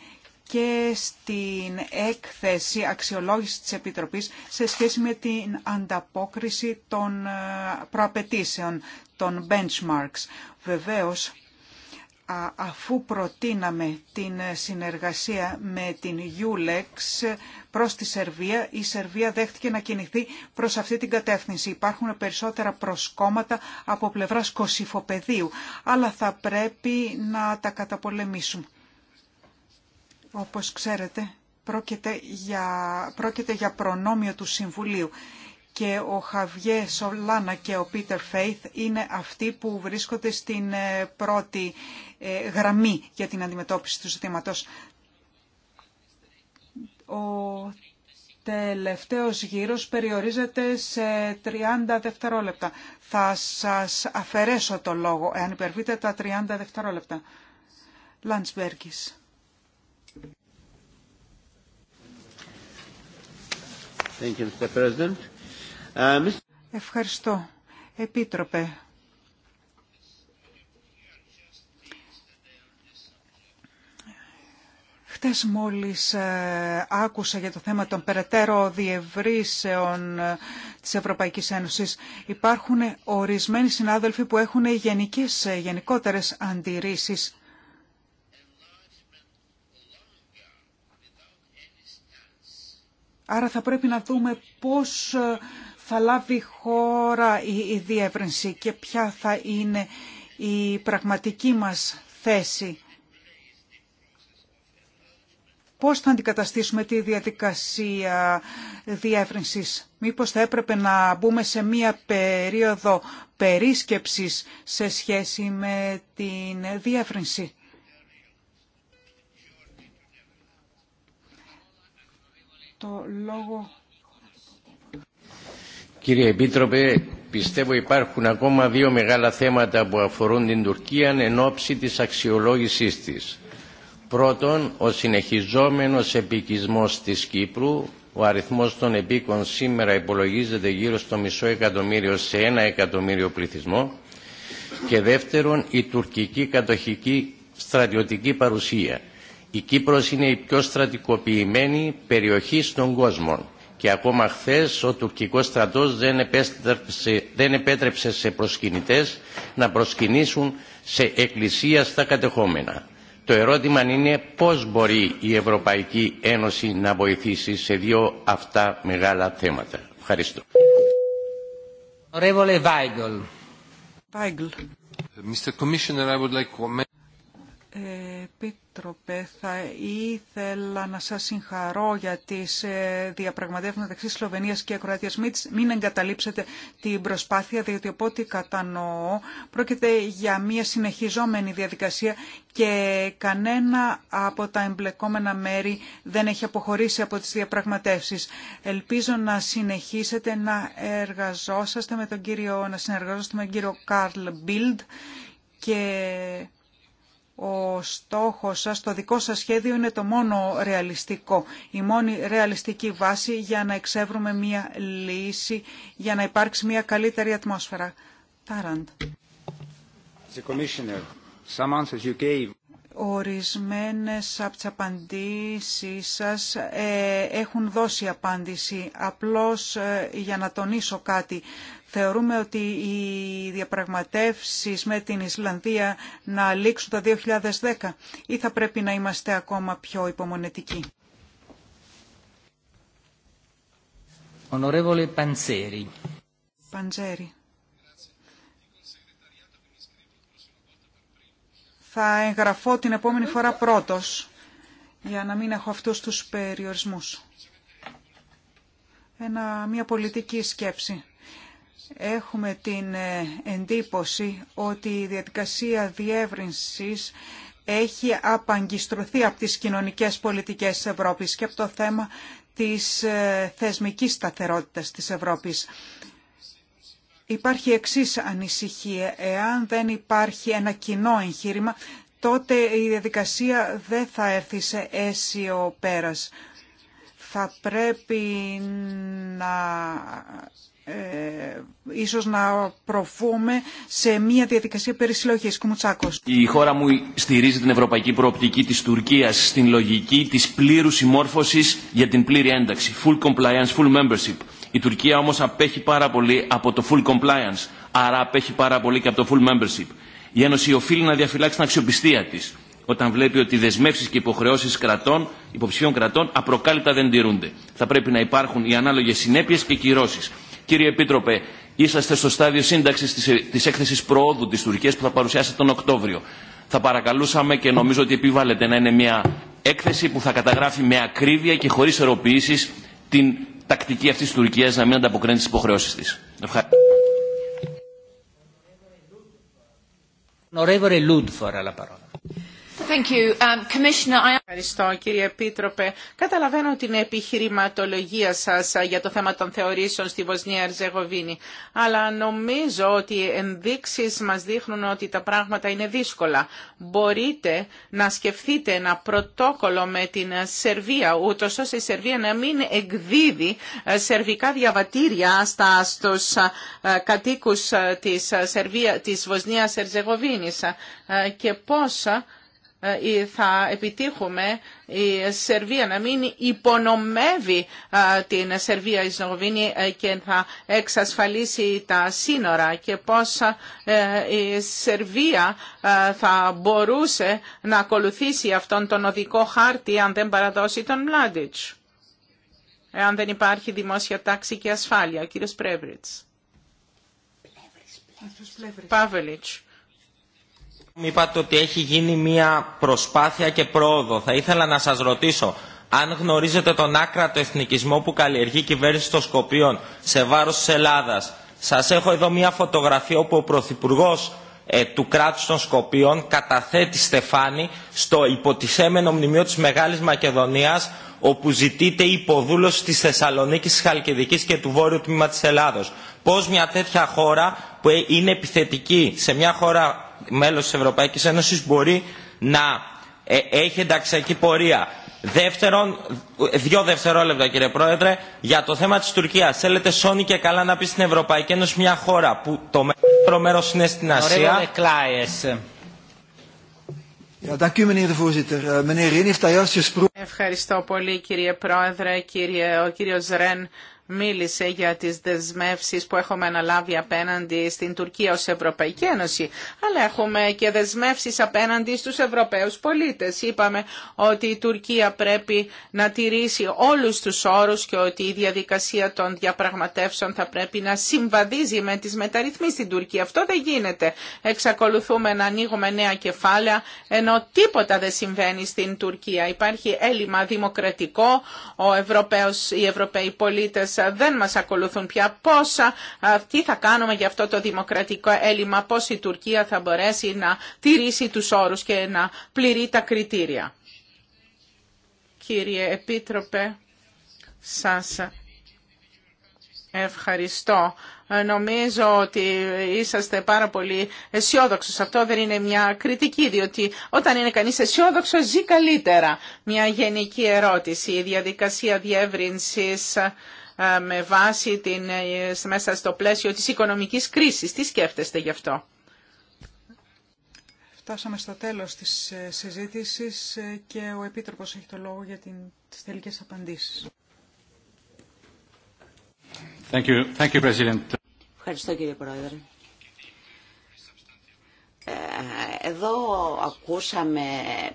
και στην έκθεση αξιολόγηση της Επιτροπής σε σχέση με την ανταπόκριση των ε, προαπαιτήσεων, των benchmarks. Βεβαίως, αφού προτείναμε την συνεργασία με την EULEX προς τη Σερβία, η Σερβία δέχτηκε να κινηθεί προς αυτή την κατεύθυνση. Υπάρχουν περισσότερα προσκόμματα από πλευράς κοσυφοπεδίου, αλλά θα πρέπει να τα καταπολεμήσουμε. Όπως ξέρετε, πρόκειται για, πρόκειται για προνόμιο του Συμβουλίου και ο Χαβιέ Σολάνα και ο Πίτερ Φέιθ είναι αυτοί που βρίσκονται στην ε, πρώτη ε, γραμμή για την αντιμετώπιση του ζητήματος. Ο τελευταίος γύρος περιορίζεται σε 30 δευτερόλεπτα. Θα σας αφαιρέσω το λόγο, εάν υπερβείτε τα 30 δευτερόλεπτα. Λαντσμπέργκης. Uh, Ευχαριστώ. Επίτροπε. Χτες μόλις ε, άκουσα για το θέμα των περαιτέρω διευρύσεων ε, της Ευρωπαϊκής Ένωσης. Υπάρχουν ορισμένοι συνάδελφοι που έχουν γενικές, ε, γενικότερες αντιρρήσεις Άρα θα πρέπει να δούμε πώς ε, θα λάβει χώρα η διεύρυνση και ποια θα είναι η πραγματική μας θέση. Πώς θα αντικαταστήσουμε τη διαδικασία διεύρυνσης. Μήπως θα έπρεπε να μπούμε σε μία περίοδο περίσκεψης σε σχέση με την διεύρυνση. το λόγο. Κύριε Επίτροπε, πιστεύω υπάρχουν ακόμα δύο μεγάλα θέματα που αφορούν την Τουρκία εν ώψη της αξιολόγησής της. Πρώτον, ο συνεχιζόμενος επικισμός της Κύπρου, ο αριθμός των επίκων σήμερα υπολογίζεται γύρω στο μισό εκατομμύριο σε ένα εκατομμύριο πληθυσμό. Και δεύτερον, η τουρκική κατοχική στρατιωτική παρουσία η Κύπρος είναι η πιο στρατικοποιημένη περιοχή στον κόσμο και ακόμα χθε ο τουρκικός στρατός δεν επέτρεψε, δεν επέτρεψε σε προσκυνητές να προσκυνήσουν σε εκκλησία στα κατεχόμενα. Το ερώτημα είναι πώς μπορεί η Ευρωπαϊκή Ένωση να βοηθήσει σε δύο αυτά μεγάλα θέματα. Ευχαριστώ. Επίτροπε, θα ήθελα να σας συγχαρώ για τις ε, διαπραγματεύσεις μεταξύ Σλοβενίας και Κροατίας. Μην εγκαταλείψετε την προσπάθεια, διότι από ό,τι κατανοώ πρόκειται για μια συνεχιζόμενη διαδικασία και κανένα από τα εμπλεκόμενα μέρη δεν έχει αποχωρήσει από τις διαπραγματεύσεις. Ελπίζω να συνεχίσετε να εργαζόσαστε με τον κύριο, να συνεργαζόσαστε με τον κύριο Καρλ Μπίλντ και ο στόχος σας, το δικό σας σχέδιο είναι το μόνο ρεαλιστικό, η μόνη ρεαλιστική βάση για να εξεύρουμε μία λύση, για να υπάρξει μία καλύτερη ατμόσφαιρα. Τάραντ. Ορισμένες από τις απαντήσεις σας ε, έχουν δώσει απάντηση. Απλώς ε, για να τονίσω κάτι, Θεωρούμε ότι οι διαπραγματεύσεις με την Ισλανδία να λήξουν το 2010 ή θα πρέπει να είμαστε ακόμα πιο υπομονετικοί. Ονορεύολε Θα εγγραφώ την επόμενη φορά πρώτος, για να μην έχω αυτούς τους περιορισμούς. Ένα, μια πολιτική σκέψη. Έχουμε την ε, εντύπωση ότι η διαδικασία διεύρυνσης έχει απαγκιστρωθεί από τις κοινωνικές πολιτικές της Ευρώπης και από το θέμα της ε, θεσμικής σταθερότητας της Ευρώπης. Υπάρχει εξής ανησυχία. Εάν δεν υπάρχει ένα κοινό εγχείρημα, τότε η διαδικασία δεν θα έρθει σε αίσιο πέρας. Θα πρέπει να ε, ίσως να προφούμε σε μια διαδικασία περισυλλογής. Κουμουτσάκος. Η χώρα μου στηρίζει την ευρωπαϊκή προοπτική της Τουρκίας στην λογική της πλήρου συμμόρφωσης για την πλήρη ένταξη. Full compliance, full membership. Η Τουρκία όμως απέχει πάρα πολύ από το full compliance, άρα απέχει πάρα πολύ και από το full membership. Η Ένωση οφείλει να διαφυλάξει την αξιοπιστία της όταν βλέπει ότι οι δεσμεύσει και υποχρεώσει κρατών, υποψηφίων κρατών απροκάλυπτα δεν τηρούνται. Θα πρέπει να υπάρχουν οι ανάλογε συνέπειε και κυρώσει. Κύριε Επίτροπε, είσαστε στο στάδιο σύνταξης της έκθεσης προόδου της Τουρκίας που θα παρουσιάσετε τον Οκτώβριο. Θα παρακαλούσαμε και νομίζω ότι επιβάλλεται να είναι μια έκθεση που θα καταγράφει με ακρίβεια και χωρίς ερωποιήσει την τακτική αυτής τη Τουρκίας να μην ανταποκρίνει τι υποχρεώσει της. Ευχαριστώ. Um, Ευχαριστώ κύριε Επίτροπε. Καταλαβαίνω την επιχειρηματολογία σας για το θέμα των θεωρήσεων στη Βοσνία Ερζεγοβίνη, αλλά νομίζω ότι οι ενδείξεις μας δείχνουν ότι τα πράγματα είναι δύσκολα. Μπορείτε να σκεφτείτε ένα πρωτόκολλο με την Σερβία, ούτως ώστε η Σερβία να μην εκδίδει σερβικά διαβατήρια στα, στους κατοίκους της, της Βοσνίας Ερζεγοβίνης και πώς ε, θα επιτύχουμε η Σερβία να μην υπονομεύει ε, την Σερβία η Σνογοβίνη ε, και θα εξασφαλίσει τα σύνορα και πώς η Σερβία θα μπορούσε να ακολουθήσει αυτόν τον οδικό χάρτη αν δεν παραδώσει τον Μλάντιτς. Εάν δεν υπάρχει δημόσια τάξη και ασφάλεια. Ο κύριος Πρέβριτς. Είπατε ότι έχει γίνει μία προσπάθεια και πρόοδο. Θα ήθελα να σας ρωτήσω αν γνωρίζετε τον άκρατο εθνικισμό που καλλιεργεί η κυβέρνηση των Σκοπίων σε βάρος της Ελλάδας. Σας έχω εδώ μία φωτογραφία όπου ο Πρωθυπουργό ε, του κράτους των Σκοπίων καταθέτει στεφάνι στο υποτιθέμενο μνημείο της Μεγάλης Μακεδονίας όπου ζητείται υποδούλωση της Θεσσαλονίκης, της Χαλκιδικής και του βόρειου τμήμα της Ελλάδος. Πώς μια τέτοια χώρα που ε, είναι επιθετική σε μια χώρα μέλος της Ευρωπαϊκής Ένωσης μπορεί να ε, έχει ενταξιακή πορεία. Δεύτερον, δύο δευτερόλεπτα κύριε Πρόεδρε, για το θέμα της Τουρκίας. Θέλετε Σόνι και καλά να πει στην Ευρωπαϊκή Ένωση μια χώρα που το μέρο μέρος είναι στην Ασία. Eh, Ευχαριστώ πολύ κύριε Πρόεδρε, κύριε, ο κύριος Ρεν μίλησε για τις δεσμεύσεις που έχουμε αναλάβει απέναντι στην Τουρκία ως Ευρωπαϊκή Ένωση, αλλά έχουμε και δεσμεύσεις απέναντι στους Ευρωπαίους πολίτες. Είπαμε ότι η Τουρκία πρέπει να τηρήσει όλους τους όρους και ότι η διαδικασία των διαπραγματεύσεων θα πρέπει να συμβαδίζει με τις μεταρρυθμίσεις στην Τουρκία. Αυτό δεν γίνεται. Εξακολουθούμε να ανοίγουμε νέα κεφάλαια, ενώ τίποτα δεν συμβαίνει στην Τουρκία. Υπάρχει έλλειμμα δημοκρατικό, ο Ευρωπαίος, οι Ευρωπαίοι πολίτες ε, δεν μας ακολουθούν πια, πόσα, ε, τι θα κάνουμε για αυτό το δημοκρατικό έλλειμμα, πώς η Τουρκία θα μπορέσει να τηρήσει τους όρους και να πληρεί τα κριτήρια. Κύριε Επίτροπε, σας ευχαριστώ. Ε, νομίζω ότι είσαστε πάρα πολύ αισιόδοξο. Αυτό δεν είναι μια κριτική, διότι όταν είναι κανεί αισιόδοξο ζει καλύτερα. Μια γενική ερώτηση. Η διαδικασία διεύρυνση ε, με βάση την, ε, μέσα στο πλαίσιο της οικονομικής κρίσης. Τι σκέφτεστε γι' αυτό. Φτάσαμε στο τέλος της ε, συζήτησης και ο Επίτροπος έχει το λόγο για την, τις τελικές απαντήσεις. Ευχαριστώ κύριε Πρόεδρε. Εδώ ακούσαμε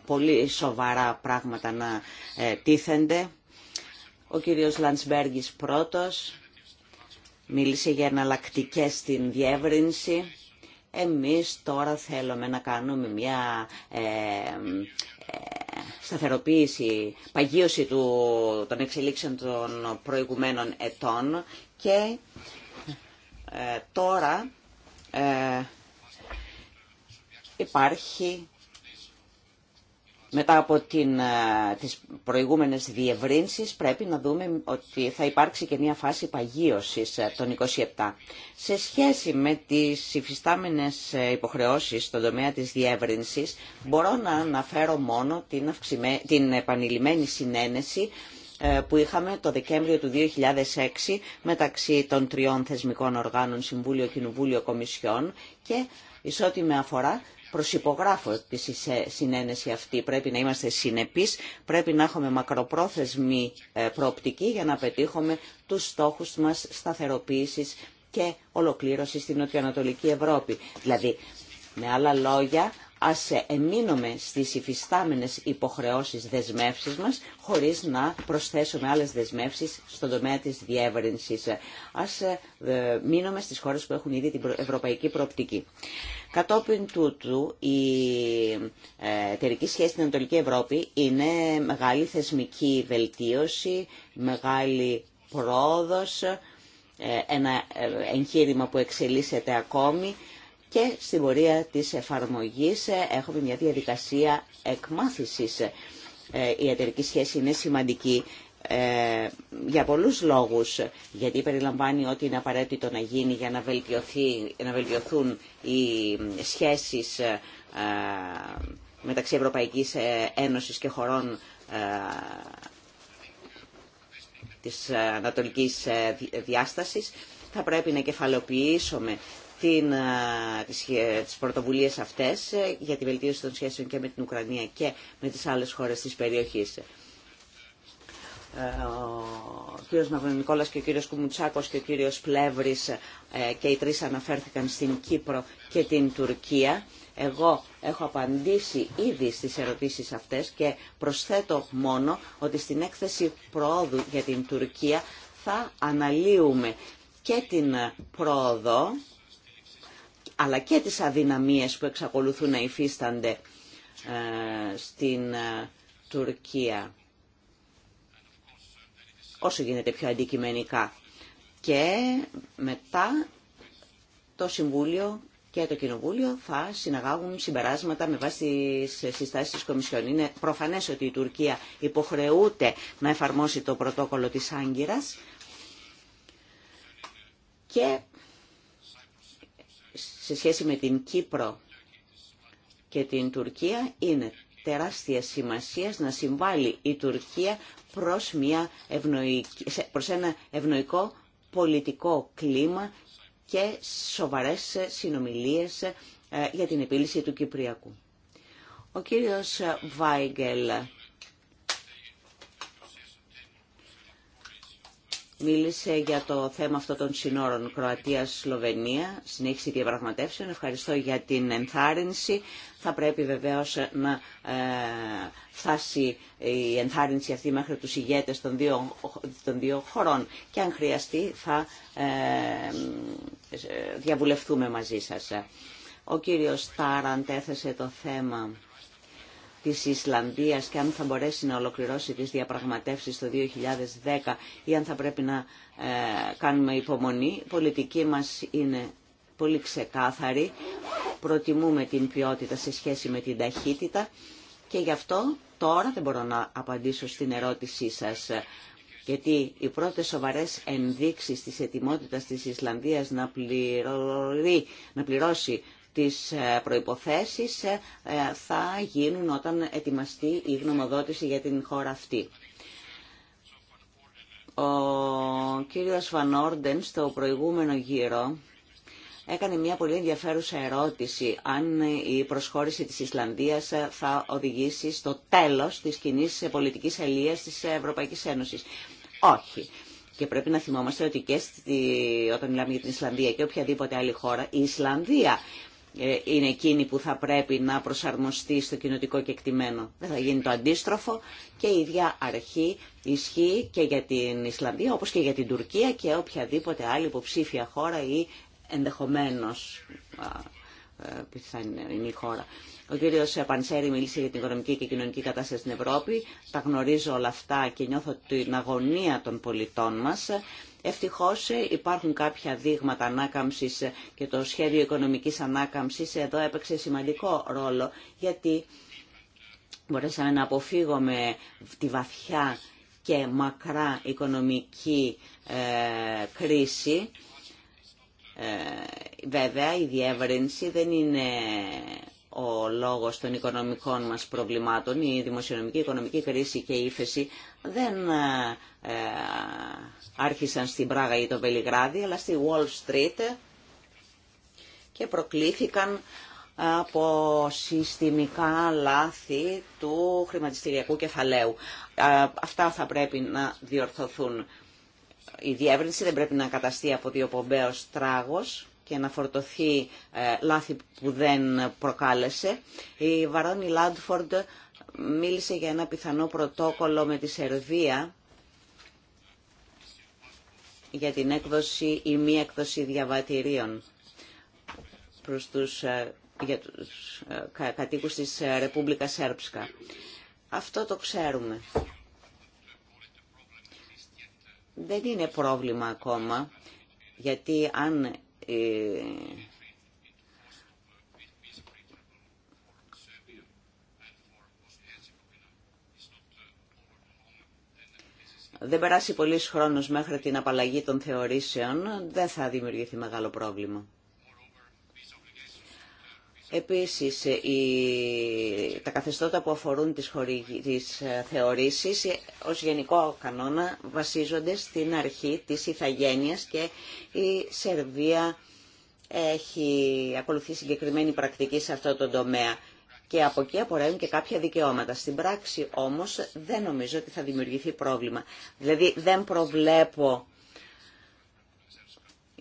πολύ σοβαρά πράγματα να τίθενται ο κύριος Λαντσμπέργκης πρώτος μίλησε για εναλλακτικέ στην διεύρυνση. Εμείς τώρα θέλουμε να κάνουμε μια ε, ε, σταθεροποίηση, παγίωση του, των εξελίξεων των προηγουμένων ετών και ε, τώρα υπάρχει μετά από την, ε, τις προηγούμενες διευρύνσεις πρέπει να δούμε ότι θα υπάρξει και μια φάση παγίωσης ε, των 27. Σε σχέση με τις υφιστάμενες ε, υποχρεώσεις στον τομέα της διεύρυνσης μπορώ να αναφέρω μόνο την, την επανειλημμένη συνένεση που είχαμε το Δεκέμβριο του 2006 μεταξύ των τριών θεσμικών οργάνων Συμβούλιο, Κοινοβούλιο, Κομισιόν και ισότιμη αφορά προσυπογράφω τη συνένεση αυτή. Πρέπει να είμαστε συνεπείς, πρέπει να έχουμε μακροπρόθεσμη ε, προοπτική για να πετύχουμε τους στόχους μας σταθεροποίησης και ολοκλήρωση στην Νοτιοανατολική Ευρώπη. Δηλαδή, με άλλα λόγια, ας ε, εμείνουμε στις υφιστάμενες υποχρεώσεις δεσμεύσεις μας, χωρίς να προσθέσουμε άλλες δεσμεύσεις στον τομέα της διεύρυνσης. Ας ε, μείνουμε στις χώρες που έχουν ήδη την ευρωπαϊκή προοπτική. Κατόπιν τούτου, η ε, εταιρική σχέση στην Ανατολική Ευρώπη είναι μεγάλη θεσμική βελτίωση, μεγάλη πρόοδος, ε, ένα ε, εγχείρημα που εξελίσσεται ακόμη και στην πορεία της εφαρμογής έχουμε μια διαδικασία εκμάθησης. Η εταιρική σχέση είναι σημαντική ε, για πολλούς λόγους, γιατί περιλαμβάνει ότι είναι απαραίτητο να γίνει για να, βελτιωθεί, να βελτιωθούν οι σχέσεις ε, μεταξύ Ευρωπαϊκής ε, Ένωσης και χωρών της ανατολικής διάστασης. Θα πρέπει να κεφαλοποιήσουμε την, τις, τις πρωτοβουλίες αυτές για τη βελτίωση των σχέσεων και με την Ουκρανία και με τις άλλες χώρες της περιοχής ο κύριος Μαυρονικόλας και ο κύριος Κουμουτσάκος και ο κύριος Πλεύρης ε, και οι τρεις αναφέρθηκαν στην Κύπρο και την Τουρκία. Εγώ έχω απαντήσει ήδη στις ερωτήσεις αυτές και προσθέτω μόνο ότι στην έκθεση πρόοδου για την Τουρκία θα αναλύουμε και την πρόοδο αλλά και τις αδυναμίες που εξακολουθούν να υφίστανται ε, στην ε, Τουρκία όσο γίνεται πιο αντικειμενικά. Και μετά το Συμβούλιο και το Κοινοβούλιο θα συναγάγουν συμπεράσματα με βάση τις συστάσεις της Κομισιόν. Είναι προφανές ότι η Τουρκία υποχρεούται να εφαρμόσει το πρωτόκολλο της Άγκυρας και σε σχέση με την Κύπρο και την Τουρκία είναι τεράστια σημασία να συμβάλλει η Τουρκία προς, μια ένα ευνοϊκό πολιτικό κλίμα και σοβαρές συνομιλίες ε, για την επίλυση του Κυπριακού. Ο κύριος Βάιγκελ μίλησε για το θέμα αυτό των συνορων κροατια Κροατίας-Σλοβενία, συνέχιση διαπραγματεύσεων. Ευχαριστώ για την ενθάρρυνση. Θα πρέπει βεβαίως να ε, φτάσει η ενθάρρυνση αυτή μέχρι τους ηγέτες των δύο, των δύο χωρών και αν χρειαστεί θα ε, διαβουλευτούμε μαζί σας. Ο κύριος Τάραντ έθεσε το θέμα της Ισλανδίας και αν θα μπορέσει να ολοκληρώσει τις διαπραγματεύσεις το 2010 ή αν θα πρέπει να ε, κάνουμε υπομονή. Η πολιτική μας είναι πολύ ξεκάθαρη. Προτιμούμε την ποιότητα σε σχέση με την ταχύτητα και γι' αυτό τώρα δεν μπορώ να απαντήσω στην ερώτησή σας γιατί οι πρώτες σοβαρές ενδείξεις της ετοιμότητας της Ισλανδίας να, να πληρώσει τις ε, προϋποθέσεις ε, ε, θα γίνουν όταν ετοιμαστεί η γνωμοδότηση για την χώρα αυτή. Ο κύριος Βανόρντεν στο προηγούμενο γύρο έκανε μια πολύ ενδιαφέρουσα ερώτηση αν η προσχώρηση της Ισλανδίας θα οδηγήσει στο τέλος της κοινή πολιτικής αλίας της Ευρωπαϊκής Ένωσης. Όχι. Και πρέπει να θυμόμαστε ότι και στη, όταν μιλάμε για την Ισλανδία και οποιαδήποτε άλλη χώρα, η Ισλανδία ε, είναι εκείνη που θα πρέπει να προσαρμοστεί στο κοινοτικό κεκτημένο. Δεν θα γίνει το αντίστροφο και η ίδια αρχή ισχύει και για την Ισλανδία όπως και για την Τουρκία και οποιαδήποτε άλλη υποψήφια χώρα ή ενδεχομένως ε, πιθανή η χώρα. Ο κύριο Πανσέρη μίλησε για την οικονομική και κοινωνική κατάσταση στην Ευρώπη. Τα γνωρίζω όλα αυτά και νιώθω την αγωνία των πολιτών μα. Ευτυχώ ε, υπάρχουν κάποια δείγματα ανάκαμψη και το σχέδιο οικονομική ανάκαμψη. εδώ έπαιξε σημαντικό ρόλο γιατί μπορέσαμε να αποφύγουμε τη βαθιά και μακρά οικονομική ε, κρίση ε, βέβαια η διεύρυνση δεν είναι ο λόγος των οικονομικών μας προβλημάτων. Η δημοσιονομική, οικονομική κρίση και η ύφεση δεν ε, ε, άρχισαν στην Πράγα ή το Βελιγράδι, αλλά στη Wall Street και προκλήθηκαν από συστημικά λάθη του χρηματιστηριακού κεφαλαίου. Αυτά θα πρέπει να διορθωθούν η διεύρυνση δεν πρέπει να καταστεί από διοπομπαίος τράγος και να φορτωθεί ε, λάθη που δεν προκάλεσε. Η Βαρόνι Λάντφορντ μίλησε για ένα πιθανό πρωτόκολλο με τη Σερβία για την έκδοση ή μη έκδοση διαβατηρίων προς τους, ε, για τους ε, κατοίκους της Ρεπούμπλικα Σέρψκα. Αυτό το ξέρουμε δεν είναι πρόβλημα ακόμα, γιατί αν ε, δεν περάσει πολύς χρόνος μέχρι την απαλλαγή των θεωρήσεων, δεν θα δημιουργηθεί μεγάλο πρόβλημα. Επίσης, τα καθεστώτα που αφορούν τις, χωρί... τις ε, θεωρήσεις ε, ως γενικό κανόνα βασίζονται στην αρχή της ιθαγένειας και η Σερβία έχει ακολουθεί συγκεκριμένη πρακτική σε αυτό το τομέα και από εκεί απορρέουν και κάποια δικαιώματα. Στην πράξη όμως δεν νομίζω ότι θα δημιουργηθεί πρόβλημα. Δηλαδή δεν προβλέπω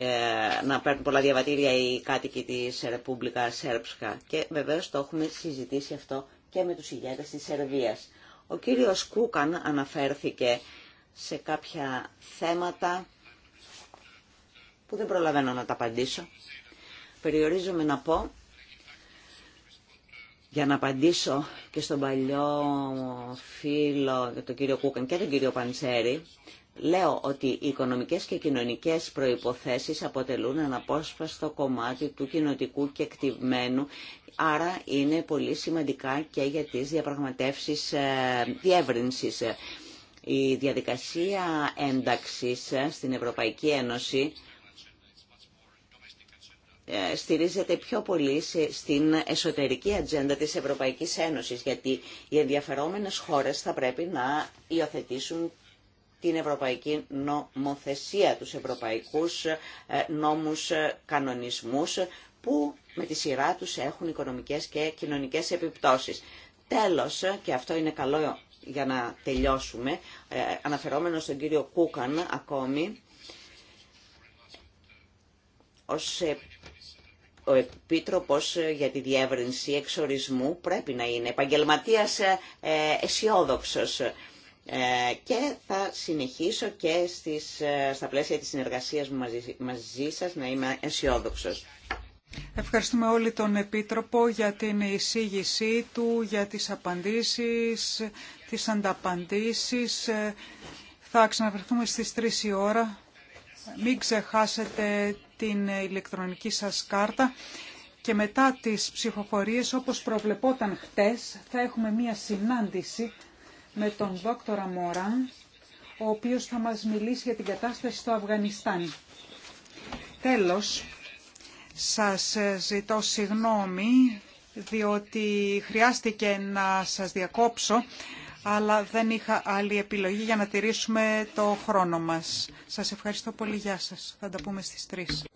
ε, να παίρνουν πολλά διαβατήρια οι κάτοικοι τη Ρεπούμπλικα Σέρψκα. Και βεβαίως το έχουμε συζητήσει αυτό και με τους ηγέτες τη Σερβίας. Ο κύριος Κούκαν αναφέρθηκε σε κάποια θέματα που δεν προλαβαίνω να τα απαντήσω. Περιορίζομαι να πω, για να απαντήσω και στον παλιό φίλο, τον κύριο Κούκαν και τον κύριο Παντσέρη, Λέω ότι οι οικονομικές και κοινωνικές προϋποθέσεις αποτελούν αναπόσπαστο κομμάτι του κοινοτικού κεκτημένου, άρα είναι πολύ σημαντικά και για τις διαπραγματεύσεις ε, διεύρυνσης. Η διαδικασία ένταξης ε, στην Ευρωπαϊκή Ένωση ε, στηρίζεται πιο πολύ στην εσωτερική ατζέντα της Ευρωπαϊκής Ένωσης, γιατί οι ενδιαφερόμενες χώρες θα πρέπει να υιοθετήσουν την ευρωπαϊκή νομοθεσία, τους ευρωπαϊκούς ε, νόμους ε, κανονισμούς που με τη σειρά τους έχουν οικονομικές και κοινωνικές επιπτώσεις. Τέλος, ε, και αυτό είναι καλό για να τελειώσουμε, αναφερόμενο στον κύριο Κούκαν ακόμη, ως ο Επίτροπος για τη διεύρυνση εξορισμού πρέπει να είναι επαγγελματίας αισιόδοξο ε, και θα συνεχίσω και στις, ε, στα πλαίσια της συνεργασίας μου μαζί, σας να είμαι αισιόδοξο. Ευχαριστούμε όλοι τον Επίτροπο για την εισήγησή του, για τις απαντήσεις, τις ανταπαντήσεις. Ε, θα ξαναβρεθούμε στις 3 η ώρα. Μην ξεχάσετε την ηλεκτρονική σας κάρτα και μετά τις ψηφοφορίες όπως προβλεπόταν χτες θα έχουμε μία συνάντηση με τον δόκτορα Μόρα, ο οποίος θα μας μιλήσει για την κατάσταση στο Αφγανιστάν. Τέλος, σας ζητώ συγνώμη διότι χρειάστηκε να σας διακόψω, αλλά δεν είχα άλλη επιλογή για να τηρήσουμε το χρόνο μας. Σας ευχαριστώ πολύ. Γεια σας. Θα τα πούμε στις 3.